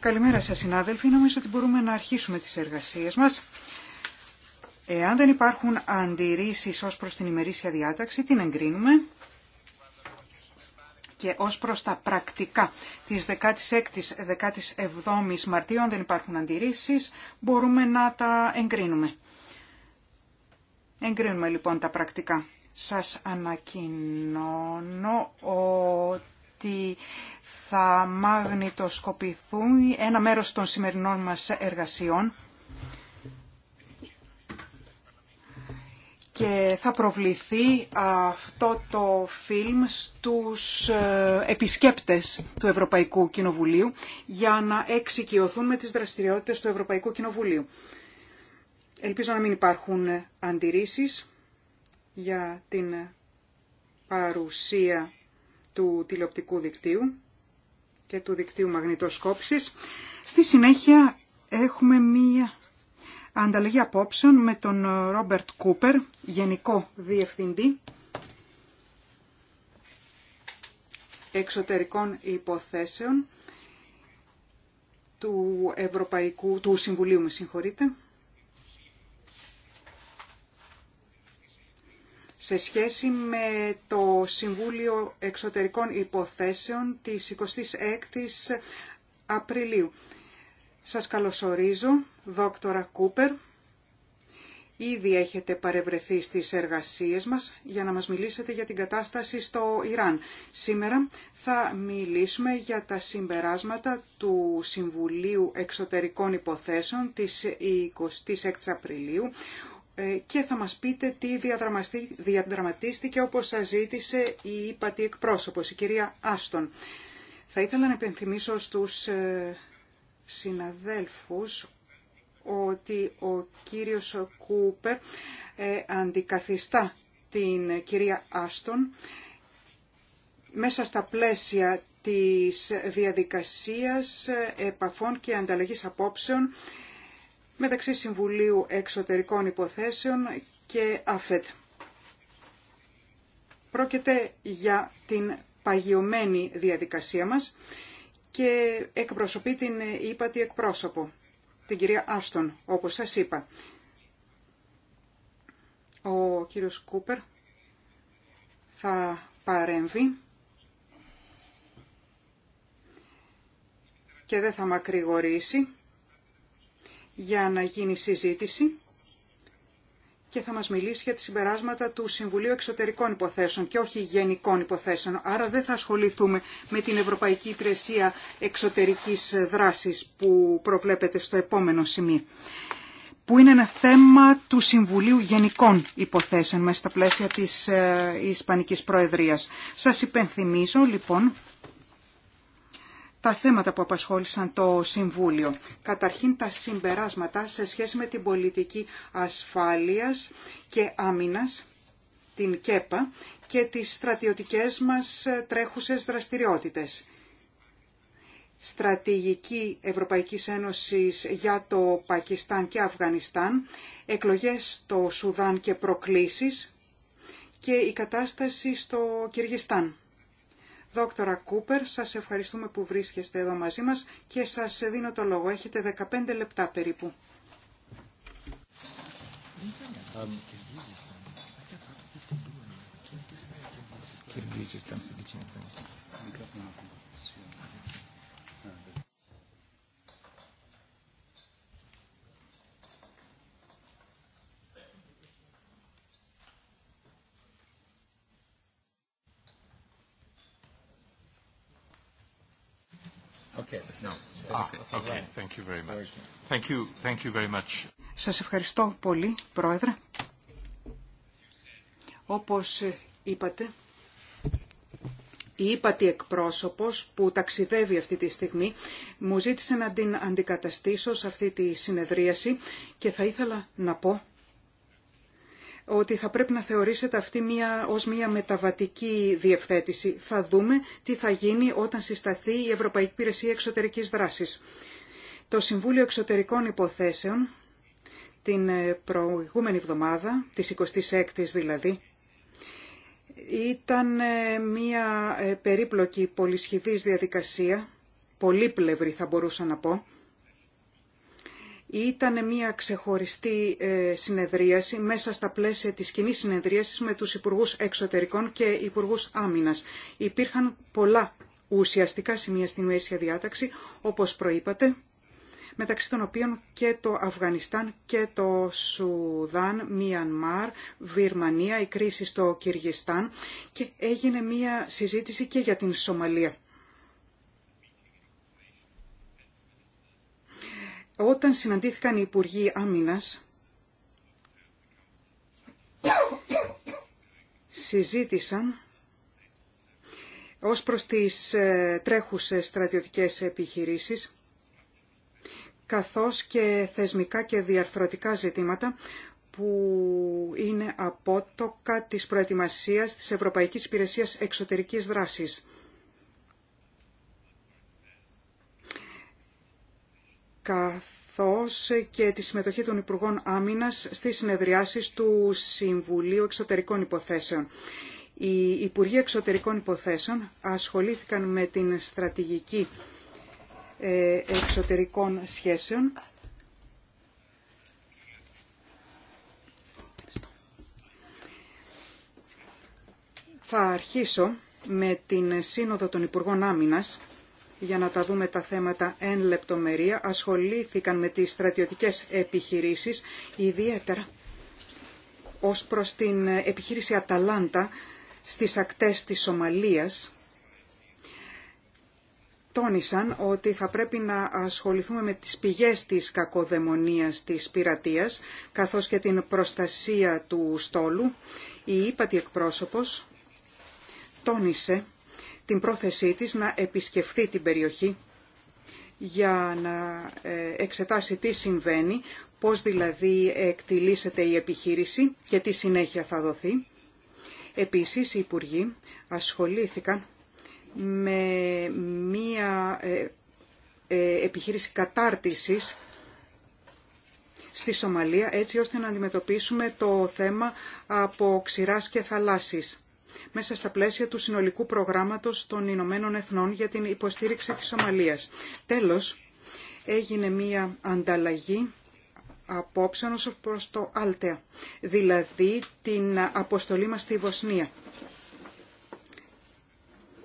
Καλημέρα σας συνάδελφοι, νομίζω ότι μπορούμε να αρχίσουμε τις εργασίες μας. Εάν δεν υπάρχουν αντιρρήσεις ως προς την ημερήσια διάταξη, την εγκρίνουμε και ως προς τα πρακτικά της 16ης, 17ης Μαρτίου, αν δεν υπάρχουν αντιρρήσεις, μπορούμε να τα εγκρίνουμε. Εγκρίνουμε λοιπόν τα πρακτικά σας ανακοινώνω ότι θα μαγνητοσκοπηθούν ένα μέρος των σημερινών μας εργασιών και θα προβληθεί αυτό το φιλμ στους ε, επισκέπτες του Ευρωπαϊκού Κοινοβουλίου για να εξοικειωθούν με τις δραστηριότητες του Ευρωπαϊκού Κοινοβουλίου. Ελπίζω να μην υπάρχουν αντιρρήσεις για την παρουσία του τηλεοπτικού δικτύου και του δικτύου μαγνητοσκόπησης. Στη συνέχεια έχουμε μία ανταλλαγή απόψεων με τον Ρόμπερτ Κούπερ, Γενικό Διευθυντή Εξωτερικών Υποθέσεων του, Ευρωπαϊκού, του Συμβουλίου, με σε σχέση με το Συμβούλιο Εξωτερικών Υποθέσεων της 26ης Απριλίου. Σας καλωσορίζω, δόκτωρα Κούπερ. Ήδη έχετε παρευρεθεί στις εργασίες μας για να μας μιλήσετε για την κατάσταση στο Ιράν. Σήμερα θα μιλήσουμε για τα συμπεράσματα του Συμβουλίου Εξωτερικών Υποθέσεων της 26 Απριλίου, ε, και θα μας πείτε τι διαδραματίστηκε όπως σας ζήτησε η ύπατη εκπρόσωπος, η κυρία Άστον. Θα ήθελα να επενθυμίσω στους ε, συναδέλφους ότι ο κύριος Κούπερ ε, αντικαθιστά την κυρία Άστον μέσα στα πλαίσια της διαδικασίας επαφών και ανταλλαγής απόψεων μεταξύ Συμβουλίου Εξωτερικών Υποθέσεων και ΑΦΕΤ. Πρόκειται για την παγιωμένη διαδικασία μας και εκπροσωπεί την ύπατη εκπρόσωπο, την κυρία Άστον, όπως σας είπα. Ο κύριος Κούπερ θα παρέμβει και δεν θα μακρηγορήσει για να γίνει συζήτηση και θα μας μιλήσει για τα συμπεράσματα του Συμβουλίου Εξωτερικών Υποθέσεων και όχι Γενικών Υποθέσεων. Άρα δεν θα ασχοληθούμε με την Ευρωπαϊκή Υπηρεσία Εξωτερικής Δράσης που προβλέπεται στο επόμενο σημείο που είναι ένα θέμα του Συμβουλίου Γενικών Υποθέσεων μέσα στα πλαίσια της ε, Ισπανικής Προεδρίας. Σας υπενθυμίζω λοιπόν τα θέματα που απασχόλησαν το Συμβούλιο. Καταρχήν τα συμπεράσματα σε σχέση με την πολιτική ασφάλειας και άμυνας, την ΚΕΠΑ, και τις στρατιωτικές μας τρέχουσες δραστηριότητες. Στρατηγική Ευρωπαϊκής Ένωσης για το Πακιστάν και Αφγανιστάν, εκλογές στο Σουδάν και προκλήσεις και η κατάσταση στο Κυργιστάν. Δόκτωρα Κούπερ, σας ευχαριστούμε που βρίσκεστε εδώ μαζί μας και σας δίνω το λόγο. Έχετε 15 λεπτά περίπου. Σα Σας ευχαριστώ πολύ, Πρόεδρε. Όπως είπατε, η ύπατη εκπρόσωπος που ταξιδεύει αυτή τη στιγμή μου ζήτησε να την αντικαταστήσω σε αυτή τη συνεδρίαση και θα ήθελα να πω ότι θα πρέπει να θεωρήσετε αυτή μια, ως μια μεταβατική διευθέτηση. Θα δούμε τι θα γίνει όταν συσταθεί η Ευρωπαϊκή Υπηρεσία Εξωτερικής Δράσης. Το Συμβούλιο Εξωτερικών Υποθέσεων την ε, προηγούμενη εβδομάδα, της 26ης δηλαδή, ήταν ε, μια ε, περίπλοκη πολυσχηδής διαδικασία, πολύπλευρη θα μπορούσα να πω, ήταν μια ξεχωριστή ε, συνεδρίαση μέσα στα πλαίσια της κοινή συνεδρίασης με τους Υπουργούς Εξωτερικών και Υπουργούς Άμυνας. Υπήρχαν πολλά ουσιαστικά σημεία στην ουέσια διάταξη, όπως προείπατε, μεταξύ των οποίων και το Αφγανιστάν και το Σουδάν, Μιανμάρ, Βιρμανία, η κρίση στο Κυργιστάν και έγινε μια συζήτηση και για την Σομαλία. Όταν συναντήθηκαν οι Υπουργοί Άμυνας, συζήτησαν ως προς τις ε, τρέχουσες στρατιωτικές επιχειρήσεις, καθώς και θεσμικά και διαρθρωτικά ζητήματα που είναι απότοκα της προετοιμασίας της Ευρωπαϊκής Υπηρεσίας Εξωτερικής Δράσης. καθώς και τη συμμετοχή των Υπουργών Άμυνας στις συνεδριάσεις του Συμβουλίου Εξωτερικών Υποθέσεων. Οι Υπουργοί Εξωτερικών Υποθέσεων ασχολήθηκαν με την στρατηγική ε, εξωτερικών σχέσεων Θα αρχίσω με την Σύνοδο των Υπουργών Άμυνας για να τα δούμε τα θέματα εν λεπτομερία, ασχολήθηκαν με τις στρατιωτικές επιχειρήσεις, ιδιαίτερα ως προς την επιχείρηση Αταλάντα στις ακτές της Σομαλίας, τόνισαν ότι θα πρέπει να ασχοληθούμε με τις πηγές της κακοδαιμονίας της πειρατείας, καθώς και την προστασία του στόλου. Η ύπατη εκπρόσωπος τόνισε την πρόθεσή της να επισκεφθεί την περιοχή για να ε, εξετάσει τι συμβαίνει, πώς δηλαδή εκτιλήσεται η επιχείρηση και τι συνέχεια θα δοθεί. Επίσης, οι Υπουργοί ασχολήθηκαν με μία ε, ε, επιχείρηση κατάρτισης στη Σομαλία έτσι ώστε να αντιμετωπίσουμε το θέμα από ξηράς και θαλάσσης μέσα στα πλαίσια του συνολικού προγράμματος των Ηνωμένων Εθνών για την υποστήριξη της Σομαλίας. Τέλος, έγινε μία ανταλλαγή απόψεων ως προς το Άλτεα, δηλαδή την αποστολή μας στη Βοσνία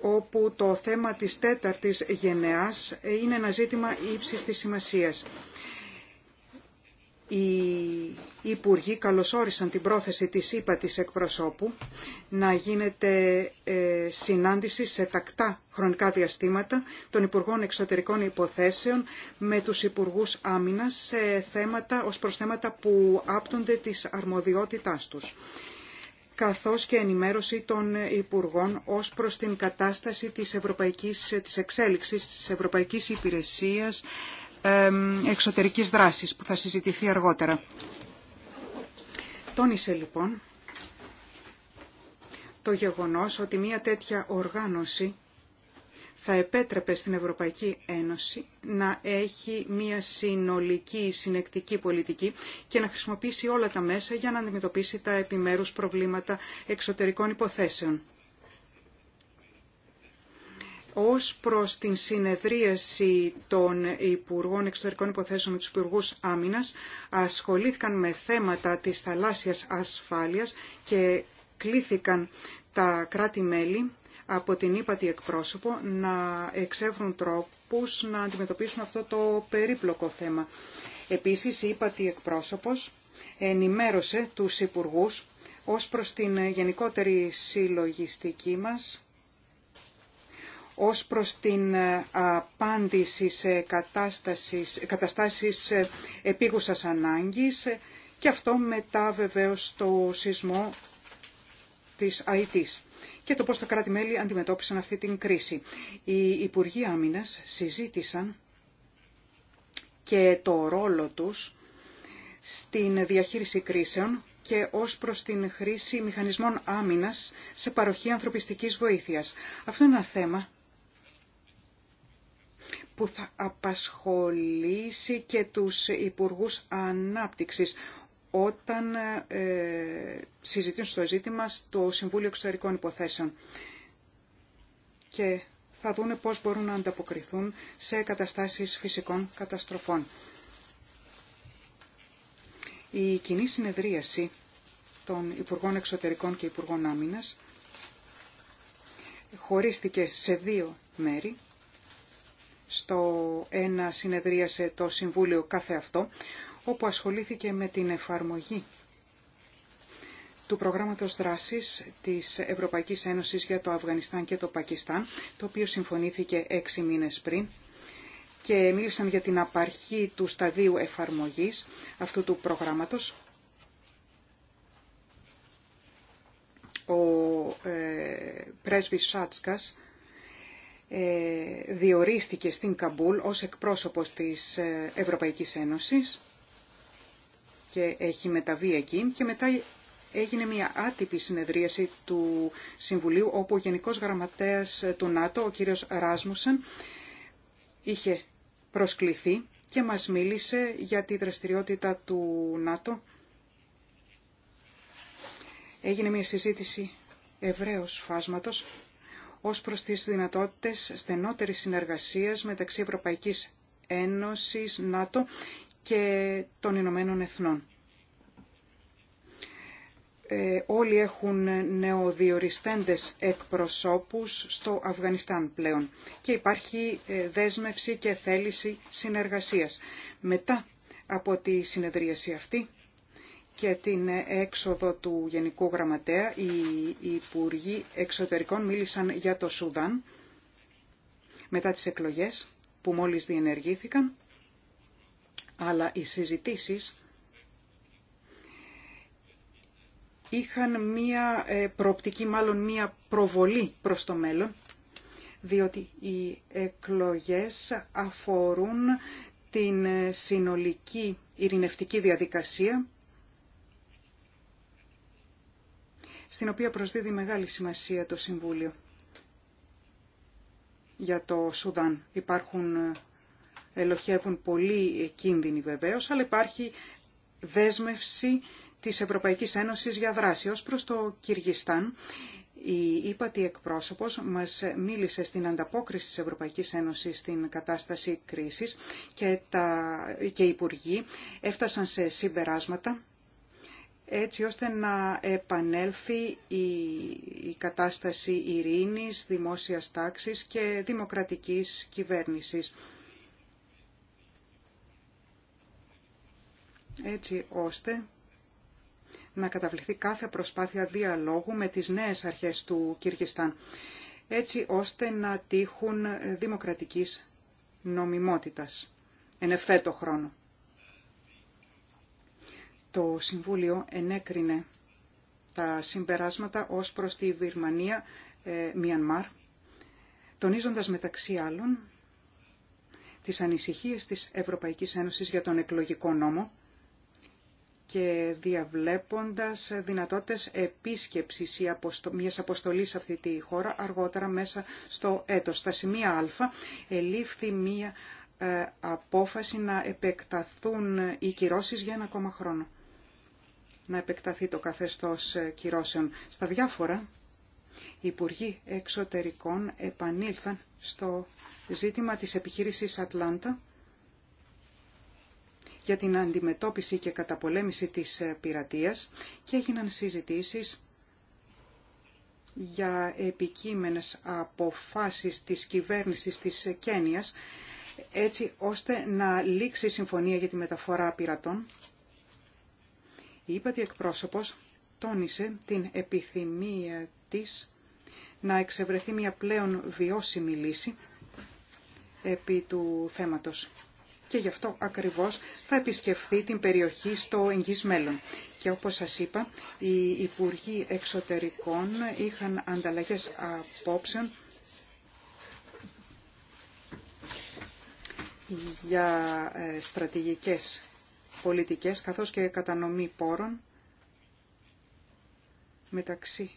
όπου το θέμα της τέταρτης γενεάς είναι ένα ζήτημα ύψης της σημασίας οι Υπουργοί καλωσόρισαν την πρόθεση της ΥΠΑ της εκπροσώπου να γίνεται ε, συνάντηση σε τακτά χρονικά διαστήματα των Υπουργών Εξωτερικών Υποθέσεων με τους Υπουργούς Άμυνας σε θέματα, ως προς θέματα που άπτονται της αρμοδιότητάς τους καθώς και ενημέρωση των Υπουργών ως προς την κατάσταση της, ευρωπαϊκής, της εξέλιξης της Ευρωπαϊκής Υπηρεσίας εξωτερικής δράσης που θα συζητηθεί αργότερα. Τόνισε λοιπόν το γεγονός ότι μια τέτοια οργάνωση θα επέτρεπε στην Ευρωπαϊκή Ένωση να έχει μια συνολική συνεκτική πολιτική και να χρησιμοποιήσει όλα τα μέσα για να αντιμετωπίσει τα επιμέρους προβλήματα εξωτερικών υποθέσεων. Ως προς την συνεδρίαση των Υπουργών Εξωτερικών Υποθέσεων με τους Υπουργούς Άμυνας, ασχολήθηκαν με θέματα της θαλάσσιας ασφάλειας και κλήθηκαν τα κράτη-μέλη από την ύπατη εκπρόσωπο να εξεύρουν τρόπους να αντιμετωπίσουν αυτό το περίπλοκο θέμα. Επίσης, η ύπατη εκπρόσωπος ενημέρωσε τους Υπουργούς ως προς την γενικότερη συλλογιστική μας ως προς την ε, απάντηση σε κατάστασεις, ε, επίγουσας ανάγκης και αυτό μετά βεβαίως το σεισμό της ΑΕΤΙΣ και το πώς τα κράτη-μέλη αντιμετώπισαν αυτή την κρίση. Οι Υπουργοί Άμυνας συζήτησαν και το ρόλο τους στην διαχείριση κρίσεων και ως προς την χρήση μηχανισμών άμυνας σε παροχή ανθρωπιστικής βοήθειας. Αυτό είναι ένα θέμα που θα απασχολήσει και τους Υπουργούς Ανάπτυξης όταν ε, συζητούν στο ζήτημα στο Συμβούλιο Εξωτερικών Υποθέσεων. Και θα δούνε πώς μπορούν να ανταποκριθούν σε καταστάσεις φυσικών καταστροφών. Η κοινή συνεδρίαση των Υπουργών Εξωτερικών και Υπουργών Άμυνας χωρίστηκε σε δύο μέρη στο ένα συνεδρίασε το Συμβούλιο κάθε αυτό, όπου ασχολήθηκε με την εφαρμογή του προγράμματος δράσης της Ευρωπαϊκής Ένωσης για το Αφγανιστάν και το Πακιστάν, το οποίο συμφωνήθηκε έξι μήνες πριν και μίλησαν για την απαρχή του σταδίου εφαρμογής αυτού του προγράμματος. Ο ε, πρέσβης Σάτσκας ε, διορίστηκε στην Καμπούλ ως εκπρόσωπος της ε, Ευρωπαϊκής Ένωσης και έχει μεταβεί εκεί και μετά έγινε μια άτυπη συνεδρίαση του Συμβουλίου όπου ο Γενικός Γραμματέας ε, του ΝΑΤΟ, ο κύριος Ράσμουσεν, είχε προσκληθεί και μας μίλησε για τη δραστηριότητα του ΝΑΤΟ. Έγινε μια συζήτηση ευρέως φάσματος ως προς τις δυνατότητες στενότερης συνεργασίας μεταξύ Ευρωπαϊκής Ένωσης, ΝΑΤΟ και των Ηνωμένων Εθνών. Ε, όλοι έχουν νεοδιοριστέντες εκπροσώπους στο Αφγανιστάν πλέον και υπάρχει ε, δέσμευση και θέληση συνεργασίας. Μετά από τη συνεδρίαση αυτή και την έξοδο του Γενικού Γραμματέα, οι Υπουργοί Εξωτερικών μίλησαν για το Σουδάν μετά τις εκλογές που μόλις διενεργήθηκαν, αλλά οι συζητήσεις είχαν μία ε, προοπτική, μάλλον μία προβολή προς το μέλλον, διότι οι εκλογές αφορούν την ε, συνολική ειρηνευτική διαδικασία στην οποία προσδίδει μεγάλη σημασία το Συμβούλιο. Για το Σουδάν υπάρχουν, ε, ελοχεύουν πολύ κίνδυνοι βεβαίως, αλλά υπάρχει δέσμευση της Ευρωπαϊκής Ένωσης για δράση. Ως προς το Κυργιστάν, η ύπατη εκπρόσωπος μας μίλησε στην ανταπόκριση της Ευρωπαϊκής Ένωσης στην κατάσταση κρίσης και, τα, και οι υπουργοί έφτασαν σε συμπεράσματα έτσι ώστε να επανέλθει η, κατάσταση ειρήνης, δημόσιας τάξης και δημοκρατικής κυβέρνησης. Έτσι ώστε να καταβληθεί κάθε προσπάθεια διαλόγου με τις νέες αρχές του Κυργιστάν, έτσι ώστε να τύχουν δημοκρατικής νομιμότητας εν ευθέτω χρόνο. Το Συμβούλιο ενέκρινε τα συμπεράσματα ως προς τη Βυρμανία, ε, Μιανμάρ, τονίζοντας μεταξύ άλλων τις ανησυχίες της Ευρωπαϊκής Ένωσης για τον εκλογικό νόμο και διαβλέποντας δυνατότητες επίσκεψης ή αποστο... μιας αποστολής σε αυτή τη χώρα αργότερα μέσα στο έτος. Στα σημεία Α ελήφθη μία ε, απόφαση να επεκταθούν οι κυρώσεις για ένα ακόμα χρόνο να επεκταθεί το καθεστώς ε, κυρώσεων. Στα διάφορα, οι Υπουργοί Εξωτερικών επανήλθαν στο ζήτημα της επιχείρησης Ατλάντα για την αντιμετώπιση και καταπολέμηση της ε, πειρατείας και έγιναν συζητήσεις για επικείμενες αποφάσεις της κυβέρνησης της Κένιας έτσι ώστε να λήξει η συμφωνία για τη μεταφορά πειρατών η ύπατη εκπρόσωπος τόνισε την επιθυμία της να εξευρεθεί μια πλέον βιώσιμη λύση επί του θέματος. Και γι' αυτό ακριβώς θα επισκεφθεί την περιοχή στο εγγύς μέλλον. Και όπως σας είπα, οι Υπουργοί Εξωτερικών είχαν ανταλλαγές απόψεων για ε, στρατηγικές πολιτικές καθώς και κατανομή πόρων μεταξύ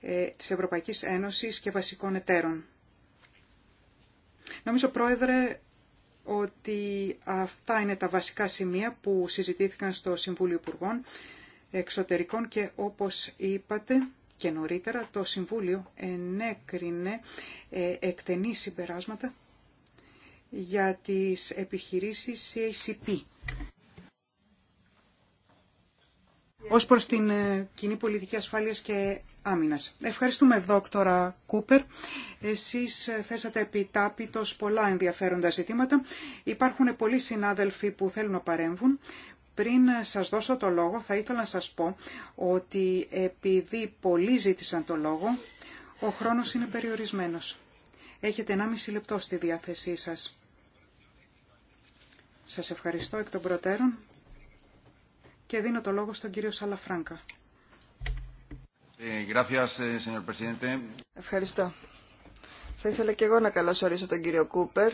ε, της Ευρωπαϊκής Ένωσης και βασικών εταίρων. Νομίζω, Πρόεδρε, ότι αυτά είναι τα βασικά σημεία που συζητήθηκαν στο Συμβούλιο Υπουργών Εξωτερικών και όπως είπατε και νωρίτερα το Συμβούλιο ενέκρινε ε, εκτενή συμπεράσματα για τις επιχειρήσεις CACP ως προς την ε, κοινή πολιτική ασφάλεια και άμυνας. Ευχαριστούμε, δόκτωρα Κούπερ. Εσείς ε, θέσατε επιτάπητο πολλά ενδιαφέροντα ζητήματα. Υπάρχουν πολλοί συνάδελφοι που θέλουν να παρέμβουν. Πριν ε, σας δώσω το λόγο, θα ήθελα να σας πω ότι επειδή πολλοί ζήτησαν το λόγο, ο χρόνος είναι περιορισμένος. Έχετε 1,5 λεπτό στη διάθεσή σας. Σας ευχαριστώ εκ των προτέρων και δίνω το λόγο στον κύριο Σαλαφράγκα. Ε, ε, Ευχαριστώ. Θα ήθελα και εγώ να καλωσορίσω τον κύριο Κούπερ.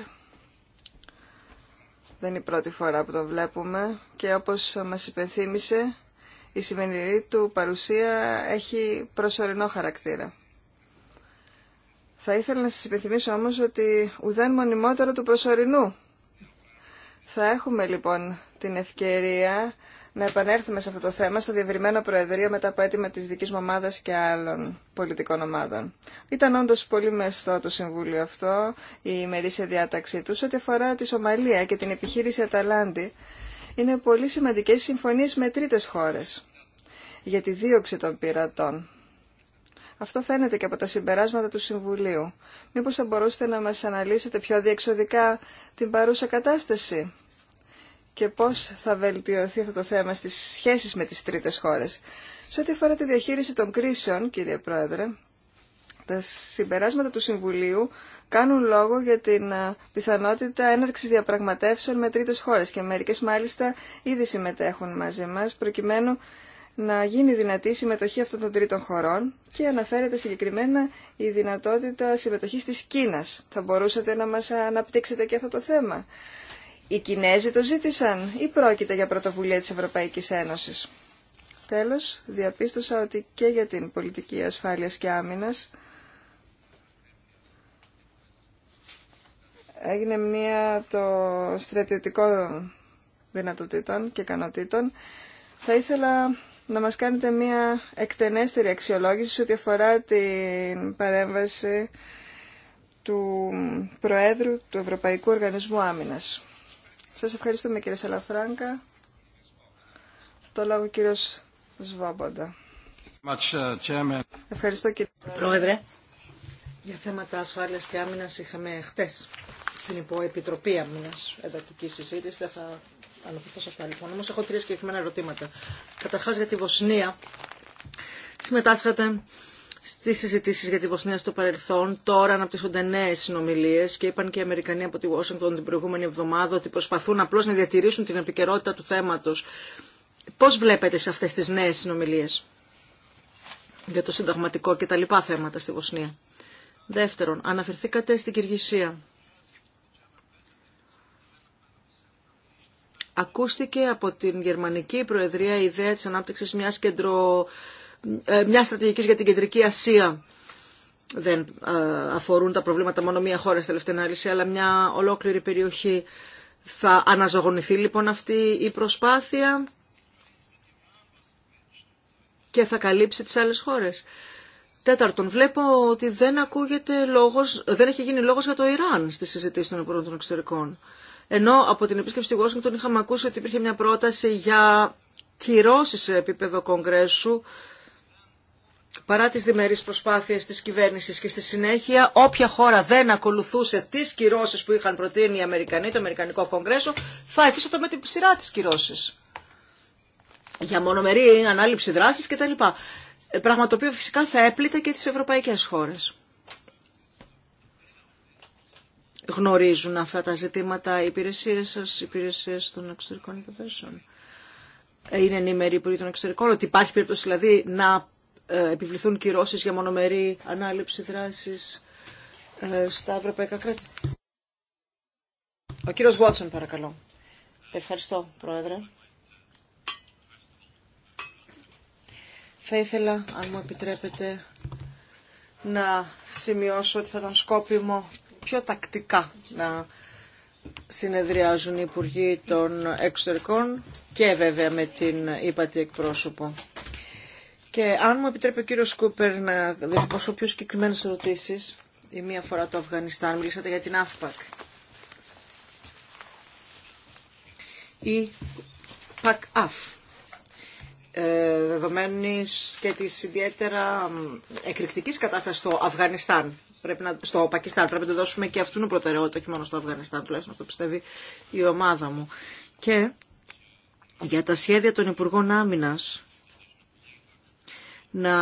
Δεν είναι η πρώτη φορά που τον βλέπουμε και όπως μας υπενθύμησε η σημερινή του παρουσία έχει προσωρινό χαρακτήρα. Θα ήθελα να σας υπενθυμίσω όμως ότι ουδέν μονιμότερο του προσωρινού. Θα έχουμε λοιπόν την ευκαιρία να επανέλθουμε σε αυτό το θέμα στο διευρυμένο Προεδρείο μετά από αίτημα τη δική μου ομάδας και άλλων πολιτικών ομάδων. Ήταν όντω πολύ μεστό το Συμβούλιο αυτό, η ημερήσια διάταξή του, ό,τι αφορά τη Σομαλία και την επιχείρηση Αταλάντη. Είναι πολύ σημαντικέ συμφωνίε με τρίτες χώρε για τη δίωξη των πειρατών. Αυτό φαίνεται και από τα συμπεράσματα του Συμβουλίου. Μήπως θα μπορούσατε να μας αναλύσετε πιο διεξοδικά την παρούσα κατάσταση και πώς θα βελτιωθεί αυτό το θέμα στις σχέσεις με τις τρίτες χώρες. Σε ό,τι αφορά τη διαχείριση των κρίσεων, κύριε Πρόεδρε, τα συμπεράσματα του Συμβουλίου κάνουν λόγο για την πιθανότητα έναρξης διαπραγματεύσεων με τρίτες χώρες και μερικές μάλιστα ήδη συμμετέχουν μαζί μας προκειμένου να γίνει δυνατή η συμμετοχή αυτών των τρίτων χωρών και αναφέρεται συγκεκριμένα η δυνατότητα συμμετοχής της Κίνας. Θα μπορούσατε να μας αναπτύξετε και αυτό το θέμα. Οι Κινέζοι το ζήτησαν ή πρόκειται για πρωτοβουλία της Ευρωπαϊκής Ένωσης. Τέλος, διαπίστωσα ότι και για την πολιτική ασφάλειας και άμυνας έγινε μία το στρατιωτικό δυνατοτήτων και ικανοτήτων. Θα ήθελα να μας κάνετε μία εκτενέστερη αξιολόγηση σε ό,τι αφορά την παρέμβαση του Προέδρου του Ευρωπαϊκού Οργανισμού Άμυνας. Σας ευχαριστούμε κύριε Σαλαφράγκα. Το λόγο κύριος Σβάμποντα. Uh, Ευχαριστώ κύριε Πρόεδρε. Για θέματα ασφάλειας και άμυνας είχαμε χτες στην Υποεπιτροπή Άμυνας εντατική συζήτηση. Δεν θα αναφερθώ σε αυτά λοιπόν. Όμως έχω τρία συγκεκριμένα ερωτήματα. Καταρχάς για τη Βοσνία. Συμμετάσχατε Στι συζητήσει για τη Βοσνία στο παρελθόν. Τώρα αναπτύσσονται νέε συνομιλίε και είπαν και οι Αμερικανοί από τη Washington την προηγούμενη εβδομάδα ότι προσπαθούν απλώ να διατηρήσουν την επικαιρότητα του θέματο. Πώ βλέπετε σε αυτέ τι νέε συνομιλίε για το συνταγματικό και τα λοιπά θέματα στη Βοσνία. Δεύτερον, αναφερθήκατε στην Κυργυσία. Ακούστηκε από την Γερμανική Προεδρία η ιδέα της ανάπτυξης μιας κεντρο ε, μια στρατηγική για την Κεντρική Ασία δεν ε, αφορούν τα προβλήματα μόνο μία χώρα στη τελευταία ανάλυση, αλλά μια ολόκληρη περιοχή. Θα αναζωογονηθεί λοιπόν αυτή η προσπάθεια και θα καλύψει τις άλλες χώρες. Τέταρτον, βλέπω ότι δεν, ακούγεται λόγος, δεν έχει γίνει λόγος για το Ιράν στη συζητήση των υπουργών των εξωτερικών. Ενώ από την επίσκεψη στη Washington είχαμε ακούσει ότι υπήρχε μια πρόταση για κυρώσεις σε επίπεδο Κογκρέσου παρά τις διμερείς προσπάθειες της κυβέρνησης και στη συνέχεια όποια χώρα δεν ακολουθούσε τις κυρώσεις που είχαν προτείνει οι Αμερικανοί, το Αμερικανικό Κογκρέσο, θα εφίσατο με την σειρά της κυρώσεις. Για μονομερή ανάληψη δράσης κτλ. Ε, πράγμα το οποίο φυσικά θα έπλητε και τις ευρωπαϊκές χώρες. Γνωρίζουν αυτά τα ζητήματα οι υπηρεσίες σας, οι υπηρεσίες των εξωτερικών υποθέσεων. Ε, είναι ενήμεροι οι υπουργοί των εξωτερικών, ότι υπάρχει περίπτωση δηλαδή να ε, επιβληθούν κυρώσεις για μονομερή ανάληψη δράσης ε, στα ευρωπαϊκά κράτη. Ο κύριος Βότσον, παρακαλώ. Ευχαριστώ, Πρόεδρε. Θα ήθελα, αν μου επιτρέπετε, να σημειώσω ότι θα ήταν σκόπιμο πιο τακτικά να συνεδριάζουν οι Υπουργοί των Εξωτερικών και βέβαια με την ύπατη εκπρόσωπο. Και αν μου επιτρέπει ο κύριο Σκούπερ να διατυπώσω πιο συγκεκριμένε ερωτήσει, η μία φορά το Αφγανιστάν, μιλήσατε για την ΑΦΠΑΚ. Η ΠΑΚΑΦ, ε, δεδομένη και τη ιδιαίτερα εκρηκτική κατάσταση στο Αφγανιστάν, πρέπει να, στο Πακιστάν, πρέπει να το δώσουμε και αυτούν την προτεραιότητα, όχι μόνο στο Αφγανιστάν, τουλάχιστον αυτό πιστεύει η ομάδα μου. Και για τα σχέδια των Υπουργών Άμυνας, να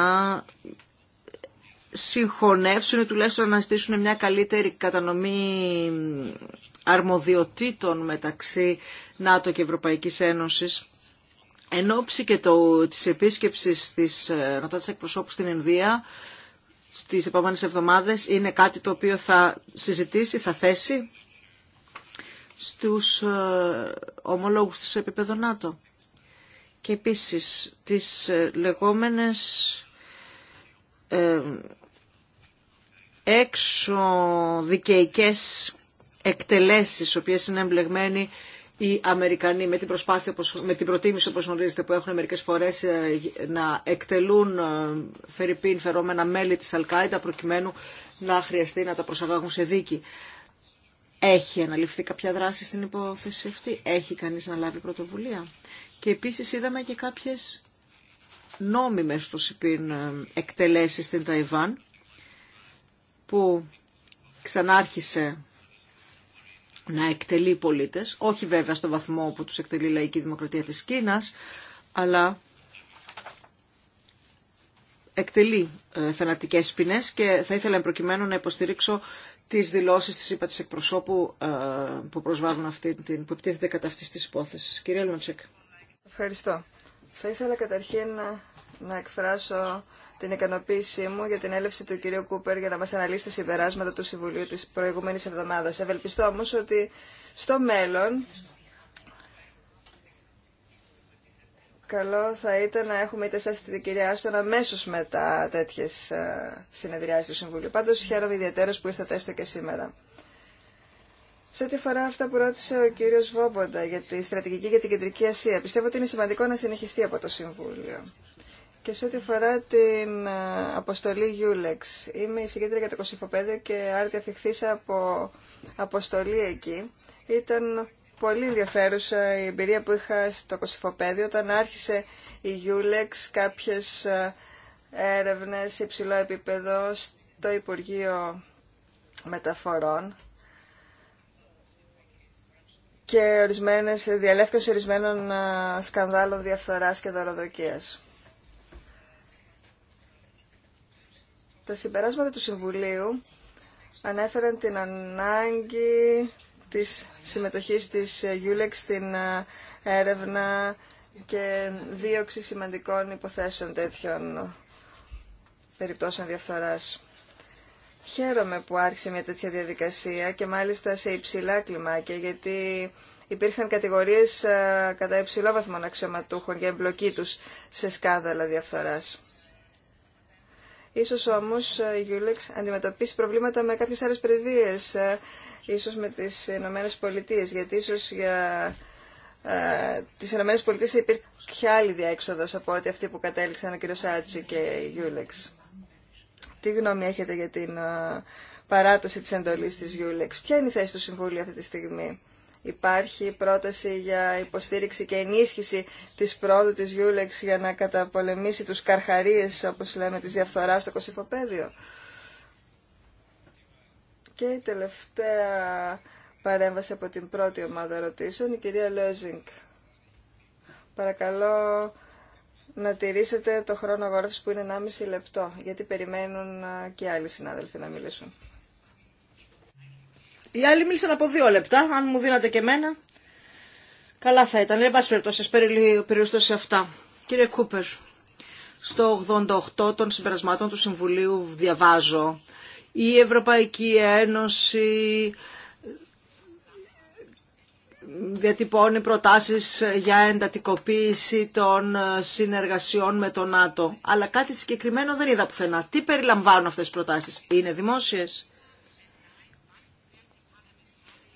συγχωνεύσουν τουλάχιστον να στήσουν μια καλύτερη κατανομή αρμοδιοτήτων μεταξύ ΝΑΤΟ και Ευρωπαϊκής Ένωσης. Εν και το, της επίσκεψης της ε, ρωτάτης Εκπροσώπου στην Ινδία στις επόμενες εβδομάδες είναι κάτι το οποίο θα συζητήσει, θα θέσει στους ε, ομολόγους της επίπεδο ΝΑΤΟ και επίσης τις ε, λεγόμενες ε, έξω δικαιικές εκτελέσεις, οποίες είναι εμπλεγμένοι οι Αμερικανοί με την, προσπάθεια, με την προτίμηση όπως γνωρίζετε που έχουν μερικές φορές ε, να εκτελούν ε, φερρυπίν φερόμενα μέλη της Αλκάιντα προκειμένου να χρειαστεί να τα προσαγάγουν σε δίκη. Έχει αναλυφθεί κάποια δράση στην υπόθεση αυτή, έχει κανείς να λάβει πρωτοβουλία και επίσης είδαμε και κάποιες νόμιμες στο ΣΥΠΗΝ ε, εκτελέσεις στην Ταϊβάν που ξανάρχισε να εκτελεί πολίτες, όχι βέβαια στο βαθμό που τους εκτελεί η λαϊκή δημοκρατία της Κίνας, αλλά εκτελεί ε, θανατικές ποινές και θα ήθελα προκειμένου να υποστηρίξω τις δηλώσεις της ΥΠΑ εκπροσώπου ε, που προσβάλλουν αυτή, την, που επιτίθεται κατά αυτής της υπόθεσης. Κύριε Λοντσέκ. Ευχαριστώ. Θα ήθελα καταρχήν να, εκφράσω την ικανοποίησή μου για την έλευση του κυρίου Κούπερ για να μας αναλύσει τα συμπεράσματα του Συμβουλίου της προηγούμενης εβδομάδας. Ευελπιστώ όμως ότι στο μέλλον καλό θα ήταν να έχουμε είτε εσάς την κυρία Άστον αμέσως μετά τέτοιες ε, συνεδριάσεις του Συμβουλίου. Πάντως χαίρομαι ιδιαίτερα που ήρθατε έστω και σήμερα. Σε ό,τι αφορά αυτά που ρώτησε ο κύριο Βόμποντα για τη στρατηγική για την Κεντρική Ασία, πιστεύω ότι είναι σημαντικό να συνεχιστεί από το Συμβούλιο. Και σε ό,τι αφορά την ε, αποστολή Γιούλεξ. είμαι συγκέντρια για το Κωσυφοπέδιο και άρτη αφιχθήσα από αποστολή εκεί. Ήταν πολύ ενδιαφέρουσα η εμπειρία που είχα στο Κωσυφοπέδιο όταν άρχισε η Γιούλεξ κάποιε έρευνε σε υψηλό επίπεδο στο Υπουργείο Μεταφορών και ορισμένες, ορισμένων σκανδάλων διαφθοράς και δωροδοκίας. Τα συμπεράσματα του Συμβουλίου ανέφεραν την ανάγκη της συμμετοχής της ε, Γιούλεξ στην έρευνα και δίωξη σημαντικών υποθέσεων τέτοιων περιπτώσεων διαφθοράς. Χαίρομαι που άρχισε μια τέτοια διαδικασία και μάλιστα σε υψηλά κλιμάκια, γιατί υπήρχαν κατηγορίες ε, κατά υψηλό βαθμό αξιωματούχων για εμπλοκή τους σε σκάνδαλα διαφθοράς. Ίσως όμως ε, η Γιούλεξ αντιμετωπίσει προβλήματα με κάποιες άλλες α, ε, ίσως με τις Ηνωμένε Πολιτείε, γιατί ίσως για τι τις Πολιτείε υπήρχε υπήρχε άλλη διέξοδος από ότι αυτή που κατέληξαν ο κ. Σάτσι και η Γιούλεξ. Τι γνώμη έχετε για την ε, παράταση της εντολής της Γιούλεξ. Ποια είναι η θέση του Συμβούλου αυτή τη στιγμή. Υπάρχει πρόταση για υποστήριξη και ενίσχυση της πρόοδου της Γιούλεξ για να καταπολεμήσει τους καρχαρίες, όπως λέμε, της διαφθοράς στο κοσυφοπαίδιο. Και η τελευταία παρέμβαση από την πρώτη ομάδα ερωτήσεων, η κυρία Λέζινγκ. Παρακαλώ να τηρήσετε το χρόνο αγόρευσης που είναι 1,5 λεπτό, γιατί περιμένουν και άλλοι συνάδελφοι να μιλήσουν. Οι άλλοι μίλησαν από δύο λεπτά, αν μου δίνατε και εμένα. Καλά θα ήταν, εν πάση περιπτώσει, περιοριστώ σε αυτά. Κύριε Κούπερ, στο 88 των συμπερασμάτων του Συμβουλίου διαβάζω. Η Ευρωπαϊκή Ένωση διατυπώνει προτάσεις για εντατικοποίηση των ε, συνεργασιών με τον ΝΑΤΟ. Αλλά κάτι συγκεκριμένο δεν είδα πουθενά. Τι περιλαμβάνουν αυτές οι προτάσεις. Είναι δημόσιες.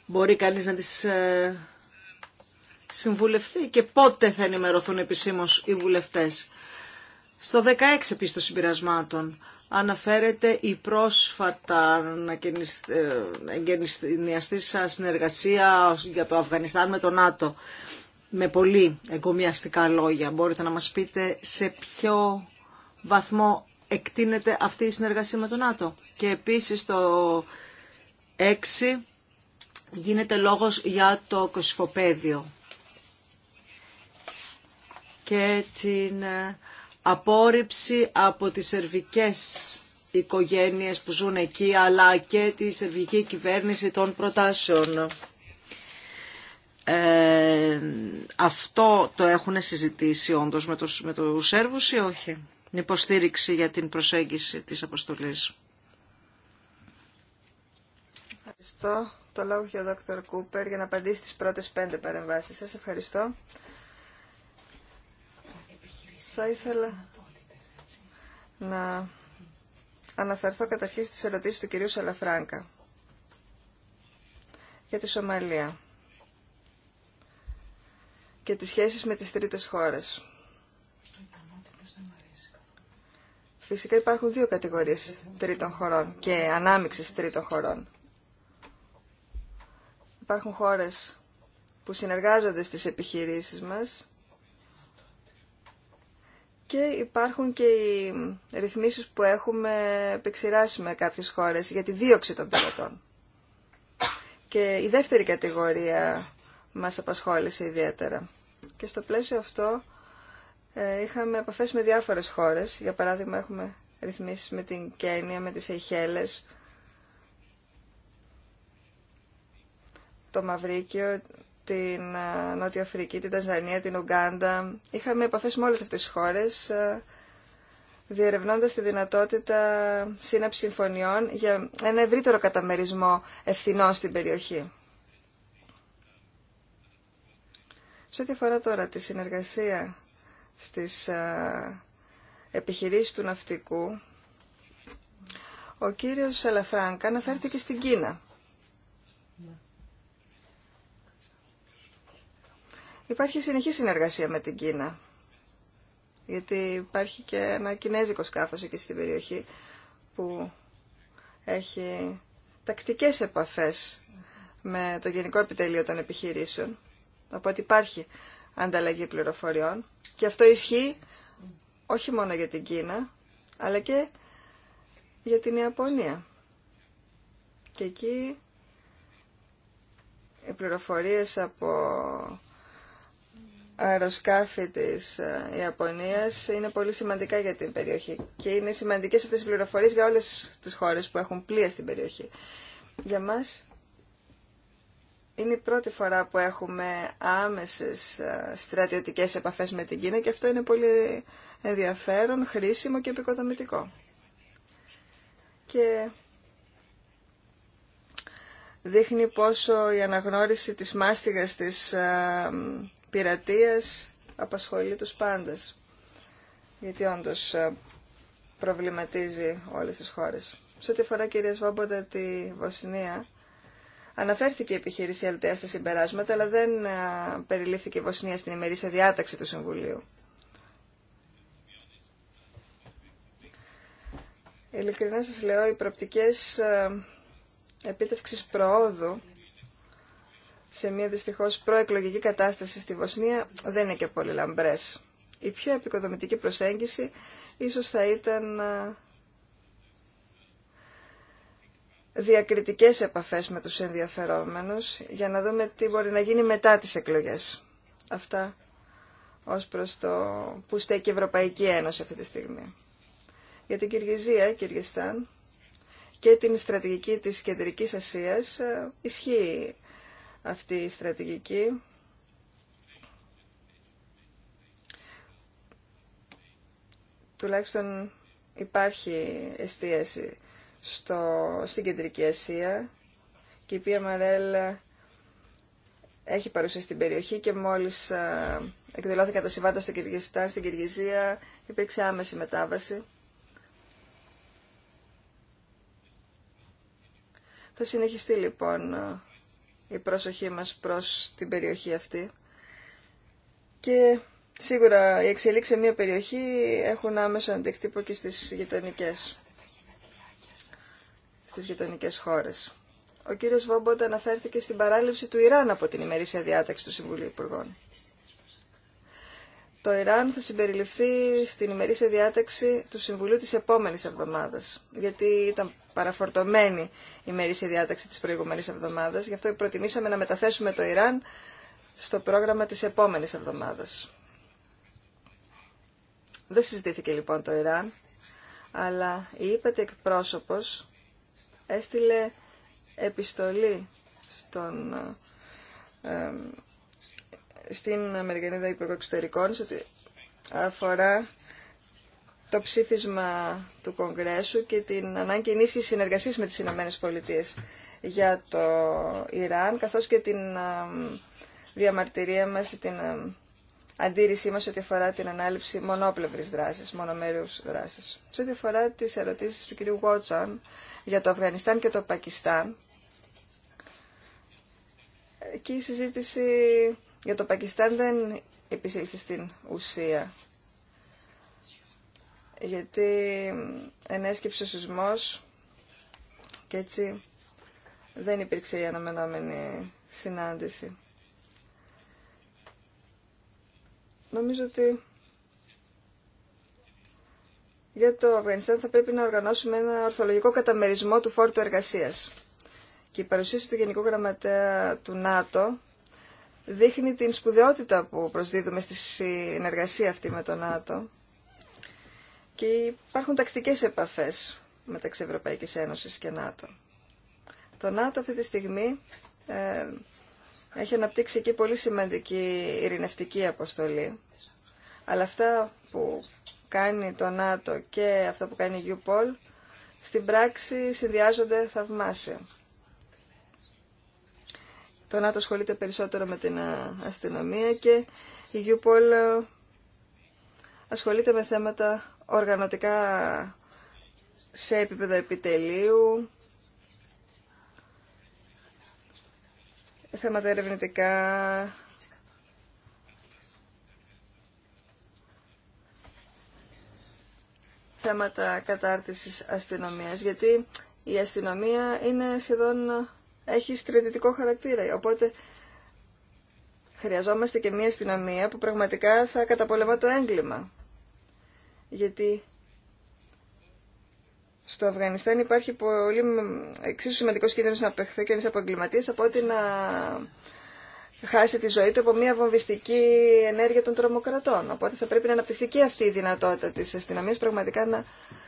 Μπορεί κανείς να τις ε, συμβουλευτεί και πότε θα ενημερωθούν επισήμως οι βουλευτές. Στο 16 επίσης των συμπειρασμάτων αναφέρεται η πρόσφατα ε, εγκαινιστή σα συνεργασία για το Αφγανιστάν με το ΝΑΤΟ. Με πολύ εγκομιαστικά λόγια. Μπορείτε να μας πείτε σε ποιο βαθμό εκτείνεται αυτή η συνεργασία με το ΝΑΤΟ. Και επίσης το 6 γίνεται λόγος για το κοσφοπέδιο και την ε, απόρριψη από τις σερβικές οικογένειες που ζουν εκεί, αλλά και τη σερβική κυβέρνηση των προτάσεων. Ε, αυτό το έχουν συζητήσει όντως με, τους, με τους Σέρβους ή όχι. Υποστήριξη για την προσέγγιση της αποστολής. Ευχαριστώ. Το λόγο για ο Δόκτωρ Κούπερ για να απαντήσει τις πρώτες πέντε παρεμβάσεις. Σας ευχαριστώ. Θα ήθελα να αναφερθώ καταρχήν στις ερωτήσεις του κυρίου Σαλαφράγκα για τη Σομαλία και τις σχέσεις με τις τρίτες χώρες. Φυσικά υπάρχουν δύο κατηγορίες τρίτων χωρών και ανάμιξη τρίτων χωρών. Υπάρχουν χώρες που συνεργάζονται στις επιχειρήσεις μας και υπάρχουν και οι ρυθμίσεις που έχουμε επεξηράσει με κάποιες χώρες για τη δίωξη των πιλωτών. Και η δεύτερη κατηγορία μας απασχόλησε ιδιαίτερα. Και στο πλαίσιο αυτό ε, είχαμε επαφές με διάφορες χώρες. Για παράδειγμα έχουμε ρυθμίσεις με την Κένια, με τις Αιχέλες, το Μαυρίκιο, την ε, Νότια Αφρική, την Ταζανία, την Ουγκάντα. Είχαμε επαφές με όλες αυτές τις χώρες, ε, διερευνώντας τη δυνατότητα σύναψη συμφωνιών για ένα ευρύτερο καταμερισμό ευθυνών στην περιοχή. Σε ό,τι αφορά τώρα τη συνεργασία στις ε, επιχειρήσεις του ναυτικού, ο κύριος Σαλαφράνκα αναφέρθηκε στην Κίνα. Υπάρχει συνεχή συνεργασία με την Κίνα. Γιατί υπάρχει και ένα κινέζικο σκάφος εκεί στην περιοχή που έχει τακτικές επαφές με το Γενικό Επιτελείο των Επιχειρήσεων. Οπότε υπάρχει ανταλλαγή πληροφοριών και αυτό ισχύει όχι μόνο για την Κίνα αλλά και για την Ιαπωνία. Και εκεί οι πληροφορίες από αεροσκάφη της ε, Ιαπωνίας είναι πολύ σημαντικά για την περιοχή και είναι σημαντικές αυτές οι πληροφορίες για όλες τις χώρες που έχουν πλοία στην περιοχή. Για μας είναι η πρώτη φορά που έχουμε άμεσες ε, στρατιωτικές επαφές με την Κίνα και αυτό είναι πολύ ενδιαφέρον, χρήσιμο και επικοδομητικό. Και δείχνει πόσο η αναγνώριση της μάστιγας της ε, πειρατείας απασχολεί τους πάντες. Γιατί όντως ε, προβληματίζει όλες τις χώρες. Σε ό,τι αφορά κυρία Σβόμποντα τη Βοσνία, αναφέρθηκε η επιχείρηση Αλτέα στα συμπεράσματα, αλλά δεν ε, περιλήφθηκε η Βοσνία στην ημερήσια διάταξη του Συμβουλίου. Ειλικρινά σας λέω, οι προπτικές ε, επίτευξης προόδου σε μια δυστυχώ προεκλογική κατάσταση στη Βοσνία δεν είναι και πολύ λαμπρέ. Η πιο επικοδομητική προσέγγιση ίσως θα ήταν διακριτικές επαφές με τους ενδιαφερόμενους για να δούμε τι μπορεί να γίνει μετά τις εκλογές. Αυτά ως προς το που στέκει η Ευρωπαϊκή Ένωση αυτή τη στιγμή. Για την Κυργυζία, Κυργιστάν και την στρατηγική της Κεντρικής Ασίας ε, ισχύει αυτή η στρατηγική. Τουλάχιστον υπάρχει εστίαση στο, στην Κεντρική Ασία και η Πία έχει παρουσία στην περιοχή και μόλις εκδηλώθηκαν τα συμβάντα στο Κυργιστάν, στην Κυργιζία υπήρξε άμεση μετάβαση. Θα συνεχιστεί λοιπόν η πρόσοχή μας προς την περιοχή αυτή. Και σίγουρα η εξελίξη σε μία περιοχή έχουν άμεσο αντίκτυπο και στις γειτονικές, στις γειτονικές χώρες. Ο κύριος Βόμποντα αναφέρθηκε στην παράληψη του Ιράν από την ημερήσια διάταξη του Συμβουλίου Υπουργών το Ιράν θα συμπεριληφθεί στην ημερήσια διάταξη του Συμβουλίου της επόμενης εβδομάδας, γιατί ήταν παραφορτωμένη η ημερήσια διάταξη της προηγούμενης εβδομάδας, γι' αυτό προτιμήσαμε να μεταθέσουμε το Ιράν στο πρόγραμμα της επόμενης εβδομάδας. Δεν συζητήθηκε λοιπόν το Ιράν, αλλά η ύπατη εκπρόσωπος έστειλε επιστολή στον ε, στην Αμερικανίδα Υπουργό Εξωτερικών σε ότι αφορά το ψήφισμα του Κογκρέσου και την ανάγκη ενίσχυση συνεργασίας με τις Ηνωμένες Πολιτείες για το Ιράν, καθώς και την διαμαρτυρία μας, την αντίρρησή μας ό,τι αφορά την ανάληψη μονόπλευρης δράσης, μονομέρους δράσης. Σε ό,τι αφορά τις ερωτήσεις του κ. Βότσαν για το Αφγανιστάν και το Πακιστάν, εκεί η συζήτηση για το Πακιστάν δεν επισήλθε στην ουσία. Γιατί ενέσκυψε ο σεισμός και έτσι δεν υπήρξε η αναμενόμενη συνάντηση. Νομίζω ότι για το Αφγανιστάν θα πρέπει να οργανώσουμε ένα ορθολογικό καταμερισμό του φόρτου εργασίας. Και η παρουσίαση του Γενικού Γραμματέα του ΝΑΤΟ δείχνει την σπουδαιότητα που προσδίδουμε στη συνεργασία αυτή με τον ΝΑΤΟ και υπάρχουν τακτικές επαφές μεταξύ Ευρωπαϊκής Ένωσης και ΝΑΤΟ. Το ΝΑΤΟ αυτή τη στιγμή ε, έχει αναπτύξει εκεί πολύ σημαντική ειρηνευτική αποστολή, αλλά αυτά που κάνει το ΝΑΤΟ και αυτά που κάνει η UPOL στην πράξη συνδυάζονται θαυμάσια το ΝΑΤΟ ασχολείται περισσότερο με την ε, αστυνομία και η UPOL ε, ασχολείται με θέματα οργανωτικά σε επίπεδο επιτελείου, θέματα ερευνητικά, θέματα κατάρτισης αστυνομίας, γιατί η αστυνομία είναι σχεδόν έχει στρατητικό χαρακτήρα. Οπότε χρειαζόμαστε και μια αστυνομία που πραγματικά θα καταπολεμά το έγκλημα. Γιατί στο Αφγανιστάν υπάρχει πολύ εξίσου σημαντικό κίνδυνο να απεχθεί κανεί από εγκληματίε από ότι να χάσει τη ζωή του από μια βομβιστική ενέργεια των τρομοκρατών. Οπότε θα πρέπει να αναπτυχθεί και αυτή η δυνατότητα τη αστυνομία πραγματικά να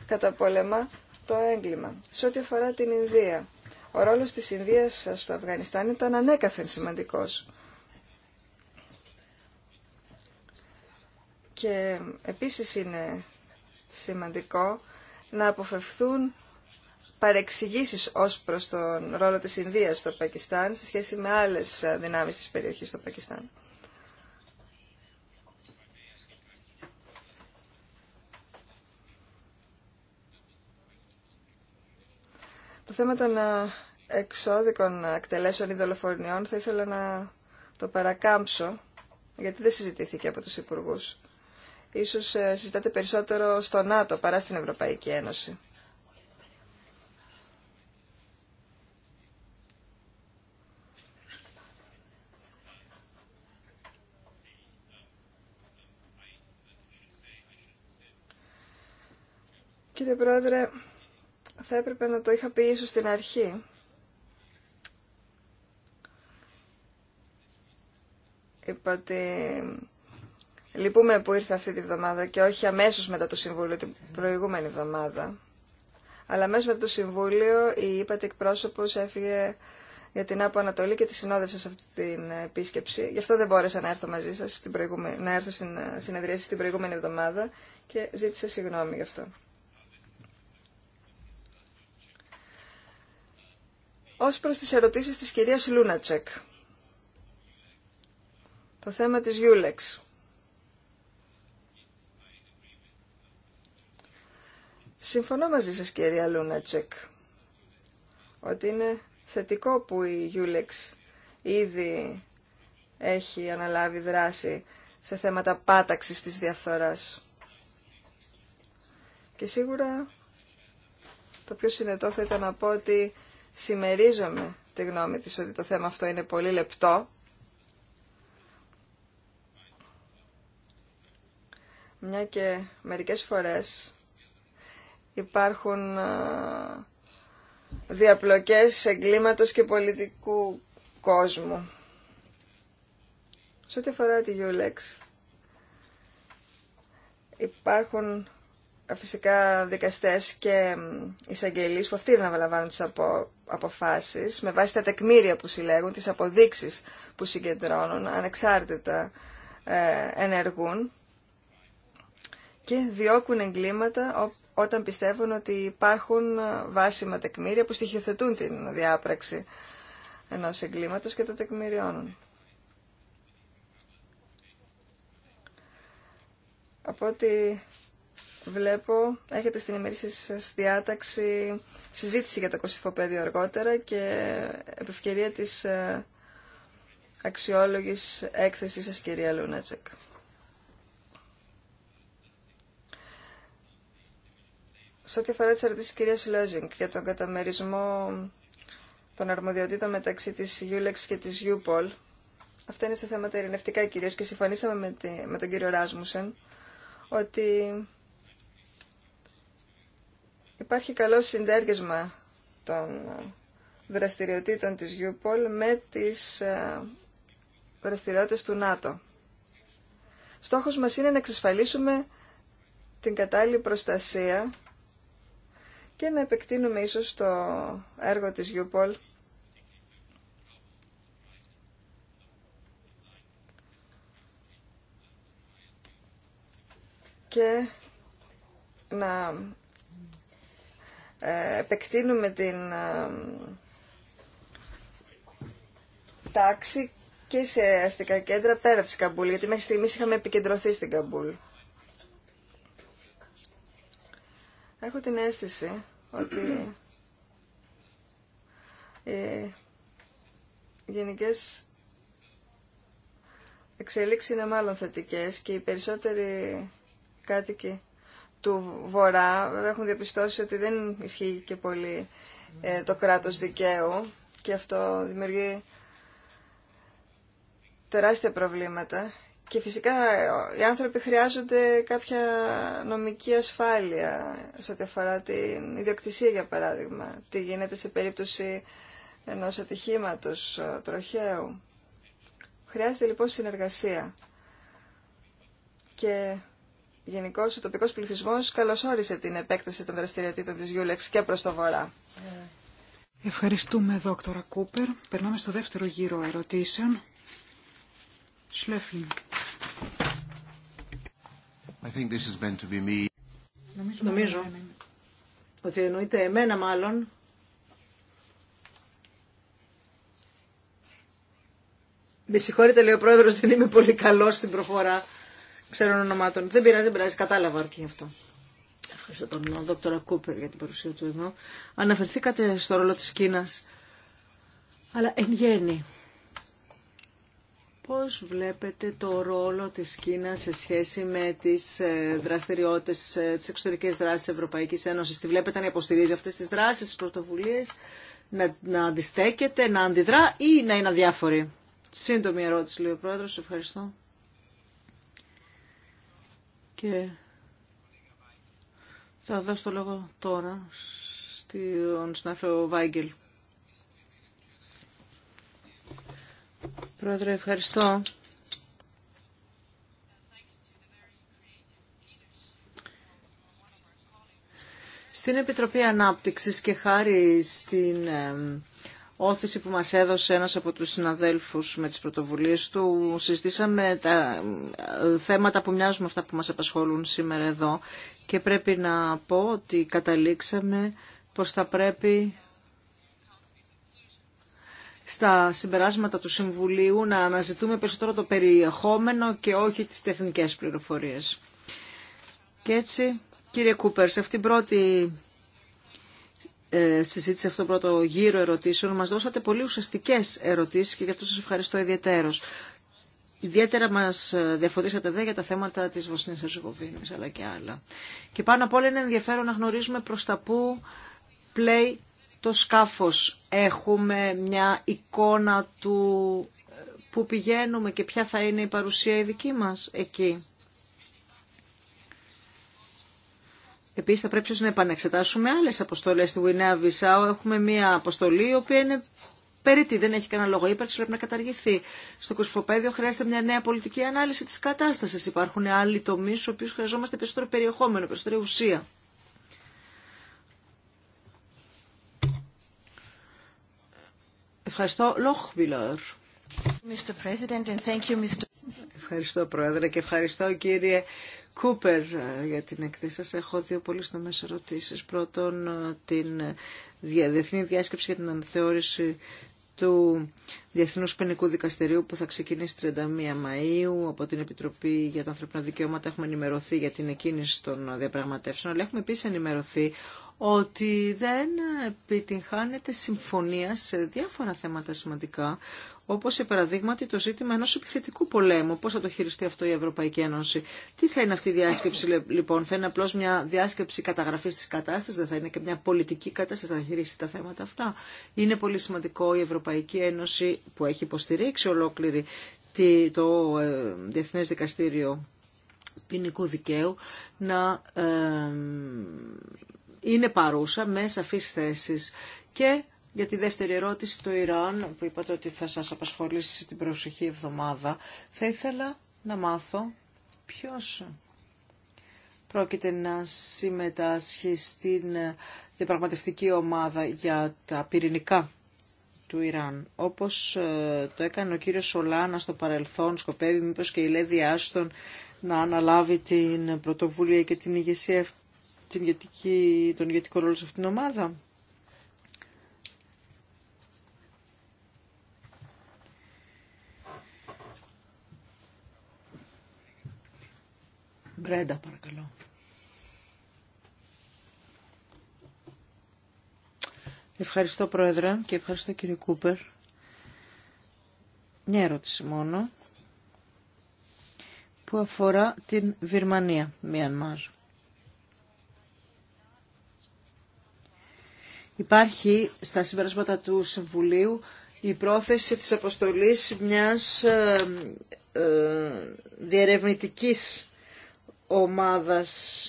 καταπολεμά το έγκλημα. Σε ό,τι αφορά την Ινδία. Ο ρόλος της Ινδίας στο Αφγανιστάν ήταν ανέκαθεν σημαντικός. Και επίσης είναι σημαντικό να αποφευθούν παρεξηγήσεις ως προς τον ρόλο της Ινδίας στο Πακιστάν σε σχέση με άλλες δυνάμεις της περιοχής στο Πακιστάν. Το θέμα των εξώδικων εκτελέσεων ή δολοφονιών θα ήθελα να το παρακάμψω, γιατί δεν συζητήθηκε από τους υπουργού. Ίσως ε, συζητάτε περισσότερο στο ΝΑΤΟ παρά στην Ευρωπαϊκή Ένωση. Κύριε Πρόεδρε, θα έπρεπε να το είχα πει ίσως στην αρχή. Είπα ότι λυπούμε που ήρθε αυτή τη βδομάδα και όχι αμέσως μετά το Συμβούλιο, την προηγούμενη βδομάδα. Αλλά αμέσως μετά το Συμβούλιο η είπατε εκπρόσωπο έφυγε για την Άπο Ανατολή και τη συνόδευσα σε αυτή την επίσκεψη. Γι' αυτό δεν μπόρεσα να έρθω μαζί σας, στην να έρθω στην συνεδρίαση την προηγούμενη εβδομάδα και ζήτησα συγγνώμη γι' αυτό. Ως προς τις ερωτήσεις της κυρίας Λούνατσεκ. Το θέμα της Γιούλεξ. Συμφωνώ μαζί σας κυρία Λούνατσεκ ότι είναι θετικό που η Γιούλεξ ήδη έχει αναλάβει δράση σε θέματα πάταξης της διαφθοράς. Και σίγουρα το πιο συνετό θα ήταν να πω ότι συμμερίζομαι τη γνώμη της ότι το θέμα αυτό είναι πολύ λεπτό. Μια και μερικές φορές υπάρχουν διαπλοκές εγκλήματος και πολιτικού κόσμου. Σε ό,τι αφορά τη Γιούλεξ, υπάρχουν φυσικά δικαστές και εισαγγελείς που αυτοί να βαλαβάνουν τις απο, αποφάσεις με βάση τα τεκμήρια που συλλέγουν, τις αποδείξεις που συγκεντρώνουν, ανεξάρτητα ε, ενεργούν και διώκουν εγκλήματα όταν πιστεύουν ότι υπάρχουν ε, βάσιμα τεκμήρια που στοιχειοθετούν την διάπραξη ενός εγκλήματος και το τεκμηριώνουν. Από ό,τι Βλέπω, έχετε στην ημερήσια σας διάταξη συζήτηση για το πεδίο αργότερα και επευκαιρία της ε, αξιόλογης έκθεσης σα, κυρία Λούνατσεκ. Σε ό,τι αφορά τι ερωτήσει της κυρία Λόζινγκ για τον καταμερισμό των αρμοδιοτήτων μεταξύ της Ulex και της Ιούπολ, αυτά είναι σε θέματα ειρηνευτικά κυρίω και συμφωνήσαμε με τον κύριο Ράσμουσεν ότι υπάρχει καλό συντέργεσμα των ε, δραστηριοτήτων της UPOL με τις ε, δραστηριότητες του ΝΑΤΟ. Στόχος μας είναι να εξασφαλίσουμε την κατάλληλη προστασία και να επεκτείνουμε ίσως το έργο της UPOL και να ε, επεκτείνουμε την ε, τάξη και σε αστικά κέντρα πέρα της Καμπούλ, γιατί μέχρι στιγμής είχαμε επικεντρωθεί στην Καμπούλ. Έχω την αίσθηση ότι οι γενικές εξελίξεις είναι μάλλον θετικές και οι περισσότεροι κάτοικοι του Βορρά έχουν διαπιστώσει ότι δεν ισχύει και πολύ ε, το κράτος δικαίου και αυτό δημιουργεί τεράστια προβλήματα και φυσικά ε, οι άνθρωποι χρειάζονται κάποια νομική ασφάλεια σε ό,τι αφορά την ιδιοκτησία για παράδειγμα, τι γίνεται σε περίπτωση ενός ατυχήματος ε, τροχαίου. Χρειάζεται λοιπόν συνεργασία και Γενικώ ο τοπικό πληθυσμό καλωσόρισε την επέκταση των δραστηριοτήτων τη Γιούλεξ και προ το βορρά. Ευχαριστούμε, δόκτωρα Κούπερ. Περνάμε στο δεύτερο γύρο ερωτήσεων. Σλέφλιν. Νομίζω, Νομίζω ότι εννοείται εμένα μάλλον. Με συγχωρείτε, λέει ο πρόεδρος, δεν είμαι πολύ καλός στην προφορά ξέρω ονομάτων. Δεν πειράζει, δεν πειράζει, κατάλαβα αρκεί αυτό. Ευχαριστώ τον Δόκτωρα Κούπερ για την παρουσία του εδώ. Αναφερθήκατε στο ρόλο της Κίνας, αλλά εν γέννη. Πώς βλέπετε το ρόλο της Κίνας σε σχέση με τις ε, δραστηριότητες, ε, τις εξωτερικές δράσεις της Ευρωπαϊκής Ένωσης. Τη βλέπετε να υποστηρίζει αυτές τις δράσεις, τις πρωτοβουλίες, να, να αντιστέκεται, να αντιδρά ή να είναι αδιάφορη. Σύντομη ερώτηση, λέει ο Ευχαριστώ. Και θα δώσω το λόγο τώρα στον συνάδελφο Βάγγελ. Πρόεδρε, ευχαριστώ. Στην Επιτροπή Ανάπτυξης και χάρη στην όθηση που μας έδωσε ένας από τους συναδέλφους με τις πρωτοβουλίες του. Συζητήσαμε τα ε, θέματα που μοιάζουν με αυτά που μας απασχολούν σήμερα εδώ και πρέπει να πω ότι καταλήξαμε πως θα πρέπει στα συμπεράσματα του Συμβουλίου να αναζητούμε περισσότερο το περιεχόμενο και όχι τις τεχνικές πληροφορίες. Και έτσι, κύριε Κούπερ, σε αυτήν την πρώτη ε, συζήτηση αυτό το πρώτο γύρο ερωτήσεων. Μας δώσατε πολύ ουσιαστικές ερωτήσεις και γι' αυτό σας ευχαριστώ ιδιαίτερος. Ιδιαίτερα μα διαφωτίσατε δε για τα θέματα της βοσνίας Ερζεγοβίνη αλλά και άλλα. Και πάνω απ' όλα είναι ενδιαφέρον να γνωρίζουμε προς τα πού πλέει το σκάφος. Έχουμε μια εικόνα του ε, πού πηγαίνουμε και ποια θα είναι η παρουσία η δική μα εκεί. Επίσης θα πρέπει να επανεξετάσουμε άλλε αποστολές στη Γουινέα Βισάου. Έχουμε μία αποστολή η οποία είναι περίτη, δεν έχει κανένα λόγο ύπαρξη, πρέπει να καταργηθεί. Στο κοσμοπέδιο χρειάζεται μια νέα πολιτική ανάλυση της κατάστασης. Υπάρχουν άλλοι τομεί στου οποίου χρειαζόμαστε περισσότερο περιεχόμενο, περισσότερη ουσία. Ευχαριστώ. Λόχμπιλερ. Ευχαριστώ Πρόεδρε και ευχαριστώ κύριε Κούπερ για την εκθέση σας. Έχω δύο πολύ στομές ερωτήσεις. Πρώτον, ε, την ε, διεθνή διάσκεψη για την αναθεώρηση του Διεθνού Ποινικού Δικαστηρίου που θα ξεκινήσει 31 Μαΐου από την Επιτροπή για τα Ανθρωπινά Δικαιώματα έχουμε ενημερωθεί για την εκκίνηση των διαπραγματεύσεων αλλά έχουμε επίσης ενημερωθεί ότι δεν επιτυγχάνεται συμφωνία σε διάφορα θέματα σημαντικά Όπω σε παραδείγματι το ζήτημα ενό επιθετικού πολέμου. πώ θα το χειριστεί αυτό η Ευρωπαϊκή Ένωση. Τι θα είναι αυτή η διάσκεψη λοιπόν. Θα είναι απλώ μια διάσκεψη καταγραφή τη κατάσταση, δεν θα είναι και μια πολιτική κατάσταση, θα χειριστεί τα θέματα αυτά. Είναι πολύ σημαντικό η Ευρωπαϊκή Ένωση που έχει υποστηρίξει ολόκληρη το ε, διεθνέ Δικαστήριο Ποινικού Δικαίου να ε, ε, είναι παρούσα με σαφείς θέσεις και για τη δεύτερη ερώτηση το Ιράν, που είπατε ότι θα σας απασχολήσει την προσεχή εβδομάδα, θα ήθελα να μάθω ποιος πρόκειται να συμμετάσχει στην διαπραγματευτική ομάδα για τα πυρηνικά του Ιράν. Όπως ε, το έκανε ο κύριος Σολάνα στο παρελθόν, σκοπεύει μήπως και η Λέδη Άστον να αναλάβει την πρωτοβουλία και την ηγεσία, την ηγετική, τον ρόλο σε αυτήν την ομάδα. Μπρέντα, παρακαλώ. Ευχαριστώ, Πρόεδρε, και ευχαριστώ, κύριε Κούπερ. Μια ερώτηση μόνο, που αφορά την Βυρμανία, Μιανμάρ. Υπάρχει στα συμπεράσματα του Συμβουλίου η πρόθεση της αποστολής μιας ε, ε ομάδας.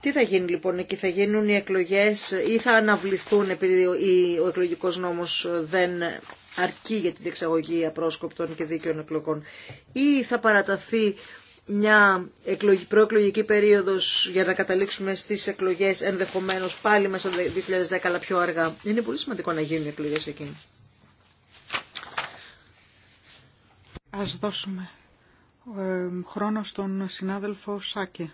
Τι θα γίνει λοιπόν εκεί, θα γίνουν οι εκλογές ή θα αναβληθούν επειδή ο εκλογικός νόμος δεν αρκεί για την εξαγωγή απρόσκοπτων και δίκαιων εκλογών ή θα παραταθεί μια προεκλογική περίοδος για να καταλήξουμε στις εκλογές ενδεχομένως πάλι μέσα στο 2010 αλλά πιο αργά. Είναι πολύ σημαντικό να γίνουν οι εκλογές εκείνη. Ας δώσουμε χρόνο στον συνάδελφο Σάκε.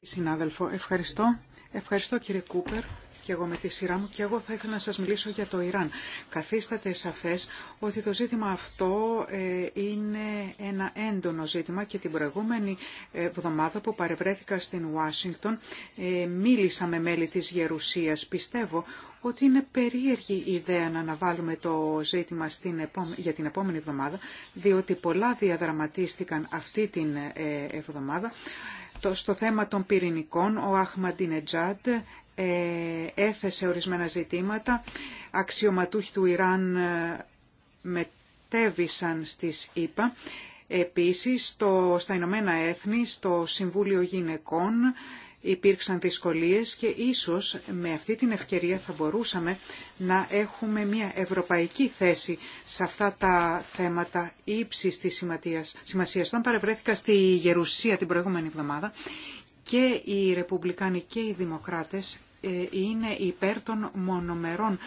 Συνάδελφο, ευχαριστώ. Ευχαριστώ κύριε Κούπερ και εγώ με τη σειρά μου και εγώ θα ήθελα να σας μιλήσω για το Ιράν. Καθίσταται σαφές ότι το ζήτημα αυτό ε, είναι ένα έντονο ζήτημα και την προηγούμενη ε, εβδομάδα που παρευρέθηκα στην Ουάσιγκτον ε, μίλησα με μέλη της Γερουσίας. Πιστεύω ότι είναι περίεργη ιδέα να αναβάλουμε το ζήτημα στην για την επόμενη εβδομάδα, διότι πολλά διαδραματίστηκαν αυτή την εβδομάδα. στο θέμα των πυρηνικών, ο Αχμαντινετζάντ ε, έθεσε ορισμένα ζητήματα. Αξιωματούχοι του Ιράν ε, μετέβησαν στις ΗΠΑ. Επίσης, στο, στα Ηνωμένα Έθνη, στο Συμβούλιο Γυναικών, υπήρξαν δυσκολίες και ίσως με αυτή την ευκαιρία θα μπορούσαμε να έχουμε μια ευρωπαϊκή θέση σε αυτά τα θέματα ύψης της σημασίας. Όταν παρευρέθηκα στη Γερουσία την προηγούμενη εβδομάδα, και οι Ρεπουμπλικάνοι και οι Δημοκράτες ε, είναι υπέρ των μονομερών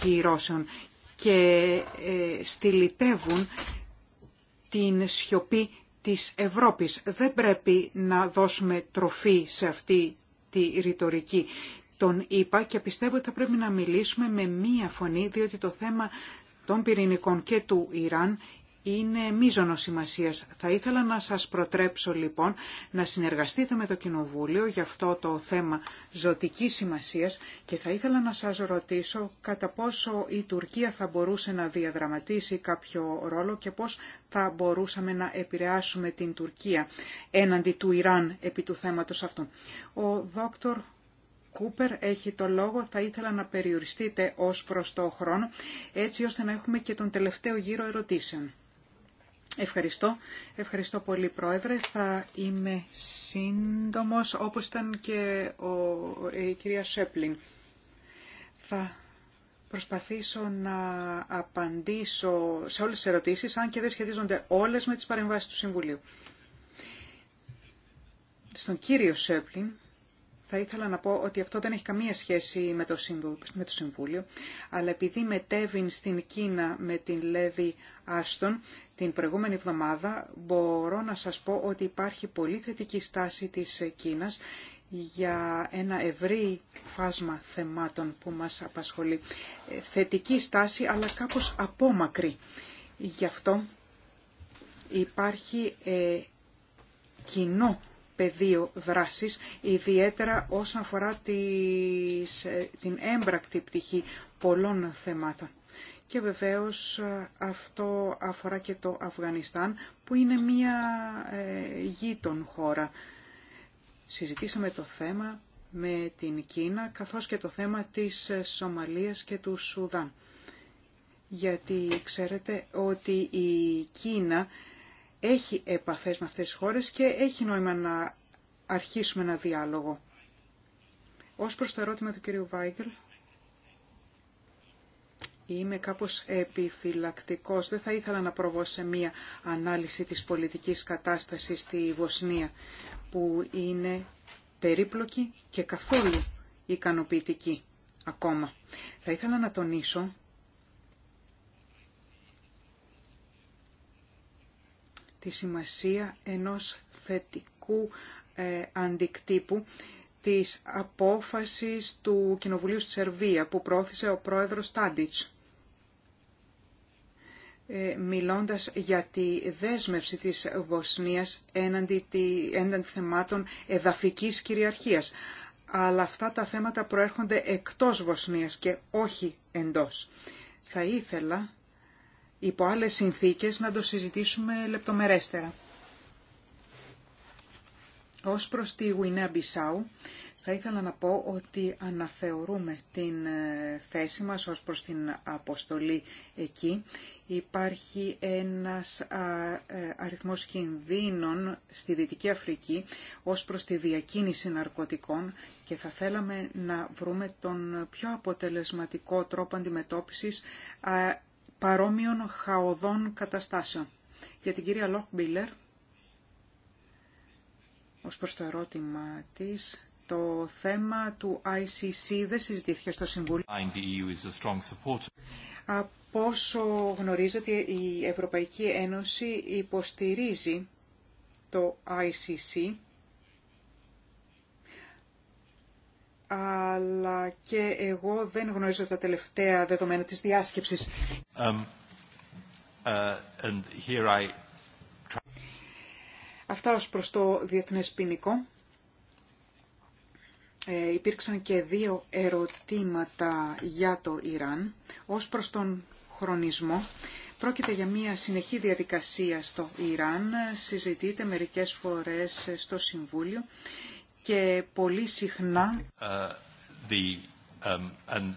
κυρώσεων και ε, στυλιτεύουν την σιωπή της Ευρώπης. Δεν πρέπει να δώσουμε τροφή σε αυτή τη ρητορική. Τον είπα και πιστεύω ότι θα πρέπει να μιλήσουμε με μία φωνή, διότι το θέμα των πυρηνικών και του Ιράν είναι μείζονο σημασίας. Θα ήθελα να σας προτρέψω λοιπόν να συνεργαστείτε με το Κοινοβούλιο για αυτό το θέμα ζωτικής σημασίας και θα ήθελα να σας ρωτήσω κατά πόσο η Τουρκία θα μπορούσε να διαδραματίσει κάποιο ρόλο και πώς θα μπορούσαμε να επηρεάσουμε την Τουρκία έναντι του Ιράν επί του θέματος αυτού. Ο δόκτωρ Κούπερ έχει το λόγο, θα ήθελα να περιοριστείτε ως προς το χρόνο, έτσι ώστε να έχουμε και τον τελευταίο γύρο ερωτήσεων. Ευχαριστώ. Ευχαριστώ πολύ Πρόεδρε. Θα είμαι σύντομος όπως ήταν και ο, η κυρία Σέπλιν. Θα προσπαθήσω να απαντήσω σε όλες τις ερωτήσεις, αν και δεν σχετίζονται όλες με τις παρεμβάσεις του Συμβουλίου. Στον κύριο Σέπλιν θα ήθελα να πω ότι αυτό δεν έχει καμία σχέση με το, με το Συμβούλιο, αλλά επειδή μετέβην στην Κίνα με την Λέδη Άστον την προηγούμενη εβδομάδα, μπορώ να σας πω ότι υπάρχει πολύ θετική στάση της Κίνας για ένα ευρύ φάσμα θεμάτων που μας απασχολεί. Ε, θετική στάση, αλλά κάπως απόμακρη. Γι' αυτό υπάρχει ε, κοινό πεδίο δράσης, ιδιαίτερα όσον αφορά τις, ε, την έμπρακτη πτυχή πολλών θεμάτων. Και βεβαίως ε, αυτό αφορά και το Αφγανιστάν που είναι μια ε, γείτον χώρα. Συζητήσαμε το θέμα με την Κίνα καθώς και το θέμα της ε, Σομαλίας και του Σουδάν. Γιατί ξέρετε ότι η Κίνα έχει επαφές με αυτές τις χώρες και έχει νόημα να αρχίσουμε ένα διάλογο. Ως προς το ερώτημα του κυρίου Βάγκελ, είμαι κάπως επιφυλακτικός. Δεν θα ήθελα να προβώ σε μία ανάλυση της πολιτικής κατάστασης στη Βοσνία, που είναι περίπλοκη και καθόλου ικανοποιητική ακόμα. Θα ήθελα να τονίσω τη σημασία ενός θετικού ε, αντικτύπου της απόφασης του Κοινοβουλίου στη Σερβία που πρόθεσε ο πρόεδρος Τάντιτς ε, μιλώντας για τη δέσμευση της Βοσνίας έναντι, έναντι θεμάτων εδαφικής κυριαρχίας. Αλλά αυτά τα θέματα προέρχονται εκτός Βοσνίας και όχι εντός. Θα ήθελα υπό άλλες συνθήκες να το συζητήσουμε λεπτομερέστερα. Ως προς τη Γουινέα Μπισάου, θα ήθελα να πω ότι αναθεωρούμε την ε, θέση μας ως προς την αποστολή εκεί. Υπάρχει ένας ε, αριθμός κινδύνων στη Δυτική Αφρική ως προς τη διακίνηση ναρκωτικών και θα θέλαμε να βρούμε τον πιο αποτελεσματικό τρόπο αντιμετώπισης παρόμοιων χαοδών καταστάσεων. Για την κυρία Λόχμπιλερ, ως προς το ερώτημα της, το θέμα του ICC δεν συζητήθηκε στο Συμβούλιο. E Από όσο γνωρίζετε, η Ευρωπαϊκή Ένωση υποστηρίζει το ICC αλλά και εγώ δεν γνωρίζω τα τελευταία δεδομένα της διάσκεψης. Um, uh, Αυτά ως προς το διεθνές ποινικό. Ε, υπήρξαν και δύο ερωτήματα για το Ιράν. Ως προς τον χρονισμό, πρόκειται για μια συνεχή διαδικασία στο Ιράν. Συζητείται μερικές φορές στο Συμβούλιο και πολύ συχνά uh, um,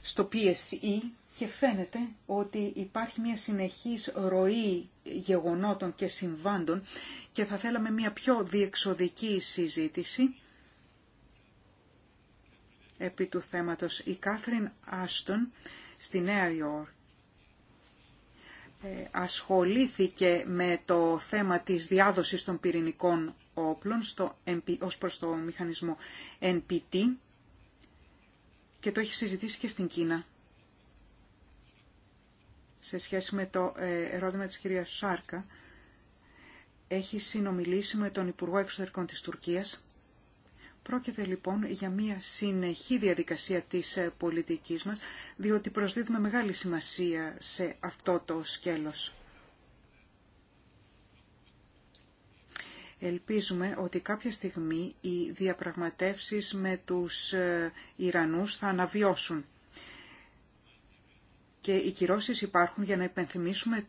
στο PSE και φαίνεται ότι υπάρχει μια συνεχής ροή γεγονότων και συμβάντων και θα θέλαμε μια πιο διεξοδική συζήτηση επί του θέματος. Η Κάθριν Άστον στη Νέα Υόρκη ε, ασχολήθηκε με το θέμα της διάδοσης των πυρηνικών όπλων στο, ως προς το μηχανισμό NPT και το έχει συζητήσει και στην Κίνα. Σε σχέση με το ε, ερώτημα της κυρίας Σάρκα, έχει συνομιλήσει με τον Υπουργό Εξωτερικών της Τουρκίας. Πρόκειται λοιπόν για μια συνεχή διαδικασία της ε, πολιτικής μας, διότι προσδίδουμε μεγάλη σημασία σε αυτό το σκέλος. Ελπίζουμε ότι κάποια στιγμή οι διαπραγματεύσεις με τους ε, Ιρανούς θα αναβιώσουν. Και οι κυρώσεις υπάρχουν για να υπενθυμίσουμε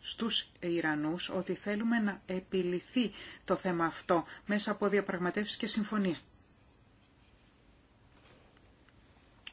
στους Ιρανούς ότι θέλουμε να επιληθεί το θέμα αυτό μέσα από διαπραγματεύσεις και συμφωνία.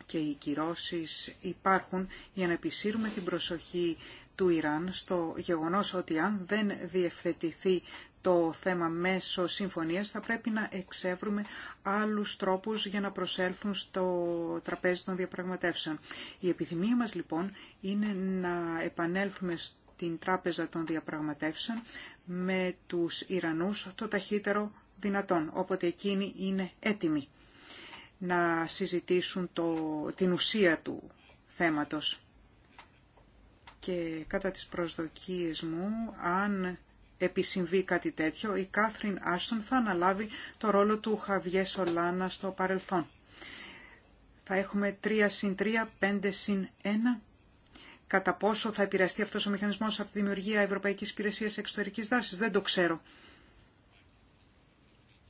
Και οι κυρώσεις υπάρχουν για να επισύρουμε την προσοχή του Ιράν στο γεγονός ότι αν δεν διευθετηθεί το θέμα μέσω συμφωνίας, θα πρέπει να εξεύρουμε άλλους τρόπους για να προσέλθουν στο τραπέζι των διαπραγματεύσεων. Η επιθυμία μας λοιπόν είναι να επανέλθουμε στην τράπεζα των διαπραγματεύσεων με τους Ιρανούς το ταχύτερο δυνατόν, όποτε εκείνοι είναι έτοιμοι να συζητήσουν το, την ουσία του θέματος. Και κατά τις προσδοκίες μου, αν επισυμβεί κάτι τέτοιο, η Κάθριν Άστον θα αναλάβει το ρόλο του Χαβιέ Σολάνα στο παρελθόν. Θα έχουμε 3 συν 3, 5 συν 1. Κατά πόσο θα επηρεαστεί αυτός ο μηχανισμός από τη δημιουργία Ευρωπαϊκής Υπηρεσίας Εξωτερικής Δράσης, δεν το ξέρω.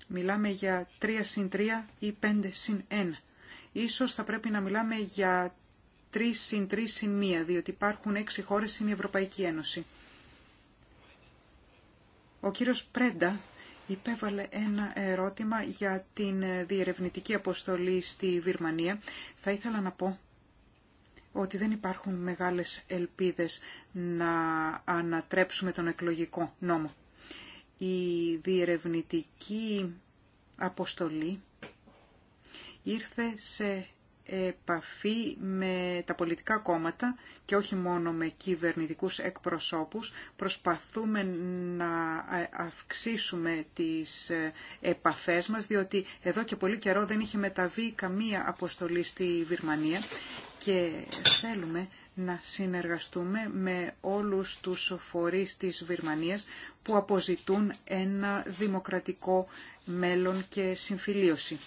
Μιλάμε για 3 συν 3 ή 5 συν 1. Ίσως θα πρέπει να μιλάμε για 3 συν 3 συν 1, διότι υπάρχουν 6 χώρες στην Ευρωπαϊκή Ένωση. Ο κύριος Πρέντα υπέβαλε ένα ερώτημα για την διερευνητική αποστολή στη Βυρμανία. Θα ήθελα να πω ότι δεν υπάρχουν μεγάλες ελπίδες να ανατρέψουμε τον εκλογικό νόμο. Η διερευνητική αποστολή ήρθε σε επαφή με τα πολιτικά κόμματα και όχι μόνο με κυβερνητικούς εκπροσώπους. Προσπαθούμε να ε, αυξήσουμε τις ε, επαφές μας, διότι εδώ και πολύ καιρό δεν είχε μεταβεί καμία αποστολή στη Βυρμανία και θέλουμε να συνεργαστούμε με όλους τους φορείς της Βυρμανίας που αποζητούν ένα δημοκρατικό μέλλον και συμφιλίωση.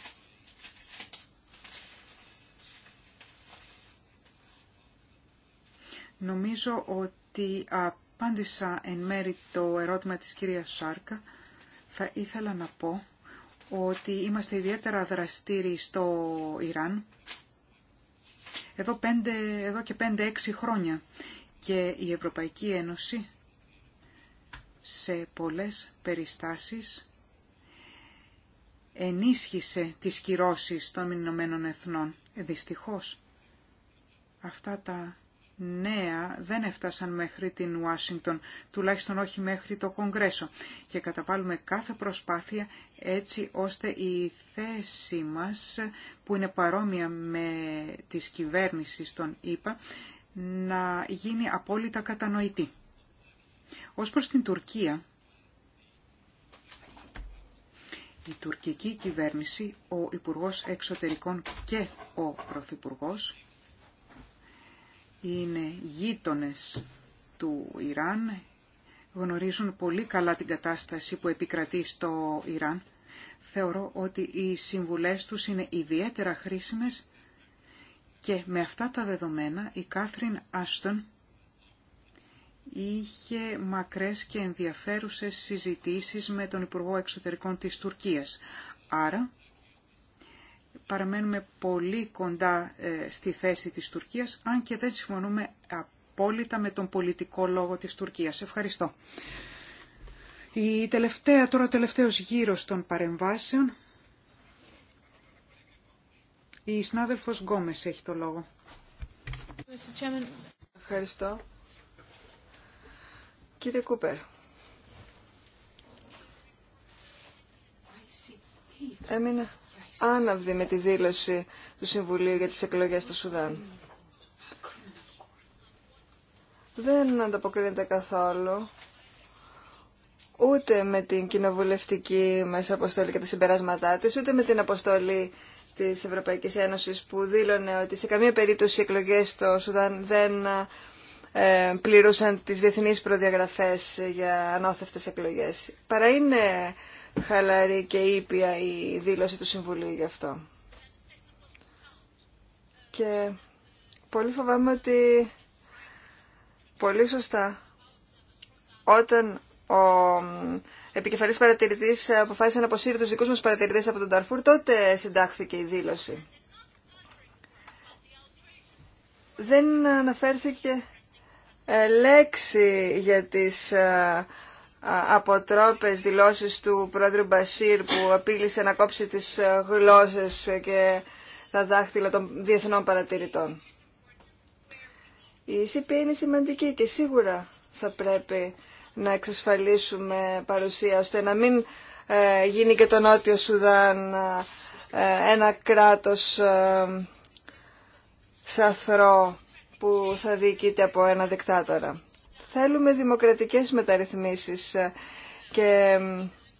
Νομίζω ότι απάντησα εν μέρη το ερώτημα της κυρίας Σάρκα. Θα ήθελα να πω ότι είμαστε ιδιαίτερα δραστήριοι στο Ιράν εδώ, πέντε, εδώ και 5-6 χρόνια και η Ευρωπαϊκή Ένωση σε πολλές περιστάσεις ενίσχυσε τις κυρώσεις των Ηνωμένων Εθνών. Δυστυχώς αυτά τα νέα δεν έφτασαν μέχρι την Ουάσιγκτον, τουλάχιστον όχι μέχρι το Κογκρέσο. Και καταβάλουμε κάθε προσπάθεια έτσι ώστε η θέση μας, που είναι παρόμοια με της κυβέρνηση των ΗΠΑ, να γίνει απόλυτα κατανοητή. Ως προς την Τουρκία, η τουρκική κυβέρνηση, ο Υπουργός Εξωτερικών και ο Πρωθυπουργός είναι γείτονες του Ιράν, γνωρίζουν πολύ καλά την κατάσταση που επικρατεί στο Ιράν. Θεωρώ ότι οι συμβουλές τους είναι ιδιαίτερα χρήσιμες και με αυτά τα δεδομένα η Κάθριν Άστον είχε μακρές και ενδιαφέρουσες συζητήσεις με τον Υπουργό Εξωτερικών της Τουρκίας. Άρα παραμένουμε πολύ κοντά ε, στη θέση της Τουρκίας, αν και δεν συμφωνούμε απόλυτα με τον πολιτικό λόγο της Τουρκίας. Ευχαριστώ. Η τελευταία, τώρα τελευταίος γύρος των παρεμβάσεων. Η συνάδελφος Γκόμες έχει το λόγο. Ευχαριστώ. Κύριε Κούπερ. Έμεινα άναυδη με τη δήλωση του Συμβουλίου για τις εκλογές στο Σουδάν. Δεν ανταποκρίνεται καθόλου ούτε με την κοινοβουλευτική μέσα αποστολή και τα συμπεράσματά της, ούτε με την αποστολή της Ευρωπαϊκής Ένωσης που δήλωνε ότι σε καμία περίπτωση οι εκλογές στο Σουδάν δεν ε, πληρούσαν τις διεθνείς προδιαγραφές για ανώθευτες εκλογές. Παρά είναι χαλαρή και ήπια η δήλωση του Συμβουλίου γι' αυτό. Και πολύ φοβάμαι ότι πολύ σωστά όταν ο επικεφαλής παρατηρητής αποφάσισε να αποσύρει τους δικούς μας παρατηρητές από τον Ταρφούρ, τότε συντάχθηκε η δήλωση. Δεν αναφέρθηκε ε, λέξη για τις ε, αποτρόπες δηλώσεις του πρόεδρου Μπασίρ που απείλησε να κόψει τις ε, γλώσσες και τα δάχτυλα των διεθνών παρατηρητών. Η ΣΥΠΗ είναι σημαντική και σίγουρα θα πρέπει να εξασφαλίσουμε παρουσία ώστε να μην ε, γίνει και το Νότιο Σουδάν ε, ένα κράτος σαθρό που θα διοικείται από ένα δικτάτορα. Θέλουμε δημοκρατικές μεταρρυθμίσεις ε, και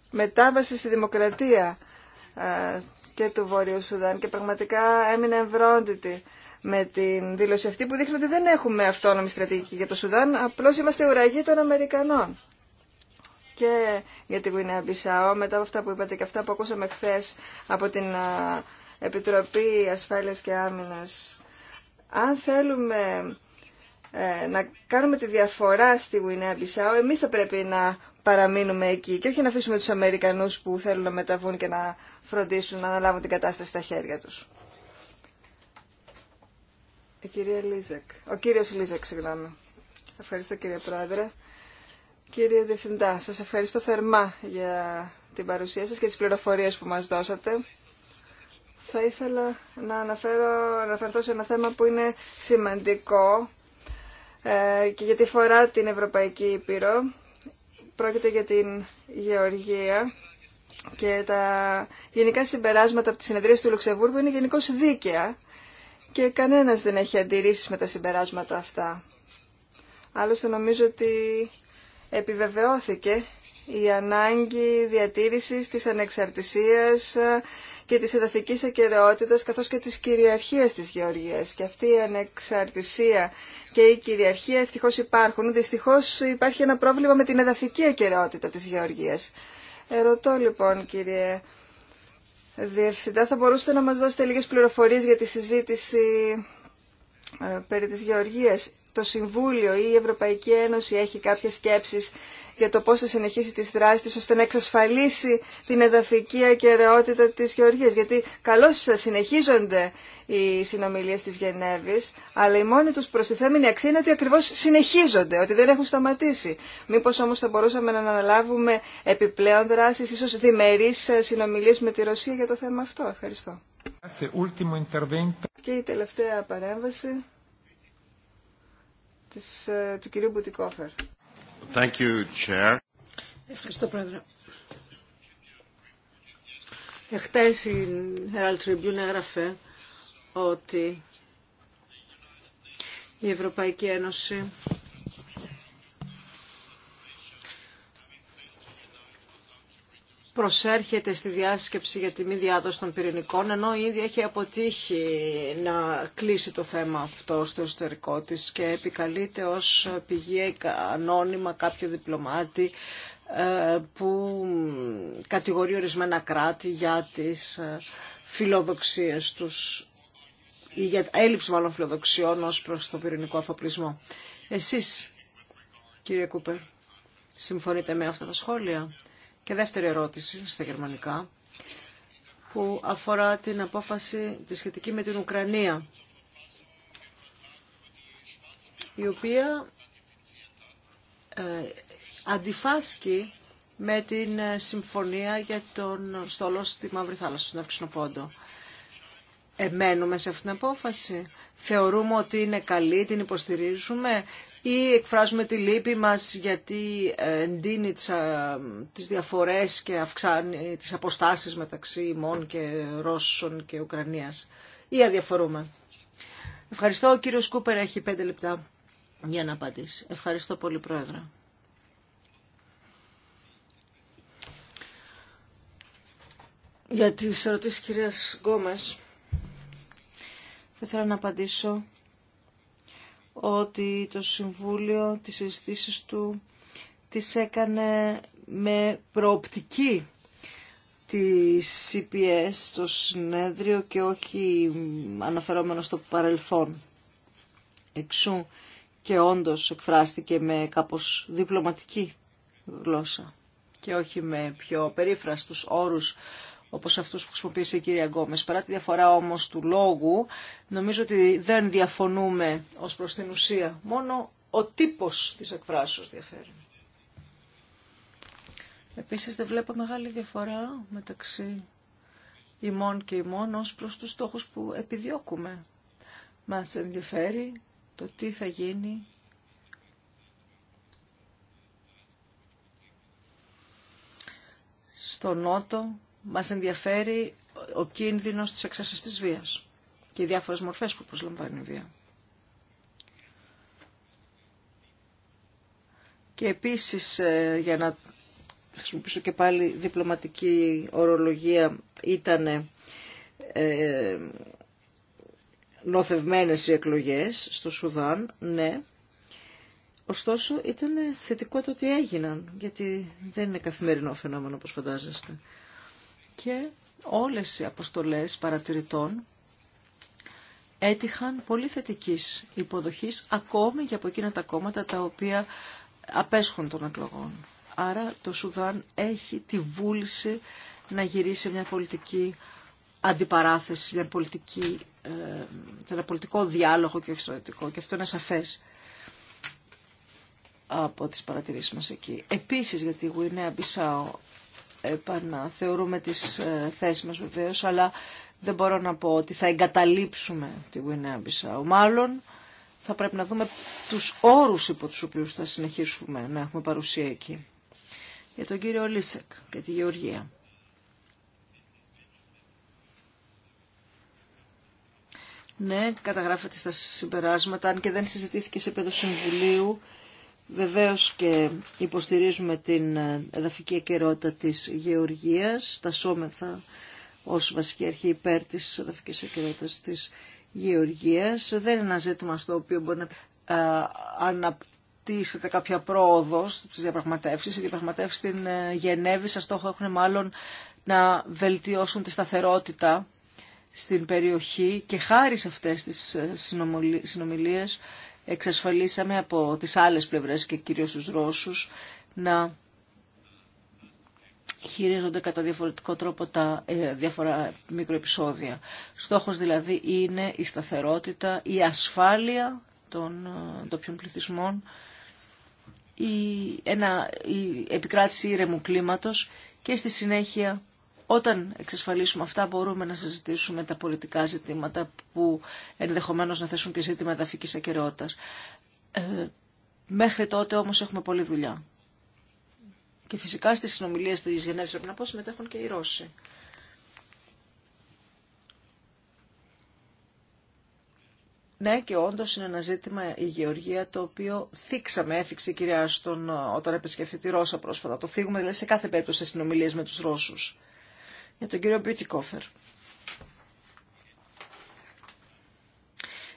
μετάβαση στη δημοκρατία ε, και του Βόρειου Σουδάν και πραγματικά έμεινα εμβρόντιτη με την δήλωση αυτή που δείχνει ότι δεν έχουμε αυτόνομη στρατηγική για το Σουδάν, απλώς είμαστε ουραγοί των Αμερικανών. Και για την Γουινέα Μπισάο, μετά από αυτά που είπατε και αυτά που ακούσαμε χθε από την ε, Επιτροπή Ασφάλειας και Άμυνας, αν θέλουμε ε, να κάνουμε τη διαφορά στη Γουινέα Μπισάου, εμείς θα πρέπει να παραμείνουμε εκεί και όχι να αφήσουμε τους Αμερικανούς που θέλουν να μεταβούν και να φροντίσουν να αναλάβουν την κατάσταση στα χέρια τους. Ε, Λίζεκ. Ο κύριος Λίζεκ, συγγνώμη. Ευχαριστώ κύριε Πρόεδρε. Κύριε Διευθυντά, σας ευχαριστώ θερμά για την παρουσία σας και τις πληροφορίες που μας δώσατε. Θα ήθελα να αναφέρω, αναφερθώ σε ένα θέμα που είναι σημαντικό ε, και γιατί φορά την Ευρωπαϊκή Ήπειρο. Πρόκειται για την Γεωργία και τα γενικά συμπεράσματα από τη του Λουξεμβούργου είναι γενικώ δίκαια και κανένας δεν έχει αντιρρήσεις με τα συμπεράσματα αυτά. Άλλωστε νομίζω ότι επιβεβαιώθηκε η ανάγκη διατήρησης της ανεξαρτησίας και της εδαφικής ακαιρεότητας καθώς και της κυριαρχίας της γεωργίας. Και αυτή η ανεξαρτησία και η κυριαρχία ευτυχώς υπάρχουν. Δυστυχώς υπάρχει ένα πρόβλημα με την εδαφική ακαιρεότητα της γεωργίας. Ερωτώ λοιπόν κύριε Διευθυντά, θα μπορούσατε να μας δώσετε λίγες πληροφορίες για τη συζήτηση ε, περί της γεωργίας το Συμβούλιο ή η Ευρωπαϊκή Ένωση έχει κάποιες σκέψεις για το πώς θα συνεχίσει τις δράσεις της ώστε να εξασφαλίσει την εδαφική ακεραιότητα της Γεωργίας. Γιατί καλώς συνεχίζονται οι συνομιλίες της Γενέβης, αλλά η μόνη τους προστιθέμενη αξία είναι ότι ακριβώς συνεχίζονται, ότι δεν έχουν σταματήσει. Μήπως όμως θα μπορούσαμε να αναλάβουμε επιπλέον δράσεις, ίσως διμερείς συνομιλίες με τη Ρωσία για το θέμα αυτό. Ευχαριστώ. Και η τελευταία παρέμβαση της, ε, του κυρίου Μπουτικόφερ. Thank you, Chair. Ευχαριστώ, Πρόεδρε. Εχθές η Herald Tribune έγραφε ότι η Ευρωπαϊκή Ένωση προσέρχεται στη διάσκεψη για τη μη διάδοση των πυρηνικών, ενώ ήδη έχει αποτύχει να κλείσει το θέμα αυτό στο εσωτερικό της και επικαλείται ως πηγή ανώνυμα κάποιο διπλωμάτη ε, που κατηγορεί ορισμένα κράτη για τις ε, φιλοδοξίες τους ή για έλλειψη μάλλον φιλοδοξιών ως προς το πυρηνικό αφοπλισμό. Εσείς, κύριε Κούπερ, συμφωνείτε με αυτά τα σχόλια. Και δεύτερη ερώτηση στα γερμανικά που αφορά την απόφαση τη σχετική με την Ουκρανία η οποία ε, αντιφάσκει με την ε, συμφωνία για τον στόλο στη Μαύρη Θάλασσα, στον Εύξηνο εμένουμε σε αυτήν την απόφαση. Θεωρούμε ότι είναι καλή, την υποστηρίζουμε ή εκφράζουμε τη λύπη μας γιατί ε, εντείνει τις διαφορές και αυξάνει τις αποστάσεις μεταξύ ημών και Ρώσων και Ουκρανίας. Ή αδιαφορούμε. Ευχαριστώ. Ο κύριος Κούπερ έχει πέντε λεπτά για να απαντήσει. Ευχαριστώ πολύ, Πρόεδρε. Για τις ερωτήσεις κυρίας Γκόμες. Θα ήθελα να απαντήσω ότι το Συμβούλιο τις συζητήσεις του τις έκανε με προοπτική τη CPS στο συνέδριο και όχι αναφερόμενο στο παρελθόν. Εξού και όντως εκφράστηκε με κάπως διπλωματική γλώσσα και όχι με πιο περίφραστους όρους όπως αυτούς που χρησιμοποίησε η κυρία Γκόμες. Παρά τη διαφορά όμως του λόγου, νομίζω ότι δεν διαφωνούμε ως προς την ουσία. Μόνο ο τύπος της εκφράσεως διαφέρει. Επίσης δεν βλέπω μεγάλη διαφορά μεταξύ ημών και ημών ως προς τους στόχους που επιδιώκουμε. Μας ενδιαφέρει το τι θα γίνει στο Νότο μας ενδιαφέρει ο κίνδυνος της εξασίας της βίας και οι διάφορες μορφές που προσλαμβάνει η βία. Και επίσης, ε, για να χρησιμοποιήσω και πάλι διπλωματική ορολογία, ήταν ε, νοθευμένες οι εκλογές στο Σουδάν, ναι. Ωστόσο ήταν θετικό το ότι έγιναν, γιατί δεν είναι καθημερινό φαινόμενο όπως φαντάζεστε και όλες οι αποστολές παρατηρητών έτυχαν πολύ θετική υποδοχής ακόμη και από εκείνα τα κόμματα τα οποία απέσχουν των εκλογών. Άρα το Σουδάν έχει τη βούληση να γυρίσει μια πολιτική αντιπαράθεση, μια πολιτική, ε, ένα πολιτικό διάλογο και όχι Και αυτό είναι σαφές από τις παρατηρήσεις μας εκεί. Επίσης για η Γουινέα Μπισάο επαναθεωρούμε τις ε, θέσεις μας βεβαίως, αλλά δεν μπορώ να πω ότι θα εγκαταλείψουμε τη Γουινέα Μπισάου. Μάλλον θα πρέπει να δούμε τους όρους υπό τους οποίους θα συνεχίσουμε να έχουμε παρουσία εκεί. Για τον κύριο Λίσεκ και τη Γεωργία. Ναι, καταγράφεται στα συμπεράσματα, αν και δεν συζητήθηκε σε επίπεδο συμβουλίου, Βεβαίως και υποστηρίζουμε την εδαφική ακαιρότητα της γεωργίας, στασόμεθα ως βασική αρχή υπέρ της εδαφικής ακαιρότητας της γεωργίας. Δεν είναι ένα ζήτημα στο οποίο μπορεί να αναπτύσσεται κάποια πρόοδο στις διαπραγματεύσεις. Οι διαπραγματεύσεις στην ε, Γενέβη σας στόχο έχουν μάλλον να βελτιώσουν τη σταθερότητα στην περιοχή και χάρη σε αυτές τις ε, συνομιλίες εξασφαλίσαμε από τις άλλες πλευρές και κυρίως τους Ρώσους να χειρίζονται κατά διαφορετικό τρόπο τα ε, διάφορα μικροεπισόδια. Στόχος δηλαδή είναι η σταθερότητα, η ασφάλεια των ε, τοπιών πληθυσμών, η, ένα, η επικράτηση ήρεμου κλίματος και στη συνέχεια όταν εξασφαλίσουμε αυτά μπορούμε να συζητήσουμε τα πολιτικά ζητήματα που ενδεχομένως να θέσουν και ζήτημα εδαφικής ακαιρεότητας. Ε, μέχρι τότε όμως έχουμε πολλή δουλειά. Και φυσικά στις συνομιλίες της Γενέβης πρέπει να πω συμμετέχουν και οι Ρώσοι. Ναι και όντω είναι ένα ζήτημα η γεωργία το οποίο θίξαμε, έφυξε η κυρία Άστον ε, όταν επισκεφθεί τη Ρώσα πρόσφατα. Το θίγουμε δηλαδή σε κάθε περίπτωση σε συνομιλίε με του Ρώσου για τον κύριο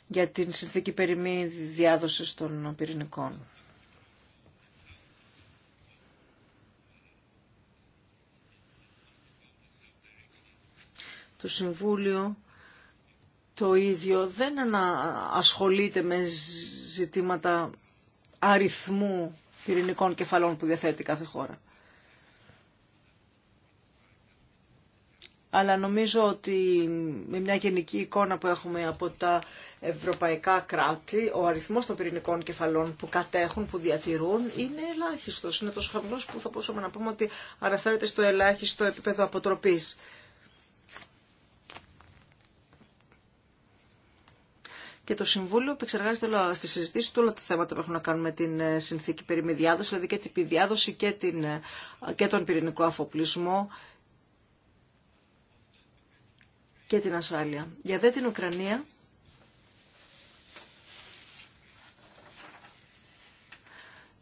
για την συνθήκη περιμή διάδοσης των πυρηνικών. Το Συμβούλιο το ίδιο δεν ασχολείται με ζητήματα αριθμού πυρηνικών κεφαλών που διαθέτει κάθε χώρα. αλλά νομίζω ότι με μια γενική εικόνα που έχουμε από τα ευρωπαϊκά κράτη, ο αριθμός των πυρηνικών κεφαλών που κατέχουν, που διατηρούν, είναι ελάχιστος. Είναι τόσο χαμηλός που θα μπορούσαμε να πούμε ότι αναφέρεται στο ελάχιστο επίπεδο αποτροπής. Και το Συμβούλιο επεξεργάζεται στη συζήτηση του όλα τα θέματα που έχουν να κάνουν με την ε, συνθήκη περί διάδοση, δηλαδή και την διάδοση και, την, ε, και τον πυρηνικό αφοπλισμό και την ασφάλεια. Για δε την Ουκρανία,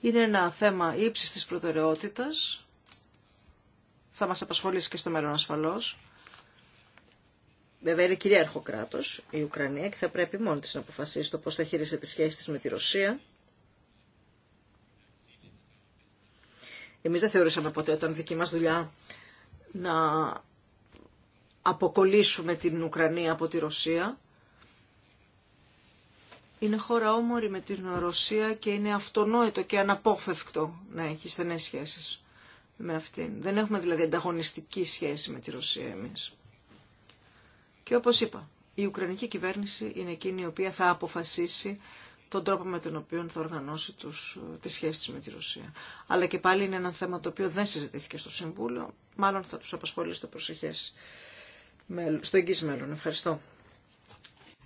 είναι ένα θέμα ύψης της προτεραιότητας, θα μας απασχολήσει και στο μέλλον ασφαλώς. Βέβαια είναι κυρίαρχο κράτος η Ουκρανία και θα πρέπει μόνη της να αποφασίσει το πώς θα χειρίζεται τη σχέση της με τη Ρωσία. Εμείς δεν θεωρήσαμε ποτέ όταν δική μας δουλειά να αποκολλήσουμε την Ουκρανία από τη Ρωσία. Είναι χώρα όμορη με την Ρωσία και είναι αυτονόητο και αναπόφευκτο να έχει στενές σχέσεις με αυτήν. Δεν έχουμε δηλαδή ανταγωνιστική σχέση με τη Ρωσία εμείς. Και όπως είπα, η Ουκρανική κυβέρνηση είναι εκείνη η οποία θα αποφασίσει τον τρόπο με τον οποίο θα οργανώσει τους, τις σχέσεις με τη Ρωσία. Αλλά και πάλι είναι ένα θέμα το οποίο δεν συζητήθηκε στο Συμβούλιο, μάλλον θα τους απασχολήσει το προσεχές στο εγγύς Ευχαριστώ.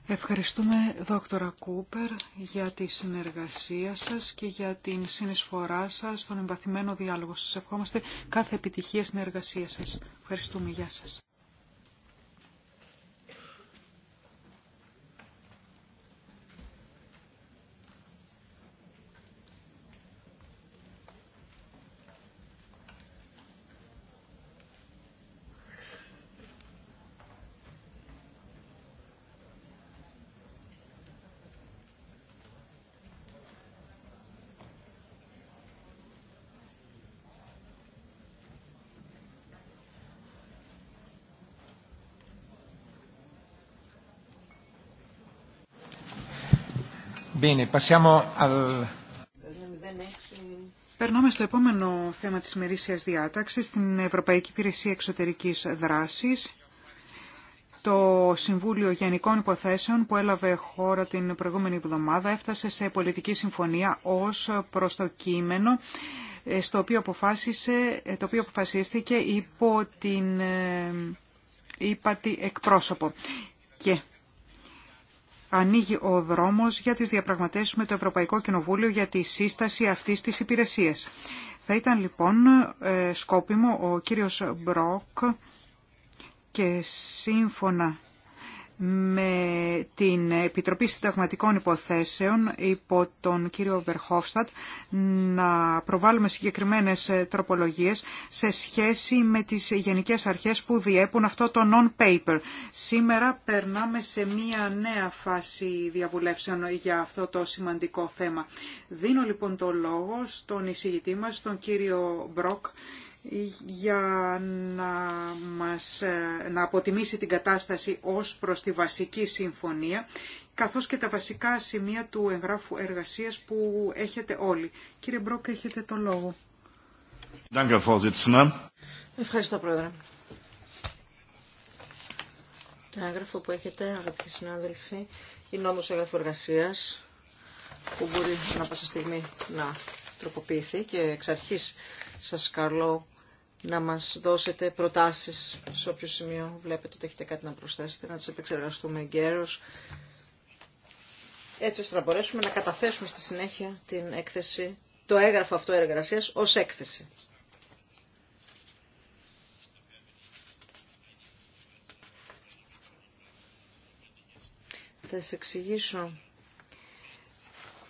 Ευχαριστούμε δόκτωρα Κούπερ για τη συνεργασία σας και για την συνεισφορά σας στον εμπαθημένο διάλογο σας. Ευχόμαστε κάθε επιτυχία στην εργασία σας. Ευχαριστούμε. Γεια σας. Περνάμε στο επόμενο θέμα της μερίσιας διάταξης, στην Ευρωπαϊκή Υπηρεσία Εξωτερικής Δράσης. Το Συμβούλιο Γενικών Υποθέσεων που έλαβε χώρα την προηγούμενη εβδομάδα έφτασε σε πολιτική συμφωνία ως προς το κείμενο ε, στο οποίο αποφάσισε, ε, το οποίο αποφασίστηκε υπό την ε, ύπατη εκπρόσωπο. Και ανοίγει ο δρόμος για τις διαπραγματεύσεις με το Ευρωπαϊκό Κοινοβούλιο για τη σύσταση αυτής της υπηρεσίας. Θα ήταν λοιπόν ε, σκόπιμο ο κύριος Μπρόκ και σύμφωνα με την Επιτροπή Συνταγματικών Υποθέσεων υπό τον κύριο Βερχόφστατ να προβάλλουμε συγκεκριμένες τροπολογίες σε σχέση με τις γενικές αρχές που διέπουν αυτό το non-paper. Σήμερα περνάμε σε μία νέα φάση διαβουλεύσεων για αυτό το σημαντικό θέμα. Δίνω λοιπόν το λόγο στον εισηγητή μας, τον κύριο Μπροκ, για να, μας, ε, να αποτιμήσει την κατάσταση ως προς τη βασική συμφωνία, καθώς και τα βασικά σημεία του εγγράφου εργασίας που έχετε όλοι. Κύριε Μπρόκ, έχετε το λόγο. Ευχαριστώ, Πρόεδρε. Το έγγραφο που έχετε, αγαπητοί συνάδελφοι, είναι όμως έγγραφο εργασίας που μπορεί να πάσα στιγμή να τροποποιηθεί και εξ αρχής σας καλώ να μας δώσετε προτάσεις σε όποιο σημείο βλέπετε ότι έχετε κάτι να προσθέσετε, να τις επεξεργαστούμε εγκαίρως, έτσι ώστε να μπορέσουμε να καταθέσουμε στη συνέχεια την έκθεση, το έγγραφο αυτό εργασίας ως έκθεση. Θα σας εξηγήσω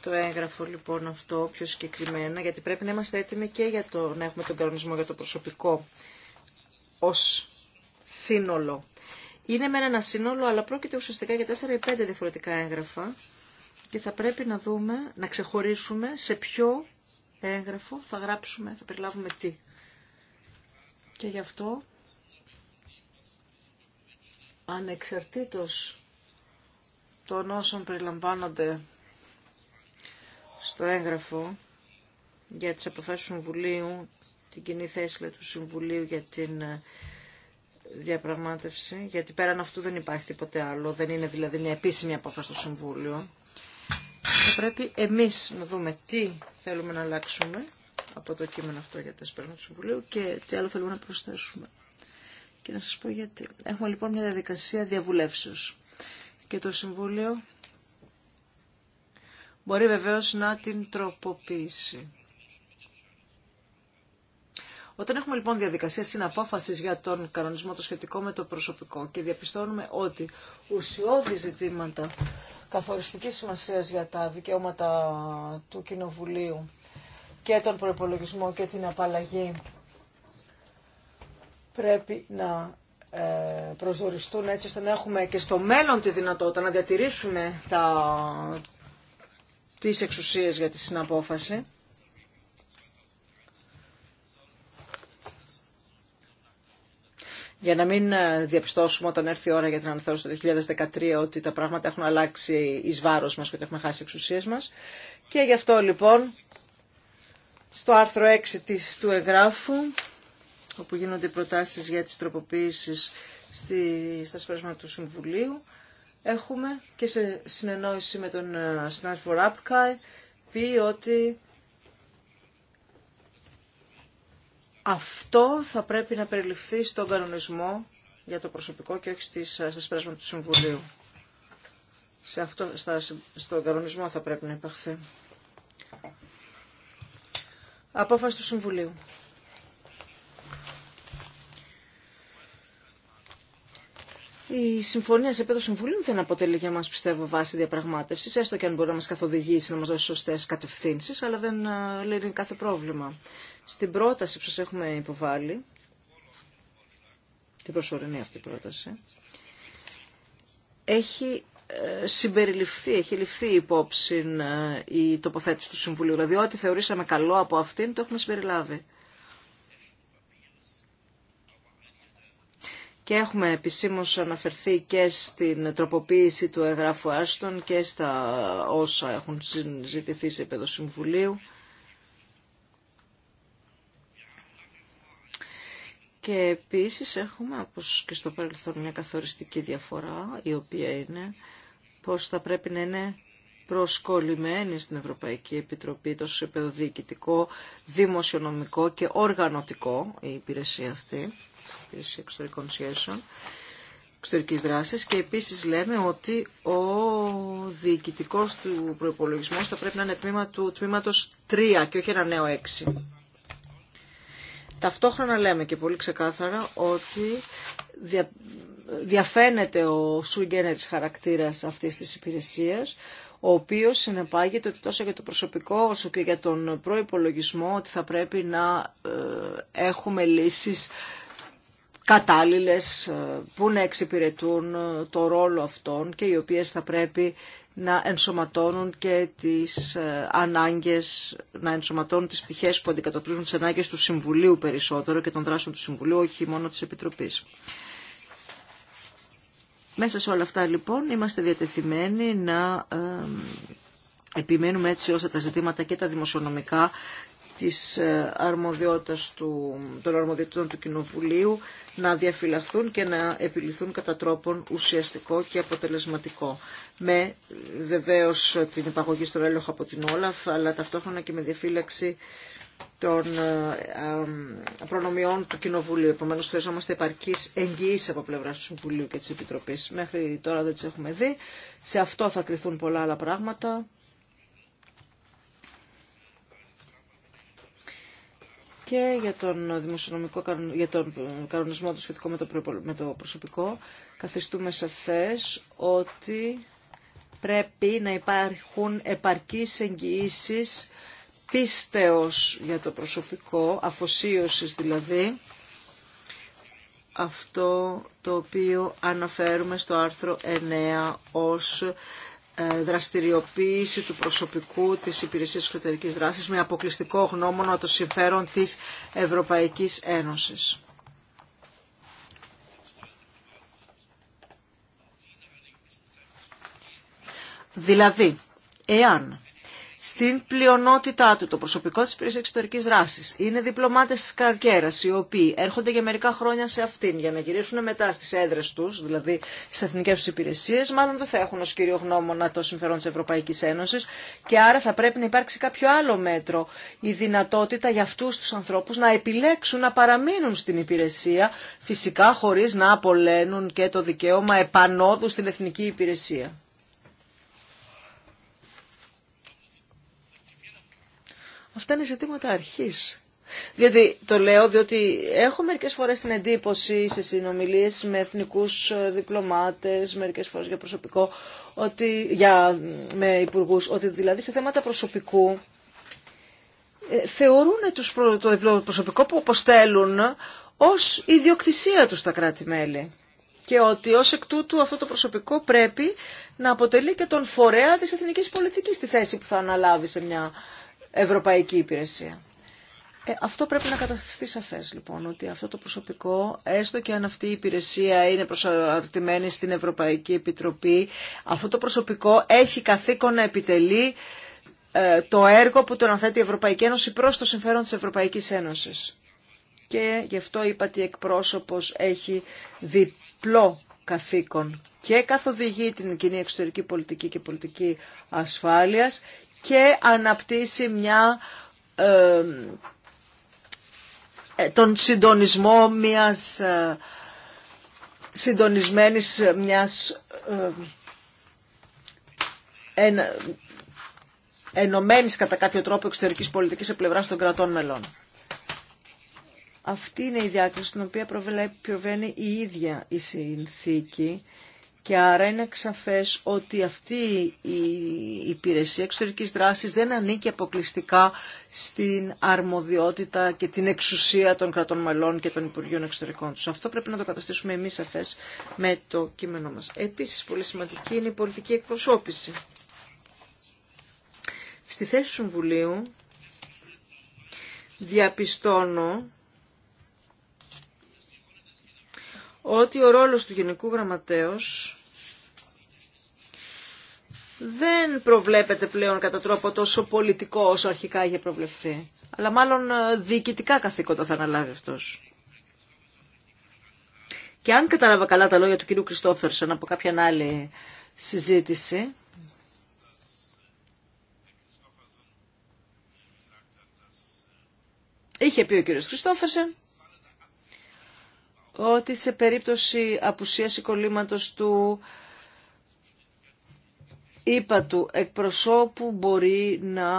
το έγγραφο λοιπόν αυτό πιο συγκεκριμένα, γιατί πρέπει να είμαστε έτοιμοι και για το, να έχουμε τον κανονισμό για το προσωπικό ως σύνολο. Είναι με ένα σύνολο, αλλά πρόκειται ουσιαστικά για 4 ή 5 διαφορετικά έγγραφα και θα πρέπει να δούμε, να ξεχωρίσουμε σε ποιο έγγραφο θα γράψουμε, θα περιλάβουμε τι. Και γι' αυτό, ανεξαρτήτως των όσων περιλαμβάνονται στο έγγραφο για τις αποφάσεις του Συμβουλίου, την κοινή θέση του Συμβουλίου για την ε, διαπραγμάτευση, γιατί πέραν αυτού δεν υπάρχει τίποτε άλλο, δεν είναι δηλαδή μια επίσημη απόφαση του Συμβούλιο. Θα πρέπει εμείς να δούμε τι θέλουμε να αλλάξουμε από το κείμενο αυτό για τα πέραν του Συμβουλίου και τι άλλο θέλουμε να προσθέσουμε. Και να σας πω γιατί. Έχουμε λοιπόν μια διαδικασία διαβουλεύσεως. Και το Συμβούλιο μπορεί βεβαίως να την τροποποιήσει. Όταν έχουμε λοιπόν διαδικασία συναπόφασης για τον κανονισμό το σχετικό με το προσωπικό και διαπιστώνουμε ότι ουσιώδη ζητήματα καθοριστικής σημασίας για τα δικαιώματα του Κοινοβουλίου και τον προπολογισμό και την απαλλαγή πρέπει να ε, προσδοριστούν έτσι ώστε να έχουμε και στο μέλλον τη δυνατότητα να διατηρήσουμε τα, τις εξουσίες για τη συναπόφαση. Για να μην ε, διαπιστώσουμε όταν έρθει η ώρα για την αναθεώρηση το 2013 ότι τα πράγματα έχουν αλλάξει εις βάρος μας και ότι έχουμε χάσει εξουσίες μας. Και γι' αυτό λοιπόν στο άρθρο 6 της, του εγγράφου όπου γίνονται οι προτάσεις για τις τροποποίησεις στη, στα σπέσματα του Συμβουλίου έχουμε και σε συνεννόηση με τον ε, συνάδελφο Ράπκαη πει ότι αυτό θα πρέπει να περιληφθεί στον κανονισμό για το προσωπικό και όχι στις, ε, στα του Συμβουλίου. Σε αυτό, στα, στον κανονισμό θα πρέπει να υπαχθεί. Απόφαση του Συμβουλίου. η συμφωνία σε επίπεδο συμβουλίου δεν αποτελεί για μα, πιστεύω, βάση διαπραγμάτευση, έστω και αν μπορεί να μα καθοδηγήσει, να μα δώσει σωστέ κατευθύνσει, αλλά δεν ε, λύνει κάθε πρόβλημα. Στην πρόταση που σα έχουμε υποβάλει, την προσωρινή αυτή πρόταση, έχει ε, συμπεριληφθεί, έχει ληφθεί υπόψη ε, η τοποθέτηση του Συμβουλίου. Δηλαδή, ό,τι θεωρήσαμε καλό από αυτήν, το έχουμε συμπεριλάβει. και έχουμε επισήμως αναφερθεί και στην τροποποίηση του εγγράφου Άστον και στα όσα έχουν συζητηθεί σε επίπεδο Συμβουλίου. Και επίσης έχουμε, όπως και στο παρελθόν, μια καθοριστική διαφορά, η οποία είναι πως θα πρέπει να είναι προσκολλημένη στην Ευρωπαϊκή Επιτροπή τόσο σε δημοσιονομικό και οργανωτικό η υπηρεσία αυτή της εξωτερικών σχέσεων, εξωτερικής δράσης και επίσης λέμε ότι ο διοικητικός του προϋπολογισμός θα πρέπει να είναι τμήμα του τμήματος 3 και όχι ένα νέο 6. Ταυτόχρονα λέμε και πολύ ξεκάθαρα ότι δια, διαφαίνεται ο generis χαρακτήρας αυτής της υπηρεσίας, ο οποίος συνεπάγεται ότι τόσο για το προσωπικό όσο και για τον προϋπολογισμό ότι θα πρέπει να ε, έχουμε λύσεις κατάλληλες ε, που να εξυπηρετούν ε, το ρόλο αυτών και οι οποίες θα πρέπει να ενσωματώνουν και τις ε, ανάγκες, να ενσωματώνουν τις πτυχές που αντικατοπτρίζουν τις ανάγκες του Συμβουλίου περισσότερο και των δράσεων του Συμβουλίου, όχι μόνο της Επιτροπής. Μέσα σε όλα αυτά λοιπόν είμαστε διατεθειμένοι να επιμένουμε έτσι ώστε τα ζητήματα και τα δημοσιονομικά της ε, αρμοδιότητας του, των αρμοδιότητων του Κοινοβουλίου να διαφυλαχθούν και να επιληθούν κατά τρόπον ουσιαστικό και αποτελεσματικό. Με βεβαίως την υπαγωγή στον έλεγχο από την Όλαφ, αλλά ταυτόχρονα και με διαφύλαξη των ε, προνομιών του Κοινοβουλίου. Επομένως, χρειαζόμαστε επαρκής εγγύηση από πλευρά του Συμβουλίου και της Επιτροπής. Μέχρι τώρα δεν τις έχουμε δει. Σε αυτό θα κρυθούν πολλά άλλα πράγματα. και για τον, δημοσιονομικό, για τον κανονισμό του σχετικό με το, με το προσωπικό καθιστούμε σαφές ότι πρέπει να υπάρχουν επαρκείς εγγυήσεις πίστεως για το προσωπικό, αφοσίωσης δηλαδή, αυτό το οποίο αναφέρουμε στο άρθρο 9 ως ε, δραστηριοποίηση του προσωπικού της Υπηρεσίας Εξωτερικής Δράσης με αποκλειστικό γνώμονα το συμφέρον της Ευρωπαϊκής Ένωσης. Δηλαδή, εάν στην πλειονότητά του. Το προσωπικό της υπηρεσίας εξωτερικής δράσης είναι διπλωμάτες της Καρκέρας οι οποίοι έρχονται για μερικά χρόνια σε αυτήν για να γυρίσουν μετά στις έδρες τους, δηλαδή στις εθνικές τους υπηρεσίες, μάλλον δεν θα έχουν ως κύριο γνώμονα το συμφερόν της Ευρωπαϊκής Ένωσης και άρα θα πρέπει να υπάρξει κάποιο άλλο μέτρο η δυνατότητα για αυτούς τους ανθρώπους να επιλέξουν να παραμείνουν στην υπηρεσία, φυσικά χωρίς να απολένουν και το δικαίωμα επανόδου στην εθνική υπηρεσία. Αυτά είναι ζητήματα αρχής. Διότι το λέω, διότι έχω μερικές φορές την εντύπωση σε συνομιλίες με εθνικούς ε, διπλωμάτες, μερικές φορές για προσωπικό, ότι, για, με υπουργούς, ότι δηλαδή σε θέματα προσωπικού ε, θεωρούν τους, το προσωπικό που αποστέλουν ως ιδιοκτησία του τα κράτη-μέλη. Και ότι ως εκ τούτου αυτό το προσωπικό πρέπει να αποτελεί και τον φορέα της εθνικής πολιτικής στη θέση που θα αναλάβει σε μια Ευρωπαϊκή Υπηρεσία. Ε, αυτό πρέπει να καταστεί σαφέ λοιπόν, ότι αυτό το προσωπικό, έστω και αν αυτή η υπηρεσία είναι προσαρτημένη στην Ευρωπαϊκή Επιτροπή, αυτό το προσωπικό έχει καθήκον να επιτελεί ε, το έργο που τον αναθέτει η Ευρωπαϊκή Ένωση προ το συμφέρον τη Ευρωπαϊκή Ένωση. Και γι' αυτό είπα ότι εκπρόσωπο έχει διπλό καθήκον και καθοδηγεί την κοινή εξωτερική πολιτική και πολιτική ασφάλειας και αναπτύσσει μια ε, τον συντονισμό μιας ε, μιας ε, ενωμένης κατά κάποιο τρόπο εξωτερικής πολιτικής σε πλευρά των κρατών μελών. Αυτή είναι η διάκριση στην οποία προβαίνει η ίδια η συνθήκη και άρα είναι σαφές ότι αυτή η υπηρεσία εξωτερικής δράσης δεν ανήκει αποκλειστικά στην αρμοδιότητα και την εξουσία των κρατών μελών και των Υπουργείων Εξωτερικών τους. Αυτό πρέπει να το καταστήσουμε εμείς σαφές με το κείμενό μας. Επίσης πολύ σημαντική είναι η πολιτική εκπροσώπηση. Στη θέση του Συμβουλίου διαπιστώνω ότι ο ρόλος του Γενικού Γραμματέως δεν προβλέπεται πλέον κατά τρόπο τόσο πολιτικό όσο αρχικά είχε προβλεφθεί. Αλλά μάλλον ε, διοικητικά καθήκοντα θα αναλάβει αυτός. Και αν κατάλαβα καλά τα λόγια του κυρίου Κριστόφερσον από κάποια άλλη συζήτηση, είχε πει ο κύριος Κριστόφερσον ότι σε περίπτωση απουσίας ή του είπα του εκπροσώπου μπορεί να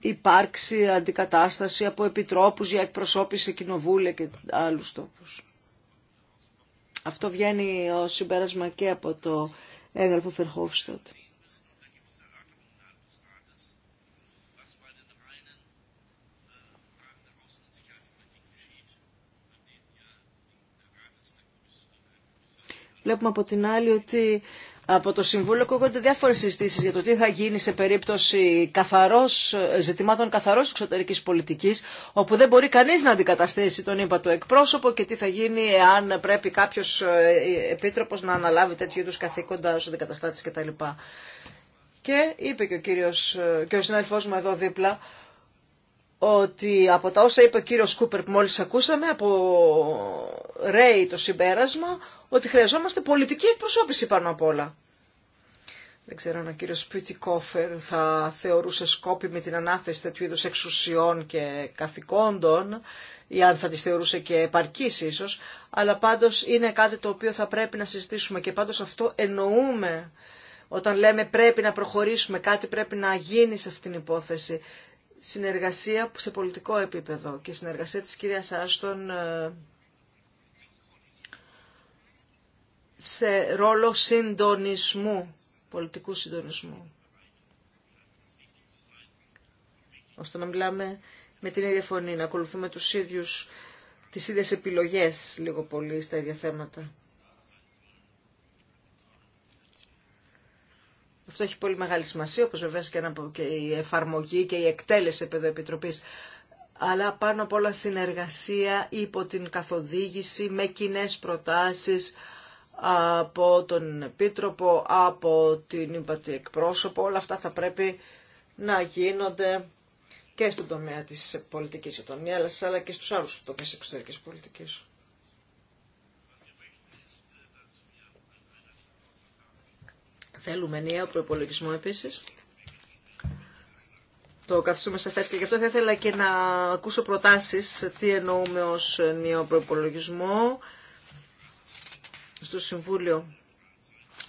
υπάρξει αντικατάσταση από επιτρόπους για εκπροσώπηση κοινοβούλια και άλλους τόπους. Αυτό βγαίνει ως συμπέρασμα και από το έγγραφο Φερχόφστοτ. Βλέπουμε από την άλλη ότι από το Συμβούλιο ακούγονται διάφορε συζητήσει για το τι θα γίνει σε περίπτωση καθαρός, ζητημάτων καθαρό εξωτερική πολιτική, όπου δεν μπορεί κανεί να αντικαταστήσει τον είπα το εκπρόσωπο και τι θα γίνει εάν πρέπει κάποιο ε, ε, επίτροπο να αναλάβει τέτοιου είδου καθήκοντα ω αντικαταστάτη κτλ. Και είπε και ο ε, ο μου εδώ δίπλα ότι από τα όσα είπε ο κύριος Κούπερ που μόλις ακούσαμε, από ρέι το συμπέρασμα ότι χρειαζόμαστε πολιτική εκπροσώπηση πάνω απ' όλα. Δεν ξέρω αν ο κύριος Πιτικόφερ θα θεωρούσε σκόπιμη την ανάθεση τέτοιου είδους εξουσιών και καθηκόντων ή αν θα τις θεωρούσε και επαρκής ίσως, αλλά πάντως είναι κάτι το οποίο θα πρέπει να συζητήσουμε και πάντως αυτό εννοούμε όταν λέμε πρέπει να προχωρήσουμε, κάτι πρέπει να γίνει σε αυτήν την υπόθεση συνεργασία σε πολιτικό επίπεδο και συνεργασία της κυρίας Άστον ε, σε ρόλο συντονισμού, πολιτικού συντονισμού. Ώστε να μιλάμε με την ίδια φωνή, να ακολουθούμε τους ίδιους, τις ίδιες επιλογές λίγο πολύ στα ίδια θέματα. Αυτό έχει πολύ μεγάλη σημασία, όπως βεβαίως και η εφαρμογή και η εκτέλεση επίπεδο επιτροπής αλλά πάνω απ' όλα συνεργασία υπό την καθοδήγηση με κοινέ προτάσεις από τον Επίτροπο, από την Υπατή Εκπρόσωπο. Όλα αυτά θα πρέπει να γίνονται και στον τομέα της πολιτικής ετονία, αλλά και στους άλλους τομείς εξωτερικής πολιτικής. Θέλουμε νέο προπολογισμό επίση. Το σε θέση. και γι' αυτό θα ήθελα και να ακούσω προτάσεις τι εννοούμε ως νέο προπολογισμό. Στο Συμβούλιο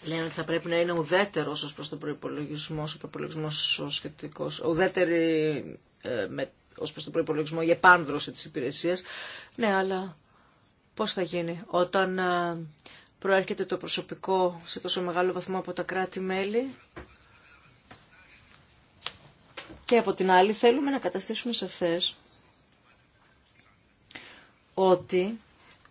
λένε ότι θα πρέπει να είναι ουδέτερος ω προ τον προπολογισμό, ο προπολογισμό ο σχετικός, ουδέτερη ε, με, ως τον προπολογισμό η επάνδρωση τη υπηρεσία. Ναι, αλλά πώ θα γίνει όταν... Ε, προέρχεται το προσωπικό σε τόσο μεγάλο βαθμό από τα κράτη-μέλη. Και από την άλλη θέλουμε να καταστήσουμε σαφές ότι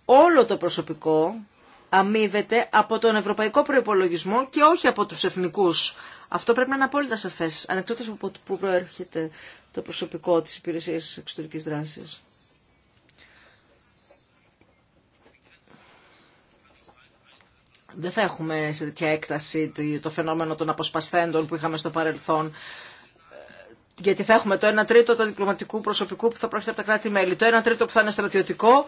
όλο το προσωπικό αμείβεται από τον ευρωπαϊκό προϋπολογισμό και όχι από τους εθνικούς. Αυτό πρέπει να είναι απόλυτα σαφές, ανεκτώτως από πού προέρχεται το προσωπικό της υπηρεσίας εξωτερικής δράσης. δεν θα έχουμε σε τέτοια έκταση το φαινόμενο των αποσπασθέντων που είχαμε στο παρελθόν. Ε, γιατί θα έχουμε το 1 τρίτο του διπλωματικού προσωπικού που θα πρόκειται από τα κράτη-μέλη, το 1 τρίτο που θα είναι στρατιωτικό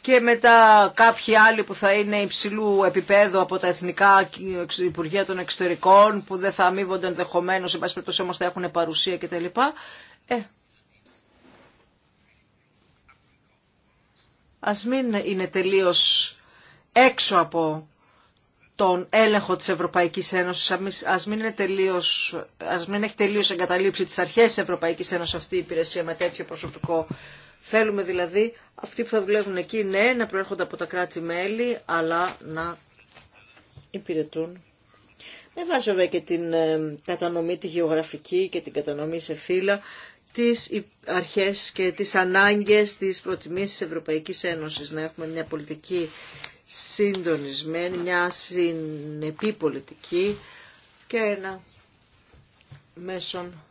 και μετά κάποιοι άλλοι που θα είναι υψηλού επίπεδου από τα εθνικά Υπουργεία των Εξωτερικών που δεν θα αμείβονται ενδεχομένω, εν πάση περιπτώσει όμω θα έχουν παρουσία κτλ. Ε, ας μην είναι τελείως έξω από τον έλεγχο της Ευρωπαϊκής Ένωσης, ας μην, είναι τελείως, ας μην έχει τελείως εγκαταλείψει τις αρχές της Ευρωπαϊκής Ένωσης αυτή η υπηρεσία με τέτοιο προσωπικό. Θέλουμε δηλαδή αυτοί που θα δουλεύουν εκεί, ναι, να προέρχονται από τα κράτη-μέλη, αλλά να υπηρετούν. Με βάση βέβαια και την ε, κατανομή τη γεωγραφική και την κατανομή σε φύλλα, τις αρχές και τις ανάγκες, τις προτιμήσεις της Ευρωπαϊκής Ένωσης. Να έχουμε μια πολιτική συντονισμένη, μια συνεπή πολιτική και ένα μέσον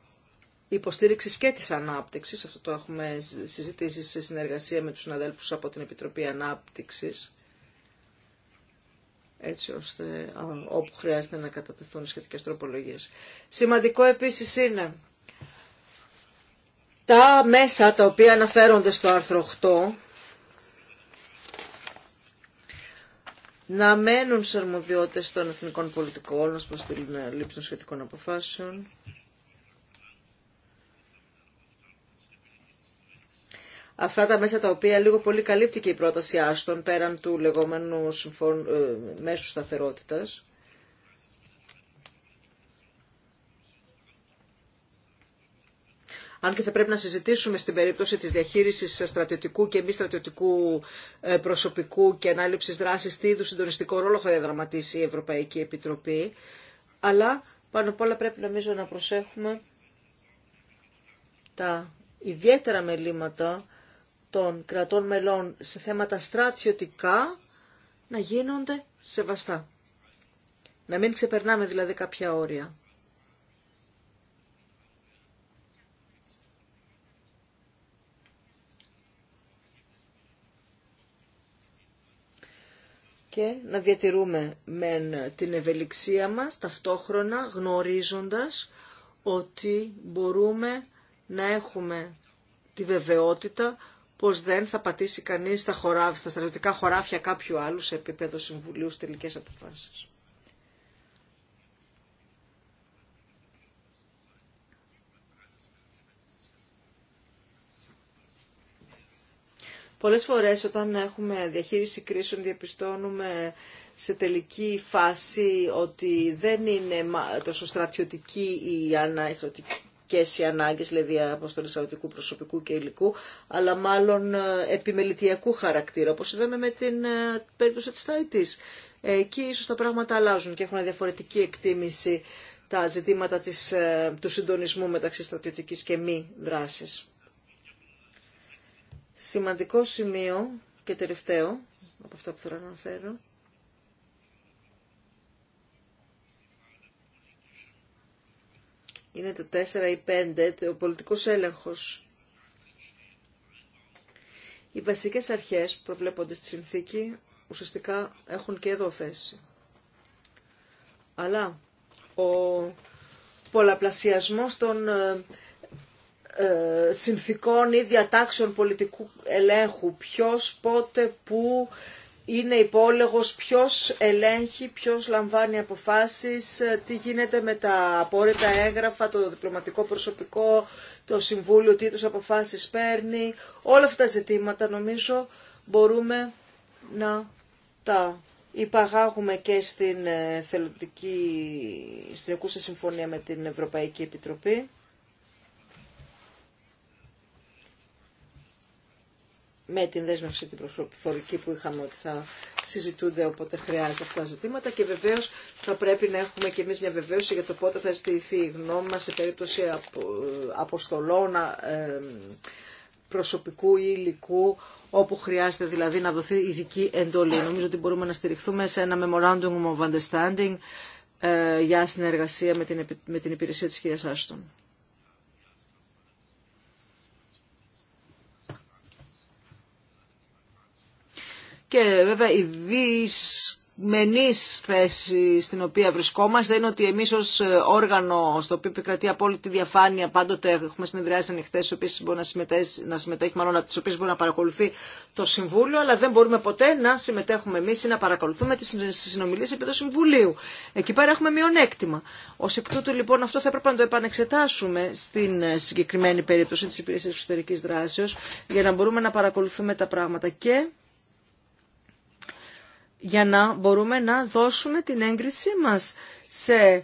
υποστήριξη και τη ανάπτυξη. Αυτό το έχουμε συζητήσει σε συνεργασία με του συναδέλφου από την Επιτροπή Ανάπτυξη. Έτσι ώστε όπου χρειάζεται να κατατεθούν σχετικές τροπολογίες. Σημαντικό επίσης είναι τα μέσα τα οποία αναφέρονται στο άρθρο 8 να μένουν σε αρμοδιότητες των εθνικών πολιτικών ως προς την ε, λήψη των σχετικών αποφάσεων. Αυτά τα μέσα τα οποία λίγο πολύ καλύπτει και η πρόταση Άστον πέραν του λεγόμενου ε, μέσου σταθερότητας. αν και θα πρέπει να συζητήσουμε στην περίπτωση της διαχείρισης στρατιωτικού και μη στρατιωτικού ε, προσωπικού και ανάληψης δράσης τι είδου συντονιστικό ρόλο θα διαδραματίσει η Ευρωπαϊκή Επιτροπή. Αλλά πάνω απ' όλα πρέπει νομίζω να προσέχουμε τα ιδιαίτερα μελήματα των κρατών μελών σε θέματα στρατιωτικά να γίνονται σεβαστά. Να μην ξεπερνάμε δηλαδή κάποια όρια. και να διατηρούμε μεν την ευελιξία μας ταυτόχρονα γνωρίζοντας ότι μπορούμε να έχουμε τη βεβαιότητα πως δεν θα πατήσει κανείς στα, χωράφια, στα στρατιωτικά χωράφια κάποιου άλλου σε επίπεδο συμβουλίου στις τελικές αποφάσεις. Πολλές φορές όταν έχουμε διαχείριση κρίσεων διαπιστώνουμε σε τελική φάση ότι δεν είναι τόσο στρατιωτική η αναστρατιωτική και οι ανάγκες, δηλαδή αποστολής προσωπικού και υλικού, αλλά μάλλον ε, επιμελητιακού χαρακτήρα, όπως είδαμε με την ε, περίπτωση της Ταϊτής. Εκεί ίσως τα πράγματα αλλάζουν και έχουν διαφορετική εκτίμηση τα ζητήματα της, ε, του συντονισμού μεταξύ στρατιωτικής και μη δράσης. Σημαντικό σημείο και τελευταίο από αυτά που θέλω να αναφέρω είναι το 4 ή 5, ο πολιτικός έλεγχος. Οι βασικές αρχές που προβλέπονται στη συνθήκη ουσιαστικά έχουν και εδώ θέση. Αλλά ο πολλαπλασιασμός των ε, ε, συνθήκων ή διατάξεων πολιτικού ελέγχου. Ποιος, πότε, πού είναι υπόλεγος, ποιος ελέγχει, ποιος λαμβάνει αποφάσεις, ε, τι γίνεται με τα απόρριτα έγγραφα, το διπλωματικό προσωπικό, το συμβούλιο, τι τους αποφάσεις παίρνει. Όλα αυτά τα ζητήματα νομίζω μπορούμε να τα υπαγάγουμε και στην ε, θελοντική, στην συμφωνία με την Ευρωπαϊκή Επιτροπή. με την δέσμευση την προφορική που είχαμε ότι θα συζητούνται όποτε χρειάζεται αυτά τα ζητήματα και βεβαίω θα πρέπει να έχουμε και εμεί μια βεβαίωση για το πότε θα ζητηθεί η γνώμη μα σε περίπτωση αποστολών ε, προσωπικού ή υλικού όπου χρειάζεται δηλαδή να δοθεί ειδική εντολή. Νομίζω ότι μπορούμε να στηριχθούμε σε ένα memorandum of understanding ε, για συνεργασία με την, με την υπηρεσία της κυρίας Άστον. Και βέβαια η δυσμενής θέση στην οποία βρισκόμαστε είναι ότι εμείς ως όργανο στο οποίο επικρατεί απόλυτη διαφάνεια πάντοτε έχουμε συνεδριάσει ανοιχτέ τις οποίες μπορεί να συμμετέχει, να συμμετέχει μάλλον τις οποίες μπορεί να παρακολουθεί το Συμβούλιο αλλά δεν μπορούμε ποτέ να συμμετέχουμε εμείς ή να παρακολουθούμε τις συνομιλίες επί του Συμβουλίου. Εκεί πέρα έχουμε μειονέκτημα. Ω εκ τούτου λοιπόν αυτό θα έπρεπε να το επανεξετάσουμε στην συγκεκριμένη περίπτωση της υπηρεσίας εξωτερικής δράσεως για να μπορούμε να παρακολουθούμε τα πράγματα και για να μπορούμε να δώσουμε την έγκρισή μας σε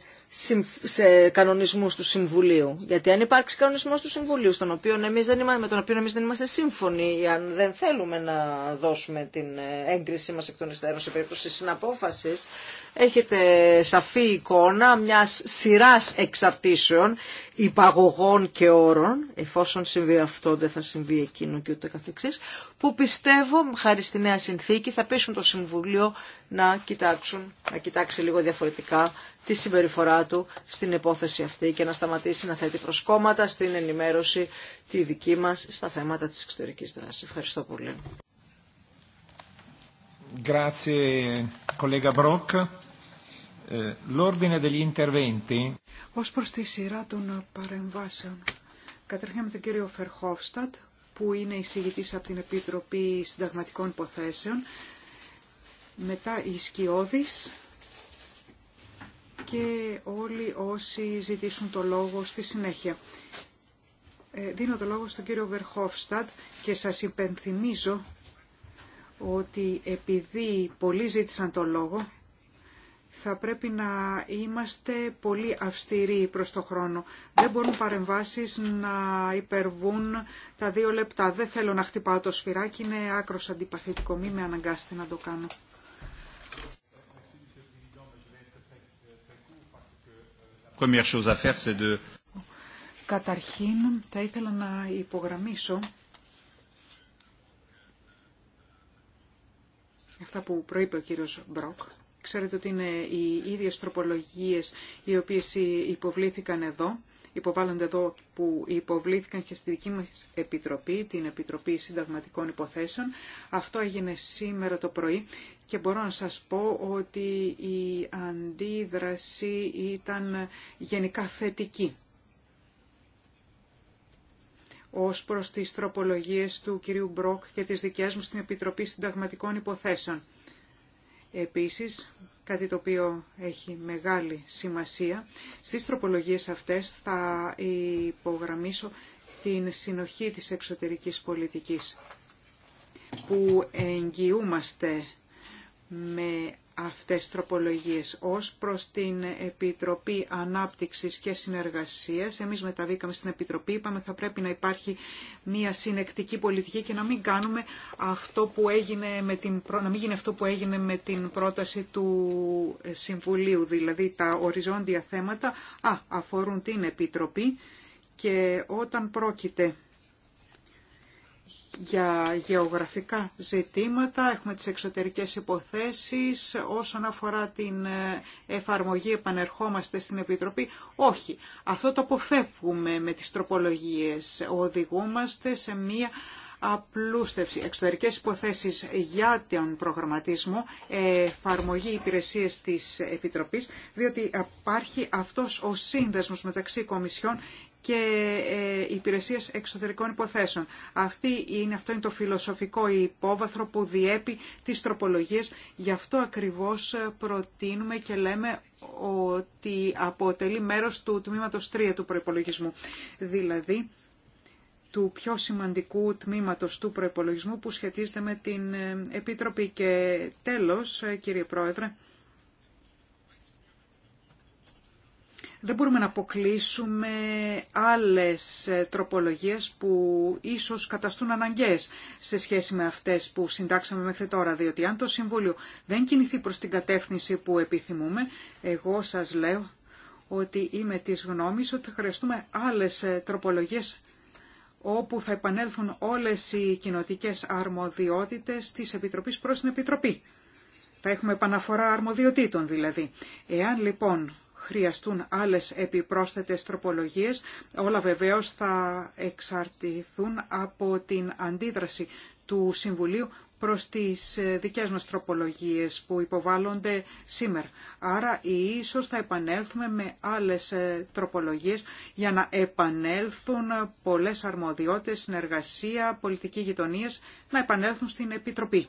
σε κανονισμού του Συμβουλίου. Γιατί αν υπάρξει κανονισμό του Συμβουλίου στον οποίο εμείς δεν με τον οποίο εμεί δεν είμαστε σύμφωνοι ή αν δεν θέλουμε να δώσουμε την ε, έγκρισή μα εκ των υστέρων σε περίπτωση συναπόφαση, έχετε σαφή εικόνα μια σειρά εξαρτήσεων υπαγωγών και όρων, εφόσον συμβεί αυτό δεν θα συμβεί εκείνο και ούτε καθεξής, που πιστεύω χάρη στη νέα συνθήκη θα πείσουν το Συμβουλίο να, κοιτάξουν, να κοιτάξει λίγο διαφορετικά τη συμπεριφορά του στην υπόθεση αυτή και να σταματήσει να θέτει προσκόμματα στην ενημέρωση τη δική μας στα θέματα της εξωτερικής δράσης. Ευχαριστώ πολύ. Grazie, collega ε, Ως προς τη σειρά των παρεμβάσεων, καταρχήν με τον κύριο Φερχόφστατ, που είναι εισηγητής από την Επιτροπή Συνταγματικών Υποθέσεων, μετά η Σκιώδης, και όλοι όσοι ζητήσουν το λόγο στη συνέχεια. Ε, δίνω το λόγο στον κύριο Βερχόφστατ και σας υπενθυμίζω ότι επειδή πολλοί ζήτησαν το λόγο, θα πρέπει να είμαστε πολύ αυστηροί προς το χρόνο. Δεν μπορούν παρεμβάσεις να υπερβούν τα δύο λεπτά. Δεν θέλω να χτυπάω το σφυράκι, είναι άκρος αντιπαθητικό. Μην με αναγκάστε να το κάνω. Καταρχήν, θα ήθελα να υπογραμμίσω αυτά που προείπε ο κύριος Μπροκ. Ξέρετε ότι είναι οι ίδιες τροπολογίες οι οποίες υποβλήθηκαν εδώ, υποβάλλονται εδώ που υποβλήθηκαν και στη δική μας Επιτροπή, την Επιτροπή Συνταγματικών Υποθέσεων. Αυτό έγινε σήμερα το πρωί και μπορώ να σας πω ότι η αντίδραση ήταν γενικά θετική ως προς τις τροπολογίες του κυρίου Μπρόκ και τις δικές μου στην Επιτροπή Συνταγματικών Υποθέσεων. Επίσης, κάτι το οποίο έχει μεγάλη σημασία, στις τροπολογίες αυτές θα υπογραμμίσω την συνοχή της εξωτερικής πολιτικής που εγγυούμαστε με αυτές τροπολογίες. Ως προς την Επιτροπή Ανάπτυξης και Συνεργασίας, εμείς μεταβήκαμε στην Επιτροπή, είπαμε θα πρέπει να υπάρχει μια συνεκτική πολιτική και να μην κάνουμε αυτό που έγινε με την, να μην γίνει αυτό που έγινε με την πρόταση του Συμβουλίου, δηλαδή τα οριζόντια θέματα αφορούν την Επιτροπή και όταν πρόκειται για γεωγραφικά ζητήματα, έχουμε τις εξωτερικές υποθέσεις, όσον αφορά την ε, εφαρμογή επανερχόμαστε στην Επιτροπή. Όχι, αυτό το αποφεύγουμε με τις τροπολογίες, οδηγούμαστε σε μία απλούστευση. Εξωτερικές υποθέσεις για τον προγραμματισμό, εφαρμογή υπηρεσίες της Επιτροπής, διότι υπάρχει αυτός ο σύνδεσμος μεταξύ Κομισιών, και ε, υπηρεσίες εξωτερικών υποθέσεων. Αυτή είναι, αυτό είναι το φιλοσοφικό υπόβαθρο που διέπει τις τροπολογίες. Γι' αυτό ακριβώς ε, προτείνουμε και λέμε ότι αποτελεί μέρος του τμήματος 3 του προϋπολογισμού. Δηλαδή, του πιο σημαντικού τμήματος του προϋπολογισμού που σχετίζεται με την ε, Επιτροπή. Και τέλος, ε, κύριε Πρόεδρε, Δεν μπορούμε να αποκλείσουμε άλλες ε, τροπολογίες που ίσως καταστούν αναγκαίες σε σχέση με αυτές που συντάξαμε μέχρι τώρα, διότι αν το Συμβούλιο δεν κινηθεί προς την κατεύθυνση που επιθυμούμε, εγώ σας λέω ότι είμαι της γνώμης ότι θα χρειαστούμε άλλες ε, τροπολογίες όπου θα επανέλθουν όλες οι κοινοτικέ αρμοδιότητες της Επιτροπής προς την Επιτροπή. Θα έχουμε επαναφορά αρμοδιοτήτων δηλαδή. Εάν λοιπόν χρειαστούν άλλες επιπρόσθετες τροπολογίες. Όλα βεβαίως θα εξαρτηθούν από την αντίδραση του Συμβουλίου προς τις ε, δικές μας τροπολογίες που υποβάλλονται σήμερα. Άρα ίσως θα επανέλθουμε με άλλες ε, τροπολογίες για να επανέλθουν πολλές αρμοδιότητες, συνεργασία, πολιτική γειτονίες, να επανέλθουν στην Επιτροπή.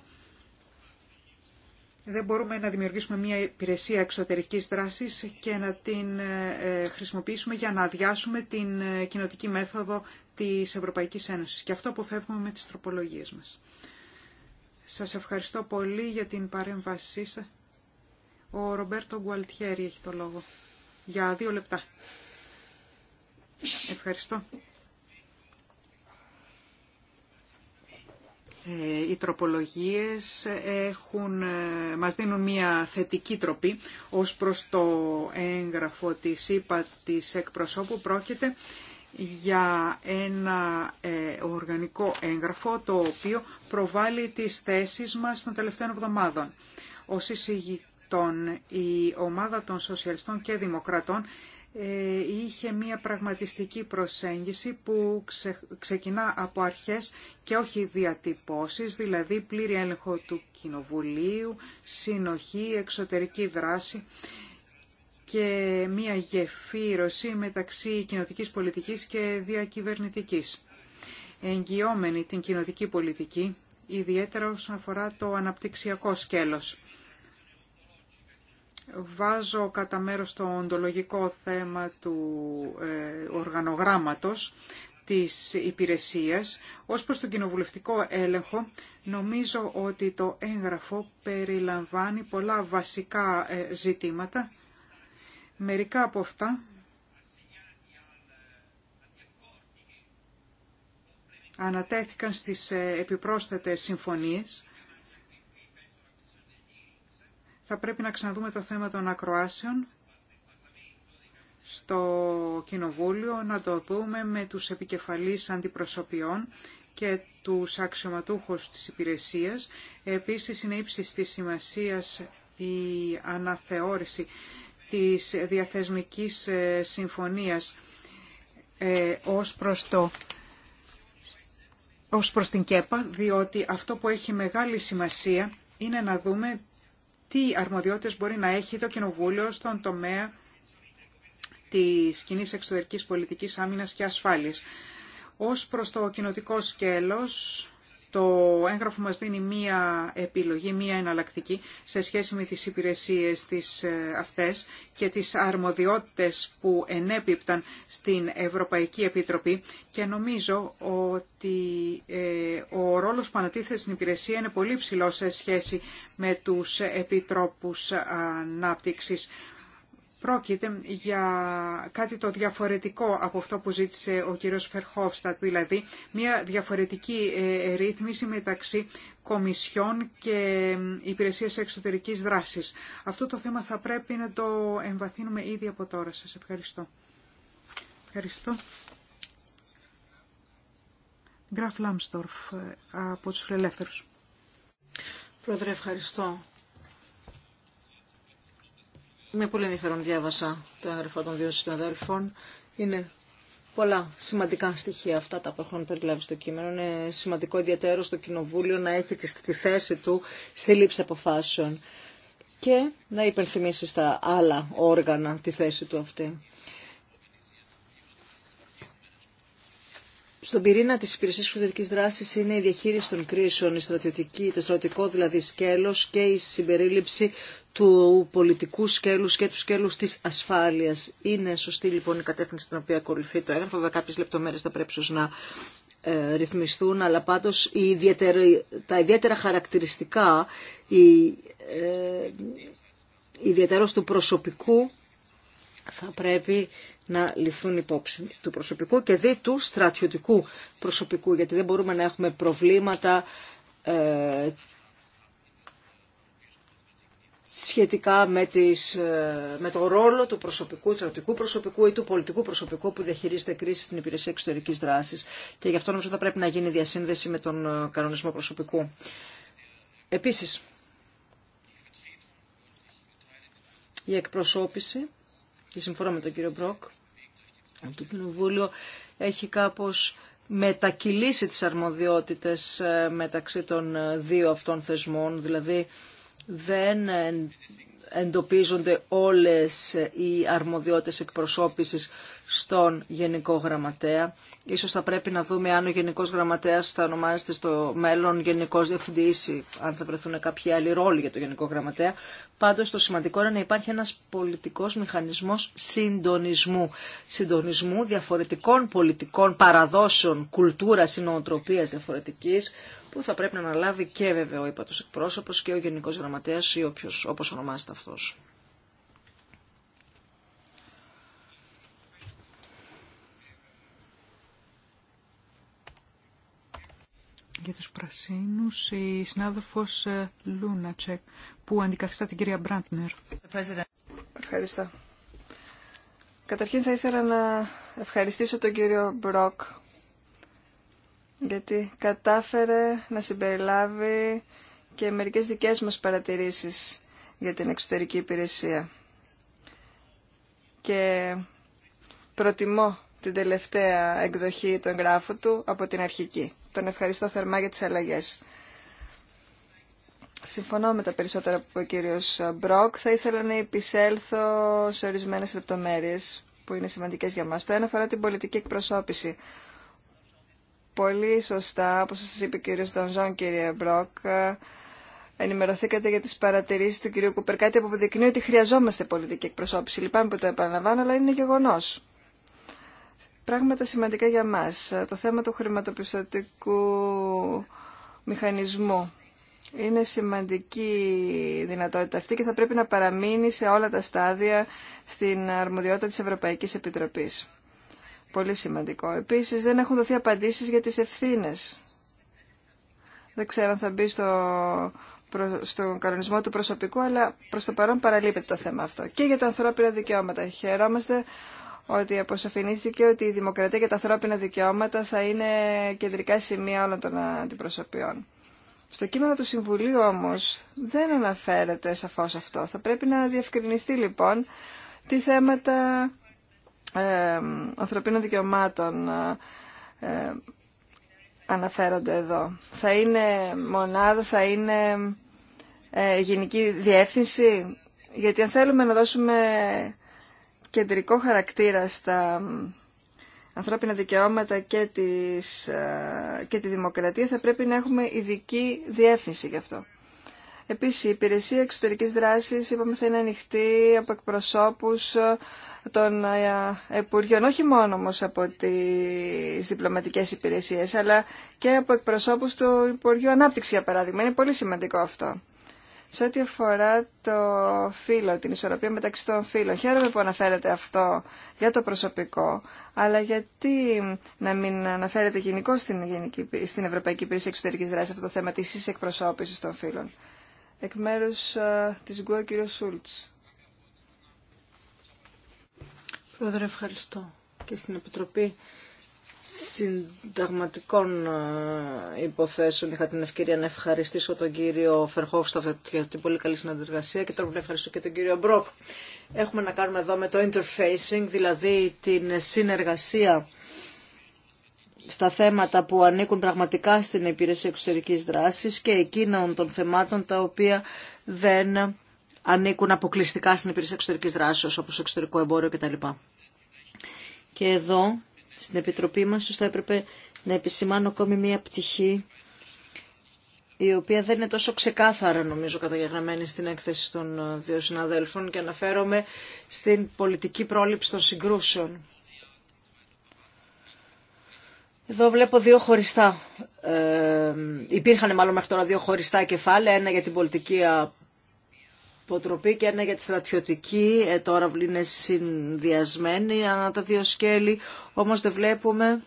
Δεν μπορούμε να δημιουργήσουμε μια υπηρεσία εξωτερικής δράσης και να την ε, χρησιμοποιήσουμε για να αδειάσουμε την ε, κοινοτική μέθοδο της Ευρωπαϊκής Ένωσης. Και αυτό αποφεύγουμε με τις τροπολογίες μας. Σας ευχαριστώ πολύ για την παρέμβασή σας. Ο Ρομπέρτο Γκουαλτιέρη έχει το λόγο. Για δύο λεπτά. Ευχαριστώ. Ε, οι τροπολογίες έχουν, ε, μας δίνουν μια θετική τροπή ως προς το έγγραφο της ΥΠΑ της εκπροσώπου πρόκειται για ένα ε, οργανικό έγγραφο το οποίο προβάλλει τις θέσεις μας των τελευταίων εβδομάδων. Ως εισηγητών η ομάδα των Σοσιαλιστών και Δημοκρατών ε, είχε μία πραγματιστική προσέγγιση που ξεκινά από αρχές και όχι διατυπώσεις, δηλαδή πλήρη έλεγχο του Κοινοβουλίου, συνοχή, εξωτερική δράση και μία γεφύρωση μεταξύ κοινοτικής πολιτικής και διακυβερνητικής. Εγγυόμενη την κοινοτική πολιτική, ιδιαίτερα όσον αφορά το αναπτυξιακό σκέλος βάζω κατά μέρος το οντολογικό θέμα του ε, οργανογράμματος της υπηρεσίας. Ως προς τον κοινοβουλευτικό έλεγχο, νομίζω ότι το έγγραφο περιλαμβάνει πολλά βασικά ε, ζητήματα. Μερικά από αυτά ανατέθηκαν στις ε, επιπρόσθετες συμφωνίες θα πρέπει να ξαναδούμε το θέμα των ακροάσεων στο Κοινοβούλιο, να το δούμε με τους επικεφαλείς αντιπροσωπιών και τους αξιωματούχους της υπηρεσίας. Επίσης είναι ύψης της σημασίας η αναθεώρηση της διαθεσμικής ε, συμφωνίας ε, ως προς το ως προς την ΚΕΠΑ, διότι αυτό που έχει μεγάλη σημασία είναι να δούμε τι αρμοδιότητες μπορεί να έχει το Κοινοβούλιο στον τομέα της κοινή εξωτερικής πολιτικής άμυνας και ασφάλειας. Ως προς το κοινοτικό σκέλος, το έγγραφο μας δίνει μία επιλογή, μία εναλλακτική σε σχέση με τις υπηρεσίες της ε, αυτές και τις αρμοδιότητες που ενέπιπταν στην Ευρωπαϊκή Επιτροπή και νομίζω ότι ε, ο ρόλος που ανατίθεται στην υπηρεσία είναι πολύ ψηλό σε σχέση με τους επιτρόπους ανάπτυξης. Πρόκειται για κάτι το διαφορετικό από αυτό που ζήτησε ο κύριος Φερχόφστατ, δηλαδή μια διαφορετική ε, ρύθμιση μεταξύ Κομισιών και Υπηρεσίας Εξωτερικής Δράσης. Αυτό το θέμα θα πρέπει να το εμβαθύνουμε ήδη από τώρα. Σας ευχαριστώ. Ευχαριστώ. Γκραφ Λάμστορφ ε, από τους Φιλελεύθερους. Πρόεδρε, ευχαριστώ με πολύ ενδιαφέρον διάβασα το έγγραφο των δύο συναδέλφων. Είναι πολλά σημαντικά στοιχεία αυτά τα που έχουν περιλάβει στο κείμενο. Είναι σημαντικό ιδιαίτερο στο Κοινοβούλιο να έχει τη θέση του στη λήψη αποφάσεων και να υπενθυμίσει στα άλλα όργανα τη θέση του αυτή. Στον πυρήνα της υπηρεσίας εξωτερικής δράσης είναι η διαχείριση των κρίσεων, το στρατιωτικό δηλαδή σκέλος και η συμπερίληψη του πολιτικού σκέλους και του σκέλους της ασφάλειας. Είναι σωστή λοιπόν η κατεύθυνση στην οποία ακολουθεί το έγγραφο. Βέβαια κάποιες λεπτομέρειες θα πρέπει να ε, ρυθμιστούν, αλλά πάντως τα ιδιαίτερα χαρακτηριστικά, η, ε, του προσωπικού θα πρέπει να ληφθούν υπόψη του προσωπικού και δι του στρατιωτικού προσωπικού, γιατί δεν μπορούμε να έχουμε προβλήματα ε, σχετικά με, τις, ε, με το ρόλο του προσωπικού, στρατιωτικού προσωπικού ή του πολιτικού προσωπικού που διαχειρίζεται κρίση στην υπηρεσία εξωτερική δράση. Και γι' αυτό νομίζω θα πρέπει να γίνει διασύνδεση με τον ε, κανονισμό προσωπικού. Επίσης, η εκπροσώπηση, και συμφωνώ με τον κύριο Μπροκ, από το Κοινοβούλιο έχει κάπως μετακυλήσει τις αρμοδιότητες ε, μεταξύ των δύο αυτών θεσμών, δηλαδή δεν εντοπίζονται όλες οι αρμοδιότητες εκπροσώπησης στον Γενικό Γραμματέα. Ίσως θα πρέπει να δούμε αν ο Γενικός Γραμματέας θα ονομάζεται στο μέλλον Γενικός Διευθυντής ή αν θα βρεθούν κάποιοι άλλοι ρόλοι για τον Γενικό Γραμματέα. Πάντως το σημαντικό είναι να υπάρχει ένας πολιτικός μηχανισμός συντονισμού. Συντονισμού διαφορετικών πολιτικών παραδόσεων, κουλτούρας ή νοοτροπίας διαφορετικής που θα πρέπει να αναλάβει και βέβαια ο υπατός εκπρόσωπος και ο Γενικός Γραμματέας ή όποιος, όπως ονομάζεται αυτός. για τους πρασίνους η συνάδελφος ε, Λούνατσεκ που αντικαθιστά την κυρία Μπραντνερ. Ευχαριστώ. Καταρχήν θα ήθελα να ευχαριστήσω τον κύριο Μπροκ γιατί κατάφερε να συμπεριλάβει και μερικές δικές μας παρατηρήσεις για την εξωτερική υπηρεσία. Και προτιμώ την τελευταία εκδοχή του εγγράφου του από την αρχική. Τον ευχαριστώ θερμά για τις αλλαγές. Συμφωνώ με τα περισσότερα που είπε ο κύριος Μπροκ. Θα ήθελα να επισέλθω σε ορισμένες λεπτομέρειες που είναι σημαντικές για μας. Το ένα αφορά την πολιτική εκπροσώπηση. Πολύ σωστά, όπως σας είπε ο κύριος Ντονζόν, κύριε Μπροκ, ενημερωθήκατε για τις παρατηρήσεις του κυρίου Κούπερ. Κάτι που αποδεικνύει ότι χρειαζόμαστε πολιτική εκπροσώπηση. Λυπάμαι που το επαναλαμβάνω, αλλά είναι γεγονός πράγματα σημαντικά για μας. Το θέμα του χρηματοπιστωτικού μηχανισμού είναι σημαντική δυνατότητα αυτή και θα πρέπει να παραμείνει σε όλα τα στάδια στην αρμοδιότητα της Ευρωπαϊκής Επιτροπής. Πολύ σημαντικό. Επίσης δεν έχουν δοθεί απαντήσεις για τις ευθύνες. Δεν ξέρω αν θα μπει στο, στον κανονισμό του προσωπικού, αλλά προς το παρόν παραλείπεται το θέμα αυτό. Και για τα ανθρώπινα δικαιώματα. Χαιρόμαστε ότι αποσαφηνίστηκε ότι η δημοκρατία και τα ανθρώπινα δικαιώματα θα είναι κεντρικά σημεία όλων των αντιπροσωπιών. Στο κείμενο του Συμβουλίου όμως δεν αναφέρεται σαφώς αυτό. Θα πρέπει να διευκρινιστεί λοιπόν τι θέματα ε, ανθρωπίνων δικαιωμάτων ε, ε, αναφέρονται εδώ. Θα είναι μονάδα, θα είναι ε, γενική διεύθυνση, γιατί αν θέλουμε να δώσουμε κεντρικό χαρακτήρα στα ανθρώπινα δικαιώματα και, τις, ε, και τη δημοκρατία θα πρέπει να έχουμε ειδική διεύθυνση γι' αυτό. Επίσης, η υπηρεσία εξωτερικής δράσης, είπαμε, θα είναι ανοιχτή από εκπροσώπους ε, των ε, Υπουργείων, όχι μόνο όμως από τις διπλωματικές υπηρεσίες, αλλά και από εκπροσώπους του Υπουργείου Ανάπτυξη, για παράδειγμα. Είναι πολύ σημαντικό αυτό. Σε ό,τι αφορά το φύλλο, την ισορροπία μεταξύ των φύλων, χαίρομαι που αναφέρεται αυτό για το προσωπικό, αλλά γιατί να μην αναφέρεται γενικώ στην, στην Ευρωπαϊκή Υπηρεσία Εξωτερική Δράσης αυτό το θέμα τη εισεκπροσώπησης των φίλων, Εκ μέρους τη ε, της ΓΚΟΕ, κύριο Σούλτ. Πρόεδρε, ευχαριστώ. Και στην Επιτροπή συνταγματικών ε, υποθέσεων είχα την ευκαιρία να ευχαριστήσω τον κύριο Φερχόφσταφ για την πολύ καλή συνεργασία και τώρα να ευχαριστώ και τον κύριο Μπροκ. Έχουμε να κάνουμε εδώ με το interfacing, δηλαδή την συνεργασία στα θέματα που ανήκουν πραγματικά στην υπηρεσία εξωτερικής δράσης και εκείνων των θεμάτων τα οποία δεν ανήκουν αποκλειστικά στην υπηρεσία εξωτερικής δράσης όπως εξωτερικό εμπόριο κτλ. Και εδώ στην Επιτροπή μας, θα έπρεπε να επισημάνω ακόμη μία πτυχή η οποία δεν είναι τόσο ξεκάθαρα νομίζω καταγεγραμμένη στην έκθεση των ε, δύο συναδέλφων και αναφέρομαι στην πολιτική πρόληψη των συγκρούσεων. Εδώ βλέπω δύο χωριστά. Ε, ε υπήρχαν μάλλον μέχρι τώρα δύο χωριστά κεφάλαια. Ένα για την πολιτική Υποτροπή και ένα για τη στρατιωτική. Ε, τώρα είναι συνδυασμένοι τα δύο σκέλη, όμως δεν βλέπουμε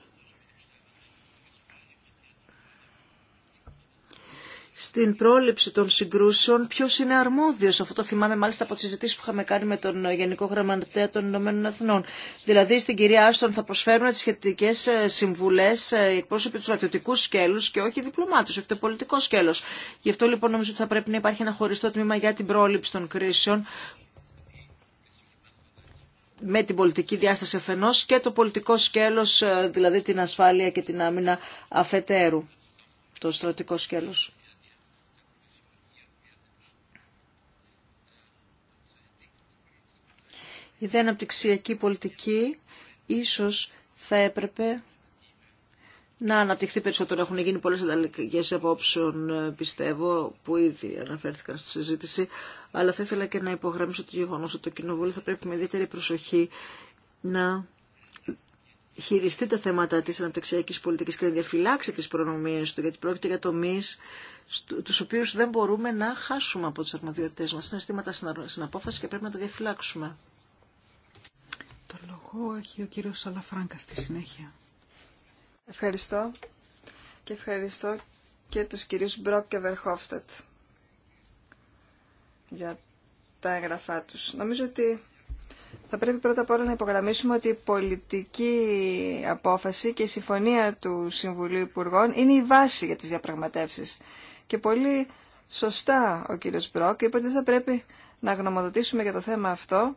στην πρόληψη των συγκρούσεων ποιο είναι αρμόδιο Αυτό το θυμάμαι μάλιστα από τι συζητήσει που είχαμε κάνει με τον Γενικό Γραμματέα των Ηνωμένων Εθνών. Δηλαδή στην κυρία Άστον θα προσφέρουν τι σχετικέ ε, συμβουλέ, ε, οι εκπρόσωποι του στρατιωτικού σκέλου και όχι οι διπλωμάτε, όχι το πολιτικό σκέλο. Γι' αυτό λοιπόν νομίζω ότι θα πρέπει να υπάρχει ένα χωριστό τμήμα για την πρόληψη των κρίσεων με την πολιτική διάσταση αφενός και το πολιτικό σκέλο, ε, δηλαδή την ασφάλεια και την άμυνα αφετέρου, το στρατικό σκέλος. η δε αναπτυξιακή πολιτική ίσως θα έπρεπε να αναπτυχθεί περισσότερο. Έχουν γίνει πολλές ανταλλαγές απόψεων, ε, πιστεύω, που ήδη αναφέρθηκαν στη συζήτηση. Αλλά θα ήθελα και να υπογραμμίσω το γεγονός ότι το Κοινοβούλιο θα πρέπει με ιδιαίτερη προσοχή να χειριστεί τα θέματα της αναπτυξιακής πολιτικής και να διαφυλάξει τις προνομίες του, γιατί πρόκειται για τομείς τους οποίους δεν μπορούμε να χάσουμε από τις αρμοδιότητες μας. Είναι αισθήματα στην απόφαση και πρέπει να τα διαφυλάξουμε ο κύριος Σαλαφράγκα στη συνέχεια. Ευχαριστώ και ευχαριστώ και τους κυρίους Μπροκ και Βερχόφστατ για τα έγγραφά τους. Νομίζω ότι θα πρέπει πρώτα απ' όλα να υπογραμμίσουμε ότι η πολιτική απόφαση και η συμφωνία του Συμβουλίου Υπουργών είναι η βάση για τις διαπραγματεύσεις. Και πολύ σωστά ο κύριος Μπροκ είπε ότι θα πρέπει να γνωμοδοτήσουμε για το θέμα αυτό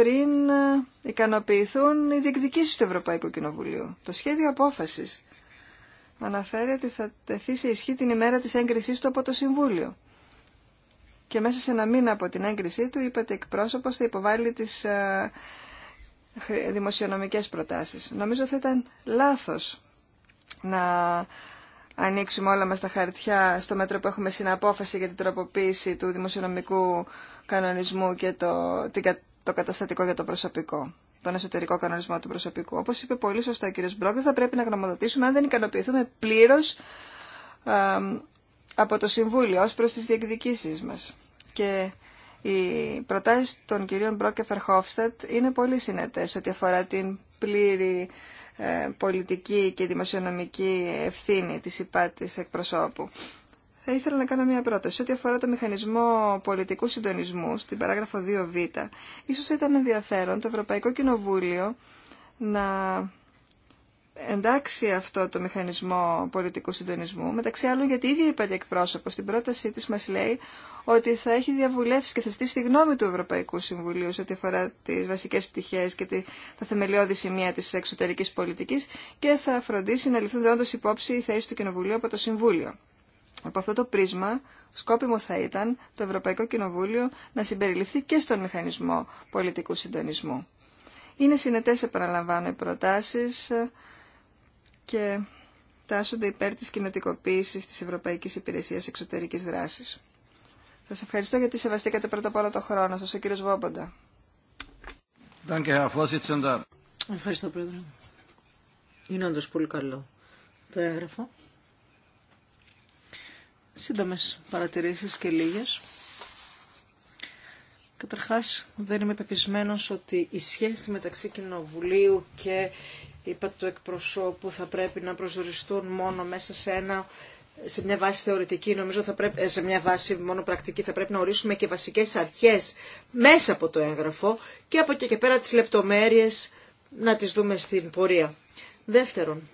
πριν ε, ικανοποιηθούν οι διεκδικήσει του Ευρωπαϊκού Κοινοβουλίου. Το σχέδιο απόφαση αναφέρει ότι θα τεθεί σε ισχύ την ημέρα της έγκριση του από το Συμβούλιο. Και μέσα σε ένα μήνα από την έγκρισή του, είπατε εκπρόσωπο θα υποβάλει τι ε, δημοσιονομικέ προτάσει. Νομίζω θα ήταν λάθο να ανοίξουμε όλα μας τα χαρτιά στο μέτρο που έχουμε συναπόφαση για την τροποποίηση του δημοσιονομικού κανονισμού και το, την, το καταστατικό για το προσωπικό, τον εσωτερικό κανονισμό του προσωπικού. Όπως είπε πολύ σωστά ο κ. Μπρόκ, δεν θα πρέπει να γνωμοδοτήσουμε αν δεν ικανοποιηθούμε πλήρως από το Συμβούλιο ω προς τις διεκδικήσεις μας. Και οι προτάσει των κυρίων Μπρόκ και Φερχόφστατ είναι πολύ συνετέ ό,τι αφορά την πλήρη ε, πολιτική και δημοσιονομική ευθύνη της υπάτης εκπροσώπου θα ήθελα να κάνω μια πρόταση. Ό,τι αφορά το μηχανισμό πολιτικού συντονισμού, στην παράγραφο 2β, ίσως ήταν ενδιαφέρον το Ευρωπαϊκό Κοινοβούλιο να εντάξει αυτό το μηχανισμό πολιτικού συντονισμού. Μεταξύ άλλων, γιατί ήδη ίδια είπατε εκπρόσωπο στην πρότασή τη μα λέει ότι θα έχει διαβουλεύσει και θα στήσει τη γνώμη του Ευρωπαϊκού Συμβουλίου σε ό,τι αφορά τι βασικέ πτυχέ και τα θεμελιώδη σημεία τη εξωτερική πολιτική και θα φροντίσει να ληφθούν όντω υπόψη οι θέσει του Κοινοβουλίου από το Συμβούλιο. Από αυτό το πρίσμα, σκόπιμο θα ήταν το Ευρωπαϊκό Κοινοβούλιο να συμπεριληφθεί και στον μηχανισμό πολιτικού συντονισμού. Είναι συνετές, επαναλαμβάνω, οι προτάσεις ε, και τάσσονται υπέρ της κοινοτικοποίησης της Ευρωπαϊκής Υπηρεσίας Εξωτερικής Δράσης. Θα σας ευχαριστώ γιατί σεβαστήκατε πρώτα απ' όλα το χρόνο σας, ο κύριος Βόμποντα. Ευχαριστώ, Πρόεδρε. Είναι όντως πολύ καλό το έγγραφο. Σύντομες παρατηρήσεις και λίγες. Καταρχάς, δεν είμαι πεπισμένο ότι η σχέση μεταξύ Κοινοβουλίου και είπα του εκπροσώπου θα πρέπει να προσδοριστούν μόνο μέσα σε ένα σε μια βάση θεωρητική, νομίζω θα πρέπει, ε, σε μια βάση μόνο πρακτική, θα πρέπει να ορίσουμε και βασικές αρχές μέσα από το έγγραφο και από εκεί και πέρα τις λεπτομέρειες να τις δούμε στην πορεία. Δεύτερον,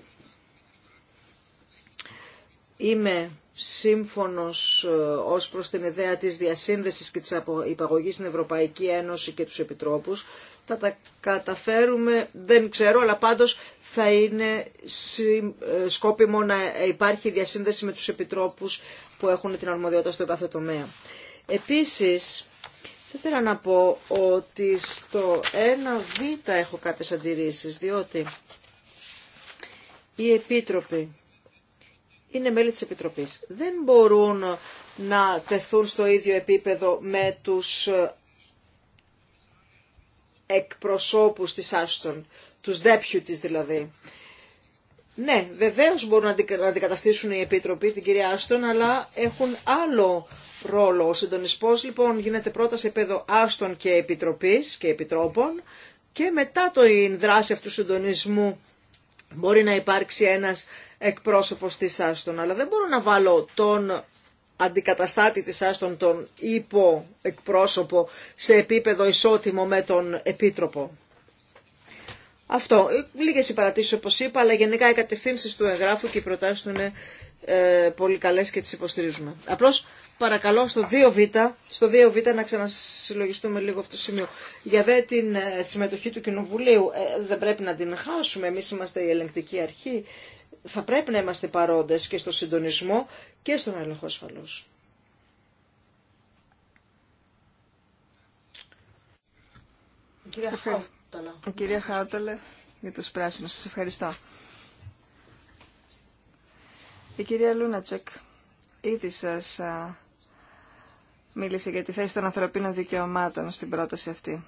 είμαι σύμφωνος ε, ως προς την ιδέα της διασύνδεσης και της υπαγωγής στην Ευρωπαϊκή Ένωση και τους επιτρόπους. Θα τα καταφέρουμε, δεν ξέρω, αλλά πάντως θα είναι ε, σκόπιμο να υπάρχει διασύνδεση με τους επιτρόπους που έχουν την αρμοδιότητα στο κάθε τομέα. Επίσης, θα ήθελα να πω ότι στο 1β έχω κάποιες αντιρρήσεις, διότι οι επίτροποι είναι μέλη της Επιτροπής. Δεν μπορούν να τεθούν στο ίδιο επίπεδο με τους ε, εκπροσώπους της Άστον, τους deputies δηλαδή. Ναι, βεβαίως μπορούν να αντικαταστήσουν οι Επίτροποι την κυρία Άστον, αλλά έχουν άλλο ρόλο. Ο συντονισμός λοιπόν γίνεται πρώτα σε επίπεδο Άστον και Επιτροπής και Επιτρόπων και μετά το δράση αυτού του συντονισμού μπορεί να υπάρξει ένας εκπρόσωπος της Άστον, αλλά δεν μπορώ να βάλω τον αντικαταστάτη της Άστον, τον υπό εκπρόσωπο σε επίπεδο ισότιμο με τον επίτροπο. Αυτό. Λίγες οι παρατήσεις όπως είπα, αλλά γενικά οι κατευθύνσει του εγγράφου και οι προτάσεις του είναι ε, πολύ καλές και τις υποστηρίζουμε. Απλώς παρακαλώ στο 2β, στο 2β να ξανασυλλογιστούμε λίγο αυτό το σημείο. Για δε την ε, συμμετοχή του Κοινοβουλίου ε, δεν πρέπει να την χάσουμε. Εμείς είμαστε η ελεγκτική αρχή θα πρέπει να είμαστε παρόντες και στο συντονισμό και στον έλεγχο ασφαλώς. Κυρία Χάουταλα. Κυρία για τους πράσινους. Σας ευχαριστώ. Η κυρία Λούνατσεκ ήδη σας μίλησε για τη θέση των ανθρωπίνων δικαιωμάτων στην πρόταση αυτή.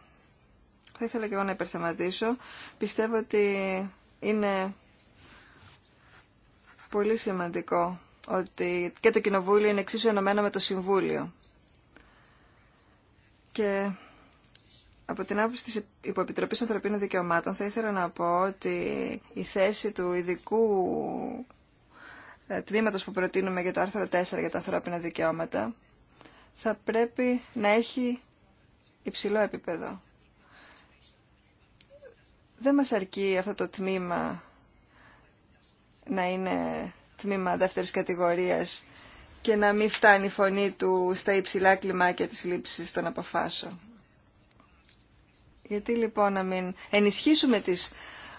Θα ήθελα και εγώ να υπερθεματίσω. Πιστεύω ότι είναι πολύ σημαντικό ότι και το Κοινοβούλιο είναι εξίσου ενωμένο με το Συμβούλιο. Και από την άποψη της Υποεπιτροπής Ανθρωπίνων Δικαιωμάτων θα ήθελα να πω ότι η θέση του ειδικού ε, τμήματος που προτείνουμε για το άρθρο 4 για τα ανθρώπινα δικαιώματα θα πρέπει να έχει υψηλό επίπεδο. Δεν μας αρκεί αυτό το τμήμα να είναι τμήμα δεύτερης κατηγορίας και να μην φτάνει η φωνή του στα υψηλά κλιμάκια της λήψης των αποφάσεων. Γιατί λοιπόν να μην ενισχύσουμε τις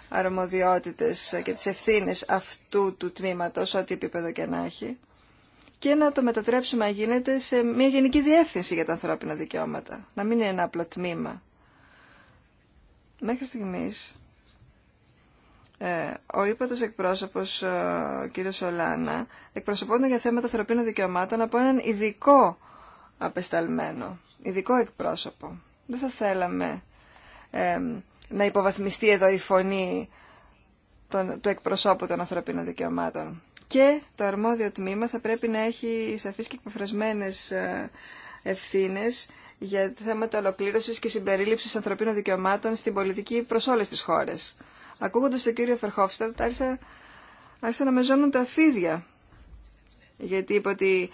αρμοδιότητες και τις ευθύνες αυτού του τμήματος, ό,τι επίπεδο και να έχει, και να το μετατρέψουμε, να γίνεται, σε μια γενική διεύθυνση για τα ανθρώπινα δικαιώματα. Να μην είναι ένα απλό τμήμα. Μέχρι στιγμής ε, ο ύπατο εκπρόσωπος, ε, ο κύριος Σολάνα, εκπροσωπώνται για θέματα ανθρωπίνων δικαιωμάτων από έναν ειδικό απεσταλμένο, ειδικό εκπρόσωπο. Δεν θα θέλαμε ε, να υποβαθμιστεί εδώ η φωνή του εκπροσώπου των ανθρωπίνων δικαιωμάτων. Και το αρμόδιο τμήμα θα πρέπει να έχει σαφείς και εκπεφρασμένες ε, ευθύνες για θέματα ολοκλήρωσης και συμπερίληψης ανθρωπίνων δικαιωμάτων στην πολιτική προς όλες τις χώρες. Ακούγοντας τον κύριο Φερχόφστατ, άρχισα, άρχισα να μεζώνουν τα φίδια. Γιατί είπε ότι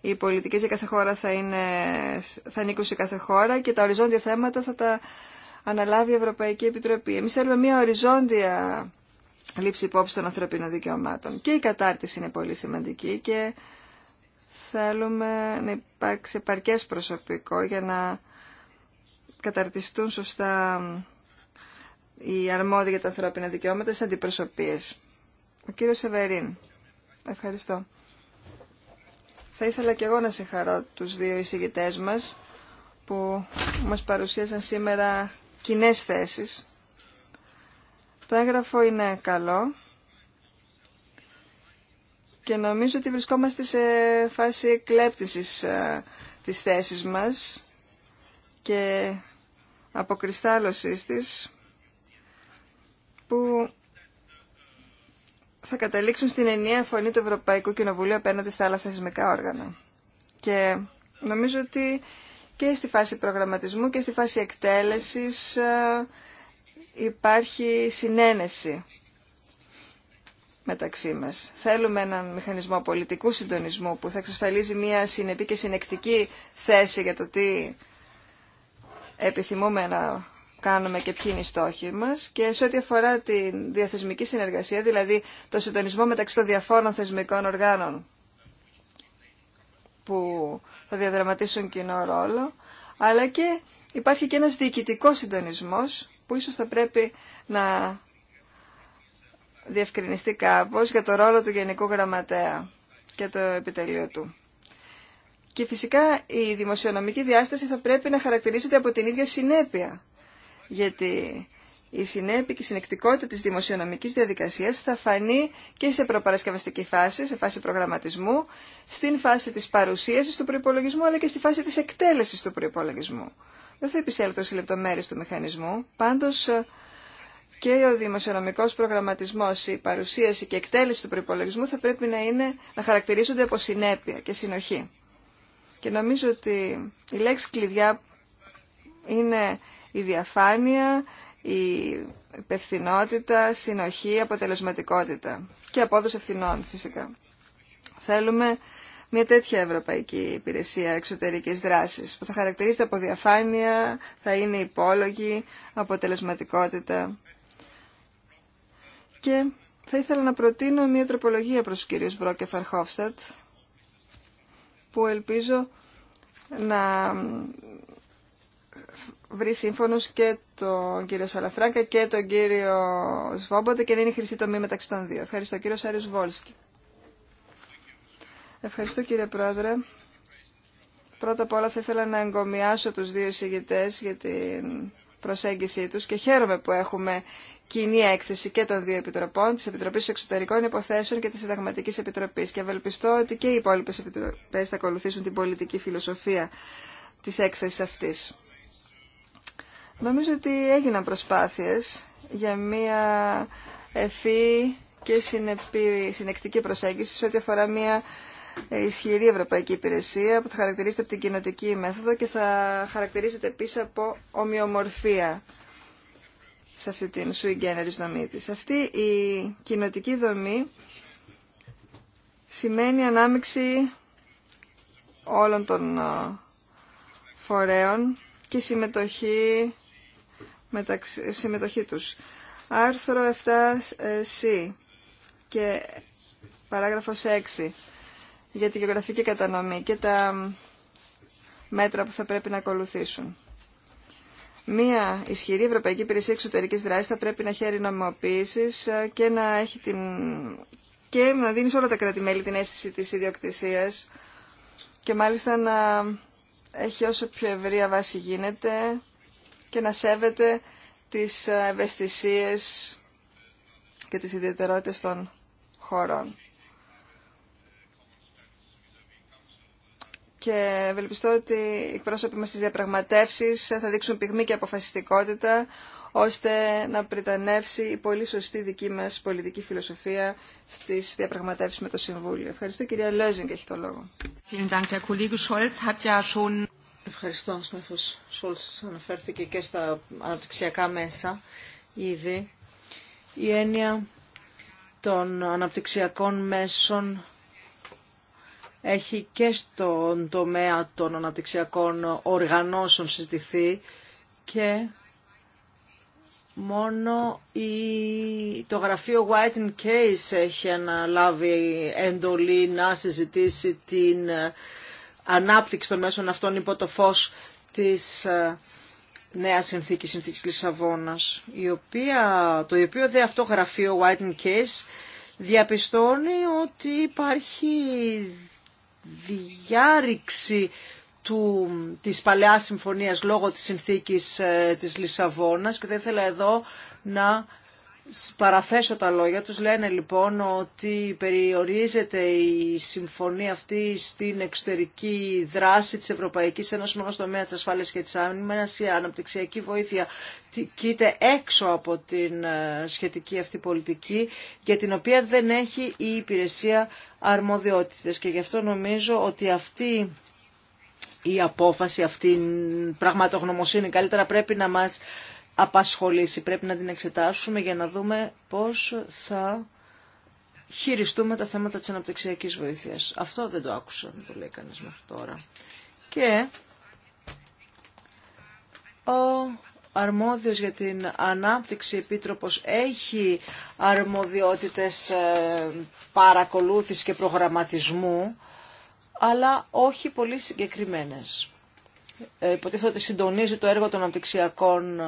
οι πολιτικές για κάθε χώρα θα, είναι, θα ανήκουν σε κάθε χώρα και τα οριζόντια θέματα θα τα αναλάβει η Ευρωπαϊκή Επιτροπή. Εμείς θέλουμε μια οριζόντια λήψη υπόψη των ανθρωπίνων δικαιωμάτων. Και η κατάρτιση είναι πολύ σημαντική και θέλουμε να υπάρξει επαρκές προσωπικό για να καταρτιστούν σωστά οι αρμόδιοι για τα ανθρώπινα δικαιώματα στι αντιπροσωπίε. Ο κύριος Σεβερίν. Ευχαριστώ. Θα ήθελα και εγώ να συγχαρώ τους δύο εισηγητές μας που μας παρουσίασαν σήμερα κοινέ θέσεις. Το έγγραφο είναι καλό και νομίζω ότι βρισκόμαστε σε φάση εκλέπτησης ε, της θέσης μας και αποκριστάλλωσης της που θα καταλήξουν στην ενιαία φωνή του Ευρωπαϊκού Κοινοβουλίου απέναντι στα άλλα θεσμικά όργανα. Και νομίζω ότι και στη φάση προγραμματισμού και στη φάση εκτέλεσης ε, υπάρχει συνένεση μεταξύ μας. Θέλουμε έναν μηχανισμό πολιτικού συντονισμού που θα εξασφαλίζει μια συνεπή και συνεκτική θέση για το τι επιθυμούμε να κάνουμε και ποιοι είναι οι στόχοι μας και σε ό,τι αφορά τη διαθεσμική συνεργασία, δηλαδή το συντονισμό μεταξύ των διαφόρων θεσμικών οργάνων που θα διαδραματίσουν κοινό ρόλο, αλλά και υπάρχει και ένας διοικητικό συντονισμός που ίσως θα πρέπει να διευκρινιστεί κάπως για το ρόλο του Γενικού Γραμματέα και το επιτελείο του. Και φυσικά η δημοσιονομική διάσταση θα πρέπει να χαρακτηρίζεται από την ίδια συνέπεια γιατί η συνέπεια και η συνεκτικότητα της δημοσιονομικής διαδικασίας θα φανεί και σε προπαρασκευαστική φάση, σε φάση προγραμματισμού, στην φάση της παρουσίασης του προϋπολογισμού, αλλά και στη φάση της εκτέλεσης του προϋπολογισμού. Δεν θα επισέλθω σε λεπτομέρειες του μηχανισμού, πάντως και ο δημοσιονομικός προγραμματισμός, η παρουσίαση και η εκτέλεση του προϋπολογισμού θα πρέπει να, είναι, να χαρακτηρίζονται από συνέπεια και συνοχή. Και νομίζω ότι η λέξη κλειδιά είναι η διαφάνεια, η υπευθυνότητα, συνοχή, αποτελεσματικότητα και απόδοση ευθυνών φυσικά. Θέλουμε μια τέτοια ευρωπαϊκή υπηρεσία εξωτερικής δράσης που θα χαρακτηρίζεται από διαφάνεια, θα είναι υπόλογη, αποτελεσματικότητα. Και θα ήθελα να προτείνω μια τροπολογία προς τους κυρίους Μπρό και που ελπίζω να βρει σύμφωνο και τον κύριο Σαλαφράγκα και τον κύριο Σβόμποτε και να είναι χρυσή τομή μεταξύ των δύο. Ευχαριστώ κύριο Σάριος Βόλσκι. Ευχαριστώ κύριε Πρόεδρε. Πρώτα απ' όλα θα ήθελα να εγκομιάσω τους δύο εισηγητέ για την προσέγγιση τους και χαίρομαι που έχουμε κοινή έκθεση και των δύο επιτροπών, της Επιτροπής Εξωτερικών Υποθέσεων και της Συνταγματικής Επιτροπής και ευελπιστώ ότι και οι υπόλοιπε επιτροπέ θα ακολουθήσουν την πολιτική φιλοσοφία τη έκθεση αυτή. Νομίζω ότι έγιναν προσπάθειες για μια ευφύ και συνεπή, συνεκτική προσέγγιση σε ό,τι αφορά μια ισχυρή ευρωπαϊκή υπηρεσία που θα χαρακτηρίζεται από την κοινοτική μέθοδο και θα χαρακτηρίζεται επίσης από ομοιομορφία σε αυτή την sui generis δομή της. Αυτή η κοινοτική δομή σημαίνει ανάμειξη όλων των ε, φορέων και συμμετοχή μεταξύ, συμμετοχή τους. Άρθρο 7C ε, και παράγραφος 6 για τη γεωγραφική κατανομή και τα μέτρα που θα πρέπει να ακολουθήσουν. Μία ισχυρή Ευρωπαϊκή Υπηρεσία Εξωτερικής Δράσης θα πρέπει να χαίρει νομιμοποίησης ε, και να, έχει την... και να δίνει σε όλα τα κράτη-μέλη την αίσθηση της ιδιοκτησίας και μάλιστα να έχει όσο πιο ευρεία βάση γίνεται και να σέβεται τις ευαισθησίες και τις ιδιαιτερότητες των χωρών. Και ευελπιστώ ότι οι πρόσωποι μας στις διαπραγματεύσεις θα δείξουν πυγμή και αποφασιστικότητα ώστε να πριτανεύσει η πολύ σωστή δική μας πολιτική φιλοσοφία στις διαπραγματεύσεις με το Συμβούλιο. Ευχαριστώ κυρία Λέζινγκ, έχει το λόγο. Ευχαριστώ. Ο Σμίθος αναφέρθηκε και στα αναπτυξιακά μέσα ήδη. Η έννοια των αναπτυξιακών μέσων έχει και στον τομέα των αναπτυξιακών οργανώσεων συζητηθεί και μόνο η... το γραφείο White Case έχει αναλάβει εντολή να συζητήσει την ανάπτυξη των μέσων αυτών υπό το φως της ε, νέα συνθήκη, συνθήκης Λισαβόνας, οποία, το οποίο δε αυτό γραφείο White Case διαπιστώνει ότι υπάρχει διάρρηξη του, της παλαιάς συμφωνίας λόγω της συνθήκης ε, της Λισαβόνας και δεν ήθελα εδώ να παραθέσω τα λόγια τους, λένε λοιπόν ότι περιορίζεται η συμφωνία αυτή στην εξωτερική δράση της Ευρωπαϊκής Ένωσης μόνο στο τομέα της ασφάλειας και της άμυνας, η αναπτυξιακή βοήθεια κοίται έξω από την ε, σχετική αυτή πολιτική, για την οποία δεν έχει η υπηρεσία αρμοδιότητες. Και γι' αυτό νομίζω ότι αυτή η απόφαση, αυτή η πραγματογνωμοσύνη καλύτερα πρέπει να μας απασχολήσει. Πρέπει να την εξετάσουμε για να δούμε πώς θα χειριστούμε τα θέματα της αναπτυξιακής βοήθειας. Αυτό δεν το άκουσα, δεν το λέει κανείς μέχρι τώρα. Και ο αρμόδιος για την ανάπτυξη επίτροπος έχει αρμοδιότητες ε, παρακολούθησης και προγραμματισμού, αλλά όχι πολύ συγκεκριμένες. Ε, υποτίθεται ότι συντονίζει το έργο των αναπτυξιακών ε,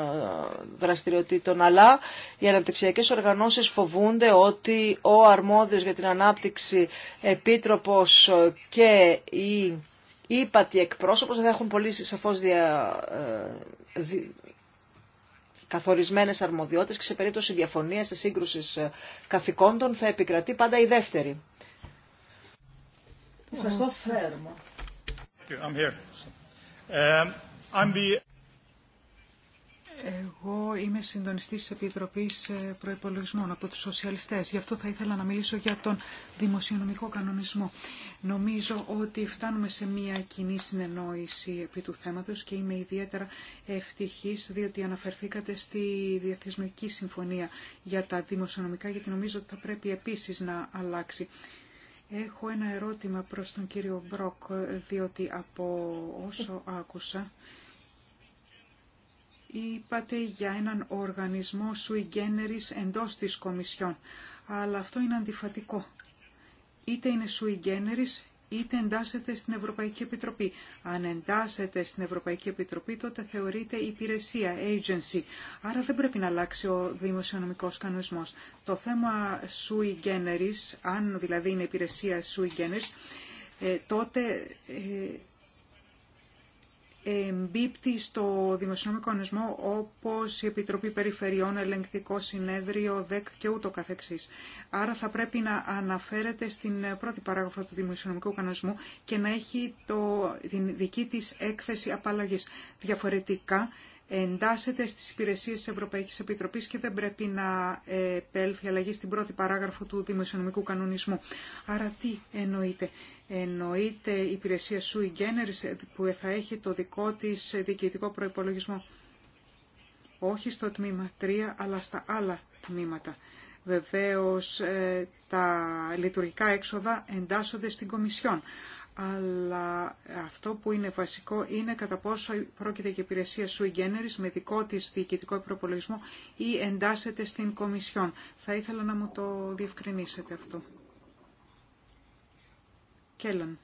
δραστηριοτήτων, αλλά οι αναπτυξιακές οργανώσεις φοβούνται ότι ο αρμόδιος για την ανάπτυξη επίτροπος ε, και η ύπατη εκπρόσωπος δεν θα έχουν πολύ σαφώς δια, καθορισμένες αρμοδιότητες και σε περίπτωση διαφωνίας, σε σύγκρουση καθηκόντων θα επικρατεί πάντα η δεύτερη. Ευχαριστώ φέρμα. I'm here. Εγώ είμαι συντονιστής τη Επιτροπής ε, προπολογισμών από τους Σοσιαλιστές. Γι' αυτό θα ήθελα να μιλήσω για τον δημοσιονομικό κανονισμό. Νομίζω ότι φτάνουμε σε μια κοινή συνεννόηση επί του θέματος και είμαι ιδιαίτερα ευτυχής διότι αναφερθήκατε στη Διαθεσμική Συμφωνία για τα δημοσιονομικά γιατί νομίζω ότι θα πρέπει επίση να αλλάξει Έχω ένα ερώτημα προς τον κύριο Μπρόκ, διότι από όσο άκουσα, είπατε για έναν οργανισμό sui generis εντός της Κομισιόν, αλλά αυτό είναι αντιφατικό. Είτε είναι sui generis, είτε εντάσσεται στην Ευρωπαϊκή Επιτροπή. Αν εντάσσεται στην Ευρωπαϊκή Επιτροπή, τότε θεωρείται υπηρεσία, agency. Άρα δεν πρέπει να αλλάξει ο δημοσιονομικός κανονισμός. Το θέμα sui generis, αν δηλαδή είναι υπηρεσία sui generis, ε, τότε ε, εμπίπτει στο δημοσιονομικό κανονισμό όπως η Επιτροπή Περιφερειών, Ελεγκτικό Συνέδριο, ΔΕΚ και ούτω καθεξής. Άρα θα πρέπει να αναφέρεται στην πρώτη παράγραφο του δημοσιονομικού κανονισμού και να έχει το, την δική της έκθεση απαλλαγής. Διαφορετικά εντάσσεται στις υπηρεσίες της Ευρωπαϊκής Επιτροπής και δεν πρέπει να επέλθει αλλαγή στην πρώτη παράγραφο του Δημοσιονομικού Κανονισμού. Άρα τι εννοείται. Εννοείται η υπηρεσία Sui Generis που θα έχει το δικό της διοικητικό προϋπολογισμό. Όχι στο τμήμα 3 αλλά στα άλλα τμήματα. Βεβαίως ε, τα λειτουργικά έξοδα εντάσσονται στην Κομισιόν αλλά αυτό που είναι βασικό είναι κατά πόσο πρόκειται για υπηρεσία σου generis με δικό της διοικητικό προπολογισμό ή εντάσσεται στην Κομισιόν. Θα ήθελα να μου το διευκρινίσετε αυτό. Κέλλαν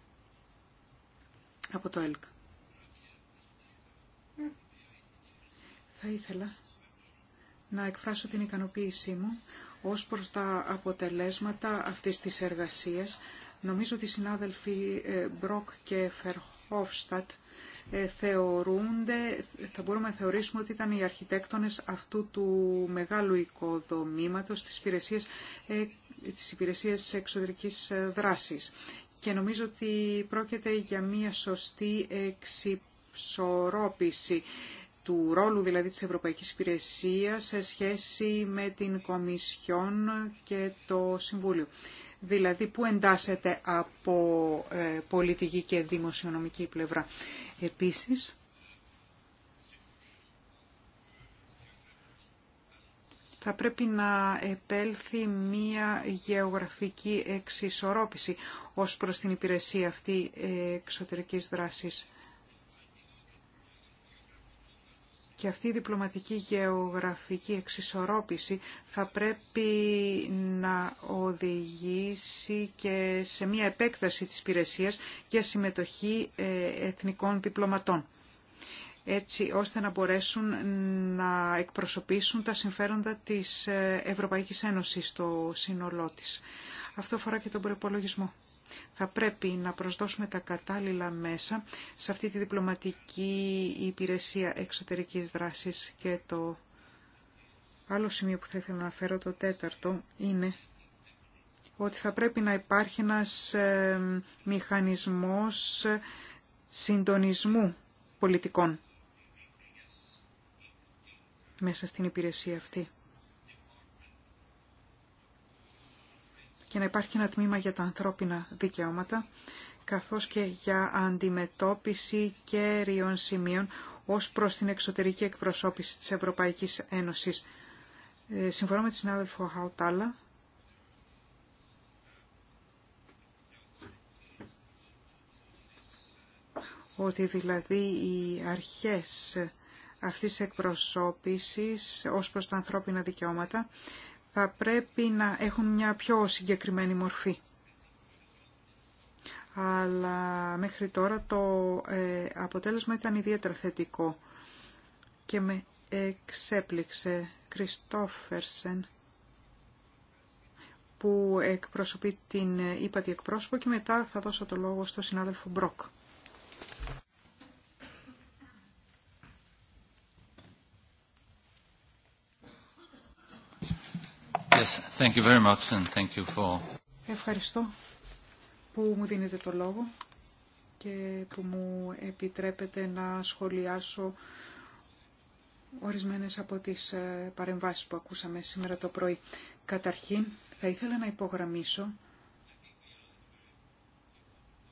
από το ΕΛΚ. Θα ήθελα να εκφράσω την ικανοποίησή μου ως προς τα αποτελέσματα αυτής της εργασίας Νομίζω ότι οι συνάδελφοι ε, Μπροκ και Φερχόφστατ ε, θεωρούνται, θα μπορούμε να θεωρήσουμε ότι ήταν οι αρχιτέκτονες αυτού του μεγάλου οικοδομήματος της υπηρεσίας, ε, της υπηρεσίας εξωτερικής δράσης. Και νομίζω ότι πρόκειται για μια σωστή εξυψορόπηση του ρόλου δηλαδή της Ευρωπαϊκής Υπηρεσίας σε σχέση με την Κομισιόν και το Συμβούλιο δηλαδή που εντάσσεται από ε, πολιτική και δημοσιονομική πλευρά. Επίσης, θα πρέπει να επέλθει μία γεωγραφική εξισορρόπηση ως προς την υπηρεσία αυτή ε, εξωτερικής δράσης. Και αυτή η διπλωματική γεωγραφική εξισορρόπηση θα πρέπει να οδηγήσει και σε μια επέκταση της υπηρεσία για συμμετοχή ε, εθνικών διπλωματών έτσι ώστε να μπορέσουν να εκπροσωπήσουν τα συμφέροντα της ε, Ευρωπαϊκής Ένωσης στο σύνολό της. Αυτό αφορά και τον προπολογισμό. Θα πρέπει να προσδώσουμε τα κατάλληλα μέσα σε αυτή τη διπλωματική υπηρεσία εξωτερικής δράσης και το άλλο σημείο που θα ήθελα να αναφέρω, το τέταρτο, είναι ότι θα πρέπει να υπάρχει ένας ε, μηχανισμός συντονισμού πολιτικών μέσα στην υπηρεσία αυτή. και να υπάρχει ένα τμήμα για τα ανθρώπινα δικαιώματα, καθώς και για αντιμετώπιση κέριων σημείων ως προς την εξωτερική εκπροσώπηση της Ευρωπαϊκής Ένωσης. Ε, συμφωνώ με τη συνάδελφο Χαουτάλα. ότι δηλαδή οι αρχές αυτής της εκπροσώπησης ως προς τα ανθρώπινα δικαιώματα θα πρέπει να έχουν μια πιο συγκεκριμένη μορφή. Αλλά μέχρι τώρα το ε, αποτέλεσμα ήταν ιδιαίτερα θετικό και με εξέπληξε Κριστόφερσεν που εκπροσωπεί την ε, ύπατη εκπρόσωπο και μετά θα δώσω το λόγο στο συνάδελφο Μπροκ. Thank Ευχαριστώ που μου δίνετε το λόγο και που μου επιτρέπετε να σχολιάσω ορισμένες από τις ε, παρεμβάσεις που ακούσαμε σήμερα το πρωί. Καταρχήν, θα ήθελα να υπογραμμίσω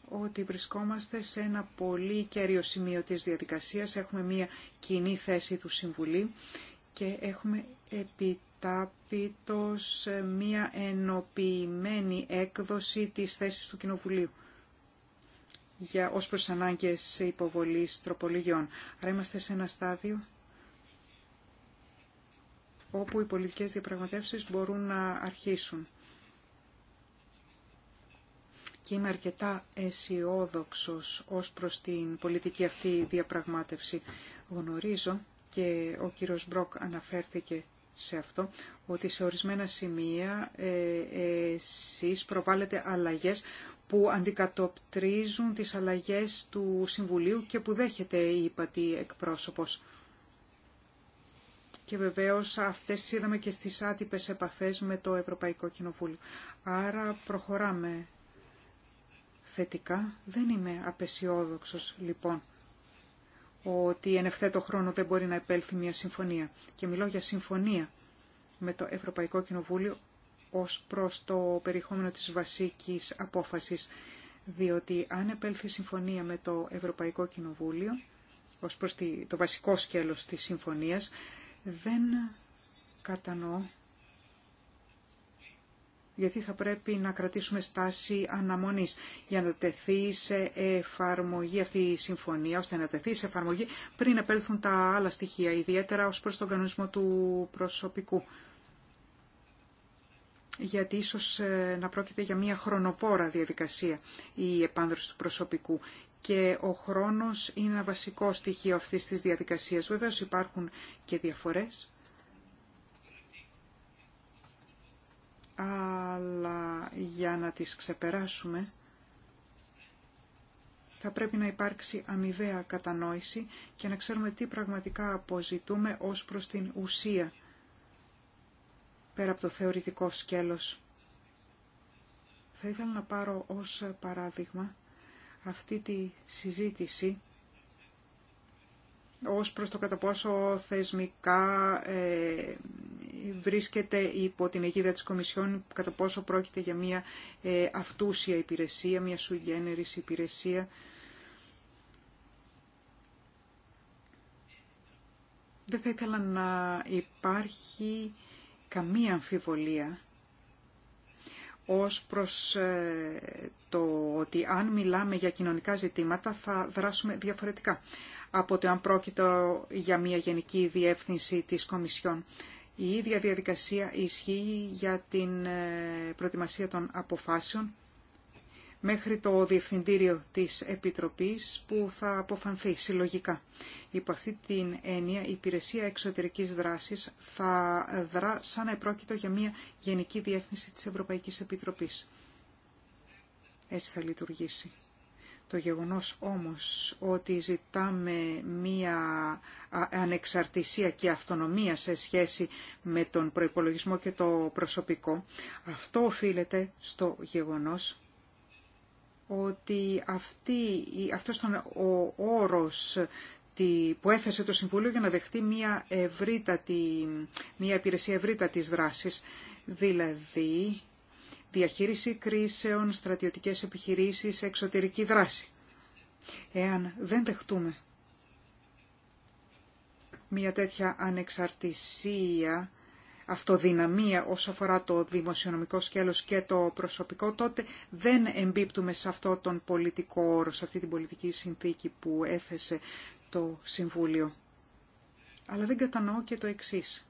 ότι βρισκόμαστε σε ένα πολύ κέριο σημείο της διαδικασίας. Έχουμε μία κοινή θέση του Συμβουλίου και έχουμε επιτρέψει επιτάπητος μία ενοποιημένη έκδοση της θέσης του Κοινοβουλίου για, ως προς ανάγκες υποβολής τροπολογιών. Άρα είμαστε σε ένα στάδιο όπου οι πολιτικές διαπραγματεύσεις μπορούν να αρχίσουν. Και είμαι αρκετά αισιόδοξο ως προς την πολιτική αυτή διαπραγμάτευση. Γνωρίζω και ο κύριος Μπροκ αναφέρθηκε σε αυτό ότι σε ορισμένα σημεία ε, εσείς προβάλλετε αλλαγές που αντικατοπτρίζουν τις αλλαγές του Συμβουλίου και που δέχεται η υπατή εκπρόσωπος. Και βεβαίως αυτές τις είδαμε και στις άτυπες επαφές με το Ευρωπαϊκό Κοινοβούλιο. Άρα προχωράμε θετικά. Δεν είμαι απεσιόδοξος λοιπόν ότι εν ευθέτω χρόνο δεν μπορεί να επέλθει μια συμφωνία. Και μιλώ για συμφωνία με το Ευρωπαϊκό Κοινοβούλιο ως προς το περιεχόμενο της βασικής απόφασης. Διότι αν επέλθει συμφωνία με το Ευρωπαϊκό Κοινοβούλιο, ως προς το βασικό σκέλος της συμφωνίας, δεν κατανοώ γιατί θα πρέπει να κρατήσουμε στάση αναμονής για να τεθεί σε εφαρμογή αυτή η συμφωνία, ώστε να τεθεί σε εφαρμογή πριν επέλθουν τα άλλα στοιχεία, ιδιαίτερα ως προς τον κανονισμό του προσωπικού. Γιατί ίσως ε, να πρόκειται για μια χρονοπόρα διαδικασία η επάνδρωση του προσωπικού και ο χρόνος είναι ένα βασικό στοιχείο αυτής της διαδικασίας. Βεβαίως υπάρχουν και διαφορές αλλά για να τις ξεπεράσουμε θα πρέπει να υπάρξει αμοιβαία κατανόηση και να ξέρουμε τι πραγματικά αποζητούμε ως προς την ουσία, πέρα από το θεωρητικό σκέλος. Θα ήθελα να πάρω ως παράδειγμα αυτή τη συζήτηση ως προς το κατά πόσο θεσμικά ε, βρίσκεται υπό την αιγίδα της Κομισιόν κατά πόσο πρόκειται για μια ε, αυτούσια υπηρεσία, μια σουγένερης υπηρεσία. Δεν θα ήθελα να υπάρχει καμία αμφιβολία ως προς ε, το ότι αν μιλάμε για κοινωνικά ζητήματα θα δράσουμε διαφορετικά από το αν πρόκειται για μια γενική διεύθυνση της Κομισιόν. Η ίδια διαδικασία ισχύει για την ε, προετοιμασία των αποφάσεων μέχρι το Διευθυντήριο της Επιτροπής που θα αποφανθεί συλλογικά. Υπό αυτή την έννοια η Υπηρεσία Εξωτερικής Δράσης θα δρά σαν να επρόκειτο για μια Γενική Διεύθυνση της Ευρωπαϊκής Επιτροπής. Έτσι θα λειτουργήσει. Το γεγονός όμως ότι ζητάμε μία ανεξαρτησία και αυτονομία σε σχέση με τον προϋπολογισμό και το προσωπικό, αυτό οφείλεται στο γεγονός ότι αυτή, αυτός ήταν ο όρος που έθεσε το Συμβούλιο για να δεχτεί μια, ευρύτατη, μια υπηρεσία ευρύτατης δράσης, δηλαδή διαχείριση κρίσεων, στρατιωτικές επιχειρήσεις, εξωτερική δράση. Εάν δεν δεχτούμε μια τέτοια ανεξαρτησία, αυτοδυναμία όσον αφορά το δημοσιονομικό σκέλος και το προσωπικό, τότε δεν εμπίπτουμε σε αυτό τον πολιτικό όρο, σε αυτή την πολιτική συνθήκη που έθεσε το Συμβούλιο. Αλλά δεν κατανοώ και το εξής.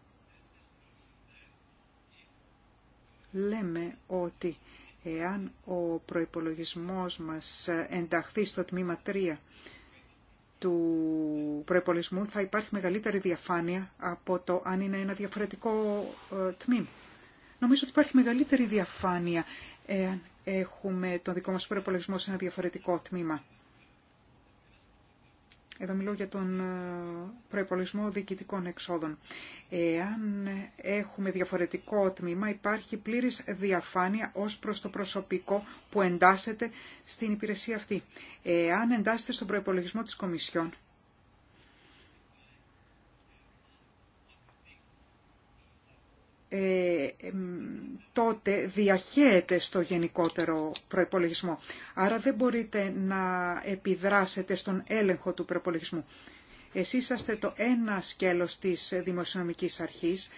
λέμε ότι εάν ο προϋπολογισμός μας ενταχθεί στο τμήμα 3 του προϋπολογισμού θα υπάρχει μεγαλύτερη διαφάνεια από το αν είναι ένα διαφορετικό ε, τμήμα. Νομίζω ότι υπάρχει μεγαλύτερη διαφάνεια εάν έχουμε τον δικό μας προϋπολογισμό σε ένα διαφορετικό τμήμα. Εδώ μιλώ για τον ε, προϋπολογισμό διοικητικών εξόδων. Εάν έχουμε διαφορετικό τμήμα, υπάρχει πλήρης διαφάνεια ως προς το προσωπικό που εντάσσεται στην υπηρεσία αυτή. Εάν εντάσσεται στον προϋπολογισμό της Κομισιόν, Ε, τότε διαχέεται στο γενικότερο προϋπολογισμό. Άρα δεν μπορείτε να επιδράσετε στον έλεγχο του προϋπολογισμού. Εσείς είσαστε το ένα σκέλος της δημοσιονομικής αρχής,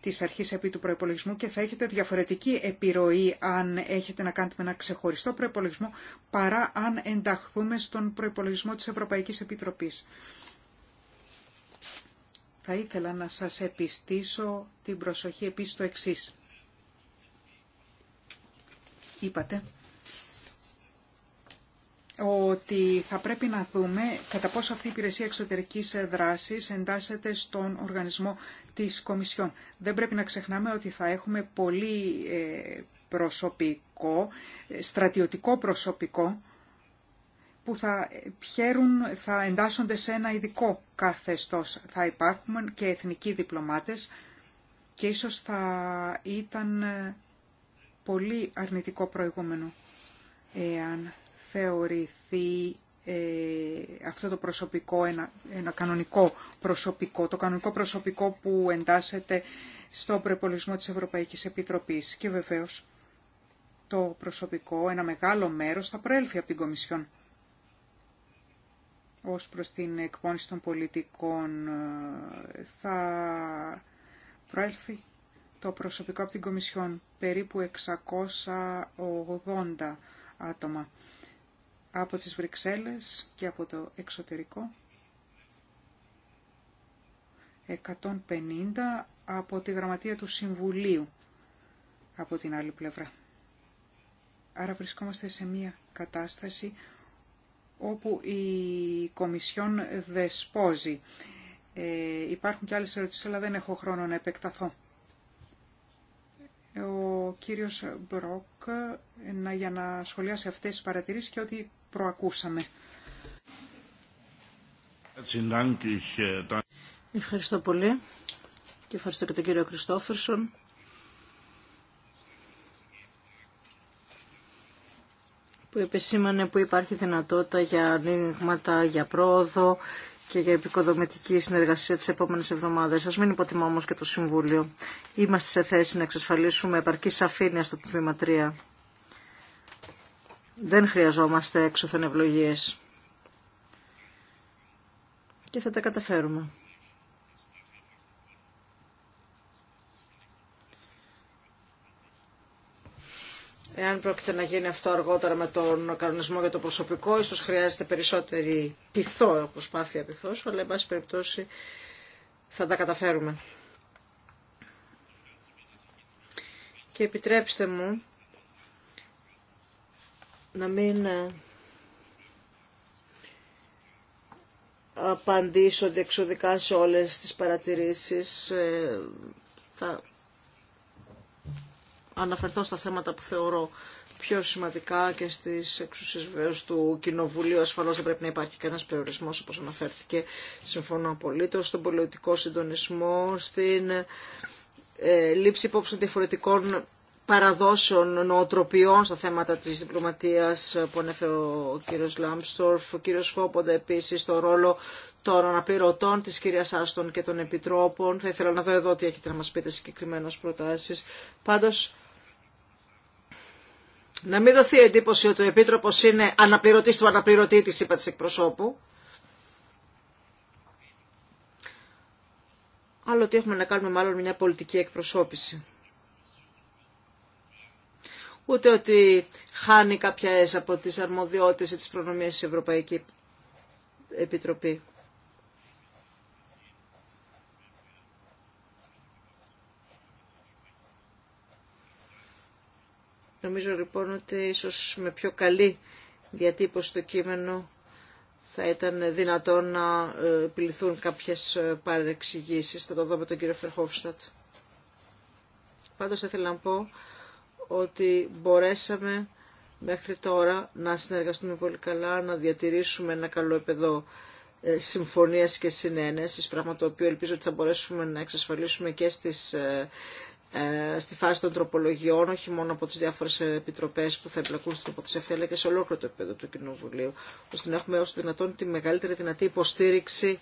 της αρχής επί του προϋπολογισμού και θα έχετε διαφορετική επιρροή αν έχετε να κάνετε με ένα ξεχωριστό προϋπολογισμό παρά αν ενταχθούμε στον προϋπολογισμό της Ευρωπαϊκής Επιτροπής θα ήθελα να σας επιστήσω την προσοχή επίσης στο εξής. Είπατε ότι θα πρέπει να δούμε κατά πόσο αυτή η υπηρεσία εξωτερικής δράσης εντάσσεται στον οργανισμό της Κομισιόν. Δεν πρέπει να ξεχνάμε ότι θα έχουμε πολύ ε, προσωπικό, στρατιωτικό προσωπικό, που θα, θα εντάσσονται σε ένα ειδικό καθεστώς. Θα υπάρχουν και εθνικοί διπλωμάτες και ίσως θα ήταν ε, πολύ αρνητικό προηγούμενο εάν θεωρηθεί ε, αυτό το προσωπικό, ένα, ένα κανονικό προσωπικό, το κανονικό προσωπικό που εντάσσεται στον προπολογισμό της Ευρωπαϊκής Επιτροπής. Και βεβαίως το προσωπικό, ένα μεγάλο μέρος θα προέλθει από την Κομισιόν ως προς την εκπόνηση των πολιτικών ε, θα προέλθει το προσωπικό από την Κομισιόν περίπου 680 άτομα από τις Βρυξέλλες και από το εξωτερικό 150 από τη γραμματεία του Συμβουλίου από την άλλη πλευρά. Άρα βρισκόμαστε σε μια κατάσταση όπου η Κομισιόν δεσπόζει. Ε, υπάρχουν και άλλες ερωτήσεις, αλλά δεν έχω χρόνο να επεκταθώ. Ο κύριος Μπροκ, να, για να σχολιάσει αυτές τις παρατηρήσεις και ό,τι προακούσαμε. Ευχαριστώ πολύ και ευχαριστώ και τον κύριο Κριστόφερσον που επισήμανε που υπάρχει δυνατότητα για ανοίγματα, για πρόοδο και για επικοδομητική συνεργασία τις επόμενες εβδομάδες. Ας μην υποτιμώ όμως και το Συμβούλιο. Είμαστε σε θέση να εξασφαλίσουμε επαρκή σαφήνεια στο τμήμα 3. Δεν χρειαζόμαστε έξωθεν ευλογίες. Και θα τα καταφέρουμε. Εάν πρόκειται να γίνει αυτό αργότερα με τον κανονισμό για το προσωπικό, ίσω χρειάζεται περισσότερη πυθό, προσπάθεια πυθό. αλλά εν πάση περιπτώσει θα τα καταφέρουμε. Και επιτρέψτε μου να μην ε, απαντήσω διεξοδικά σε όλες τις παρατηρήσεις. Ε, θα αναφερθώ στα θέματα που θεωρώ πιο σημαντικά και στις εξουσίες βεβαίως του Κοινοβουλίου. Ασφαλώς δεν πρέπει να υπάρχει κανένας περιορισμός όπως αναφέρθηκε. Συμφωνώ απολύτως στον πολιτικό συντονισμό, στην ε, λήψη υπόψη διαφορετικών παραδόσεων νοοτροπιών στα θέματα της διπλωματίας που ανέφερε ο κύριος Λάμπστορφ, ο κύριος Χόποντα επίσης το ρόλο των αναπληρωτών της κυρία Άστον και των επιτρόπων. Θα ήθελα να δω εδώ τι έχετε να μα πείτε συγκεκριμένε προτάσεις. Πάντως να μην δοθεί εντύπωση ότι ο Επίτροπος είναι αναπληρωτής του αναπληρωτή της είπα τη εκπροσώπου. Άλλο ότι έχουμε να κάνουμε μάλλον μια πολιτική εκπροσώπηση. Ούτε ότι χάνει κάποια από τις αρμοδιότητες ή τις προνομίες της Ευρωπαϊκή Επιτροπή. Νομίζω λοιπόν ότι ίσως με πιο καλή διατύπωση το κείμενο θα ήταν δυνατόν να ε, επιληθούν κάποιες ε, παρεξηγήσεις. Θα το δω με τον κύριο Φερχόφστατ. Πάντως θα ήθελα να πω ότι μπορέσαμε μέχρι τώρα να συνεργαστούμε πολύ καλά, να διατηρήσουμε ένα καλό επεδό ε, συμφωνίας και συνένεσης, πράγμα το οποίο ελπίζω ότι θα μπορέσουμε να εξασφαλίσουμε και στις ε, στη φάση των τροπολογιών, όχι μόνο από τι διάφορε επιτροπέ που θα εμπλακούν στην τι αλλά και σε ολόκληρο το επίπεδο του Κοινοβουλίου, ώστε να έχουμε όσο δυνατόν τη μεγαλύτερη δυνατή υποστήριξη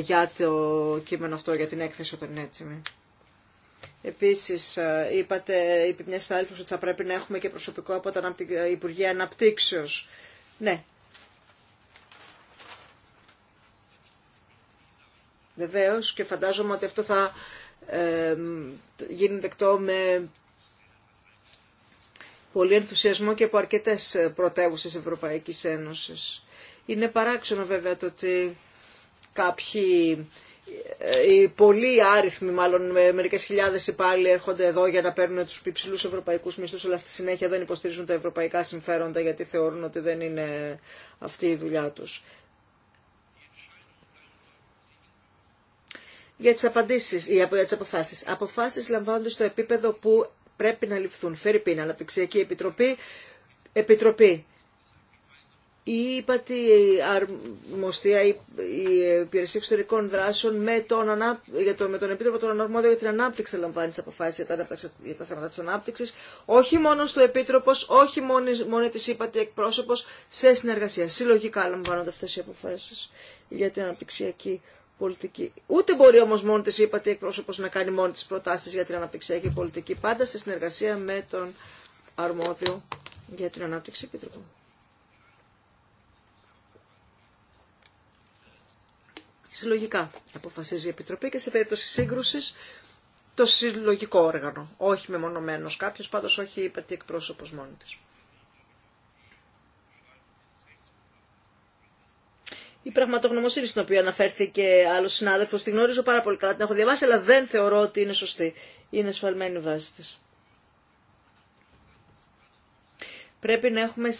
για το κείμενο αυτό, για την έκθεση όταν είναι έτοιμη. Επίσης, ε, είπατε, είπε μια στάλφο ότι θα πρέπει να έχουμε και προσωπικό από την Υπουργεία Αναπτύξεω. Ναι. Βεβαίω και φαντάζομαι ότι αυτό θα γίνει δεκτό με πολύ ενθουσιασμό και από αρκετές ε, πρωτεύουσες Ευρωπαϊκής Ένωσης. Είναι παράξενο βέβαια το ότι κάποιοι ε, οι πολλοί άριθμοι, μάλλον με μερικέ χιλιάδε υπάλληλοι έρχονται εδώ για να παίρνουν του υψηλού ευρωπαϊκού μισθού, αλλά στη συνέχεια δεν υποστηρίζουν τα ευρωπαϊκά συμφέροντα γιατί θεωρούν ότι δεν είναι αυτή η δουλειά του. για τις απαντήσεις ή για τις αποφάσεις. Αποφάσεις λαμβάνονται στο επίπεδο που πρέπει να ληφθούν. πίνα. Αναπτυξιακή Επιτροπή, Επιτροπή. Η ύπατη αρμοστία, η υπηρεσία εξωτερικών δράσεων με τον, ανα... για το, με τον Επίτροπο των Αναρμόδιων για την Ανάπτυξη λαμβάνει τι αποφάσει για, για τα θέματα τη ανάπτυξη. Όχι μόνο στο Επίτροπο, όχι μόνο τη ύπατη εκπρόσωπο, σε συνεργασία. Συλλογικά λαμβάνονται αυτέ οι αποφάσει για την αναπτυξιακή πολιτική. Ούτε μπορεί όμω μόνη τη, είπατε, εκπρόσωπο να κάνει μόνη τη προτάσει για την αναπτυξιακή πολιτική, πάντα σε συνεργασία με τον αρμόδιο για την ανάπτυξη επίτροπο. Συλλογικά αποφασίζει η Επιτροπή και σε περίπτωση σύγκρουση το συλλογικό όργανο. Όχι μεμονωμένο κάποιο, πάντω όχι είπατε εκπρόσωπο μόνη τη. η πραγματογνωμοσύνη στην οποία αναφέρθηκε άλλο συνάδελφο. Την γνωρίζω πάρα πολύ καλά, την έχω διαβάσει, αλλά δεν θεωρώ ότι είναι σωστή. Είναι σφαλμένη βάση της. πρέπει να έχουμε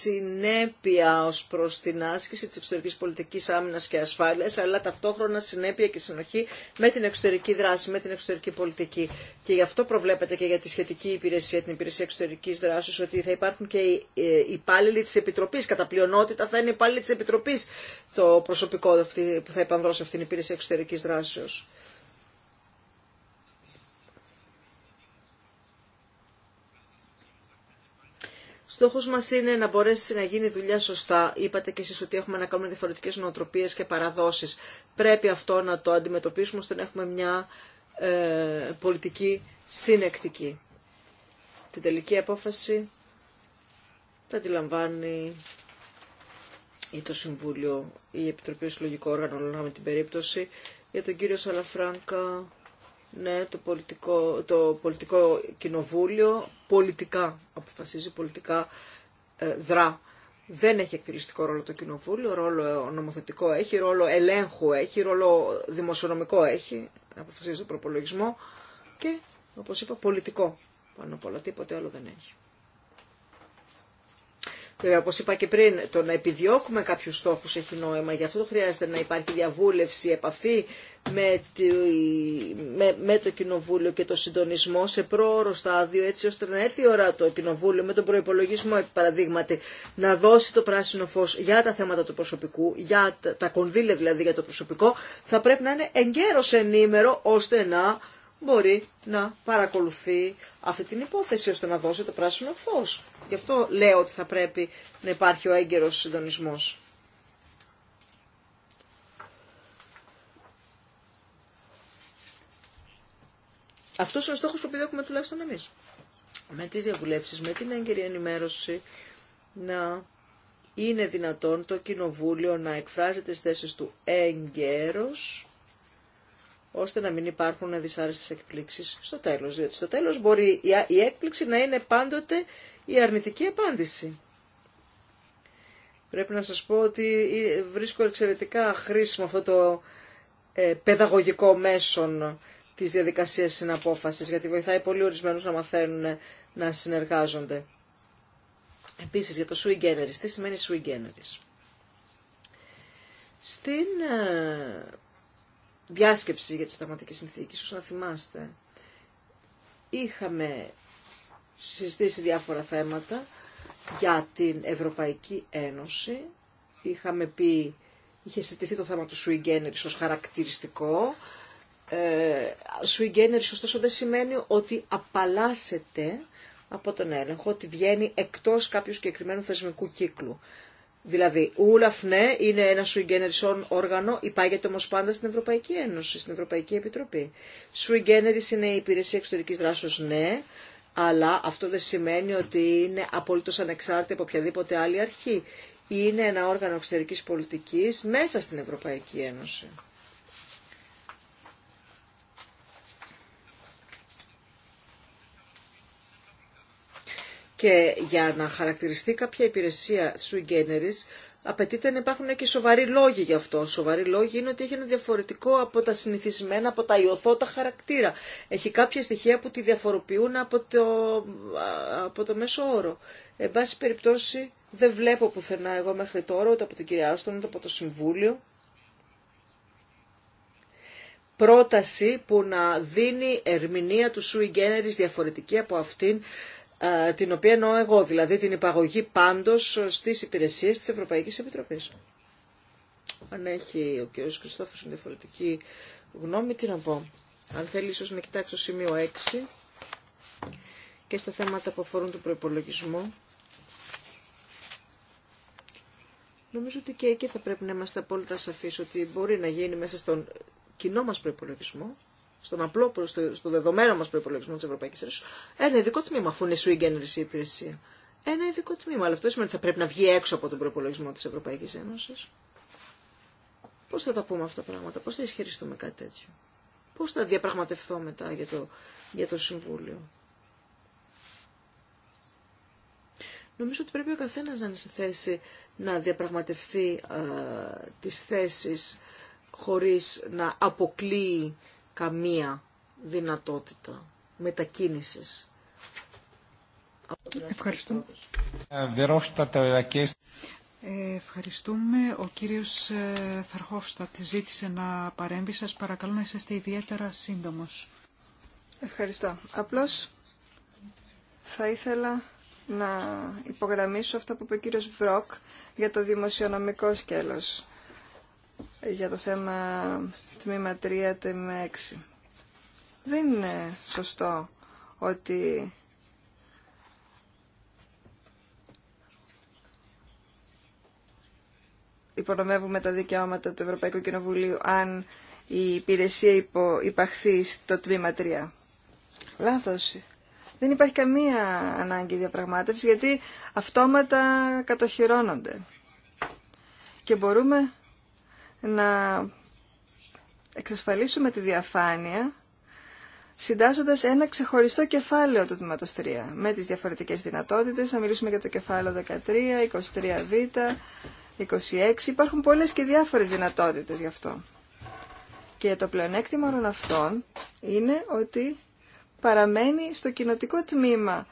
συνέπεια ως προς την άσκηση της εξωτερικής πολιτικής άμυνας και ασφάλειας, αλλά ταυτόχρονα συνέπεια και συνοχή με την εξωτερική δράση, με την εξωτερική πολιτική. Και γι' αυτό προβλέπετε και για τη σχετική υπηρεσία, την υπηρεσία εξωτερικής δράσης, ότι θα υπάρχουν και οι ε, υπάλληλοι της Επιτροπής. Κατά πλειονότητα θα είναι υπάλληλοι της Επιτροπής το προσωπικό που θα επανδρώσει αυτήν την υπηρεσία εξωτερικής δράσης. Στόχο μα είναι να μπορέσει να γίνει δουλειά σωστά. Είπατε και εσείς ότι έχουμε να κάνουμε διαφορετικές νοοτροπίες και παραδόσεις. Πρέπει αυτό να το αντιμετωπίσουμε ώστε να έχουμε μια ε, πολιτική συνεκτική. Την τελική απόφαση θα τη λαμβάνει ή το Συμβούλιο ή η Επιτροπή Συλλογικών Οργανών με την περίπτωση. Για τον κύριο Σαλαφράγκα ναι, το πολιτικό, το πολιτικό κοινοβούλιο πολιτικά αποφασίζει, πολιτικά ε, δρά. Δεν έχει εκτελεστικό ρόλο το κοινοβούλιο, ρόλο νομοθετικό έχει, ρόλο ελέγχου έχει, ρόλο δημοσιονομικό έχει, αποφασίζει το προπολογισμό και, όπως είπα, πολιτικό πάνω απ' όλα, τίποτε άλλο δεν έχει. Βέβαια, ε, όπω είπα και πριν, το να επιδιώκουμε κάποιου στόχου έχει νόημα. Γι' αυτό χρειάζεται να υπάρχει διαβούλευση, επαφή με, με, το Κοινοβούλιο και το συντονισμό σε πρόωρο στάδιο, έτσι ώστε να έρθει η ώρα το Κοινοβούλιο με τον προπολογισμό, παραδείγματι, να δώσει το πράσινο φω για τα θέματα του προσωπικού, για τα, κονδύλια δηλαδή για το προσωπικό. Θα πρέπει να είναι εγκαίρω ενήμερο ώστε να μπορεί να παρακολουθεί αυτή την υπόθεση ώστε να δώσει το πράσινο φως. Γι' αυτό λέω ότι θα πρέπει να υπάρχει ο έγκαιρος συντονισμός. Αυτό είναι ο στόχο που επιδιώκουμε τουλάχιστον εμεί. Με τις διαβουλεύσει, με την έγκαιρη ενημέρωση, να είναι δυνατόν το κοινοβούλιο να εκφράζει τι θέσει του έγκαιρος ώστε να μην υπάρχουν δυσάρεστες εκπλήξεις στο τέλος. Διότι στο τέλος μπορεί η έκπληξη να είναι πάντοτε η αρνητική απάντηση. Πρέπει να σας πω ότι βρίσκω εξαιρετικά χρήσιμο αυτό το ε, παιδαγωγικό μέσον της διαδικασίας συναπόφασης, γιατί βοηθάει πολύ ορισμένους να μαθαίνουν να συνεργάζονται. Επίσης για το sui generis. Τι σημαίνει sui generis. Στην ε, διάσκεψη για τη συνταγματική συνθήκη, όσο να θυμάστε, είχαμε συζητήσει διάφορα θέματα για την Ευρωπαϊκή Ένωση. Είχαμε πει, είχε συζητηθεί το θέμα του sui χαρακτηριστικό. Ε, sui ωστόσο δεν σημαίνει ότι απαλλάσσεται από τον έλεγχο, ότι βγαίνει εκτός κάποιου συγκεκριμένου θεσμικού κύκλου. Δηλαδή, ο ναι, είναι ένα σουιγγένερισόν όργανο, υπάγεται όμω πάντα στην Ευρωπαϊκή Ένωση, στην Ευρωπαϊκή Επιτροπή. Σουιγγένερη είναι η υπηρεσία εξωτερική δράσεω, ναι, αλλά αυτό δεν σημαίνει ότι είναι απολύτω ανεξάρτητη από οποιαδήποτε άλλη αρχή. Είναι ένα όργανο εξωτερική πολιτική μέσα στην Ευρωπαϊκή Ένωση. Και για να χαρακτηριστεί κάποια υπηρεσία σου generis, απαιτείται να υπάρχουν και σοβαροί λόγοι γι' αυτό. Σοβαροί λόγοι είναι ότι έχει ένα διαφορετικό από τα συνηθισμένα, από τα ιωθώτα χαρακτήρα. Έχει κάποια στοιχεία που τη διαφοροποιούν από το, από το μέσο όρο. Εν πάση περιπτώσει, δεν βλέπω πουθενά εγώ μέχρι τώρα, ούτε από την κυρία Άστον, ούτε από το Συμβούλιο, πρόταση που να δίνει ερμηνεία του sui generis διαφορετική από αυτήν την οποία εννοώ εγώ, δηλαδή την υπαγωγή πάντως στις υπηρεσίες της Ευρωπαϊκής Επιτροπής. Αν έχει ο κ. Χριστόφος μια διαφορετική γνώμη, τι να πω. Αν θέλει ίσως να το σημείο 6 και στα θέματα που αφορούν τον προϋπολογισμό. Νομίζω ότι και εκεί θα πρέπει να είμαστε απόλυτα σαφείς ότι μπορεί να γίνει μέσα στον κοινό μας προϋπολογισμό στον απλό, στο, στο δεδομένο μα προπολογισμό τη Ευρωπαϊκή Ένωση. ένα ειδικό τμήμα, αφού είναι σου generis η υπηρεσία. Ένα ειδικό τμήμα, αλλά αυτό σημαίνει ότι θα πρέπει να βγει έξω από τον προπολογισμό τη Ευρωπαϊκή Ένωση. Πώ θα τα πούμε αυτά τα πράγματα, πώ θα ισχυριστούμε κάτι τέτοιο. Πώ θα διαπραγματευθώ μετά για το, για το Συμβούλιο. Νομίζω ότι πρέπει ο καθένα να είναι σε θέση να διαπραγματευτεί τι τις θέσεις χωρίς να αποκλείει καμία δυνατότητα μετακίνησης. Ευχαριστούμε. Ε, ευχαριστούμε. Ο κύριος ε, Φερχόφστατ ζήτησε να παρέμβει. Σας παρακαλώ να είσαστε ιδιαίτερα σύντομος. Ευχαριστώ. Απλώς θα ήθελα να υπογραμμίσω αυτό που είπε ο κύριος Βρόκ για το δημοσιονομικό σκέλος για το θέμα τμήμα 3, τμήμα 6. Δεν είναι σωστό ότι υπονομεύουμε τα δικαιώματα του Ευρωπαϊκού Κοινοβουλίου αν η υπηρεσία υπο, υπαχθεί στο τμήμα 3. Λάθος. Δεν υπάρχει καμία ανάγκη διαπραγμάτευση γιατί αυτόματα κατοχυρώνονται. Και μπορούμε να εξασφαλίσουμε τη διαφάνεια συντάσσοντας ένα ξεχωριστό κεφάλαιο του τμήματος 3 με τις διαφορετικές δυνατότητες. Θα μιλήσουμε για το κεφάλαιο 13, 23β, 26. Υπάρχουν πολλές και διάφορες δυνατότητες γι' αυτό. Και το πλεονέκτημα όλων αυτών είναι ότι παραμένει στο κοινοτικό τμήμα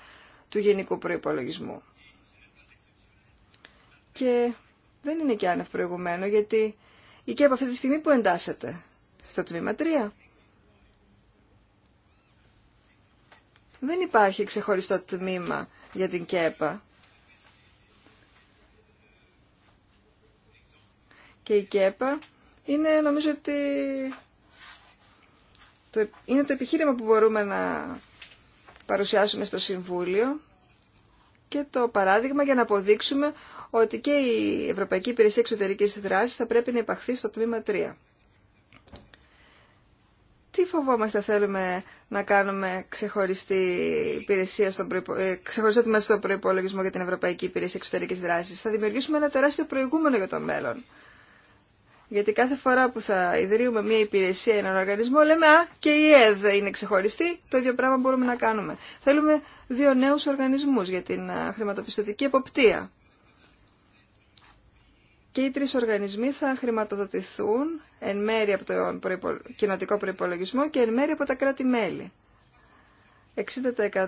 του γενικού προϋπολογισμού. Και δεν είναι και άνευ προηγουμένο, γιατί η ΚΕΠ αυτή τη στιγμή που εντάσσεται στο τμήμα 3. Δεν υπάρχει ξεχωριστό τμήμα για την ΚΕΠΑ. Και η ΚΕΠΑ είναι νομίζω ότι το, είναι το επιχείρημα που μπορούμε να παρουσιάσουμε στο Συμβούλιο και το παράδειγμα για να αποδείξουμε ότι και η Ευρωπαϊκή Υπηρεσία Εξωτερικής Δράσης θα πρέπει να υπαχθεί στο τμήμα 3. Τι φοβόμαστε θέλουμε να κάνουμε ξεχωριστή υπηρεσία στον προϋπο... Ε, ξεχωριστό τμήμα στον προϋπολογισμό για την Ευρωπαϊκή Υπηρεσία Εξωτερικής Δράσης. Θα δημιουργήσουμε ένα τεράστιο προηγούμενο για το μέλλον. Γιατί κάθε φορά που θα ιδρύουμε μια υπηρεσία, ή έναν οργανισμό, λέμε Α, και η ΕΔ είναι ξεχωριστή, το ίδιο πράγμα μπορούμε να κάνουμε. Θέλουμε δύο νέου οργανισμού για την ε, χρηματοπιστωτική εποπτεία και οι τρεις οργανισμοί θα χρηματοδοτηθούν εν μέρη από τον κοινοτικό προϋπολογισμό και εν μέρη από τα κράτη-μέλη.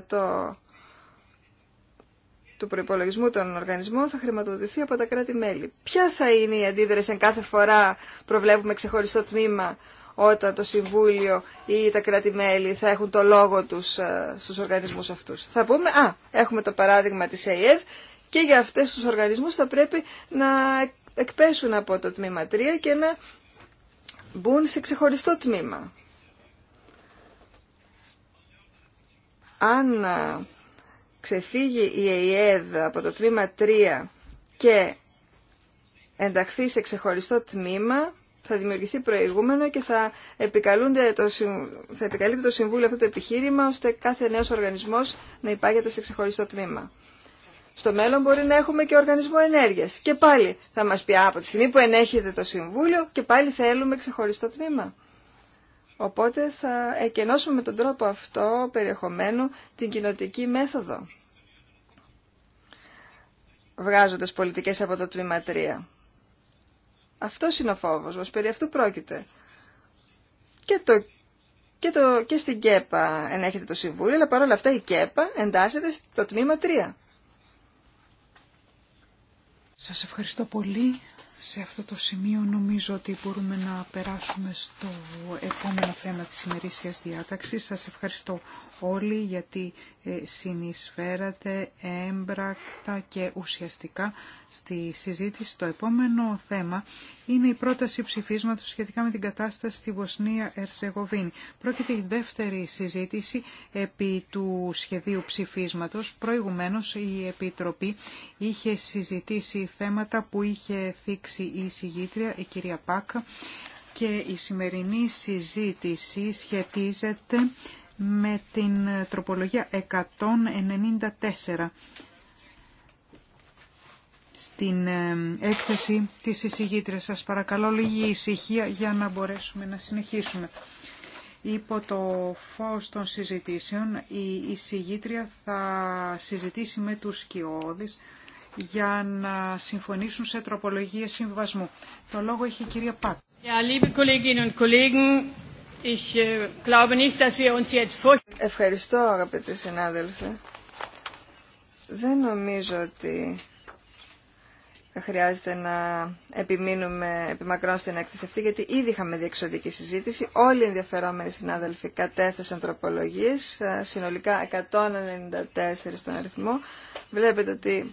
60% του προϋπολογισμού των οργανισμών θα χρηματοδοτηθεί από τα κράτη-μέλη. Ποια θα είναι η αντίδραση αν κάθε φορά προβλέπουμε ξεχωριστό τμήμα όταν το Συμβούλιο ή τα κράτη-μέλη θα έχουν το λόγο τους ε, στους οργανισμούς αυτούς. Θα πούμε, α, έχουμε το παράδειγμα της ΑΕΕΒ και για αυτές τους οργανισμούς θα πρέπει να εκπέσουν από το τμήμα 3 και να μπουν σε ξεχωριστό τμήμα. Αν ξεφύγει η ΕΙΕΔ από το τμήμα 3 και ενταχθεί σε ξεχωριστό τμήμα, θα δημιουργηθεί προηγούμενο και θα, το, θα επικαλείται το Συμβούλιο αυτό το επιχείρημα, ώστε κάθε νέος οργανισμός να υπάγεται σε ξεχωριστό τμήμα. Στο μέλλον μπορεί να έχουμε και οργανισμό ενέργειας. Και πάλι θα μας πει από τη στιγμή που ενέχεται το Συμβούλιο και πάλι θέλουμε ξεχωριστό τμήμα. Οπότε θα εκενώσουμε με τον τρόπο αυτό περιεχομένου την κοινοτική μέθοδο. Βγάζοντας πολιτικές από το τμήμα 3. Αυτό είναι ο φόβος μας, περί αυτού πρόκειται. Και, το, και, το, και στην ΚΕΠΑ ενέχεται το Συμβούλιο, αλλά παρόλα αυτά η ΚΕΠΑ εντάσσεται στο τμήμα 3. Σας ευχαριστώ πολύ. Σε αυτό το σημείο νομίζω ότι μπορούμε να περάσουμε στο επόμενο θέμα της ημερήσιας διάταξης. Σας ευχαριστώ όλοι γιατί ε, συνεισφέρατε έμπρακτα και ουσιαστικά στη συζήτηση. Το επόμενο θέμα είναι η πρόταση ψηφίσματος σχετικά με την κατάσταση στη Βοσνία Ερσεγοβίνη. Πρόκειται η δεύτερη συζήτηση επί του σχεδίου ψηφίσματος. Προηγουμένως η Επιτροπή είχε συζητήσει θέματα που είχε θίξει η συγγήτρια, η κυρία Πάκα, και η σημερινή συζήτηση σχετίζεται με την ε, τροπολογία 194 στην ε, έκθεση της εισηγήτρια. Σας παρακαλώ λίγη ησυχία για να μπορέσουμε να συνεχίσουμε. Υπό το φως των συζητήσεων η εισηγήτρια θα συζητήσει με τους σκιώδεις για να συμφωνήσουν σε τροπολογία συμβασμού. Το λόγο έχει η κυρία Πάκ. Ja, liebe Kolleginnen und Kollegen, Äh, Ευχαριστώ αγαπητοί συνάδελφοι. Δεν νομίζω ότι χρειάζεται να επιμείνουμε επιμακρών στην έκθεση αυτή, γιατί ήδη είχαμε διεξοδική συζήτηση. Όλοι οι ενδιαφερόμενοι συνάδελφοι κατέθεσαν τροπολογίες, ε, συνολικά 194 στον αριθμό. Βλέπετε ότι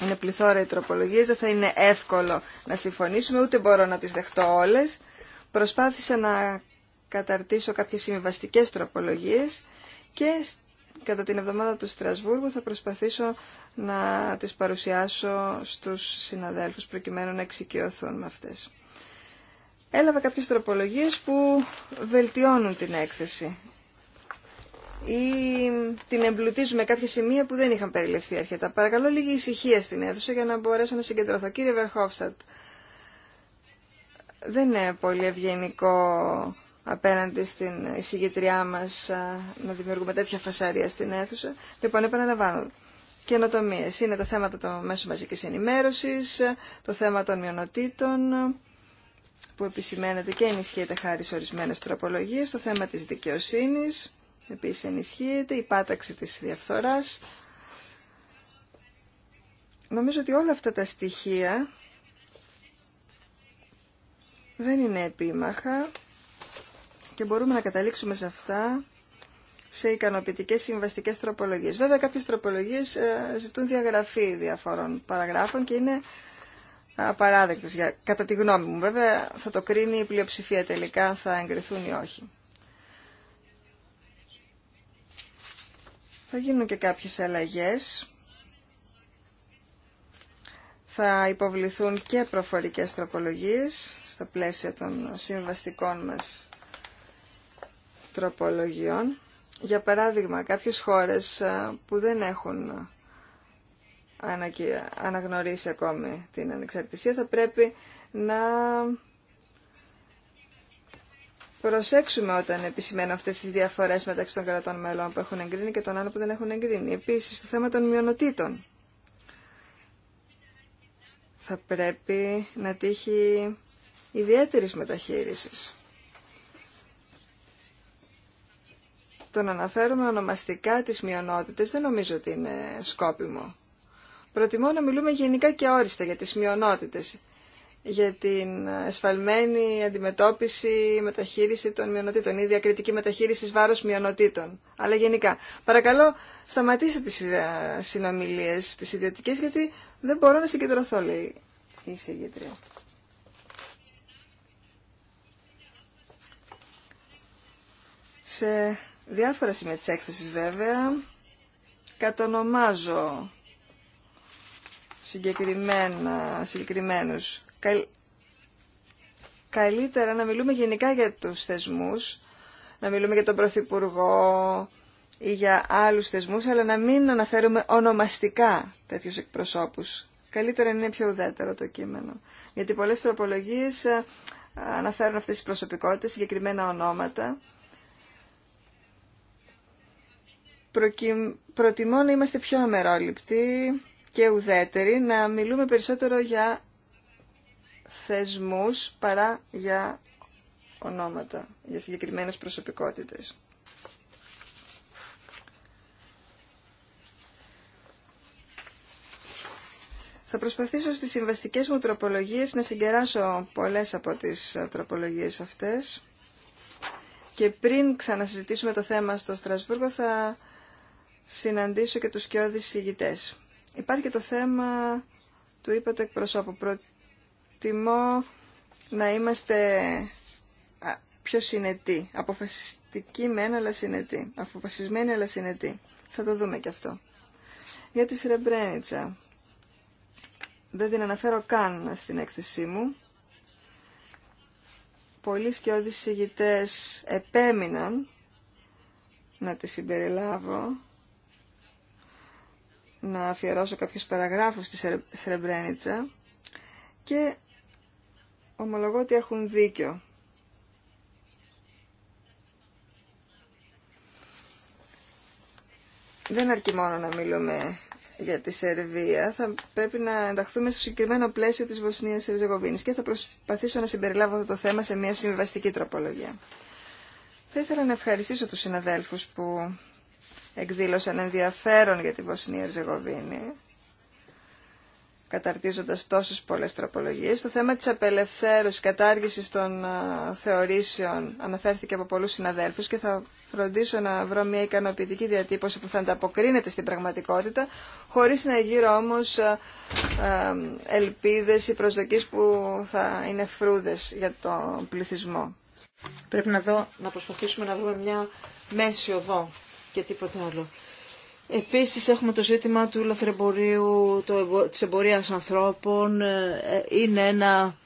είναι πληθώρα οι τροπολογίες, δεν θα είναι εύκολο να συμφωνήσουμε, ούτε μπορώ να τις δεχτώ όλες. Προσπάθησα να καταρτήσω κάποιες συμβαστικές τροπολογίες και κατά την εβδομάδα του Στρασβούργου θα προσπαθήσω να τις παρουσιάσω στους συναδέλφους προκειμένου να εξοικειωθούν με αυτές. Έλαβα κάποιες τροπολογίες που βελτιώνουν την έκθεση ή την εμπλουτίζουμε κάποια σημεία που δεν είχαν περιληφθεί αρκετά. Παρακαλώ λίγη ησυχία στην αίθουσα για να μπορέσω να συγκεντρωθώ. Κύριε Βερχόφστατ, δεν είναι πολύ ευγενικό απέναντι στην εισηγητριά μας να δημιουργούμε τέτοια φασαρία στην αίθουσα. Λοιπόν, επαναλαμβάνω. Καινοτομίε είναι τα θέματα των μέσων μαζική ενημέρωση, το θέμα των μειονοτήτων, που επισημαίνεται και ενισχύεται χάρη σε ορισμένε τροπολογίε, το θέμα τη δικαιοσύνη. Επίση ενισχύεται, η πάταξη τη διαφθορά. Νομίζω ότι όλα αυτά τα στοιχεία δεν είναι επίμαχα, και μπορούμε να καταλήξουμε σε αυτά σε ικανοποιητικέ συμβαστικέ τροπολογίε. Βέβαια, κάποιε τροπολογίε ε, ζητούν διαγραφή διαφόρων παραγράφων και είναι απαράδεκτε, κατά τη γνώμη μου. Βέβαια, θα το κρίνει η πλειοψηφία τελικά, θα εγκριθούν ή όχι. Θα γίνουν και κάποιες αλλαγές. Θα υποβληθούν και προφορικές τροπολογίες στα πλαίσια των συμβαστικών μας τροπολογιών. Για παράδειγμα, κάποιες χώρες ε, που δεν έχουν ε, αναγνωρίσει ακόμη την ανεξαρτησία θα πρέπει να προσέξουμε όταν επισημαίνω αυτές τις διαφορές μεταξύ των κρατών μελών που έχουν εγκρίνει και των άλλων που δεν έχουν εγκρίνει. Επίσης, το θέμα των μειονοτήτων θα πρέπει να τύχει ιδιαίτερης μεταχείρισης. το να αναφέρουμε ονομαστικά τις μειονότητες δεν νομίζω ότι είναι σκόπιμο. Προτιμώ να μιλούμε γενικά και όριστα για τις μειονότητες, για την εσφαλμένη αντιμετώπιση, μεταχείριση των μειονοτήτων ή διακριτική μεταχείριση βάρος μειονοτήτων. Αλλά γενικά, παρακαλώ σταματήστε τις ε, συνομιλίες, τις ιδιωτικές, γιατί δεν μπορώ να συγκεντρωθώ, λέει η συγκεντρία. Σε διάφορα σημεία της έκθεσης βέβαια. Κατονομάζω συγκεκριμένα, συγκεκριμένους. Καλύτερα να μιλούμε γενικά για τους θεσμούς, να μιλούμε για τον Πρωθυπουργό ή για άλλους θεσμούς, αλλά να μην αναφέρουμε ονομαστικά τέτοιους εκπροσώπους. Καλύτερα είναι πιο ουδέτερο το κείμενο. Γιατί πολλές τροπολογίες ε, αναφέρουν αυτές τις προσωπικότητες, συγκεκριμένα ονόματα προτιμώ να είμαστε πιο αμερόληπτοι και ουδέτεροι, να μιλούμε περισσότερο για θεσμούς παρά για ονόματα, για συγκεκριμένες προσωπικότητες. Θα προσπαθήσω στις συμβαστικές μου τροπολογίες να συγκεράσω πολλές από τις ε, τροπολογίες αυτές και πριν ξανασυζητήσουμε το θέμα στο Στρασβούργο θα συναντήσω και τους κοιόδης συγητές. Υπάρχει και το θέμα του είπατε εκπροσώπου. Προτιμώ να είμαστε πιο συνετοί, αποφασιστικοί μεν αλλά συνετοί, αποφασισμένοι αλλά συνετοί. Θα το δούμε και αυτό. Για τη Σρεμπρένιτσα, δεν την αναφέρω καν στην έκθεσή μου. Πολλοί σκιώδεις συγητές επέμειναν να τη συμπεριλάβω να αφιερώσω κάποιους παραγράφους στη Σρεμπρένιτσα και ομολογώ ότι έχουν δίκιο. Δεν αρκεί μόνο να μιλούμε για τη Σερβία. Θα πρέπει να ενταχθούμε στο συγκεκριμένο πλαίσιο της Βοσνίας Ερζεγοβίνης και θα προσπαθήσω να συμπεριλάβω αυτό το θέμα σε μια συμβαστική τροπολογία. Θα ήθελα να ευχαριστήσω τους συναδέλφους που εκδήλωσαν ενδιαφέρον για τη Βοσνία Ζεγοβίνη καταρτίζοντας τόσες πολλές τροπολογίες. Το θέμα της απελευθέρωσης, κατάργησης των θεωρήσεων αναφέρθηκε από πολλούς συναδέλφους και θα φροντίσω να βρω μια ικανοποιητική διατύπωση που θα ανταποκρίνεται στην πραγματικότητα, χωρίς να γύρω όμως ελπίδες ή προσδοκίες που θα είναι φρούδες για τον πληθυσμό. Πρέπει να, δω, να προσπαθήσουμε να βρούμε μια μέση οδό και τίποτε άλλο. Επίσης έχουμε το ζήτημα του λαθρεμπορίου, το, της εμπορίας ανθρώπων. Ε, είναι ένα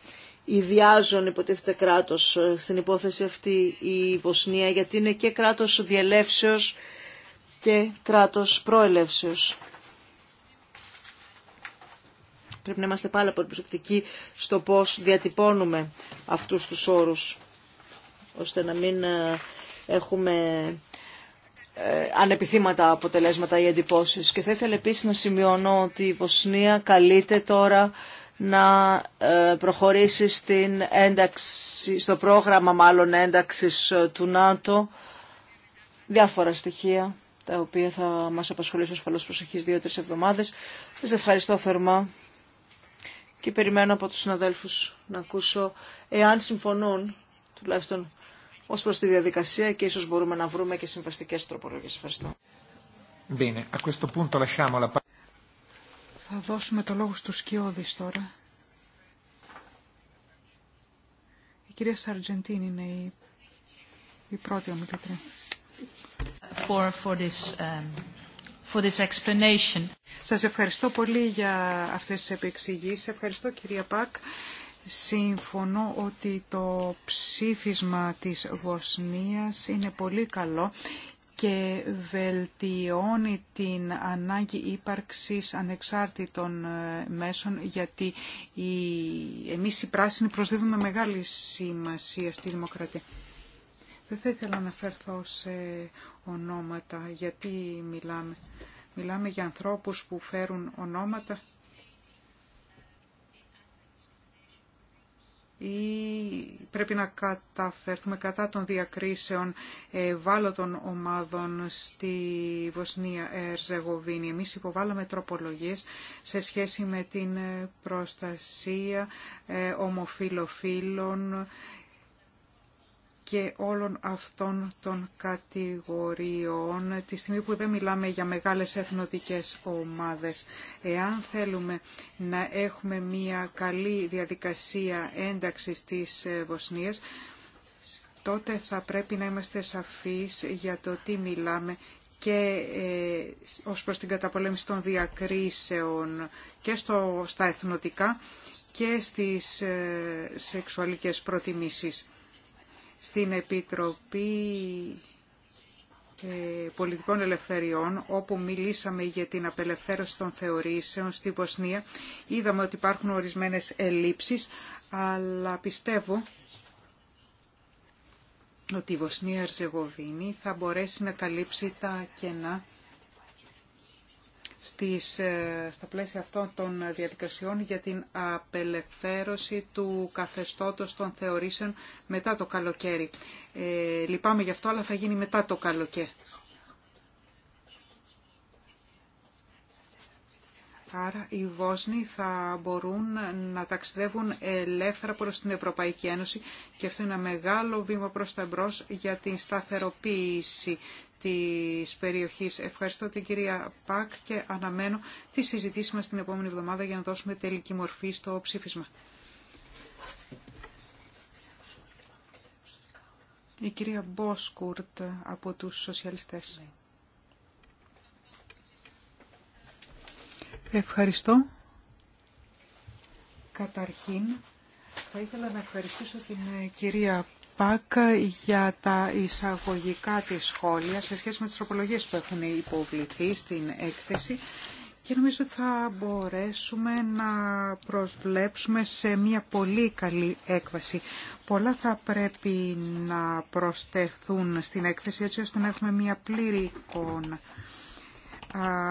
ιδιάζων υποτίθεται κράτος ε, στην υπόθεση αυτή η Βοσνία γιατί είναι και κράτος διελεύσεως και κράτος προελεύσεως. Πρέπει να είμαστε πάρα πολύ προσεκτικοί στο πώς διατυπώνουμε αυτούς τους όρους ώστε να μην ε, έχουμε ε, ανεπιθύματα αποτελέσματα ή εντυπώσεις. Και θα ήθελα επίσης να σημειώνω ότι η Βοσνία καλείται τώρα να ε, προχωρήσει στην ένταξη, στο πρόγραμμα μάλλον ένταξης ε, του ΝΑΤΟ διάφορα στοιχεία τα οποία θα μας απασχολήσουν ασφαλώς προσεχείς δύο-τρεις εβδομάδες. Σας ευχαριστώ θερμά και περιμένω από τους συναδέλφους να ακούσω εάν συμφωνούν τουλάχιστον ως προς τη διαδικασία και ίσως μπορούμε να βρούμε και συμβαστικές τροπολογίες. Ευχαριστώ. Θα δώσουμε το λόγο στους Σκιώδης τώρα. Η κυρία Σαρτζεντίν είναι η, η πρώτη ομιλήτρια. For, for this, um, for this explanation. Σας ευχαριστώ πολύ για αυτές τις επεξηγήσεις. Ευχαριστώ κυρία Πακ Συμφωνώ ότι το ψήφισμα της Βοσνίας είναι πολύ καλό και βελτιώνει την ανάγκη ύπαρξης ανεξάρτητων ε, μέσων γιατί οι... εμείς οι πράσινοι προσδίδουμε μεγάλη σημασία στη δημοκρατία. Δεν θα ήθελα να φέρθω σε ονόματα γιατί μιλάμε. Μιλάμε για ανθρώπους που φέρουν ονόματα πρέπει να καταφέρθουμε κατά των διακρίσεων ευάλωτων ομάδων στη Βοσνία Ερζεγοβίνη. Εμείς υποβάλαμε τροπολογίες σε σχέση με την προστασία ε, ομοφιλοφίλων και όλων αυτών των κατηγοριών τη στιγμή που δεν μιλάμε για μεγάλες εθνοδικές ομάδες. Εάν θέλουμε να έχουμε μια καλή διαδικασία ένταξης της ε, Βοσνίας, τότε θα πρέπει να είμαστε σαφείς για το τι μιλάμε και ε, ως προς την καταπολέμηση των διακρίσεων και στο, στα εθνοτικά και στις ε, σεξουαλικές προτιμήσεις στην Επιτροπή ε, Πολιτικών Ελευθεριών, όπου μιλήσαμε για την απελευθέρωση των θεωρήσεων στη Βοσνία, είδαμε ότι υπάρχουν ορισμένες ελλείψεις, αλλά πιστεύω ότι η Βοσνία Ερζεγοβίνη θα μπορέσει να καλύψει τα κενά στις, ε, στα πλαίσια αυτών των διαδικασιών για την απελευθέρωση του καθεστώτος των θεωρήσεων μετά το καλοκαίρι. Ε, λυπάμαι γι' αυτό, αλλά θα γίνει μετά το καλοκαίρι. Άρα οι Βόσνοι θα μπορούν να ταξιδεύουν ελεύθερα προς την Ευρωπαϊκή Ένωση και αυτό είναι ένα μεγάλο βήμα προς τα εμπρός για την σταθεροποίηση της περιοχής. Ευχαριστώ την κυρία Πακ και αναμένω τη συζητήση μας την επόμενη εβδομάδα για να δώσουμε τελική μορφή στο ψήφισμα. Η κυρία Μπόσκουρτ από τους σοσιαλιστές. Ευχαριστώ. Καταρχήν, θα ήθελα να ευχαριστήσω την κυρία ΠΑΚ για τα εισαγωγικά της σχόλια σε σχέση με τις τροπολογίες που έχουν υποβληθεί στην έκθεση και νομίζω ότι θα μπορέσουμε να προσβλέψουμε σε μια πολύ καλή έκβαση. Πολλά θα πρέπει να προστεθούν στην έκθεση έτσι ώστε να έχουμε μια πλήρη εικόνα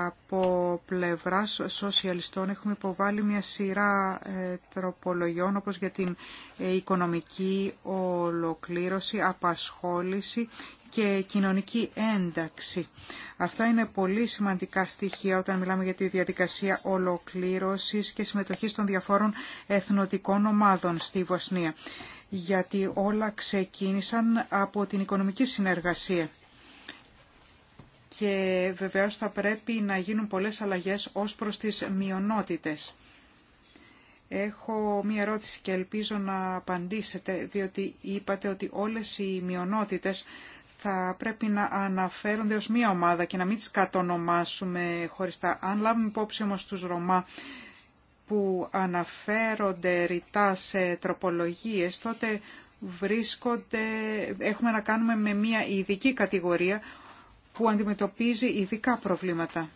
από πλευρά σοσιαλιστών έχουμε υποβάλει μια σειρά ε, τροπολογιών όπως για την ε, οικονομική ολοκλήρωση, απασχόληση και κοινωνική ένταξη. Αυτά είναι πολύ σημαντικά στοιχεία όταν μιλάμε για τη διαδικασία ολοκλήρωσης και συμμετοχής των διαφόρων εθνοτικών ομάδων στη Βοσνία. Γιατί όλα ξεκίνησαν από την οικονομική συνεργασία και βεβαίως θα πρέπει να γίνουν πολλές αλλαγές ως προς τις μειονότητες. Έχω μία ερώτηση και ελπίζω να απαντήσετε, διότι είπατε ότι όλες οι μειονότητες θα πρέπει να αναφέρονται ως μία ομάδα και να μην τις κατονομάσουμε χωριστά. Αν λάβουμε υπόψη όμως τους Ρωμά που αναφέρονται ρητά σε τροπολογίες, τότε έχουμε να κάνουμε με μία ειδική κατηγορία που αντιμετωπίζει ειδικά προβλήματα,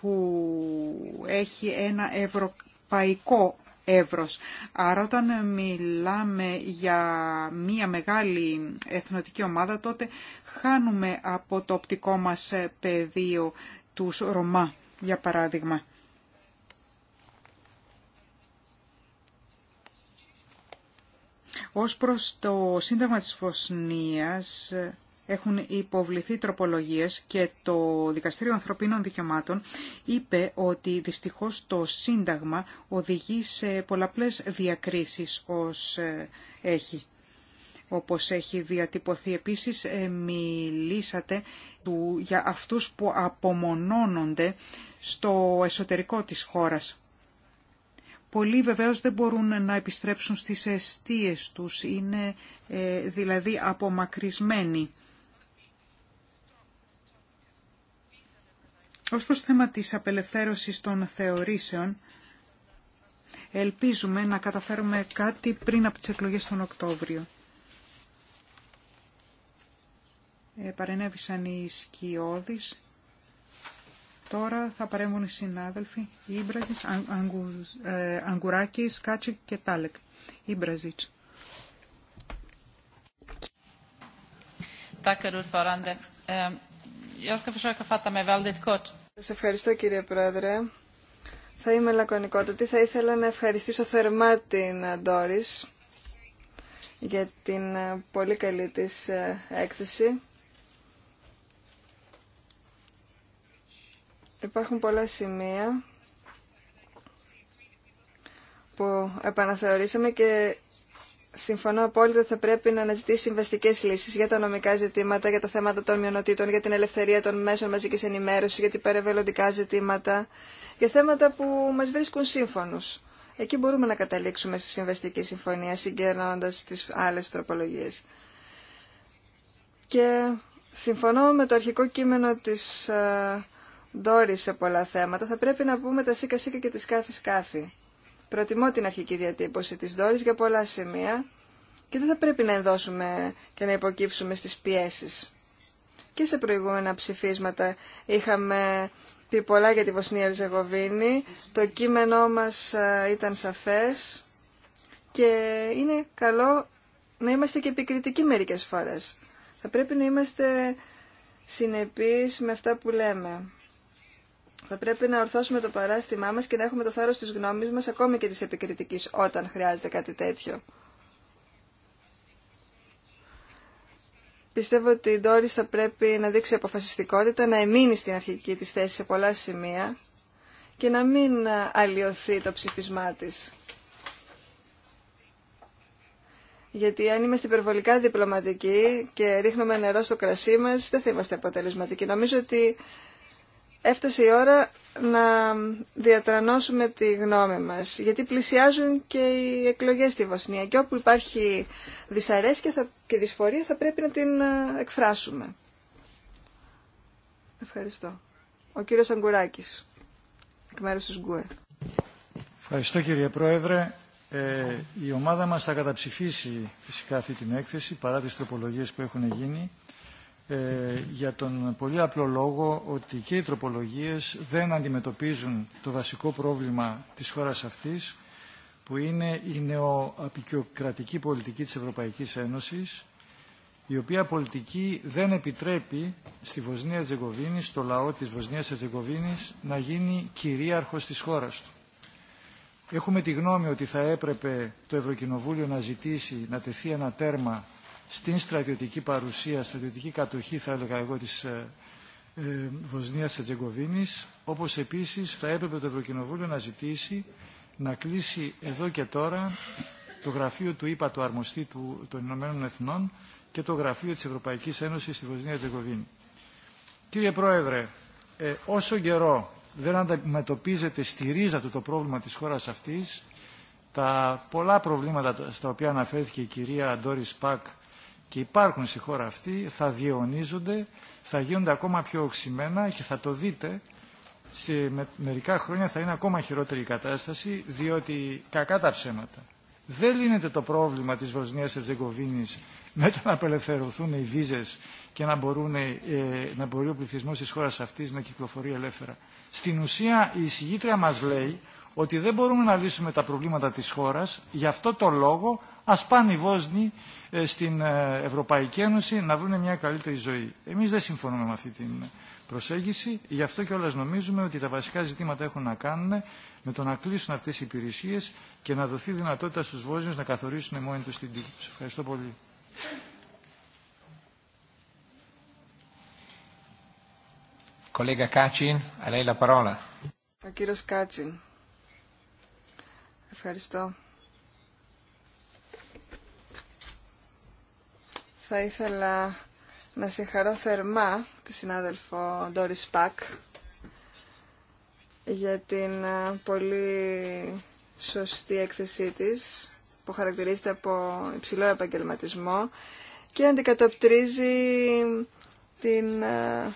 που έχει ένα ευρωπαϊκό εύρος. Άρα όταν μιλάμε για μία μεγάλη εθνοτική ομάδα, τότε χάνουμε από το οπτικό μας πεδίο τους Ρωμά, για παράδειγμα. Ως προς το Σύνταγμα της Βοσνίας, έχουν υποβληθεί τροπολογίες και το Δικαστήριο Ανθρωπίνων Δικαιωμάτων είπε ότι δυστυχώς το Σύνταγμα οδηγεί σε πολλαπλές διακρίσεις ως ε, έχει. Όπως έχει διατυπωθεί επίσης, ε, μιλήσατε του, για αυτούς που απομονώνονται στο εσωτερικό της χώρας. Πολλοί βεβαίως δεν μπορούν να επιστρέψουν στις αιστείες τους, είναι ε, δηλαδή απομακρυσμένοι Ως προς το θέμα της απελευθέρωσης των θεωρήσεων, ελπίζουμε να καταφέρουμε κάτι πριν από τις εκλογές τον Οκτώβριο. Ε, παρενέβησαν οι σκιώδεις. Τώρα θα παρέμβουν οι συνάδελφοι Ήμπραζης, ε, Αγκουράκης, και Τάλεκ. Ήμπραζιτς. Tackar ordförande. Ehm, jag ska försöka fatta mig väldigt kort. Σας ευχαριστώ κύριε Πρόεδρε. Θα είμαι λακωνικότατη. Θα ήθελα να ευχαριστήσω θερμά την Ντόρις για την ε, πολύ καλή της ε, έκθεση. Υπάρχουν πολλά σημεία που επαναθεωρήσαμε και συμφωνώ απόλυτα ότι θα πρέπει να αναζητήσει συμβαστικέ λύσει για τα νομικά ζητήματα, για τα θέματα των μειονοτήτων, για την ελευθερία των μέσων μαζική ενημέρωση, για τα περιβαλλοντικά ζητήματα, για θέματα που μα βρίσκουν σύμφωνου. Εκεί μπορούμε να καταλήξουμε στη συμβαστική συμφωνία, συγκερνώντα τι άλλε τροπολογίε. Και συμφωνώ με το αρχικό κείμενο τη ε, Ντόρι σε πολλά θέματα. Θα πρέπει να πούμε τα σίκα σίκα και τη σκάφη σκάφη. Προτιμώ την αρχική διατύπωση της δόρης για πολλά σημεία και δεν θα πρέπει να ενδώσουμε και να υποκύψουμε στις πιέσεις. Και σε προηγούμενα ψηφίσματα είχαμε πει πολλά για τη Βοσνία Ριζεγοβίνη, το κείμενό μας ήταν σαφές και είναι καλό να είμαστε και επικριτικοί μερικές φορές. Θα πρέπει να είμαστε συνεπείς με αυτά που λέμε. Θα πρέπει να ορθώσουμε το παράστημά μας και να έχουμε το θάρρος της γνώμης μας, ακόμη και της επικριτικής, όταν χρειάζεται κάτι τέτοιο. Πιστεύω ότι η Ντόρις θα πρέπει να δείξει αποφασιστικότητα, να εμείνει στην αρχική της θέση σε πολλά σημεία και να μην αλλοιωθεί το ψηφισμά της. Γιατί αν είμαστε υπερβολικά διπλωματικοί και ρίχνουμε νερό στο κρασί μας, δεν θα είμαστε αποτελεσματικοί. Νομίζω ότι έφτασε η ώρα να διατρανώσουμε τη γνώμη μας, γιατί πλησιάζουν και οι εκλογές στη Βοσνία και όπου υπάρχει δυσαρέσκεια και δυσφορία θα πρέπει να την ε, εκφράσουμε. Ευχαριστώ. Ο κύριος Αγκουράκης, εκ μέρους της ΓΚΟΕ. Ευχαριστώ κύριε Πρόεδρε. Ε, η ομάδα μας θα καταψηφίσει φυσικά αυτή την έκθεση παρά τις τροπολογίες που έχουν γίνει. Ε, για τον πολύ απλό λόγο ότι και οι τροπολογίες δεν αντιμετωπίζουν το βασικό πρόβλημα της χώρας αυτής που είναι η νεοαπικιοκρατική πολιτική της Ευρωπαϊκής Ένωσης η οποία πολιτική δεν επιτρέπει στη Βοσνία Τζεγκοβίνη, στο λαό της Βοσνίας Τζεγκοβίνης να γίνει κυρίαρχος της χώρας του. Έχουμε τη γνώμη ότι θα έπρεπε το Ευρωκοινοβούλιο να ζητήσει να τεθεί ένα τέρμα στην στρατιωτική παρουσία, στρατιωτική κατοχή θα έλεγα εγώ της ε, ε, Βοσνίας Ατζεγκοβίνης, όπως επίσης θα έπρεπε το Ευρωκοινοβούλιο να ζητήσει να κλείσει εδώ και τώρα το γραφείο του ΙΠΑ, του αρμοστή του, των Ηνωμένων Εθνών και το γραφείο της Ευρωπαϊκής Ένωσης στη Βοσνία Τζεγκοβίνη. Κύριε Πρόεδρε, ε, όσο καιρό δεν αντιμετωπίζεται στη ρίζα του το πρόβλημα της χώρας αυτής, τα πολλά προβλήματα στα οποία αναφέρθηκε η κυρία Ντόρις Πακ και υπάρχουν στη χώρα αυτή, θα διαιωνίζονται, θα γίνονται ακόμα πιο οξυμένα και θα το δείτε, σε μερικά χρόνια θα είναι ακόμα χειρότερη η κατάσταση, διότι κακά τα ψέματα. Δεν λύνεται το πρόβλημα της Βοσνίας Ετζεγκοβίνης με το να απελευθερωθούν οι βίζες και να, μπορούν, ε, να μπορεί ο πληθυσμό της χώρας αυτής να κυκλοφορεί ελεύθερα. Στην ουσία η εισηγήτρια μας λέει ότι δεν μπορούμε να λύσουμε τα προβλήματα της χώρας, γι' αυτό το λόγο ας πάνε οι Βόσνοι ε, στην ε, Ευρωπαϊκή Ένωση να βρουν μια καλύτερη ζωή. Εμείς δεν συμφωνούμε με αυτή την προσέγγιση, γι' αυτό και νομίζουμε ότι τα βασικά ζητήματα έχουν να κάνουν με το να κλείσουν αυτές οι υπηρεσίες και να δοθεί δυνατότητα στους Βόζιους να καθορίσουν μόνοι τους την τύχη τους. Ευχαριστώ πολύ. Ευχαριστώ. Θα ήθελα να συγχαρώ θερμά τη συνάδελφο Ντόρι Σπακ για την ε, πολύ σωστή έκθεσή της που χαρακτηρίζεται από υψηλό επαγγελματισμό και αντικατοπτρίζει την ε,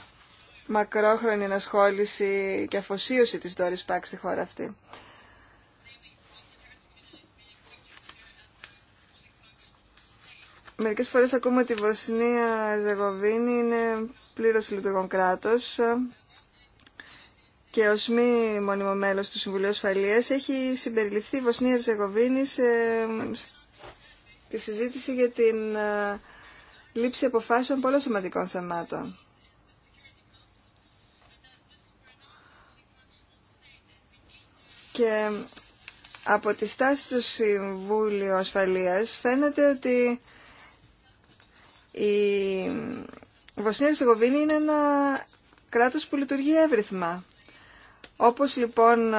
μακρόχρονη ενασχόληση και αφοσίωση της Doris Πακ στη χώρα αυτή. Μερικές φορές ακούμε ότι η Βοσνία Ζεγοβίνη είναι πλήρως λειτουργών κράτος και ως μη μόνιμο μέλος του Συμβουλίου Ασφαλείας έχει συμπεριληφθεί η Βοσνία Ζεγοβίνη στη συζήτηση για την ε, λήψη αποφάσεων πολλών σημαντικών θεμάτων. Και από τη στάση του Συμβούλιο Ασφαλείας φαίνεται ότι η Βοσνία Ζεγοβίνη είναι ένα κράτος που λειτουργεί εύρυθμα. Όπως λοιπόν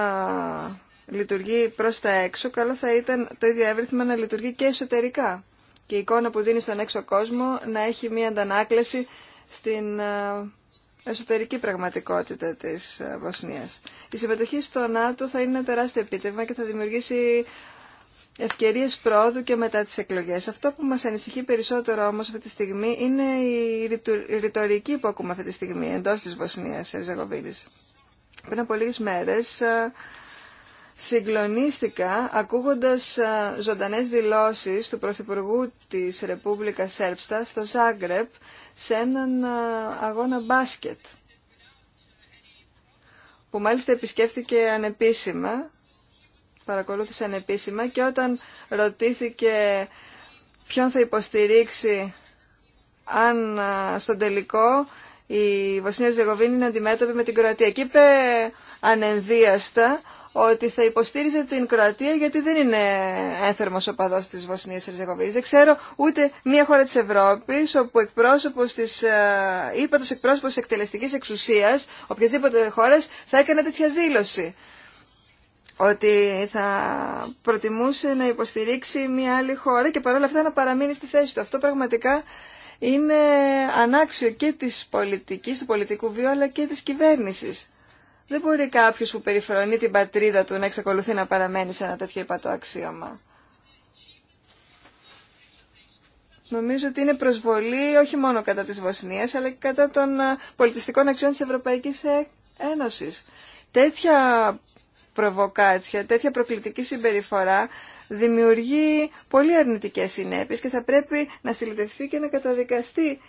λειτουργεί προς τα έξω, καλό θα ήταν το ίδιο εύρυθμα να λειτουργεί και εσωτερικά. Και η εικόνα που δίνει στον έξω κόσμο να έχει μία αντανάκλαση στην εσωτερική πραγματικότητα της Βοσνίας. Η συμμετοχή στο ΝΑΤΟ θα είναι ένα τεράστιο επίτευγμα και θα δημιουργήσει Ευκαιρίε πρόοδου και μετά τις εκλογές. Αυτό που μας ανησυχεί περισσότερο όμως αυτή τη στιγμή είναι η ρητορική που ακούμε αυτή τη στιγμή εντός της Βοσνίας σε Πριν από λίγε μέρες ε, συγκλονίστηκα ακούγοντας ε, ζωντανές δηλώσεις του Πρωθυπουργού της Ρεπούμπλικα Σέρψτα στο Ζάγκρεπ σε έναν ε, αγώνα μπάσκετ που μάλιστα επισκέφθηκε ανεπίσημα Παρακολούθησαν επίσημα και όταν ρωτήθηκε ποιον θα υποστηρίξει αν στον τελικό η Βοσνία Ζεγοβίνη είναι αντιμέτωπη με την Κροατία. Και είπε ανενδίαστα ότι θα υποστήριζε την Κροατία γιατί δεν είναι ένθερμος οπαδός της Βοσνίας ζεγοβίνης. Δεν ξέρω ούτε μία χώρα της Ευρώπης όπου εκπρόσωπος της, είπα, εκπρόσωπος εκτελεστικής εξουσίας οποιασδήποτε χώρας θα έκανε τέτοια δήλωση ότι θα προτιμούσε να υποστηρίξει μια άλλη χώρα και παρόλα αυτά να παραμείνει στη θέση του. Αυτό πραγματικά είναι ανάξιο και της πολιτικής, του πολιτικού βίου, αλλά και της κυβέρνησης. Δεν μπορεί κάποιο που περιφρονεί την πατρίδα του να εξακολουθεί να παραμένει σε ένα τέτοιο υπατό αξίωμα. Νομίζω ότι είναι προσβολή όχι μόνο κατά της Βοσνίας, αλλά και κατά των ε, πολιτιστικών αξιών της Ευρωπαϊκής Ένωσης. Τέτοια προβοκάτσια, τέτοια προκλητική συμπεριφορά δημιουργεί πολύ αρνητικές συνέπειες και θα πρέπει να συλλητευθεί και να καταδικαστεί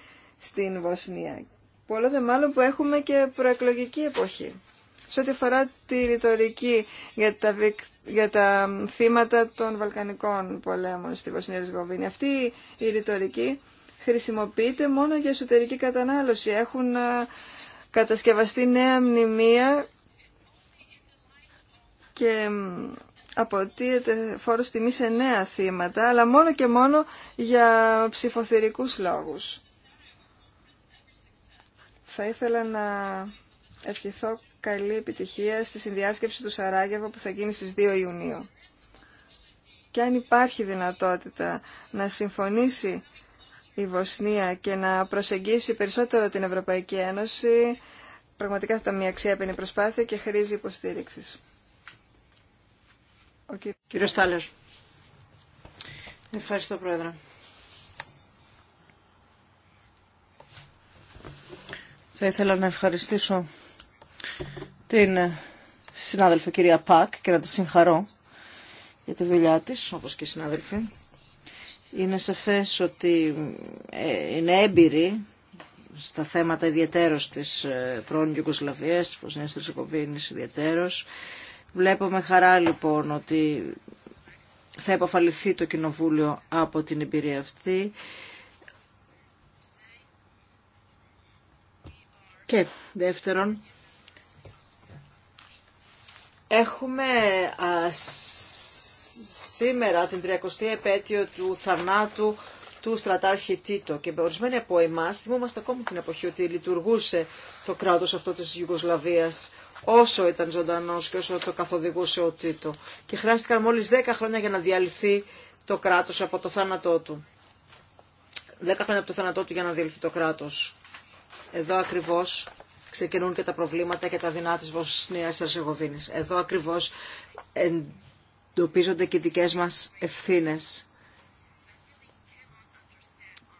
στην Βοσνία. Πολλό δε μάλλον που έχουμε και προεκλογική εποχή. Σε ό,τι αφορά τη ρητορική για τα, για τα θύματα των Βαλκανικών πολέμων στη Βοσνία Ριζγοβίνη, αυτή η ρητορική χρησιμοποιείται μόνο για εσωτερική κατανάλωση. Έχουν ε, κατασκευαστεί νέα μνημεία και αποτείεται φόρος τιμή σε νέα θύματα, αλλά μόνο και μόνο για ψηφοθυρικούς λόγους. Θα ήθελα να ευχηθώ καλή επιτυχία στη συνδιάσκεψη του Σαράγεβα που θα γίνει στις 2 Ιουνίου. Και αν υπάρχει δυνατότητα να συμφωνήσει η Βοσνία και να προσεγγίσει περισσότερο την Ευρωπαϊκή Ένωση, πραγματικά θα ήταν μια αξιέπαινη προσπάθεια και χρήζει υποστήριξης. Ευχαριστώ, Πρόεδρε. Θα ήθελα να ευχαριστήσω την συνάδελφη κυρία Πακ και να τη συγχαρώ για τη δουλειά της, όπως και οι συνάδελφοι. Είναι σαφές ότι ε, είναι έμπειρη στα θέματα ιδιαίτερως της ε, πρώην Γιουγκοσλαβίας, της Βοσνίας Τρισεκοβίνης ιδιαίτερως Βλέπω με χαρά λοιπόν ότι θα υποφαληθεί το Κοινοβούλιο από την εμπειρία αυτή. Και δεύτερον, έχουμε σήμερα την 30η επέτειο του θανάτου του στρατάρχη Τίτο και ορισμένοι από εμάς θυμόμαστε ακόμα την εποχή ότι λειτουργούσε το κράτος αυτό της Ιουγκοσλαβίας όσο ήταν ζωντανός και όσο το καθοδηγούσε ο Τίτο. Και χρειάστηκαν μόλις 10 χρόνια για να διαλυθεί το κράτος από το θάνατό του. 10 χρόνια από το θάνατό του για να διαλυθεί το κράτος. Εδώ ακριβώς ξεκινούν και τα προβλήματα και τα δεινά της Βοσνίας Ερζεγοβίνης. Εδώ ακριβώς εντοπίζονται και οι δικές μας ευθύνες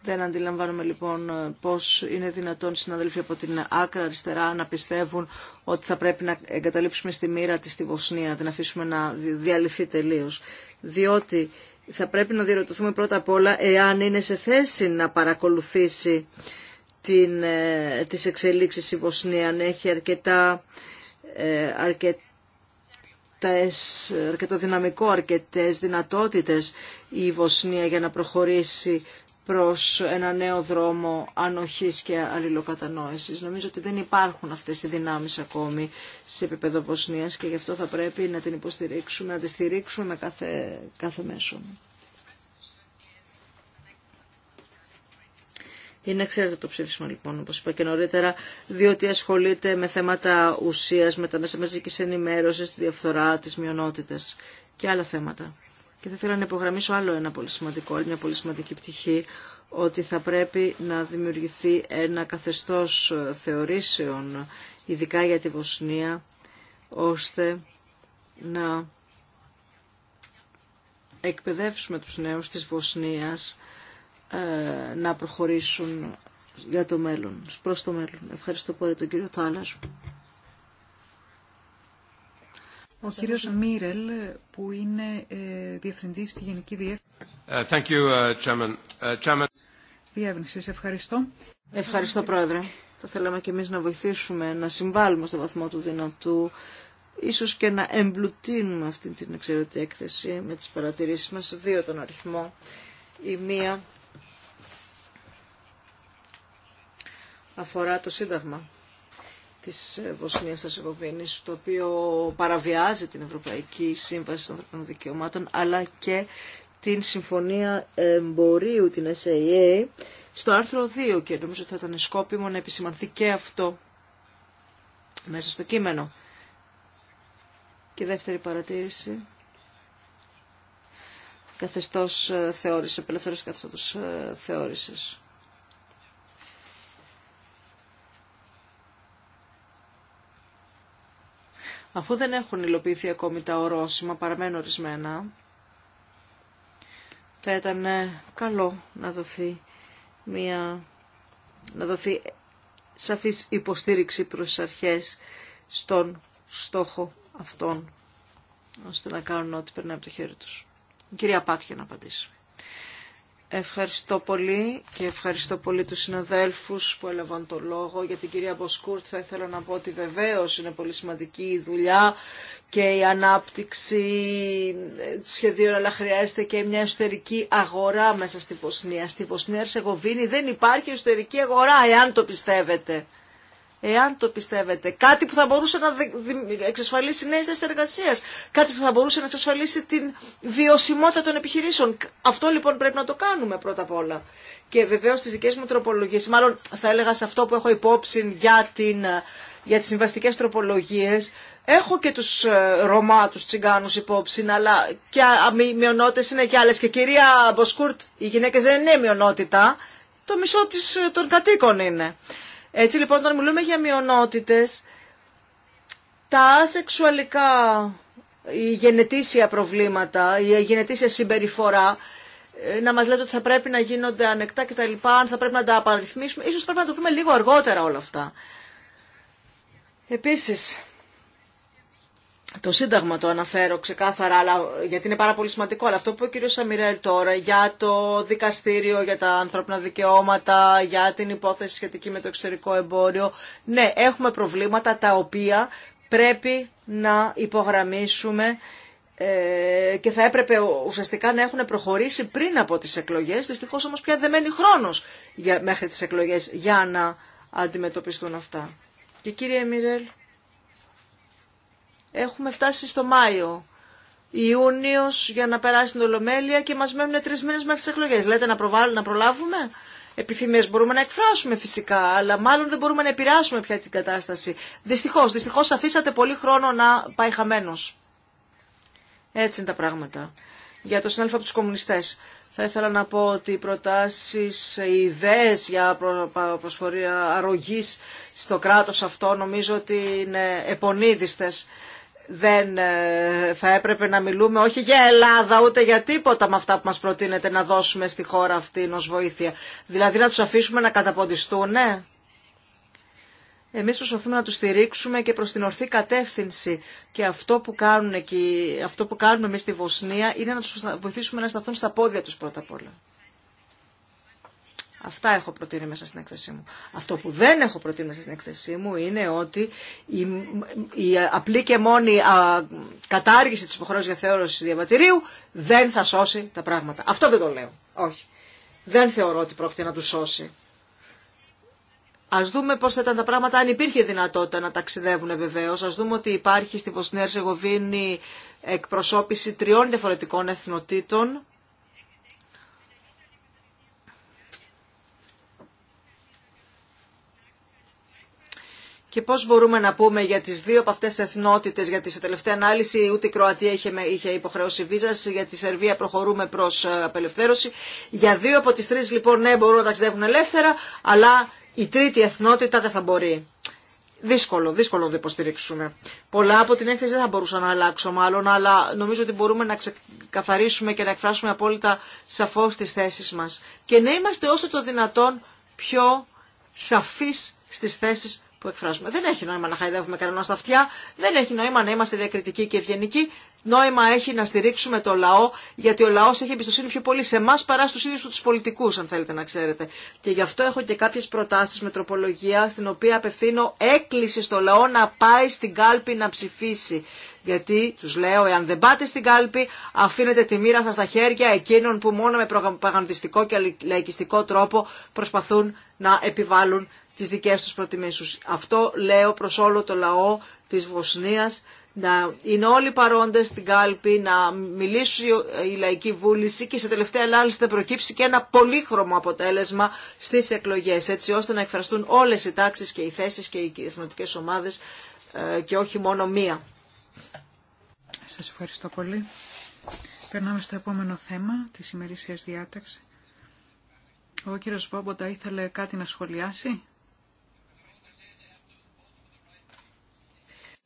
δεν αντιλαμβάνομαι λοιπόν ε, πώς είναι δυνατόν οι συναδέλφοι από την άκρα αριστερά να πιστεύουν ότι θα πρέπει να εγκαταλείψουμε στη μοίρα της τη Βοσνία, να την αφήσουμε να διαλυθεί τελείως. Διότι θα πρέπει να διερωτηθούμε πρώτα απ' όλα εάν είναι σε θέση να παρακολουθήσει την, ε, τις εξελίξεις η Βοσνία, αν έχει αρκετά, ε, αρκετό δυναμικό, αρκετές δυνατότητες η Βοσνία για να προχωρήσει προς ένα νέο δρόμο ανοχής και αλληλοκατανόησης. Νομίζω ότι δεν υπάρχουν αυτές οι δυνάμεις ακόμη σε επίπεδο Βοσνίας και γι' αυτό θα πρέπει να την υποστηρίξουμε, να τη στηρίξουμε με κάθε, κάθε μέσο. Είναι ξέρετε το ψήφισμα λοιπόν, όπως είπα και νωρίτερα, διότι ασχολείται με θέματα ουσίας, με τα μέσα μαζικής ενημέρωσης, τη διαφθορά, τις μειονότητες και άλλα θέματα. Και θα ήθελα να υπογραμμίσω άλλο ένα πολύ σημαντικό, μια πολύ σημαντική πτυχή, ότι θα πρέπει να δημιουργηθεί ένα καθεστώς θεωρήσεων, ειδικά για τη Βοσνία, ώστε να εκπαιδεύσουμε τους νέους της Βοσνίας ε, να προχωρήσουν για το μέλλον, προς το μέλλον. Ευχαριστώ πολύ τον κύριο Τάλας. Ο κύριος Μίρελ, που είναι ε, διευθυντής στη Γενική Διεύθυνση. Ε, ε, ευχαριστώ. Ευχαριστώ, Πρόεδρε. Θα θέλαμε και εμείς να βοηθήσουμε, να συμβάλλουμε στο βαθμό του δυνατού, ίσως και να εμπλουτίνουμε αυτή την εξαιρετική έκθεση με τις παρατηρήσεις μας, δύο τον αριθμό. Η μία αφορά το Σύνταγμα της ε, Βοσνίας Ερσεγοβίνης, το οποίο παραβιάζει την Ευρωπαϊκή Σύμβαση των Ανθρωπίνων Δικαιωμάτων, αλλά και την Συμφωνία Εμπορίου, την SAA, στο άρθρο 2 και νομίζω ότι θα ήταν σκόπιμο να επισημανθεί και αυτό μέσα στο κείμενο. Και δεύτερη παρατήρηση. Καθεστώς ε, θεώρηση, απελευθέρωση τους ε, θεώρησης. αφού δεν έχουν υλοποιηθεί ακόμη τα ορόσημα, παραμένουν ορισμένα, θα ήταν ε, καλό να δοθεί, μια, να δοθεί σαφής υποστήριξη προς τις αρχές στον στόχο αυτών, ώστε να κάνουν ό,τι περνάει από το χέρι τους. Η κυρία Πάκ να απαντήσει. Ευχαριστώ πολύ και ευχαριστώ πολύ τους συναδέλφους που έλαβαν το λόγο. Για την κυρία Μποσκούρτ θα ήθελα να πω ότι βεβαίως είναι πολύ σημαντική η δουλειά και η ανάπτυξη σχεδίων, αλλά χρειάζεται και μια εσωτερική αγορά μέσα στη Ποσνία. Στη Βοσνία Ερσεγοβίνη δεν υπάρχει εσωτερική αγορά, εάν το πιστεύετε εάν το πιστεύετε. Κάτι που θα μπορούσε να εξασφαλίσει νέε θέσει Κάτι που θα μπορούσε να εξασφαλίσει την βιωσιμότητα των επιχειρήσεων. Αυτό λοιπόν πρέπει να το κάνουμε πρώτα απ' όλα. Και βεβαίω στι δικέ μου τροπολογίε, μάλλον θα έλεγα σε αυτό που έχω υπόψη για, την, για τις συμβαστικές τροπολογίες, Έχω και τους ε, Ρωμά, τους Τσιγκάνους υπόψη, αλλά και μειονότητες είναι και άλλες. Και κυρία Μποσκούρτ, οι γυναίκες δεν είναι μειονότητα, το μισό της, ε, των κατοίκων είναι. Έτσι λοιπόν όταν μιλούμε για μειονότητες, τα ασεξουαλικά, η γενετήσια προβλήματα, η γενετήσια συμπεριφορά, ε, να μας λέτε ότι θα πρέπει να γίνονται ανεκτά κτλ, αν θα πρέπει να τα απαριθμίσουμε, ίσως πρέπει να το δούμε λίγο αργότερα όλα αυτά. Επίσης, το Σύνταγμα το αναφέρω ξεκάθαρα, αλλά, γιατί είναι πάρα πολύ σημαντικό, αλλά αυτό που είπε ο κ. Σαμιρέλ τώρα για το δικαστήριο, για τα ανθρώπινα δικαιώματα, για την υπόθεση σχετική με το εξωτερικό εμπόριο, ναι, έχουμε προβλήματα τα οποία πρέπει να υπογραμμίσουμε ε, και θα έπρεπε ουσιαστικά να έχουν προχωρήσει πριν από τις εκλογές, δυστυχώς όμως πια μένει χρόνος για, μέχρι τις εκλογές για να αντιμετωπιστούν αυτά. Και κύριε Μιρέλ. Έχουμε φτάσει στο Μάιο. Ιούνιο για να περάσει την Ολομέλεια και μα μένουν τρει μήνε μέχρι τι εκλογέ. Λέτε να, προβάλλουμε, να προλάβουμε. Επιθυμίε μπορούμε να εκφράσουμε φυσικά, αλλά μάλλον δεν μπορούμε να επηρεάσουμε πια την κατάσταση. Δυστυχώ, δυστυχώ αφήσατε πολύ χρόνο να πάει χαμένο. Έτσι είναι τα πράγματα. Για το συνέλφα από του κομμουνιστέ. Θα ήθελα να πω ότι οι προτάσεις, οι ιδέε για προσφορία αρρωγή στο κράτο αυτό νομίζω ότι είναι επονίδιστες δεν ε, θα έπρεπε να μιλούμε όχι για Ελλάδα ούτε για τίποτα με αυτά που μας προτείνεται να δώσουμε στη χώρα αυτή ως βοήθεια. Δηλαδή να τους αφήσουμε να καταποντιστούν, ναι. Εμείς προσπαθούμε να τους στηρίξουμε και προς την ορθή κατεύθυνση. Και αυτό που, κάνουν εκεί, αυτό που κάνουμε εμείς στη Βοσνία είναι να τους βοηθήσουμε να σταθούν στα πόδια τους πρώτα απ' όλα. Αυτά έχω προτείνει μέσα στην έκθεσή μου. Αυτό που δεν έχω προτείνει μέσα στην έκθεσή μου είναι ότι η, η απλή και μόνη κατάργηση της υποχρέωσης για θεώρηση διαβατηρίου δεν θα σώσει τα πράγματα. Αυτό δεν το λέω. Όχι. Δεν θεωρώ ότι πρόκειται να του σώσει. Α δούμε πώ θα ήταν τα πράγματα αν υπήρχε δυνατότητα να ταξιδεύουν βεβαίω. Α δούμε ότι υπάρχει στη Βοσνία Ερσεγοβίνη εκπροσώπηση τριών διαφορετικών εθνοτήτων Και πώς μπορούμε να πούμε για τις δύο από αυτές τις εθνότητες, γιατί σε τελευταία ανάλυση ούτε η Κροατία είχε, είχε υποχρέωση βίζας, για τη Σερβία προχωρούμε προς ε, απελευθέρωση. Για δύο από τις τρεις λοιπόν ναι μπορούν να ταξιδεύουν ελεύθερα, αλλά η τρίτη εθνότητα δεν θα μπορεί. Δύσκολο, δύσκολο να το υποστηρίξουμε. Πολλά από την έκθεση δεν θα μπορούσα να αλλάξω μάλλον, αλλά νομίζω ότι μπορούμε να ξεκαθαρίσουμε και να εκφράσουμε απόλυτα σαφώς τις θέσεις μας. Και να είμαστε όσο το δυνατόν πιο σαφείς στις θέσεις που εκφράζουμε. Δεν έχει νόημα να χαϊδεύουμε κανένα στα αυτιά, δεν έχει νόημα να είμαστε διακριτικοί και ευγενικοί. Νόημα έχει να στηρίξουμε το λαό, γιατί ο λαό έχει εμπιστοσύνη πιο πολύ σε εμά παρά στου ίδιου του πολιτικού, αν θέλετε να ξέρετε. Και γι' αυτό έχω και κάποιε προτάσει με τροπολογία, στην οποία απευθύνω έκκληση στο λαό να πάει στην κάλπη να ψηφίσει γιατί τους λέω εάν δεν πάτε στην κάλπη αφήνετε τη μοίρα σας στα χέρια εκείνων που μόνο με προπαγανδιστικό και λαϊκιστικό τρόπο προσπαθούν να επιβάλλουν τις δικές τους προτιμήσεις. Αυτό λέω προς όλο το λαό της Βοσνίας να είναι όλοι παρόντες στην κάλπη, να μιλήσει η λαϊκή βούληση και σε τελευταία ελάχιστα προκύψει και ένα πολύχρωμο αποτέλεσμα στις εκλογές, έτσι ώστε να εκφραστούν όλες οι τάξεις και οι θέσεις και οι εθνοτικές ομάδες ε, και όχι μόνο μία. Σας ευχαριστώ πολύ. Περνάμε στο επόμενο θέμα της ημερήσιας διάταξης. Ο κύριος Βόμποντα ήθελε κάτι να σχολιάσει.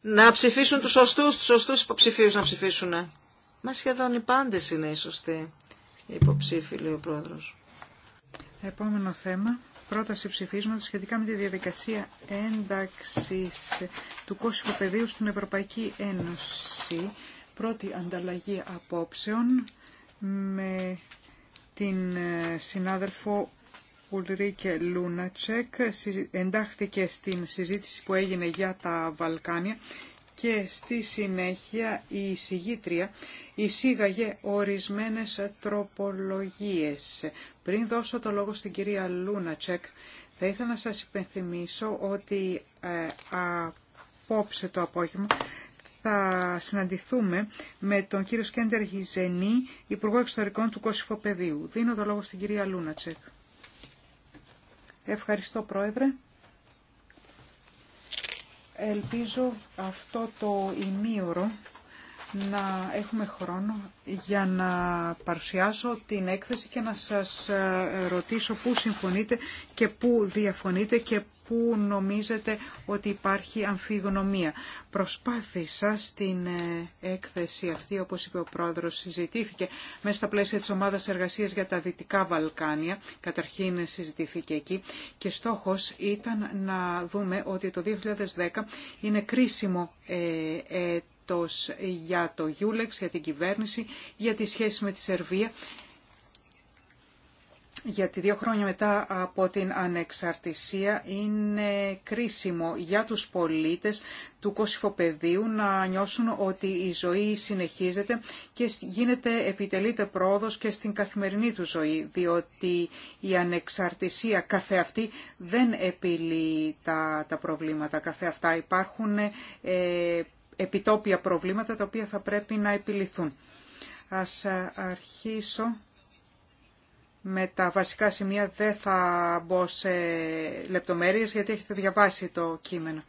Να ψηφίσουν τους σωστούς, τους σωστούς υποψηφίους να ψηφίσουν. Μα σχεδόν οι πάντες είναι οι σωστοί ο πρόεδρος. Επόμενο θέμα πρόταση ψηφίσματος σχετικά με τη διαδικασία ένταξη του κόσμου πεδίου στην Ευρωπαϊκή Ένωση. Πρώτη ανταλλαγή απόψεων με την ε, συνάδελφο Ουλρίκε Λούνατσεκ εντάχθηκε στην συζήτηση που έγινε για τα Βαλκάνια και στη συνέχεια η εισηγήτρια εισήγαγε ορισμένες τροπολογίες. Πριν δώσω το λόγο στην κυρία Λούνατσεκ, θα ήθελα να σας υπενθυμίσω ότι ε, απόψε το απόγευμα θα συναντηθούμε με τον κύριο Σκέντερ Γιζενή, Υπουργό Εξωτερικών του Κωσυφοπεδίου. Δίνω το λόγο στην κυρία Λούνατσεκ. Ευχαριστώ, Πρόεδρε. Ελπίζω αυτό το ημίωρο να έχουμε χρόνο για να παρουσιάσω την έκθεση και να σας ε, ρωτήσω πού συμφωνείτε και πού διαφωνείτε και που νομίζετε ότι υπάρχει αμφιγνωμία. Προσπάθησα στην ε, έκθεση αυτή, όπως είπε ο πρόεδρος, συζητήθηκε μέσα στα πλαίσια της ομάδας εργασίας για τα Δυτικά Βαλκάνια. Καταρχήν συζητήθηκε εκεί και στόχος ήταν να δούμε ότι το 2010 είναι κρίσιμο ε, για το Γιούλεξ, για την κυβέρνηση, για τις σχέσεις με τη Σερβία γιατί δύο χρόνια μετά από την ανεξαρτησία είναι κρίσιμο για τους πολίτες του Κωσυφοπεδίου να νιώσουν ότι η ζωή συνεχίζεται και γίνεται επιτελείται πρόοδος και στην καθημερινή του ζωή, διότι η ανεξαρτησία καθεαυτή δεν επιλύει τα, τα προβλήματα καθεαυτά. Υπάρχουν ε, επιτόπια προβλήματα τα οποία θα πρέπει να επιληθούν. Ας ε, αρχίσω με τα βασικά σημεία δεν θα μπω σε λεπτομέρειες γιατί έχετε διαβάσει το κείμενο.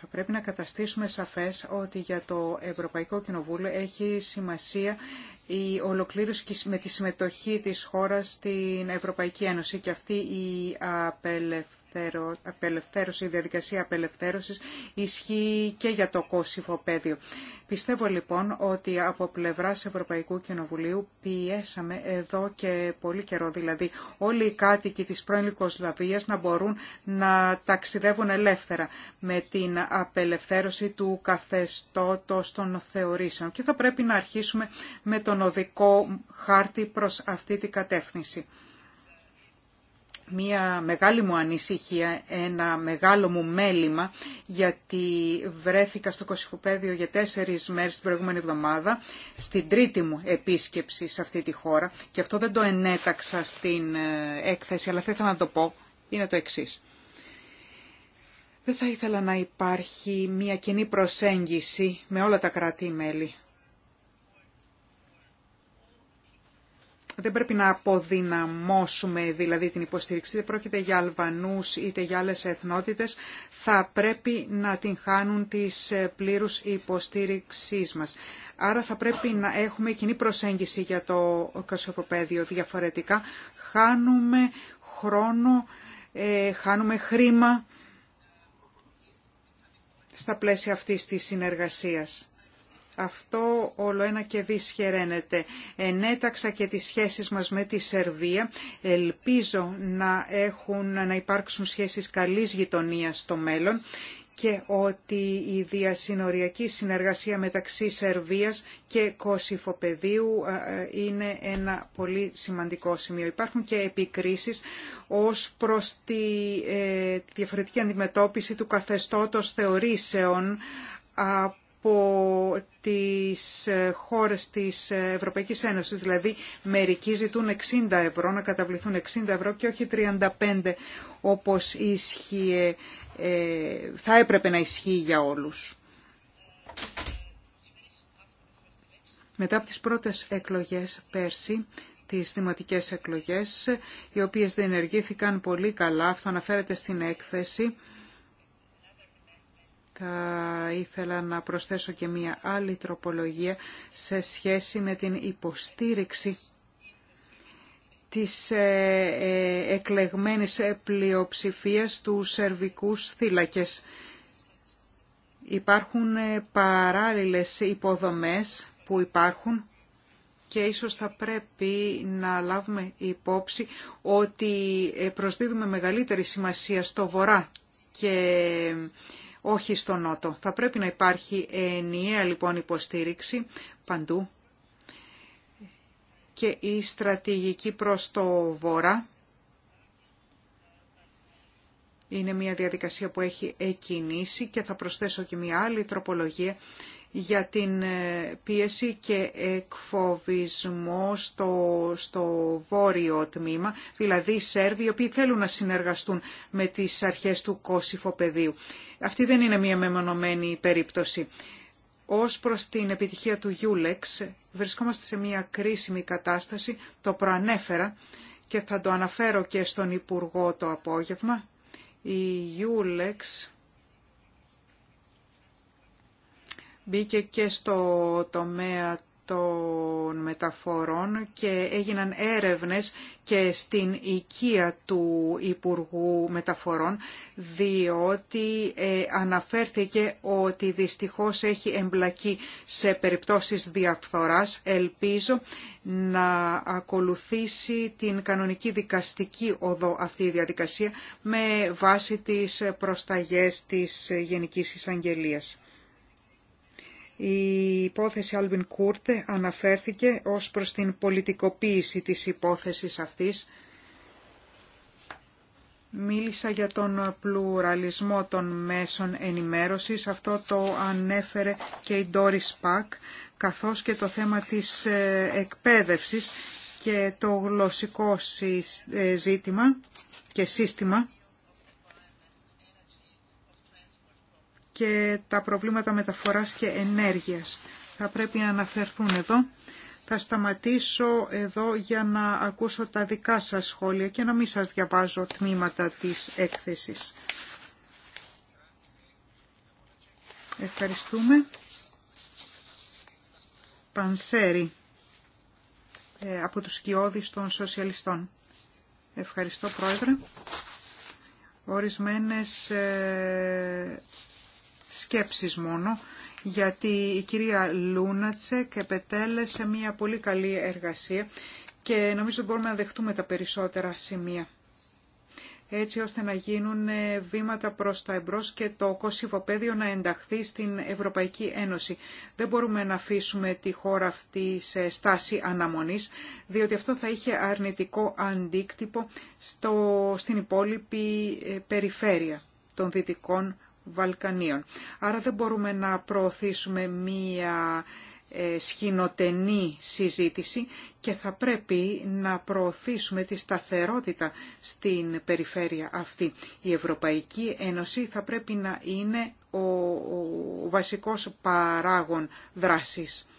Θα πρέπει να καταστήσουμε σαφές ότι για το Ευρωπαϊκό Κοινοβούλιο έχει σημασία η ολοκλήρωση με τη συμμετοχή της χώρας στην Ευρωπαϊκή Ένωση και αυτή η απελευθέρωση απελευθέρωση, η διαδικασία απελευθέρωσης ισχύει και για το κόσυφο πεδίο. Πιστεύω λοιπόν ότι από πλευράς Ευρωπαϊκού Κοινοβουλίου πιέσαμε εδώ και πολύ καιρό, δηλαδή όλοι οι κάτοικοι της πρώην Λυκοσλαβίας να μπορούν να ταξιδεύουν ελεύθερα με την απελευθέρωση του καθεστώτος των θεωρήσεων και θα πρέπει να αρχίσουμε με τον οδικό χάρτη προς αυτή την κατεύθυνση μία μεγάλη μου ανησυχία, ένα μεγάλο μου μέλημα, γιατί βρέθηκα στο Κωσυφοπέδιο για τέσσερις μέρες την προηγούμενη εβδομάδα, στην τρίτη μου επίσκεψη σε αυτή τη χώρα, και αυτό δεν το ενέταξα στην ε, έκθεση, αλλά θα ήθελα να το πω, είναι το εξής. Δεν θα ήθελα να υπάρχει μία κοινή προσέγγιση με όλα τα κράτη-μέλη. Δεν πρέπει να αποδυναμώσουμε δηλαδή την υποστήριξη, δεν πρόκειται για Αλβανούς είτε για άλλες εθνότητες, θα πρέπει να την χάνουν τις ε, πλήρους υποστήριξής μας. Άρα θα πρέπει να έχουμε κοινή προσέγγιση για το κασοποπεδίο. διαφορετικά. Χάνουμε χρόνο, ε, χάνουμε χρήμα στα πλαίσια αυτής της συνεργασίας. Αυτό όλο ένα και δυσχεραίνεται. Ενέταξα και τις σχέσεις μας με τη Σερβία. Ελπίζω να, έχουν, να υπάρξουν σχέσεις καλής γειτονίας στο μέλλον και ότι η διασυνοριακή συνεργασία μεταξύ Σερβίας και Κωσυφοπεδίου ε, ε, είναι ένα πολύ σημαντικό σημείο. Υπάρχουν και επικρίσεις ως προς τη, τη ε, διαφορετική αντιμετώπιση του καθεστώτος θεωρήσεων από τις χώρες της Ευρωπαϊκής Ένωσης. Δηλαδή, μερικοί ζητούν 60 ευρώ, να καταβληθούν 60 ευρώ και όχι 35, όπως ίσχυε, ε, θα έπρεπε να ισχύει για όλους. Μετά από τις πρώτες εκλογές πέρσι, τις δημοτικές εκλογές, οι οποίες δεν ενεργήθηκαν πολύ καλά, αυτό αναφέρεται στην έκθεση, θα ήθελα να προσθέσω και μία άλλη τροπολογία σε σχέση με την υποστήριξη της ε, ε, εκλεγμένης πλειοψηφίας του σερβικούς θύλακες. Υπάρχουν ε, παράλληλες υποδομές που υπάρχουν και ίσως θα πρέπει να λάβουμε υπόψη ότι προσδίδουμε μεγαλύτερη σημασία στο βορρά και όχι στο Νότο. Θα πρέπει να υπάρχει ενιαία λοιπόν υποστήριξη παντού και η στρατηγική προς το είναι μια διαδικασία που έχει εκκινήσει και θα προσθέσω και μια άλλη τροπολογία για την ε, πίεση και εκφοβισμό στο, στο βόρειο τμήμα, δηλαδή οι Σέρβοι, οι οποίοι θέλουν να συνεργαστούν με τις αρχές του πεδίου. Αυτή δεν είναι μια μεμονωμένη περίπτωση. Ως προς την επιτυχία του Γιούλεξ, βρισκόμαστε σε μια κρίσιμη κατάσταση, το προανέφερα και θα το αναφέρω και στον Υπουργό το απόγευμα. Η Γιούλεξ μπήκε και στο τομέα των μεταφορών και έγιναν έρευνες και στην οικία του Υπουργού Μεταφορών διότι ε, αναφέρθηκε ότι δυστυχώς έχει εμπλακεί σε περιπτώσεις διαφθοράς. Ελπίζω να ακολουθήσει την κανονική δικαστική οδό αυτή η διαδικασία με βάση τις προσταγές της Γενικής Εισαγγελίας. Η υπόθεση Άλβιν Κούρτε αναφέρθηκε ως προς την πολιτικοποίηση της υπόθεσης αυτής. Μίλησα για τον πλουραλισμό των μέσων ενημέρωσης. Αυτό το ανέφερε και η Doris Πακ, καθώς και το θέμα της ε, εκπαίδευσης και το γλωσσικό ε, ζήτημα και σύστημα και τα προβλήματα μεταφοράς και ενέργειας. Θα πρέπει να αναφερθούν εδώ. Θα σταματήσω εδώ για να ακούσω τα δικά σας σχόλια και να μην σας διαβάζω τμήματα της έκθεσης. Ευχαριστούμε. Πανσέρι ε, από τους κοιόδης των σοσιαλιστών. Ευχαριστώ Πρόεδρε. Ορισμένες ε, σκέψεις μόνο, γιατί η κυρία Λούνατσεκ επετέλεσε μια πολύ καλή εργασία και νομίζω μπορούμε να δεχτούμε τα περισσότερα σημεία έτσι ώστε να γίνουν βήματα προς τα εμπρός και το κοσυβοπαίδιο να ενταχθεί στην Ευρωπαϊκή Ένωση. Δεν μπορούμε να αφήσουμε τη χώρα αυτή σε στάση αναμονής, διότι αυτό θα είχε αρνητικό αντίκτυπο στο, στην υπόλοιπη ε, περιφέρεια των Δυτικών Βαλκανίων. Άρα δεν μπορούμε να προωθήσουμε μία ε, σχηνοτενή συζήτηση και θα πρέπει να προωθήσουμε τη σταθερότητα στην περιφέρεια αυτή. Η Ευρωπαϊκή Ένωση θα πρέπει να είναι ο βασικός παράγων δράσης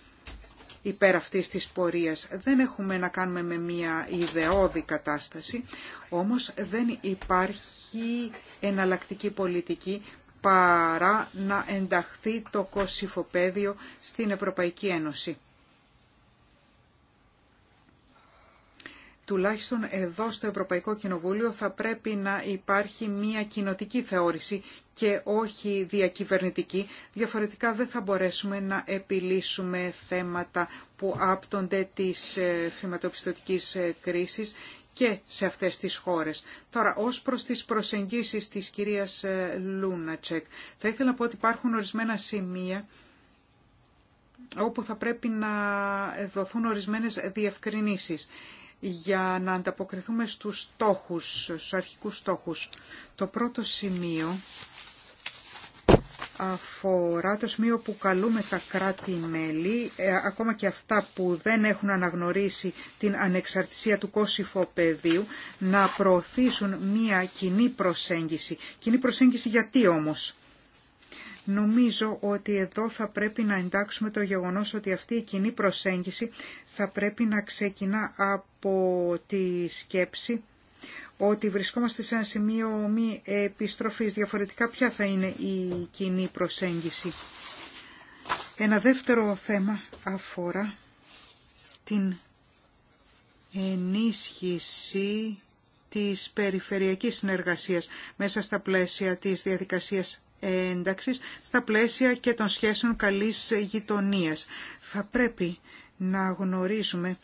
υπέρ αυτής της πορείας. Δεν έχουμε να κάνουμε με μια ιδεώδη κατάσταση, όμως δεν υπάρχει εναλλακτική πολιτική παρά να ενταχθεί το κοσυφοπέδιο στην Ευρωπαϊκή Ένωση. τουλάχιστον εδώ στο Ευρωπαϊκό Κοινοβούλιο θα πρέπει να υπάρχει μια κοινοτική θεώρηση και όχι διακυβερνητική. Διαφορετικά δεν θα μπορέσουμε να επιλύσουμε θέματα που άπτονται της ε, χρηματοπιστωτικής ε, κρίσης και σε αυτές τις χώρες. Τώρα, ως προς τις προσεγγίσεις της κυρίας ε, Λούνατσεκ, θα ήθελα να πω ότι υπάρχουν ορισμένα σημεία όπου θα πρέπει να δοθούν ορισμένες διευκρινήσεις για να ανταποκριθούμε στους στόχους, στους αρχικούς στόχους. Το πρώτο σημείο αφορά το σημείο που καλούμε τα κράτη-μέλη, ε, ακόμα και αυτά που δεν έχουν αναγνωρίσει την ανεξαρτησία του κόσυφο πεδίου, να προωθήσουν μία κοινή προσέγγιση. Κοινή προσέγγιση γιατί όμως. Νομίζω ότι εδώ θα πρέπει να εντάξουμε το γεγονός ότι αυτή η κοινή προσέγγιση θα πρέπει να ξεκινά από τη σκέψη ότι βρισκόμαστε σε ένα σημείο μη επιστροφής. Διαφορετικά ποια θα είναι η κοινή προσέγγιση. Ένα δεύτερο θέμα αφορά την ενίσχυση της περιφερειακής συνεργασίας μέσα στα πλαίσια της διαδικασίας ένταξης, στα πλαίσια και των σχέσεων καλής γειτονίας. Θα πρέπει να γνωρίζουμε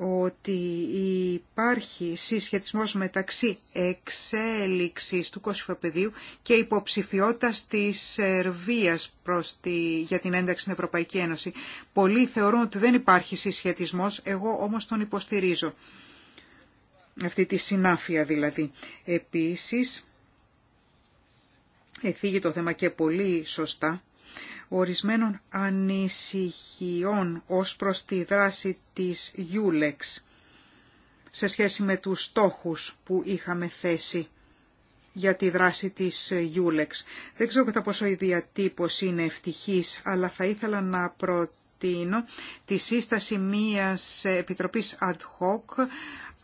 ότι υπάρχει συσχετισμός μεταξύ εξέλιξης του κοσυφοπεδίου και υποψηφιότητας της Σερβίας προς για την ένταξη στην Ευρωπαϊκή Ένωση. Πολλοί θεωρούν ότι δεν υπάρχει συσχετισμός, εγώ όμως τον υποστηρίζω. Αυτή τη συνάφεια δηλαδή. Επίσης, εφήγει το θέμα και πολύ σωστά ορισμένων ανησυχιών ως προς τη δράση της Ιούλεξ σε σχέση με τους στόχους που είχαμε θέσει για τη δράση της Ιούλεξ. Δεν ξέρω κατά πόσο η διατύπωση είναι ευτυχής, αλλά θα ήθελα να προτείνω τη σύσταση μιας επιτροπής ad hoc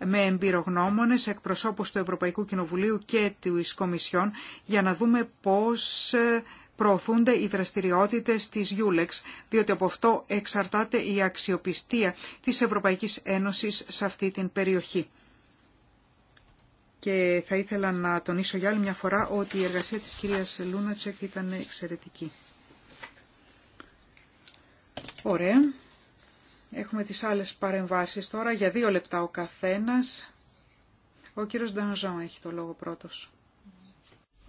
με εμπειρογνώμονες, εκπροσώπους του Ευρωπαϊκού Κοινοβουλίου και του Κομισιόν για να δούμε πώς προωθούνται οι δραστηριότητες της Γιούλεξ, διότι από αυτό εξαρτάται η αξιοπιστία της Ευρωπαϊκής Ένωσης σε αυτή την περιοχή. Και θα ήθελα να τονίσω για άλλη μια φορά ότι η εργασία της κυρίας Λούνατσεκ ήταν εξαιρετική. Ωραία. Έχουμε τις άλλες παρεμβάσεις τώρα για δύο λεπτά ο καθένας. Ο κύριος Ντανζάν έχει το λόγο πρώτος.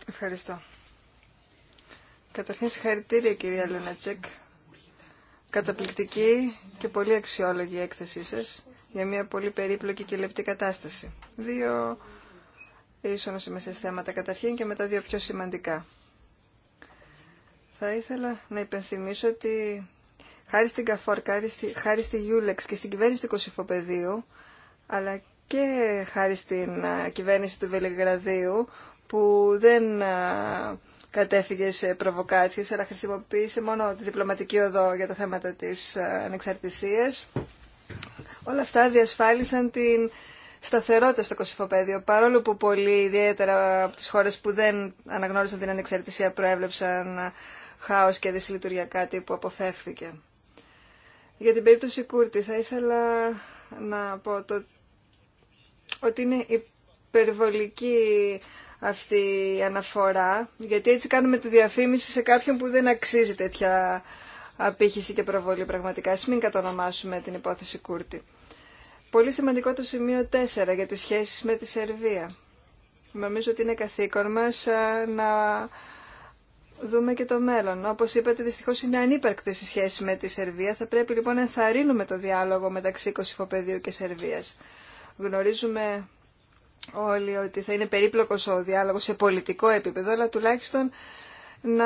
Ευχαριστώ. Καταρχήν συγχαρητήρια κυρία Λουνατσέκ. Καταπληκτική και πολύ αξιόλογη έκθεσή σας για μια πολύ περίπλοκη και λεπτή κατάσταση. Δύο ίσονο σημασίες θέματα καταρχήν και μετά δύο πιο σημαντικά. Θα ήθελα να υπενθυμίσω ότι χάρη στην Καφόρ, χάρη στη Γιούλεξ και στην κυβέρνηση του Κωσυφοπεδίου, αλλά και χάρη στην ε, κυβέρνηση του Βελιγραδίου, που δεν ε, κατέφυγε σε προβοκάτσιες, αλλά χρησιμοποίησε μόνο τη διπλωματική οδό για τα θέματα τη ε, ανεξαρτησία. Όλα αυτά διασφάλισαν την σταθερότητα στο Κωσυφοπαίδιο, παρόλο που πολλοί, ιδιαίτερα από τι χώρε που δεν αναγνώρισαν την ανεξαρτησία, προέβλεψαν ε, χάο και δυσλειτουργιακά που αποφεύθηκε. Για την περίπτωση Κούρτη θα ήθελα να πω το... ότι είναι υπερβολική αυτή η αναφορά, γιατί έτσι κάνουμε τη διαφήμιση σε κάποιον που δεν αξίζει τέτοια απήχηση και προβολή πραγματικά. Ας μην κατονομάσουμε την υπόθεση Κούρτη. Πολύ σημαντικό το σημείο 4 για τις σχέσεις με τη Σερβία. Νομίζω ότι είναι καθήκον μας να δούμε και το μέλλον. Όπως είπατε, δυστυχώς είναι ανύπαρκτες οι σχέσεις με τη Σερβία. Θα πρέπει λοιπόν να ενθαρρύνουμε το διάλογο μεταξύ Κωσυφοπεδίου και Σερβίας. Γνωρίζουμε όλοι ότι θα είναι περίπλοκος ο διάλογος σε πολιτικό επίπεδο, αλλά τουλάχιστον να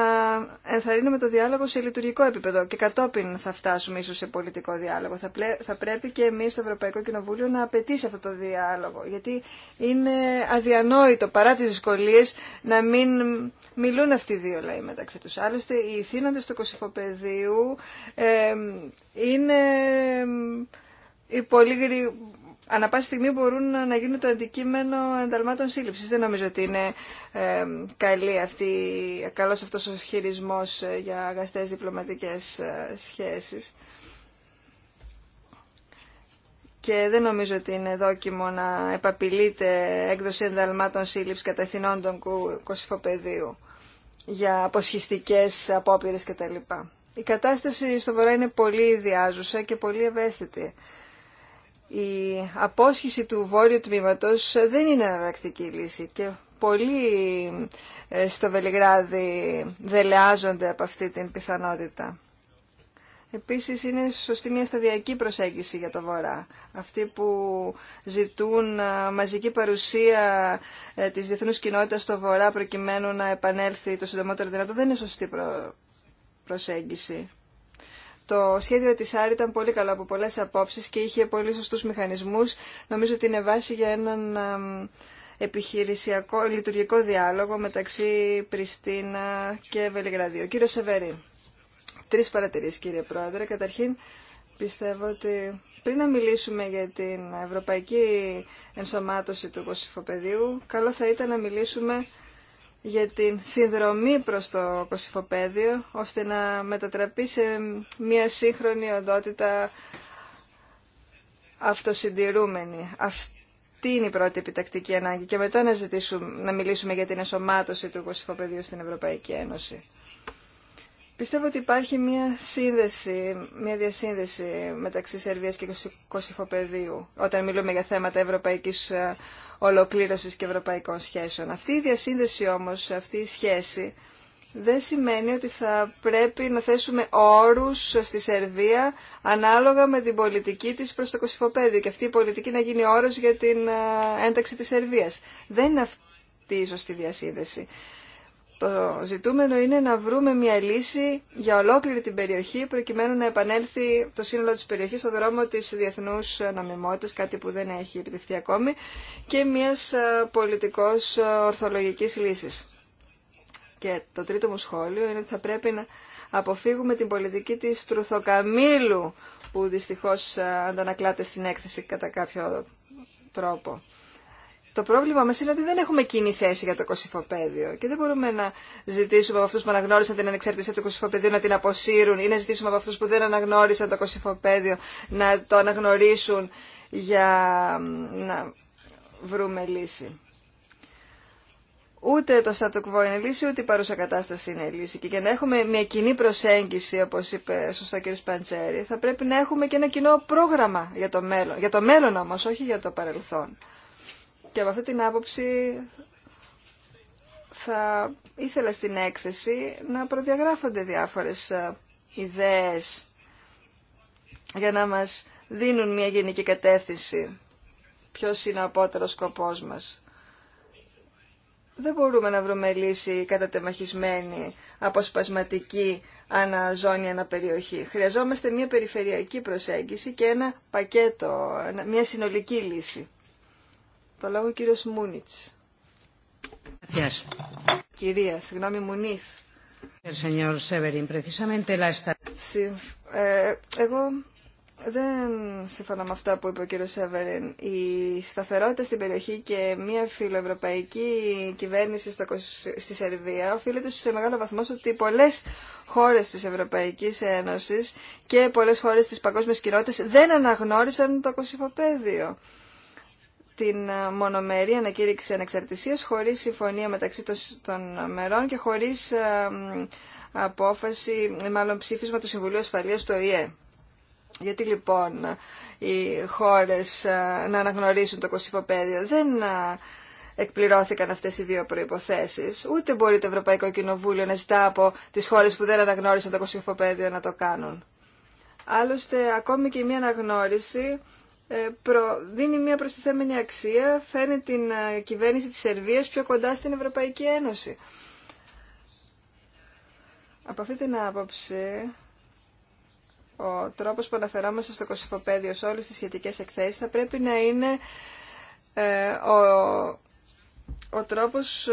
ενθαρρύνουμε το διάλογο σε λειτουργικό επίπεδο και κατόπιν θα φτάσουμε ίσως σε πολιτικό διάλογο. Θα, θα πρέπει και εμείς στο Ευρωπαϊκό Κοινοβούλιο να απαιτήσει αυτό το διάλογο, γιατί είναι αδιανόητο παρά τις δυσκολίε να μην μιλούν αυτοί οι δύο λαοί μεταξύ τους. Άλλωστε οι θύνοντες του Κωσυφοπεδίου είναι οι πολύ ανά πάση στιγμή μπορούν να γίνουν το αντικείμενο ενταλμάτων σύλληψης. Δεν νομίζω ότι είναι ε, καλή αυτή, καλός αυτός ο χειρισμός ε, για αγαστές διπλωματικές ε, σχέσεις. Και δεν νομίζω ότι είναι δόκιμο να επαπειλείται έκδοση ενταλμάτων σύλληψης κατά εθνών των για αποσχιστικές απόπειρες κτλ. Η κατάσταση στο Βορρά είναι πολύ ιδιάζουσα και πολύ ευαίσθητη η απόσχηση του βόρειου τμήματος δεν είναι αναλλακτική λύση και πολλοί ε, στο Βελιγράδι δελεάζονται από αυτή την πιθανότητα. Επίσης είναι σωστή μια σταδιακή προσέγγιση για το Βορρά. Αυτοί που ζητούν ε, μαζική παρουσία ε, της διεθνούς κοινότητας στο Βορρά προκειμένου να επανέλθει το συντομότερο δυνατό δεν είναι σωστή προσέγγιση. Το σχέδιο της Άρη ήταν πολύ καλό από πολλές απόψεις και είχε πολύ σωστούς μηχανισμούς. Νομίζω ότι είναι βάση για έναν επιχειρησιακό, λειτουργικό διάλογο μεταξύ Πριστίνα και Βελιγραδίου. Κύριο Σεβερή, τρεις παρατηρήσεις κύριε Πρόεδρε. Καταρχήν πιστεύω ότι πριν να μιλήσουμε για την ευρωπαϊκή ενσωμάτωση του Βοσυφοπεδίου, καλό θα ήταν να μιλήσουμε για την συνδρομή προς το κοσυφοπαίδιο, ώστε να μετατραπεί σε μια σύγχρονη οντότητα αυτοσυντηρούμενη. Αυτή είναι η πρώτη επιτακτική ανάγκη και μετά να, ζητήσουμε, να μιλήσουμε για την εσωμάτωση του κοσυφοπαιδίου στην Ευρωπαϊκή Ένωση. Πιστεύω ότι υπάρχει μια σύνδεση, μια διασύνδεση μεταξύ Σερβίας και Κωσυφοπεδίου όταν μιλούμε για θέματα ευρωπαϊκής ε, ολοκλήρωσης και ευρωπαϊκών σχέσεων. Αυτή η διασύνδεση όμως, αυτή η σχέση δεν σημαίνει ότι θα πρέπει να θέσουμε όρους στη Σερβία ανάλογα με την πολιτική της προς το Κωσυφοπέδιο και αυτή η πολιτική να γίνει όρος για την ε, ένταξη της Σερβίας. Δεν είναι αυτή η σωστή διασύνδεση. Το ζητούμενο είναι να βρούμε μια λύση για ολόκληρη την περιοχή προκειμένου να επανέλθει το σύνολο της περιοχής στο δρόμο της διεθνούς νομιμότητας, κάτι που δεν έχει επιτευχθεί ακόμη, και μιας ε, πολιτικός ε, ορθολογικής λύσης. Και το τρίτο μου σχόλιο είναι ότι θα πρέπει να αποφύγουμε την πολιτική της τρουθοκαμήλου που δυστυχώς ε, αντανακλάται στην έκθεση κατά κάποιο τρόπο. Το πρόβλημα μα είναι ότι δεν έχουμε κοινή θέση για το κοσυφοπαίδιο και δεν μπορούμε να ζητήσουμε από αυτού που αναγνώρισαν την ανεξαρτησία του κοσυφοπαιδίου να την αποσύρουν ή να ζητήσουμε από αυτού που δεν αναγνώρισαν το κοσυφοπαίδιο να το αναγνωρίσουν για να βρούμε λύση. Ούτε το status είναι λύση, ούτε η παρούσα κατάσταση είναι λύση. Και για να έχουμε μια κοινή προσέγγιση, όπω είπε σωστά ο κ. Παντσέρη, θα πρέπει να έχουμε και ένα κοινό πρόγραμμα για το μέλλον. Για το μέλλον όμω, όχι για το παρελθόν. Και από αυτή την άποψη θα ήθελα στην έκθεση να προδιαγράφονται διάφορες ε, ιδέες για να μας δίνουν μια γενική κατεύθυνση. Ποιος είναι ο απότερος σκοπός μας. Δεν μπορούμε να βρούμε λύση κατατεμαχισμένη, αποσπασματική, αναζώνη, αναπεριοχή. Χρειαζόμαστε μια περιφερειακή προσέγγιση και ένα πακέτο, μια συνολική λύση. Το λόγο ο κύριος Μούνιτς. Κυρία, συγγνώμη, Μουνίθ. Ε, εγώ δεν συμφωνώ με αυτά που είπε ο κύριο Σέβερεν. Η σταθερότητα στην περιοχή και μια φιλοευρωπαϊκή κυβέρνηση στο, στη Σερβία οφείλεται σε μεγάλο βαθμό ότι πολλέ χώρε τη Ευρωπαϊκή Ένωση και πολλέ χώρε τη παγκόσμια κοινότητα δεν αναγνώρισαν το κοσυφοπαίδιο την ε, μονομερή ανακήρυξη ανεξαρτησίας χωρίς συμφωνία μεταξύ των μερών και χωρίς ε, απόφαση, μάλλον ψήφισμα του Συμβουλίου Ασφαλείας του ΟΗΕ. Γιατί λοιπόν οι χώρες ε, να αναγνωρίσουν το κοσυφοπαίδιο δεν εκπληρώθηκαν αυτές οι δύο προϋποθέσεις. Ούτε μπορεί το Ευρωπαϊκό Κοινοβούλιο να ζητά από τις χώρες που δεν αναγνώρισαν το κοσυφοπαίδιο να το κάνουν. Άλλωστε, ακόμη και μια αναγνώριση ε, προ, δίνει μια προστιθέμενη αξία, φέρνει την ε, κυβέρνηση της Σερβίας πιο κοντά στην Ευρωπαϊκή Ένωση. Από αυτή την άποψη, ο τρόπος που αναφερόμαστε στο κοσυφοπαίδιο σε όλες τις σχετικές εκθέσεις θα πρέπει να είναι ε, ο, ο τρόπος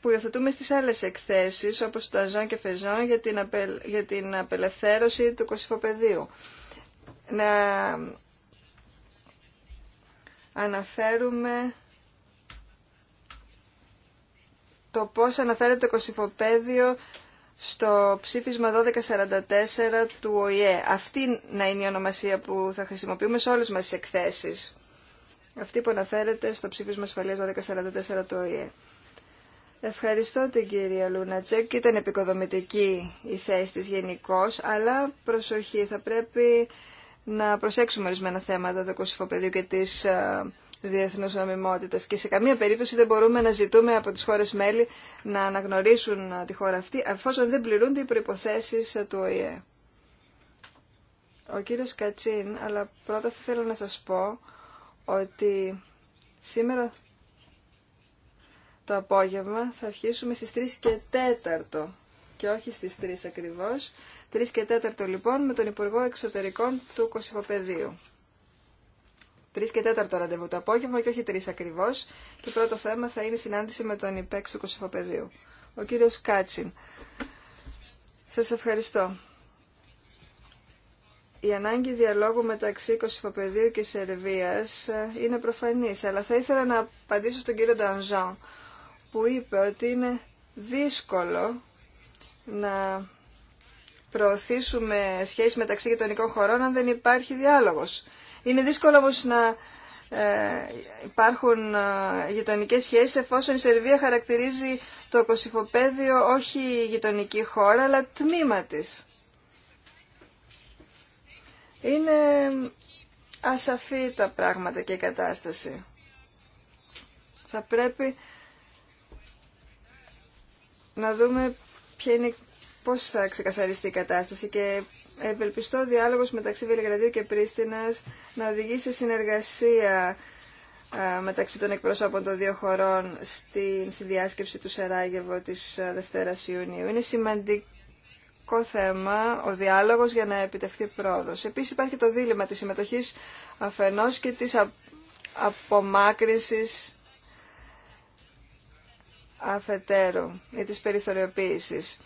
που υιοθετούμε στις άλλες εκθέσεις, όπως το ταζόν και Φεζόν, για την, για την απελευθέρωση του κοσυφοπεδίου. Να αναφέρουμε το πώς αναφέρεται το κοσυφοπαίδιο στο ψήφισμα 1244 του ΟΗΕ. Αυτή να είναι η ονομασία που θα χρησιμοποιούμε σε όλες μας τις εκθέσεις. Αυτή που αναφέρεται στο ψήφισμα ασφαλείας 1244 του ΟΗΕ. Ευχαριστώ την κυρία Λούνατσεκ. Ήταν επικοδομητική η θέση της γενικώ, αλλά προσοχή, θα πρέπει να προσέξουμε ορισμένα θέματα του κοσυφοπεδίου και της ε, διεθνούς νομιμότητα. και σε καμία περίπτωση δεν μπορούμε να ζητούμε από τι χώρε μέλη να αναγνωρίσουν ε, τη χώρα αυτή εφόσον δεν πληρούνται οι προποθέσει ε, του ΟΗΕ. Ο κύριος Κατσίν, αλλά πρώτα θα ήθελα να σας πω ότι σήμερα το απόγευμα θα αρχίσουμε στις 3 και 4 και όχι στις 3 ακριβώς. 3 και 4 λοιπόν με τον Υπουργό Εξωτερικών του Κωσυφοπεδίου. 3 και 4 ραντεβού το απόγευμα και όχι 3 ακριβώς. Και πρώτο θέμα θα είναι η συνάντηση με τον υπέξ του Κωσυφοπεδίου. Ο κύριος Κάτσιν. Σας ευχαριστώ. Η ανάγκη διαλόγου μεταξύ Κωσυφοπεδίου και Σερβίας είναι προφανής, αλλά θα ήθελα να απαντήσω στον κύριο Ντανζάν, που είπε ότι είναι δύσκολο να προωθήσουμε σχέσεις μεταξύ γειτονικών χωρών αν δεν υπάρχει διάλογος. Είναι δύσκολο όμως να ε, υπάρχουν ε, γειτονικές σχέσεις εφόσον η Σερβία χαρακτηρίζει το κοσυφοπαίδιο όχι γειτονική χώρα αλλά τμήμα της. Είναι ασαφή τα πράγματα και η κατάσταση. Θα πρέπει να δούμε ποια είναι, πώς θα ξεκαθαριστεί η κατάσταση και ευελπιστώ ο διάλογος μεταξύ Βελιγραδίου και Πρίστινας να οδηγεί σε συνεργασία μεταξύ των εκπροσώπων των δύο χωρών στη συνδιάσκεψη του Σεράγεβο της Δευτέρας Ιουνίου. Είναι σημαντικό θέμα ο διάλογος για να επιτευχθεί πρόοδος. Επίσης υπάρχει το δίλημα της συμμετοχής αφενός και της απομάκρυνσης αφετέρου ή της περιθωριοποίησης.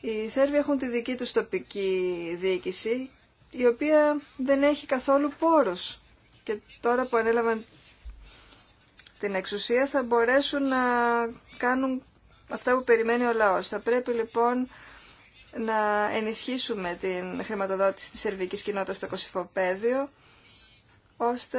Οι Σέρβοι έχουν τη δική τους τοπική διοίκηση, η οποία δεν έχει καθόλου πόρους. Και τώρα που ανέλαβαν την εξουσία θα μπορέσουν να κάνουν αυτά που περιμένει ο λαός. Θα πρέπει λοιπόν να ενισχύσουμε την χρηματοδότηση της σερβικής κοινότητας στο Κωσυφοπαίδιο, ώστε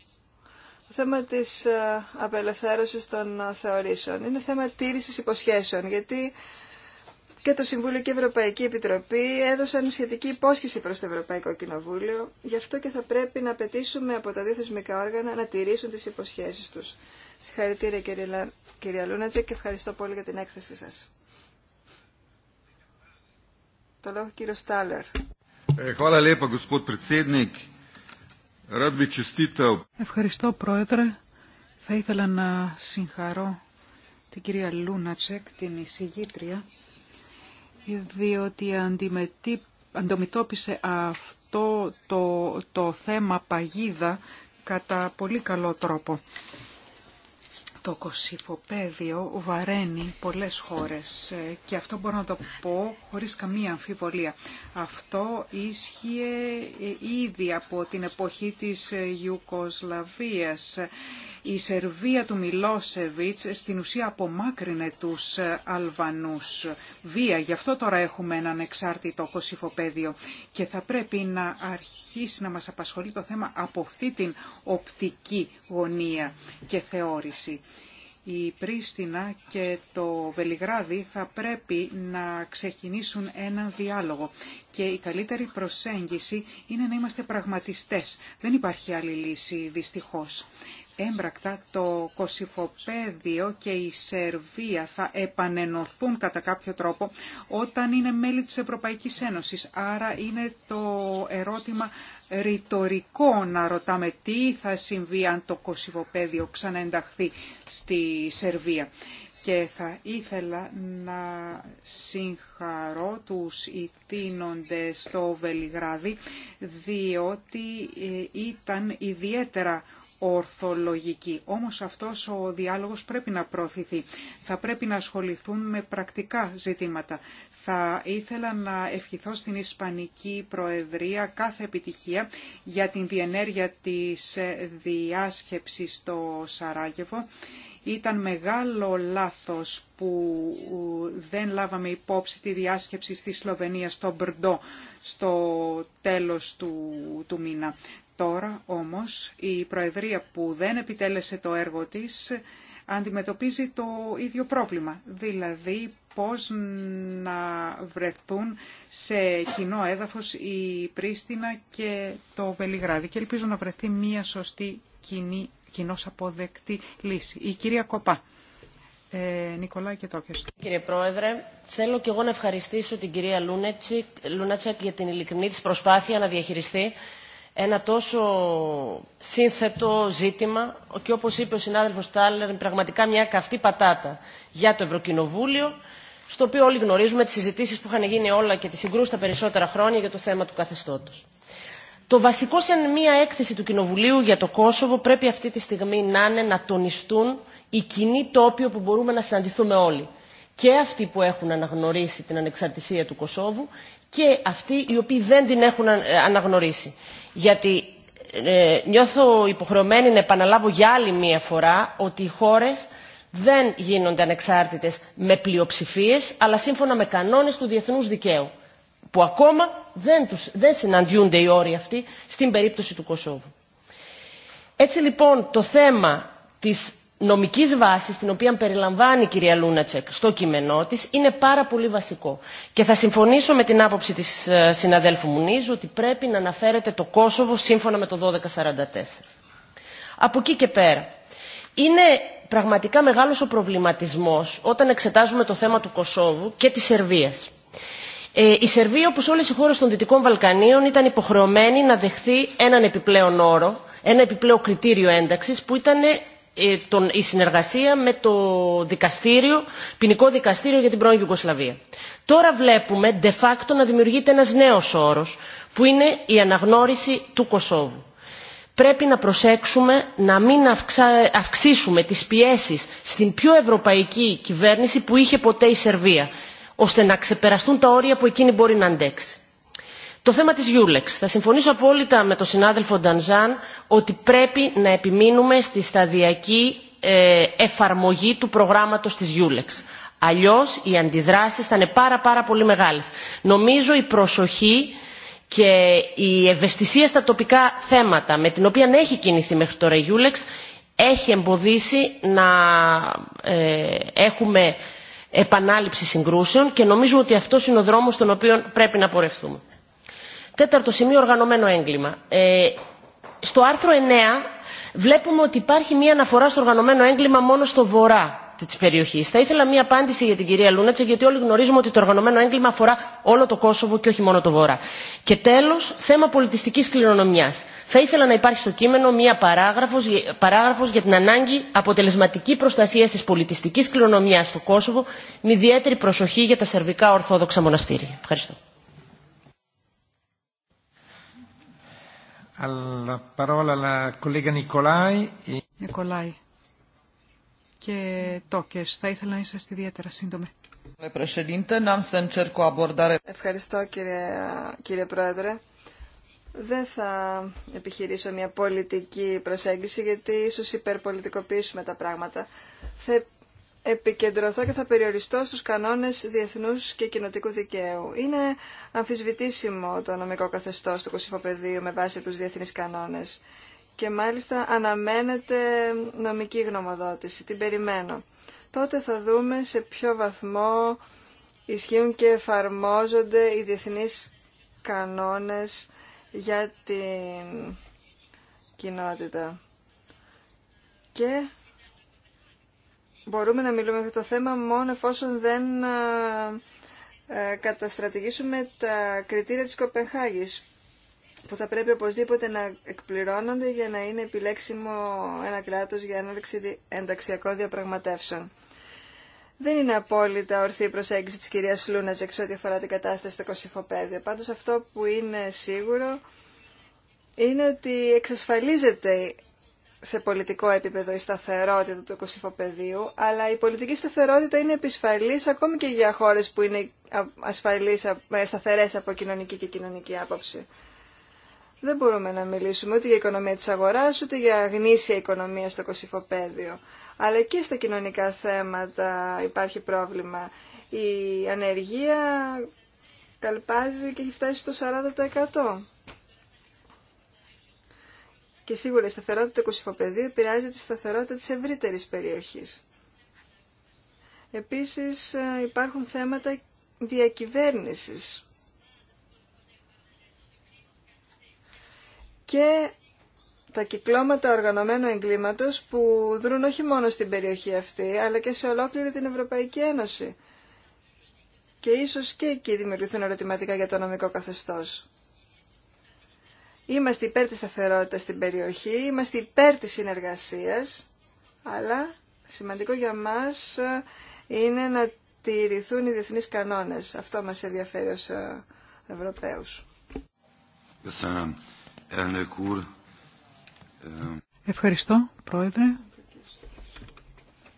Το θέμα της ε, απελευθέρωσης των ε, θεωρήσεων είναι θέμα τήρησης υποσχέσεων, γιατί και το Συμβούλιο και η Ευρωπαϊκή Επιτροπή έδωσαν σχετική υπόσχεση προς το Ευρωπαϊκό Κοινοβούλιο, γι' αυτό και θα πρέπει να απαιτήσουμε από τα δύο θεσμικά όργανα να τηρήσουν τις υποσχέσεις τους. Συγχαρητήρια κυρία Λούνατζε και ευχαριστώ πολύ για την έκθεσή σας. Το λόγο κύριο Στάλερ. Ε, Ευχαριστώ Πρόεδρε. Θα ήθελα να συγχαρώ την κυρία Λούνατσεκ, την εισηγήτρια, διότι αντιμετώπισε αυτό το, το θέμα παγίδα κατά πολύ καλό τρόπο το κοσυφοπέδιο βαραίνει πολλές χώρες ε, και αυτό μπορώ να το πω χωρίς καμία αμφιβολία. Αυτό ίσχυε ε, ήδη από την εποχή της ε, Ιουκοσλαβίας η Σερβία του Μιλόσεβιτς στην ουσία απομάκρυνε τους ε, Αλβανούς βία. Γι' αυτό τώρα έχουμε έναν εξάρτητο κοσυφοπέδιο και θα πρέπει να αρχίσει να μας απασχολεί το θέμα από αυτή την οπτική γωνία και θεώρηση η Πρίστινα και το Βελιγράδι θα πρέπει να ξεκινήσουν έναν διάλογο και η καλύτερη προσέγγιση είναι να είμαστε πραγματιστές. Δεν υπάρχει άλλη λύση δυστυχώς έμπρακτα το κοσυφοπέδιο και η Σερβία θα επανενωθούν κατά κάποιο τρόπο όταν είναι μέλη της Ευρωπαϊκής Ένωσης. Άρα είναι το ερώτημα ρητορικό να ρωτάμε τι θα συμβεί αν το Κωσυφοπέδιο ξαναενταχθεί στη Σερβία. Και θα ήθελα να συγχαρώ τους ιτήνοντες στο Βελιγράδι, διότι ε, ήταν ιδιαίτερα ορθολογική. Όμως αυτός ο διάλογος πρέπει να προωθηθεί. Θα πρέπει να ασχοληθούν με πρακτικά ζητήματα. Θα ήθελα να ευχηθώ στην Ισπανική Προεδρία κάθε επιτυχία για την διενέργεια της διάσκεψης στο Σαράγεβο. Ήταν μεγάλο λάθος που δεν λάβαμε υπόψη τη διάσκεψη στη Σλοβενία, στο Μπρντό, στο τέλος του, του μήνα. Τώρα όμως η Προεδρία που δεν επιτέλεσε το έργο της αντιμετωπίζει το ίδιο πρόβλημα, δηλαδή πώς να βρεθούν σε κοινό έδαφος η Πρίστινα και το Βελιγράδι και ελπίζω να βρεθεί μια σωστή κοινή, αποδεκτή λύση. Η κυρία Κοπά. Ε, Νικολάη και Τόκες. Κύριε Πρόεδρε, θέλω και εγώ να ευχαριστήσω την κυρία Λούνατσεκ για την ειλικρινή της προσπάθεια να διαχειριστεί ένα τόσο σύνθετο ζήτημα και όπως είπε ο συνάδελφος Στάλλερ είναι πραγματικά μια καυτή πατάτα για το Ευρωκοινοβούλιο στο οποίο όλοι γνωρίζουμε τις συζητήσεις που είχαν γίνει όλα και τις συγκρούσεις τα περισσότερα χρόνια για το θέμα του καθεστώτος. Το βασικό σε μια έκθεση του Κοινοβουλίου για το Κόσοβο πρέπει αυτή τη στιγμή να είναι να τονιστούν οι κοινοί τόποι όπου μπορούμε να συναντηθούμε όλοι. Και αυτοί που έχουν αναγνωρίσει την ανεξαρτησία του Κοσόβου και αυτοί οι οποίοι δεν την έχουν ε, αναγνωρίσει. Γιατί ε, νιώθω υποχρεωμένη να επαναλάβω για άλλη μία φορά ότι οι χώρες δεν γίνονται ανεξάρτητες με πλειοψηφίες, αλλά σύμφωνα με κανόνες του διεθνούς δικαίου, που ακόμα δεν, τους, δεν συναντιούνται οι όροι αυτοί στην περίπτωση του Κωσόβου. Έτσι λοιπόν το θέμα της νομικής βάσης, την οποία περιλαμβάνει η κυρία Λούνατσεκ στο κείμενό της, είναι πάρα πολύ βασικό. Και θα συμφωνήσω με την άποψη της ε, συναδέλφου Νίζου, ότι πρέπει να αναφέρεται το Κόσοβο σύμφωνα με το 1244. Από εκεί και πέρα. Είναι πραγματικά μεγάλος ο προβληματισμός όταν εξετάζουμε το θέμα του Κόσοβου και της Σερβίας. Ε, η Σερβία, όπως όλες οι χώρες των Δυτικών Βαλκανίων, ήταν υποχρεωμένη να δεχθεί έναν επιπλέον όρο, ένα επιπλέον κριτήριο ένταξης, που ήταν ε, η συνεργασία με το δικαστήριο, ποινικό δικαστήριο για την πρώην Ιουγκοσλαβία. Τώρα βλέπουμε de facto να δημιουργείται ένας νέος όρος που είναι η αναγνώριση του Κωσόβου. Πρέπει να προσέξουμε να μην αυξήσουμε τις πιέσεις στην πιο ευρωπαϊκή κυβέρνηση που είχε ποτέ η Σερβία, ώστε να ξεπεραστούν τα όρια που εκείνη μπορεί να αντέξει. Το θέμα της Γιούλεξ. Θα συμφωνήσω απόλυτα με τον συνάδελφο Ντανζάν ότι πρέπει να επιμείνουμε στη σταδιακή ε, εφαρμογή του προγράμματος της Γιούλεξ. Αλλιώς οι αντιδράσεις θα είναι πάρα πάρα πολύ μεγάλες. Νομίζω η προσοχή και η ευαισθησία στα τοπικά θέματα με την οποία έχει κινηθεί μέχρι τώρα η Γιούλεξ έχει εμποδίσει να ε, έχουμε επανάληψη συγκρούσεων και νομίζω ότι αυτό είναι ο δρόμος στον οποίο πρέπει να πορευτούμε. Τέταρτο σημείο, οργανωμένο έγκλημα. Ε, στο άρθρο 9 βλέπουμε ότι υπάρχει μία αναφορά στο οργανωμένο έγκλημα μόνο στο βορρά της περιοχής. Θα ήθελα μία απάντηση για την κυρία Λούνατσα, γιατί όλοι γνωρίζουμε ότι το οργανωμένο έγκλημα αφορά όλο το Κόσοβο και όχι μόνο το Βορρά. Και τέλος, θέμα πολιτιστική κληρονομιάς. Θα ήθελα να υπάρχει στο κείμενο μία παράγραφος για την ανάγκη αποτελεσματική προστασία της πολιτιστική κληρονομιά στο Κόσοβο, με ιδιαίτερη προσοχή για τα σερβικά ορθόδοξα μοναστήρια. Ευχαριστώ. Θα ήθελα να είσαστε ιδιαίτερα Ευχαριστώ κύριε, κύριε Πρόεδρε. Δεν θα επιχειρήσω μια πολιτική προσέγγιση γιατί ίσως υπερπολιτικοποιήσουμε τα πράγματα. Θα επικεντρωθώ και θα περιοριστώ στους κανόνες διεθνούς και κοινοτικού δικαίου. Είναι αμφισβητήσιμο το νομικό καθεστώς του κοσυφοπεδίου με βάση τους διεθνείς κανόνες και μάλιστα αναμένεται νομική γνωμοδότηση, την περιμένω. Τότε θα δούμε σε ποιο βαθμό ισχύουν και εφαρμόζονται οι διεθνείς κανόνες για την κοινότητα. Και μπορούμε να μιλούμε για το θέμα μόνο εφόσον δεν ε, ε, καταστρατηγήσουμε τα κριτήρια της Κοπενχάγης που θα πρέπει οπωσδήποτε να εκπληρώνονται για να είναι επιλέξιμο ένα κράτος για έναρξη ενταξιακών διαπραγματεύσεων. Δεν είναι απόλυτα ορθή η προσέγγιση της κυρίας Λούνας εξ' ό,τι αφορά την κατάσταση στο κοσυφοπαίδιο. Πάντως αυτό που είναι σίγουρο είναι ότι εξασφαλίζεται σε πολιτικό επίπεδο η σταθερότητα του κοσυφοπεδίου, αλλά η πολιτική σταθερότητα είναι επισφαλής ακόμη και για χώρες που είναι ασφαλείς, ε, σταθερές από κοινωνική και κοινωνική άποψη. Δεν μπορούμε να μιλήσουμε ούτε για οικονομία της αγοράς, ούτε για γνήσια οικονομία στο κοσυφοπέδιο. Αλλά και στα κοινωνικά θέματα υπάρχει πρόβλημα. Η ανεργία καλπάζει και έχει φτάσει στο 40%. Και σίγουρα η σταθερότητα του κοσυφοπεδίου επηρεάζει τη σταθερότητα της ευρύτερης περιοχής. Επίσης ε, υπάρχουν θέματα διακυβέρνησης και τα κυκλώματα οργανωμένου εγκλήματος που δρούν όχι μόνο στην περιοχή αυτή αλλά και σε ολόκληρη την Ευρωπαϊκή Ένωση. Και ίσως και εκεί δημιουργηθούν ερωτηματικά για το νομικό καθεστώς. Είμαστε υπέρ της σταθερότητας στην περιοχή, είμαστε υπέρ της συνεργασίας, αλλά σημαντικό για μας ε, είναι να τηρηθούν οι διεθνείς κανόνες. Αυτό μας ενδιαφέρει ως ε, Ευρωπαίους. Um, um, Ευχαριστώ, Πρόεδρε.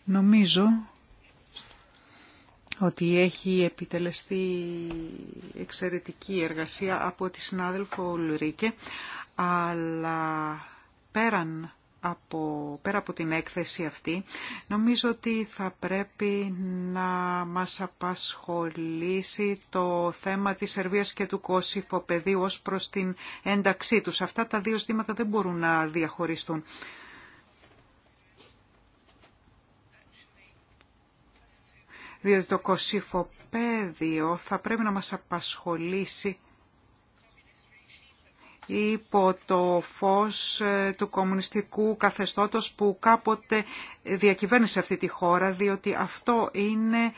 Νομίζω ότι έχει επιτελεστεί εξαιρετική εργασία από τη συνάδελφο Ουλρίκε, αλλά πέραν από, πέρα από την έκθεση αυτή, νομίζω ότι θα πρέπει να μας απασχολήσει το θέμα της Σερβίας και του Κόσυφο πεδίου ως προς την ένταξή τους. Αυτά τα δύο ζητήματα δεν μπορούν να διαχωριστούν. διότι το κοσυφοπέδιο θα πρέπει να μας απασχολήσει υπό το φως ε, του κομμουνιστικού καθεστώτος που κάποτε διακυβέρνησε αυτή τη χώρα, διότι αυτό είναι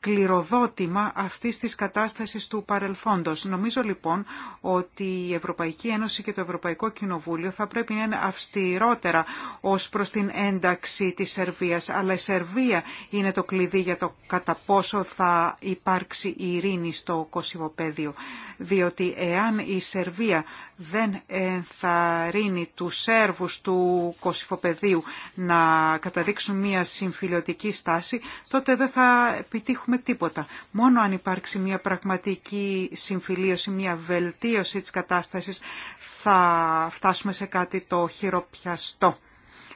κληροδότημα αυτής της κατάστασης του παρελθόντος. Νομίζω λοιπόν ότι η Ευρωπαϊκή Ένωση και το Ευρωπαϊκό Κοινοβούλιο θα πρέπει να είναι αυστηρότερα ως προς την ένταξη της Σερβίας, αλλά η Σερβία είναι το κλειδί για το κατά πόσο θα υπάρξει ειρήνη στο Κωσιβοπέδιο. διότι εάν η Σερβία δεν ενθαρρύνει του Σέρβους του Κωσυφοπεδίου να καταδείξουν μια συμφιλιωτική στάση, τότε δεν θα επιτύχουμε τίποτα. Μόνο αν υπάρξει μια πραγματική συμφιλίωση, μια βελτίωση της κατάστασης, θα φτάσουμε σε κάτι το χειροπιαστό.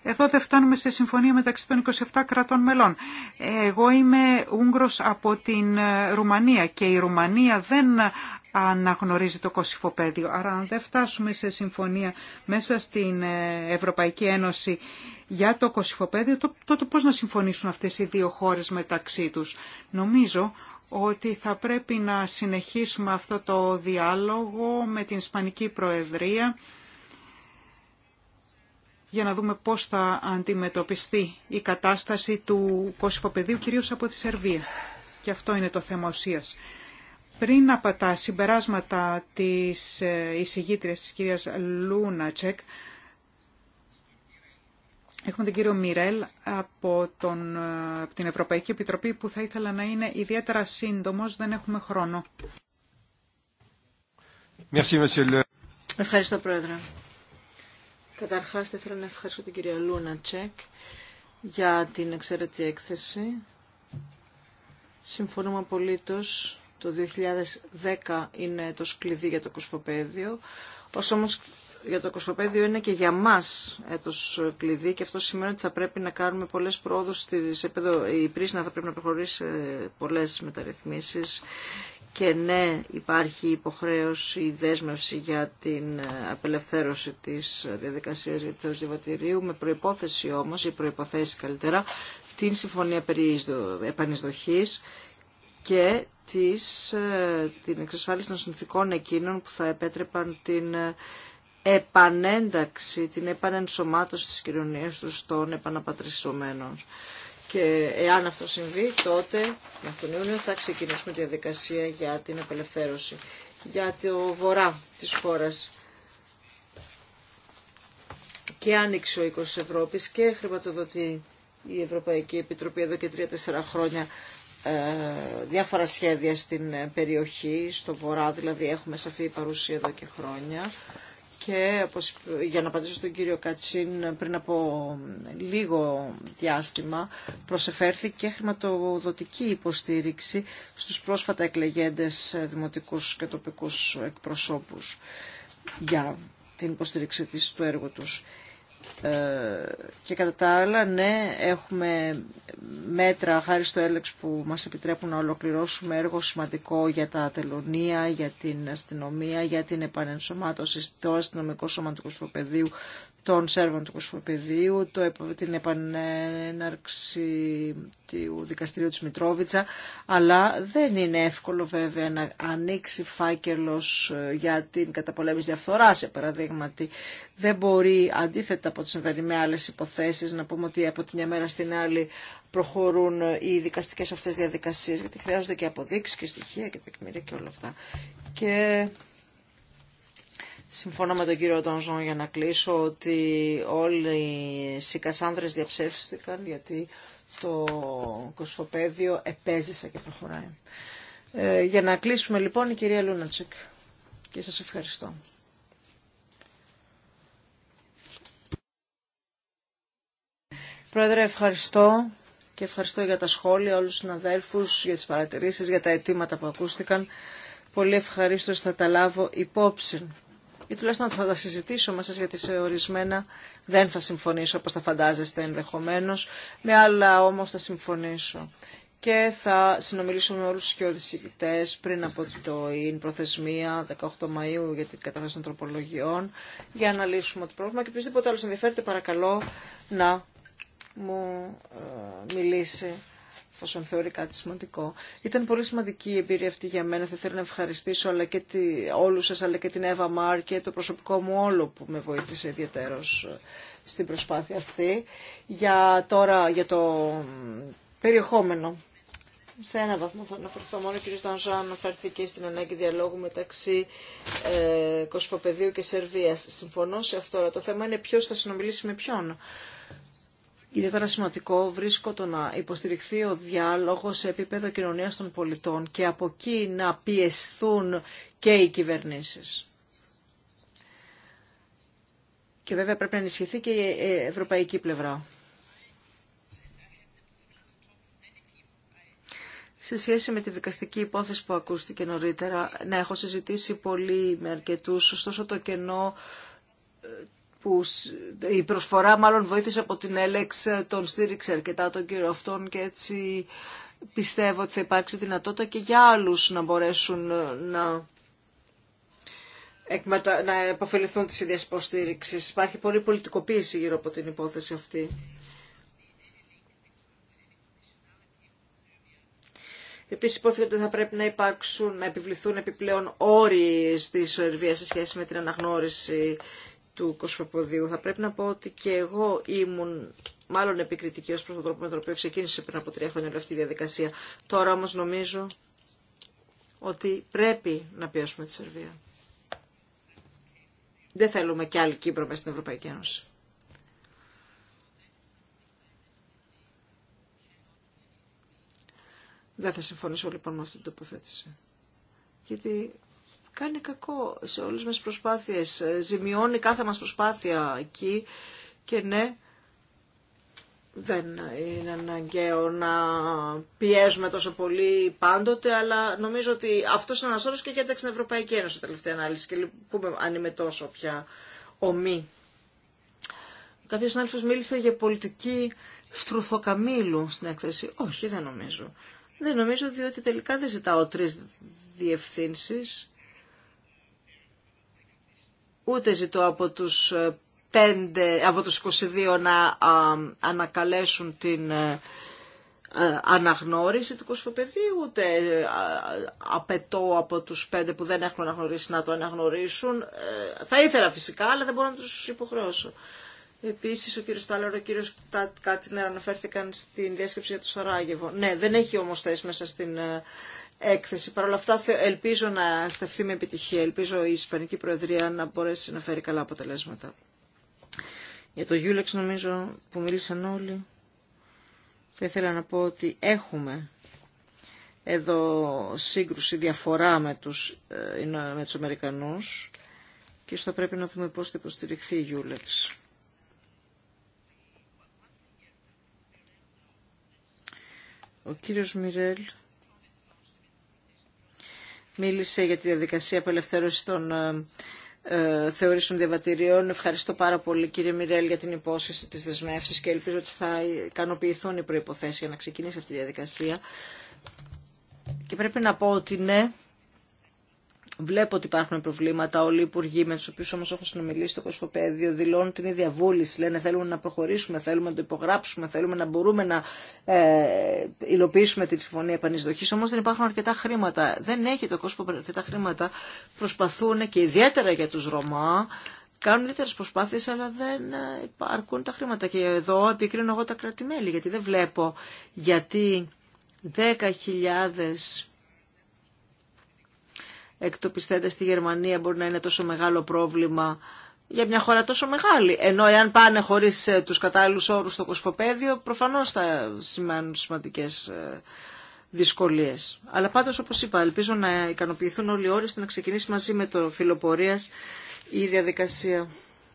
Εδώ δεν φτάνουμε σε συμφωνία μεταξύ των 27 κρατών μελών. Εγώ είμαι Ούγγρος από την Ρουμανία και η Ρουμανία δεν αναγνωρίζει το κοσυφοπέδιο. Άρα αν δεν φτάσουμε σε συμφωνία μέσα στην ε, Ευρωπαϊκή Ένωση για το κοσυφοπέδιο, τότε πώς να συμφωνήσουν αυτές οι δύο χώρες μεταξύ τους. Νομίζω ότι θα πρέπει να συνεχίσουμε αυτό το διάλογο με την Ισπανική Προεδρία για να δούμε πώς θα αντιμετωπιστεί η κατάσταση του κοσυφοπεδίου κυρίως από τη Σερβία. Και αυτό είναι το θέμα ουσίας. Πριν από τα συμπεράσματα της ε, εισηγήτριας της κυρίας Λούνατσεκ, Έχουμε τον κύριο Μιρέλ από, τον, ε, από την Ευρωπαϊκή Επιτροπή που θα ήθελα να είναι ιδιαίτερα σύντομος, δεν έχουμε χρόνο. Ευχαριστώ Πρόεδρε. Καταρχάς θα ήθελα να ευχαριστώ την κυρία Λούνατσεκ για την εξαιρετική έκθεση. Συμφωνούμε απολύτως το 2010 είναι το κλειδί για το κοσμοπέδιο. Όσο όμως για το κοσμοπέδιο είναι και για μας έτος κλειδί και αυτό σημαίνει ότι θα πρέπει να κάνουμε πολλές πρόοδους. Η Πρίσνα θα πρέπει να προχωρήσει πολλές μεταρρυθμίσεις και ναι υπάρχει υποχρέωση, η δέσμευση για την απελευθέρωση της διαδικασίας για τη διαβατηρίου με προϋπόθεση όμως, ή προϋποθέσεις καλύτερα, την συμφωνία περί επανεισδοχής και της, ε, την εξασφάλιση των συνθήκων εκείνων που θα επέτρεπαν την ε, επανένταξη, την επανενσωμάτωση της κοινωνίας τους των επαναπατρισσομένων. Και εάν αυτό συμβεί, τότε με τον Ιούνιο θα ξεκινήσουμε τη διαδικασία για την απελευθέρωση. Για το βορρά της χώρας και άνοιξε ο οίκος Ευρώπης και χρηματοδοτεί η Ευρωπαϊκή Επιτροπή εδώ και 3-4 χρόνια ε, διάφορα σχέδια στην περιοχή, στο βορρά, δηλαδή έχουμε σαφή παρουσία εδώ και χρόνια. Και για να απαντήσω στον κύριο Κατσίν, πριν από λίγο διάστημα προσεφέρθηκε χρηματοδοτική υποστήριξη στους πρόσφατα εκλεγέντες δημοτικούς και τοπικούς εκπροσώπους για την υποστήριξη της του έργου τους. Ε, και κατά τα άλλα, ναι, έχουμε μέτρα χάρη στο έλεξ που μας επιτρέπουν να ολοκληρώσουμε έργο σημαντικό για τα τελωνία, για την αστυνομία, για την επανενσωμάτωση στο αστυνομικό σωματικό του των Σέρβων του Κοσμοπεδίου, το, την επανέναρξη του δικαστηρίου της Μητρόβιτσα, αλλά δεν είναι εύκολο βέβαια να ανοίξει φάκελος ε, για την καταπολέμηση διαφθορά, σε παραδείγματι. Δεν μπορεί, αντίθετα από ό,τι συμβαίνει με άλλες υποθέσεις, να πούμε ότι από τη μια μέρα στην άλλη προχωρούν ε, οι δικαστικές αυτές διαδικασίες, γιατί χρειάζονται και αποδείξεις και στοιχεία και τεκμήρια και όλα αυτά. Και Συμφωνώ με τον κύριο Τόνζον για να κλείσω ότι όλοι οι Κασάνδρες διαψεύστηκαν γιατί το κοσφοπέδιο επέζησε και προχωράει. Ε, για να κλείσουμε λοιπόν η κυρία Λούνατσικ. και σας ευχαριστώ. Πρόεδρε, ευχαριστώ και ευχαριστώ για τα σχόλια όλους τους συναδέλφους, για τις παρατηρήσεις, για τα αιτήματα που ακούστηκαν. Πολύ ευχαρίστως θα τα λάβω υπόψη ή τουλάχιστον θα τα συζητήσω μαζί γιατί σε ορισμένα δεν θα συμφωνήσω όπως θα φαντάζεστε ενδεχομένω, με άλλα όμως θα συμφωνήσω. Και θα συνομιλήσω με όλους τους κοιοδησιτές πριν από το ΙΝ προθεσμία 18 Μαΐου για την κατάσταση των τροπολογιών για να λύσουμε το πρόβλημα και οποιοδήποτε άλλο ενδιαφέρεται παρακαλώ να μου ε, μιλήσει εφόσον θεωρεί κάτι σημαντικό. Ήταν πολύ σημαντική η εμπειρία αυτή για μένα. Θα ήθελα να ευχαριστήσω αλλά και τη, όλους σας, αλλά και την Εύα Μάρ και το προσωπικό μου όλο που με βοήθησε ιδιαίτερος ε, στην προσπάθεια αυτή. Για τώρα, για το περιεχόμενο. Σε ένα βαθμό θα αναφερθώ μόνο, ο κ. Ντανζάν αναφέρθηκε στην ανάγκη διαλόγου μεταξύ ε, Κοσφοπεδίου και Σερβίας. Συμφωνώ σε αυτό, το θέμα είναι ποιος θα συνομιλήσει με ποιον. Ιδιαίτερα σημαντικό βρίσκω το να υποστηριχθεί ο διάλογος σε επίπεδο κοινωνίας των πολιτών και από εκεί να πιεσθούν και οι κυβερνήσεις. Και βέβαια πρέπει να ενισχυθεί και η ευρωπαϊκή πλευρά. Σε σχέση με τη δικαστική υπόθεση που ακούστηκε νωρίτερα, να έχω συζητήσει πολύ με αρκετούς, ωστόσο το κενό που η προσφορά μάλλον βοήθησε από την Έλεξ τον στήριξε αρκετά τον κύριο αυτόν και έτσι πιστεύω ότι θα υπάρξει δυνατότητα και για άλλους να μπορέσουν ε, να να επωφεληθούν τις ίδιες υποστήριξη. Υπάρχει πολλή πολιτικοποίηση γύρω από την υπόθεση αυτή. Επίσης υπόθηκε ότι θα πρέπει να υπάρξουν, να επιβληθούν επιπλέον όροι στη Σερβία σε σχέση με την αναγνώριση του Κοσμοποδίου. Θα πρέπει να πω ότι και εγώ ήμουν μάλλον επικριτική ως προς τον τρόπο με τον οποίο ξεκίνησε πριν από τρία χρόνια αυτή η διαδικασία. Τώρα όμως νομίζω ότι πρέπει να πιέσουμε τη Σερβία. Δεν θέλουμε κι άλλη Κύπρο μέσα στην Ευρωπαϊκή Ένωση. Δεν θα συμφωνήσω λοιπόν με αυτή την τοποθέτηση. Γιατί κάνει κακό σε όλες μας προσπάθειες, ε, ζημιώνει κάθε μας προσπάθεια εκεί και ναι, δεν είναι αναγκαίο να πιέζουμε τόσο πολύ πάντοτε, αλλά νομίζω ότι αυτός είναι ένας όρος και για την Ευρωπαϊκή Ένωση τελευταία ανάλυση και λυπούμε αν είμαι τόσο πια ομή. Κάποιο άλλο μίλησε για πολιτική στρουφοκαμήλου στην έκθεση. Όχι, δεν νομίζω. Δεν νομίζω διότι τελικά δεν ζητάω τρει διευθύνσει ούτε ζητώ από τους, 5, ε, από τους 22 να ανακαλέσουν την ε, ε, αναγνώριση του Κοσμοπαιδίου, ούτε απαιτώ από τους 5 που δεν έχουν αναγνωρίσει να το αναγνωρίσουν. Θα ήθελα φυσικά, αλλά δεν μπορώ να τους υποχρεώσω. Επίσης, ο κύριος Τάλερο, ο κύριος Κάτινερ αναφέρθηκαν στην διάσκεψη για το Σαράγεβο. Ναι, δεν έχει όμως θέση μέσα στην έκθεση. Παρ' όλα αυτά ελπίζω να στεφθεί με επιτυχία. Ελπίζω η Ισπανική Προεδρία να μπορέσει να φέρει καλά αποτελέσματα. Για το Γιούλεξ νομίζω που μίλησαν όλοι. Θα ήθελα να πω ότι έχουμε εδώ σύγκρουση, διαφορά με τους, ε, με Αμερικανούς και θα πρέπει να δούμε πώς θα υποστηριχθεί η Γιούλεξ. Ο κύριος Μιρέλ μίλησε για τη διαδικασία απελευθέρωση των ε, ε, θεωρήσεων διαβατηρίων. Ευχαριστώ πάρα πολύ κύριε Μιρέλ για την υπόσχεση της δεσμεύσης και ελπίζω ότι θα ικανοποιηθούν οι προϋποθέσεις για να ξεκινήσει αυτή η διαδικασία. Και πρέπει να πω ότι ναι, Βλέπω ότι υπάρχουν προβλήματα. Όλοι οι υπουργοί με του οποίου όμω έχω συνομιλήσει στο Κοσμοπέδιο δηλώνουν την ίδια βούληση. Λένε θέλουμε να προχωρήσουμε, θέλουμε να το υπογράψουμε, θέλουμε να μπορούμε να ε, υλοποιήσουμε τη συμφωνία επανεισδοχή. Όμω δεν υπάρχουν αρκετά χρήματα. Δεν έχει το κόσμο αρκετά χρήματα. Προσπαθούν και ιδιαίτερα για του Ρωμά. Κάνουν ιδιαίτερε προσπάθειε, αλλά δεν ε, υπάρχουν τα χρήματα. Και εδώ επικρίνω εγώ τα κρατημέλη, γιατί δεν βλέπω γιατί 10.000 εκτοπιστέντε στη Γερμανία μπορεί να είναι τόσο μεγάλο πρόβλημα για μια χώρα τόσο μεγάλη. Ενώ εάν πάνε χωρίς ε, τους κατάλληλους όρου στο κοσφοπέδιο, προφανώς θα σημαίνουν σημαντικές ε, δυσκολίες. Αλλά πάντως, όπως είπα, ελπίζω να ικανοποιηθούν όλοι οι όροι ώστε να ξεκινήσει μαζί με το φιλοπορία η διαδικασία.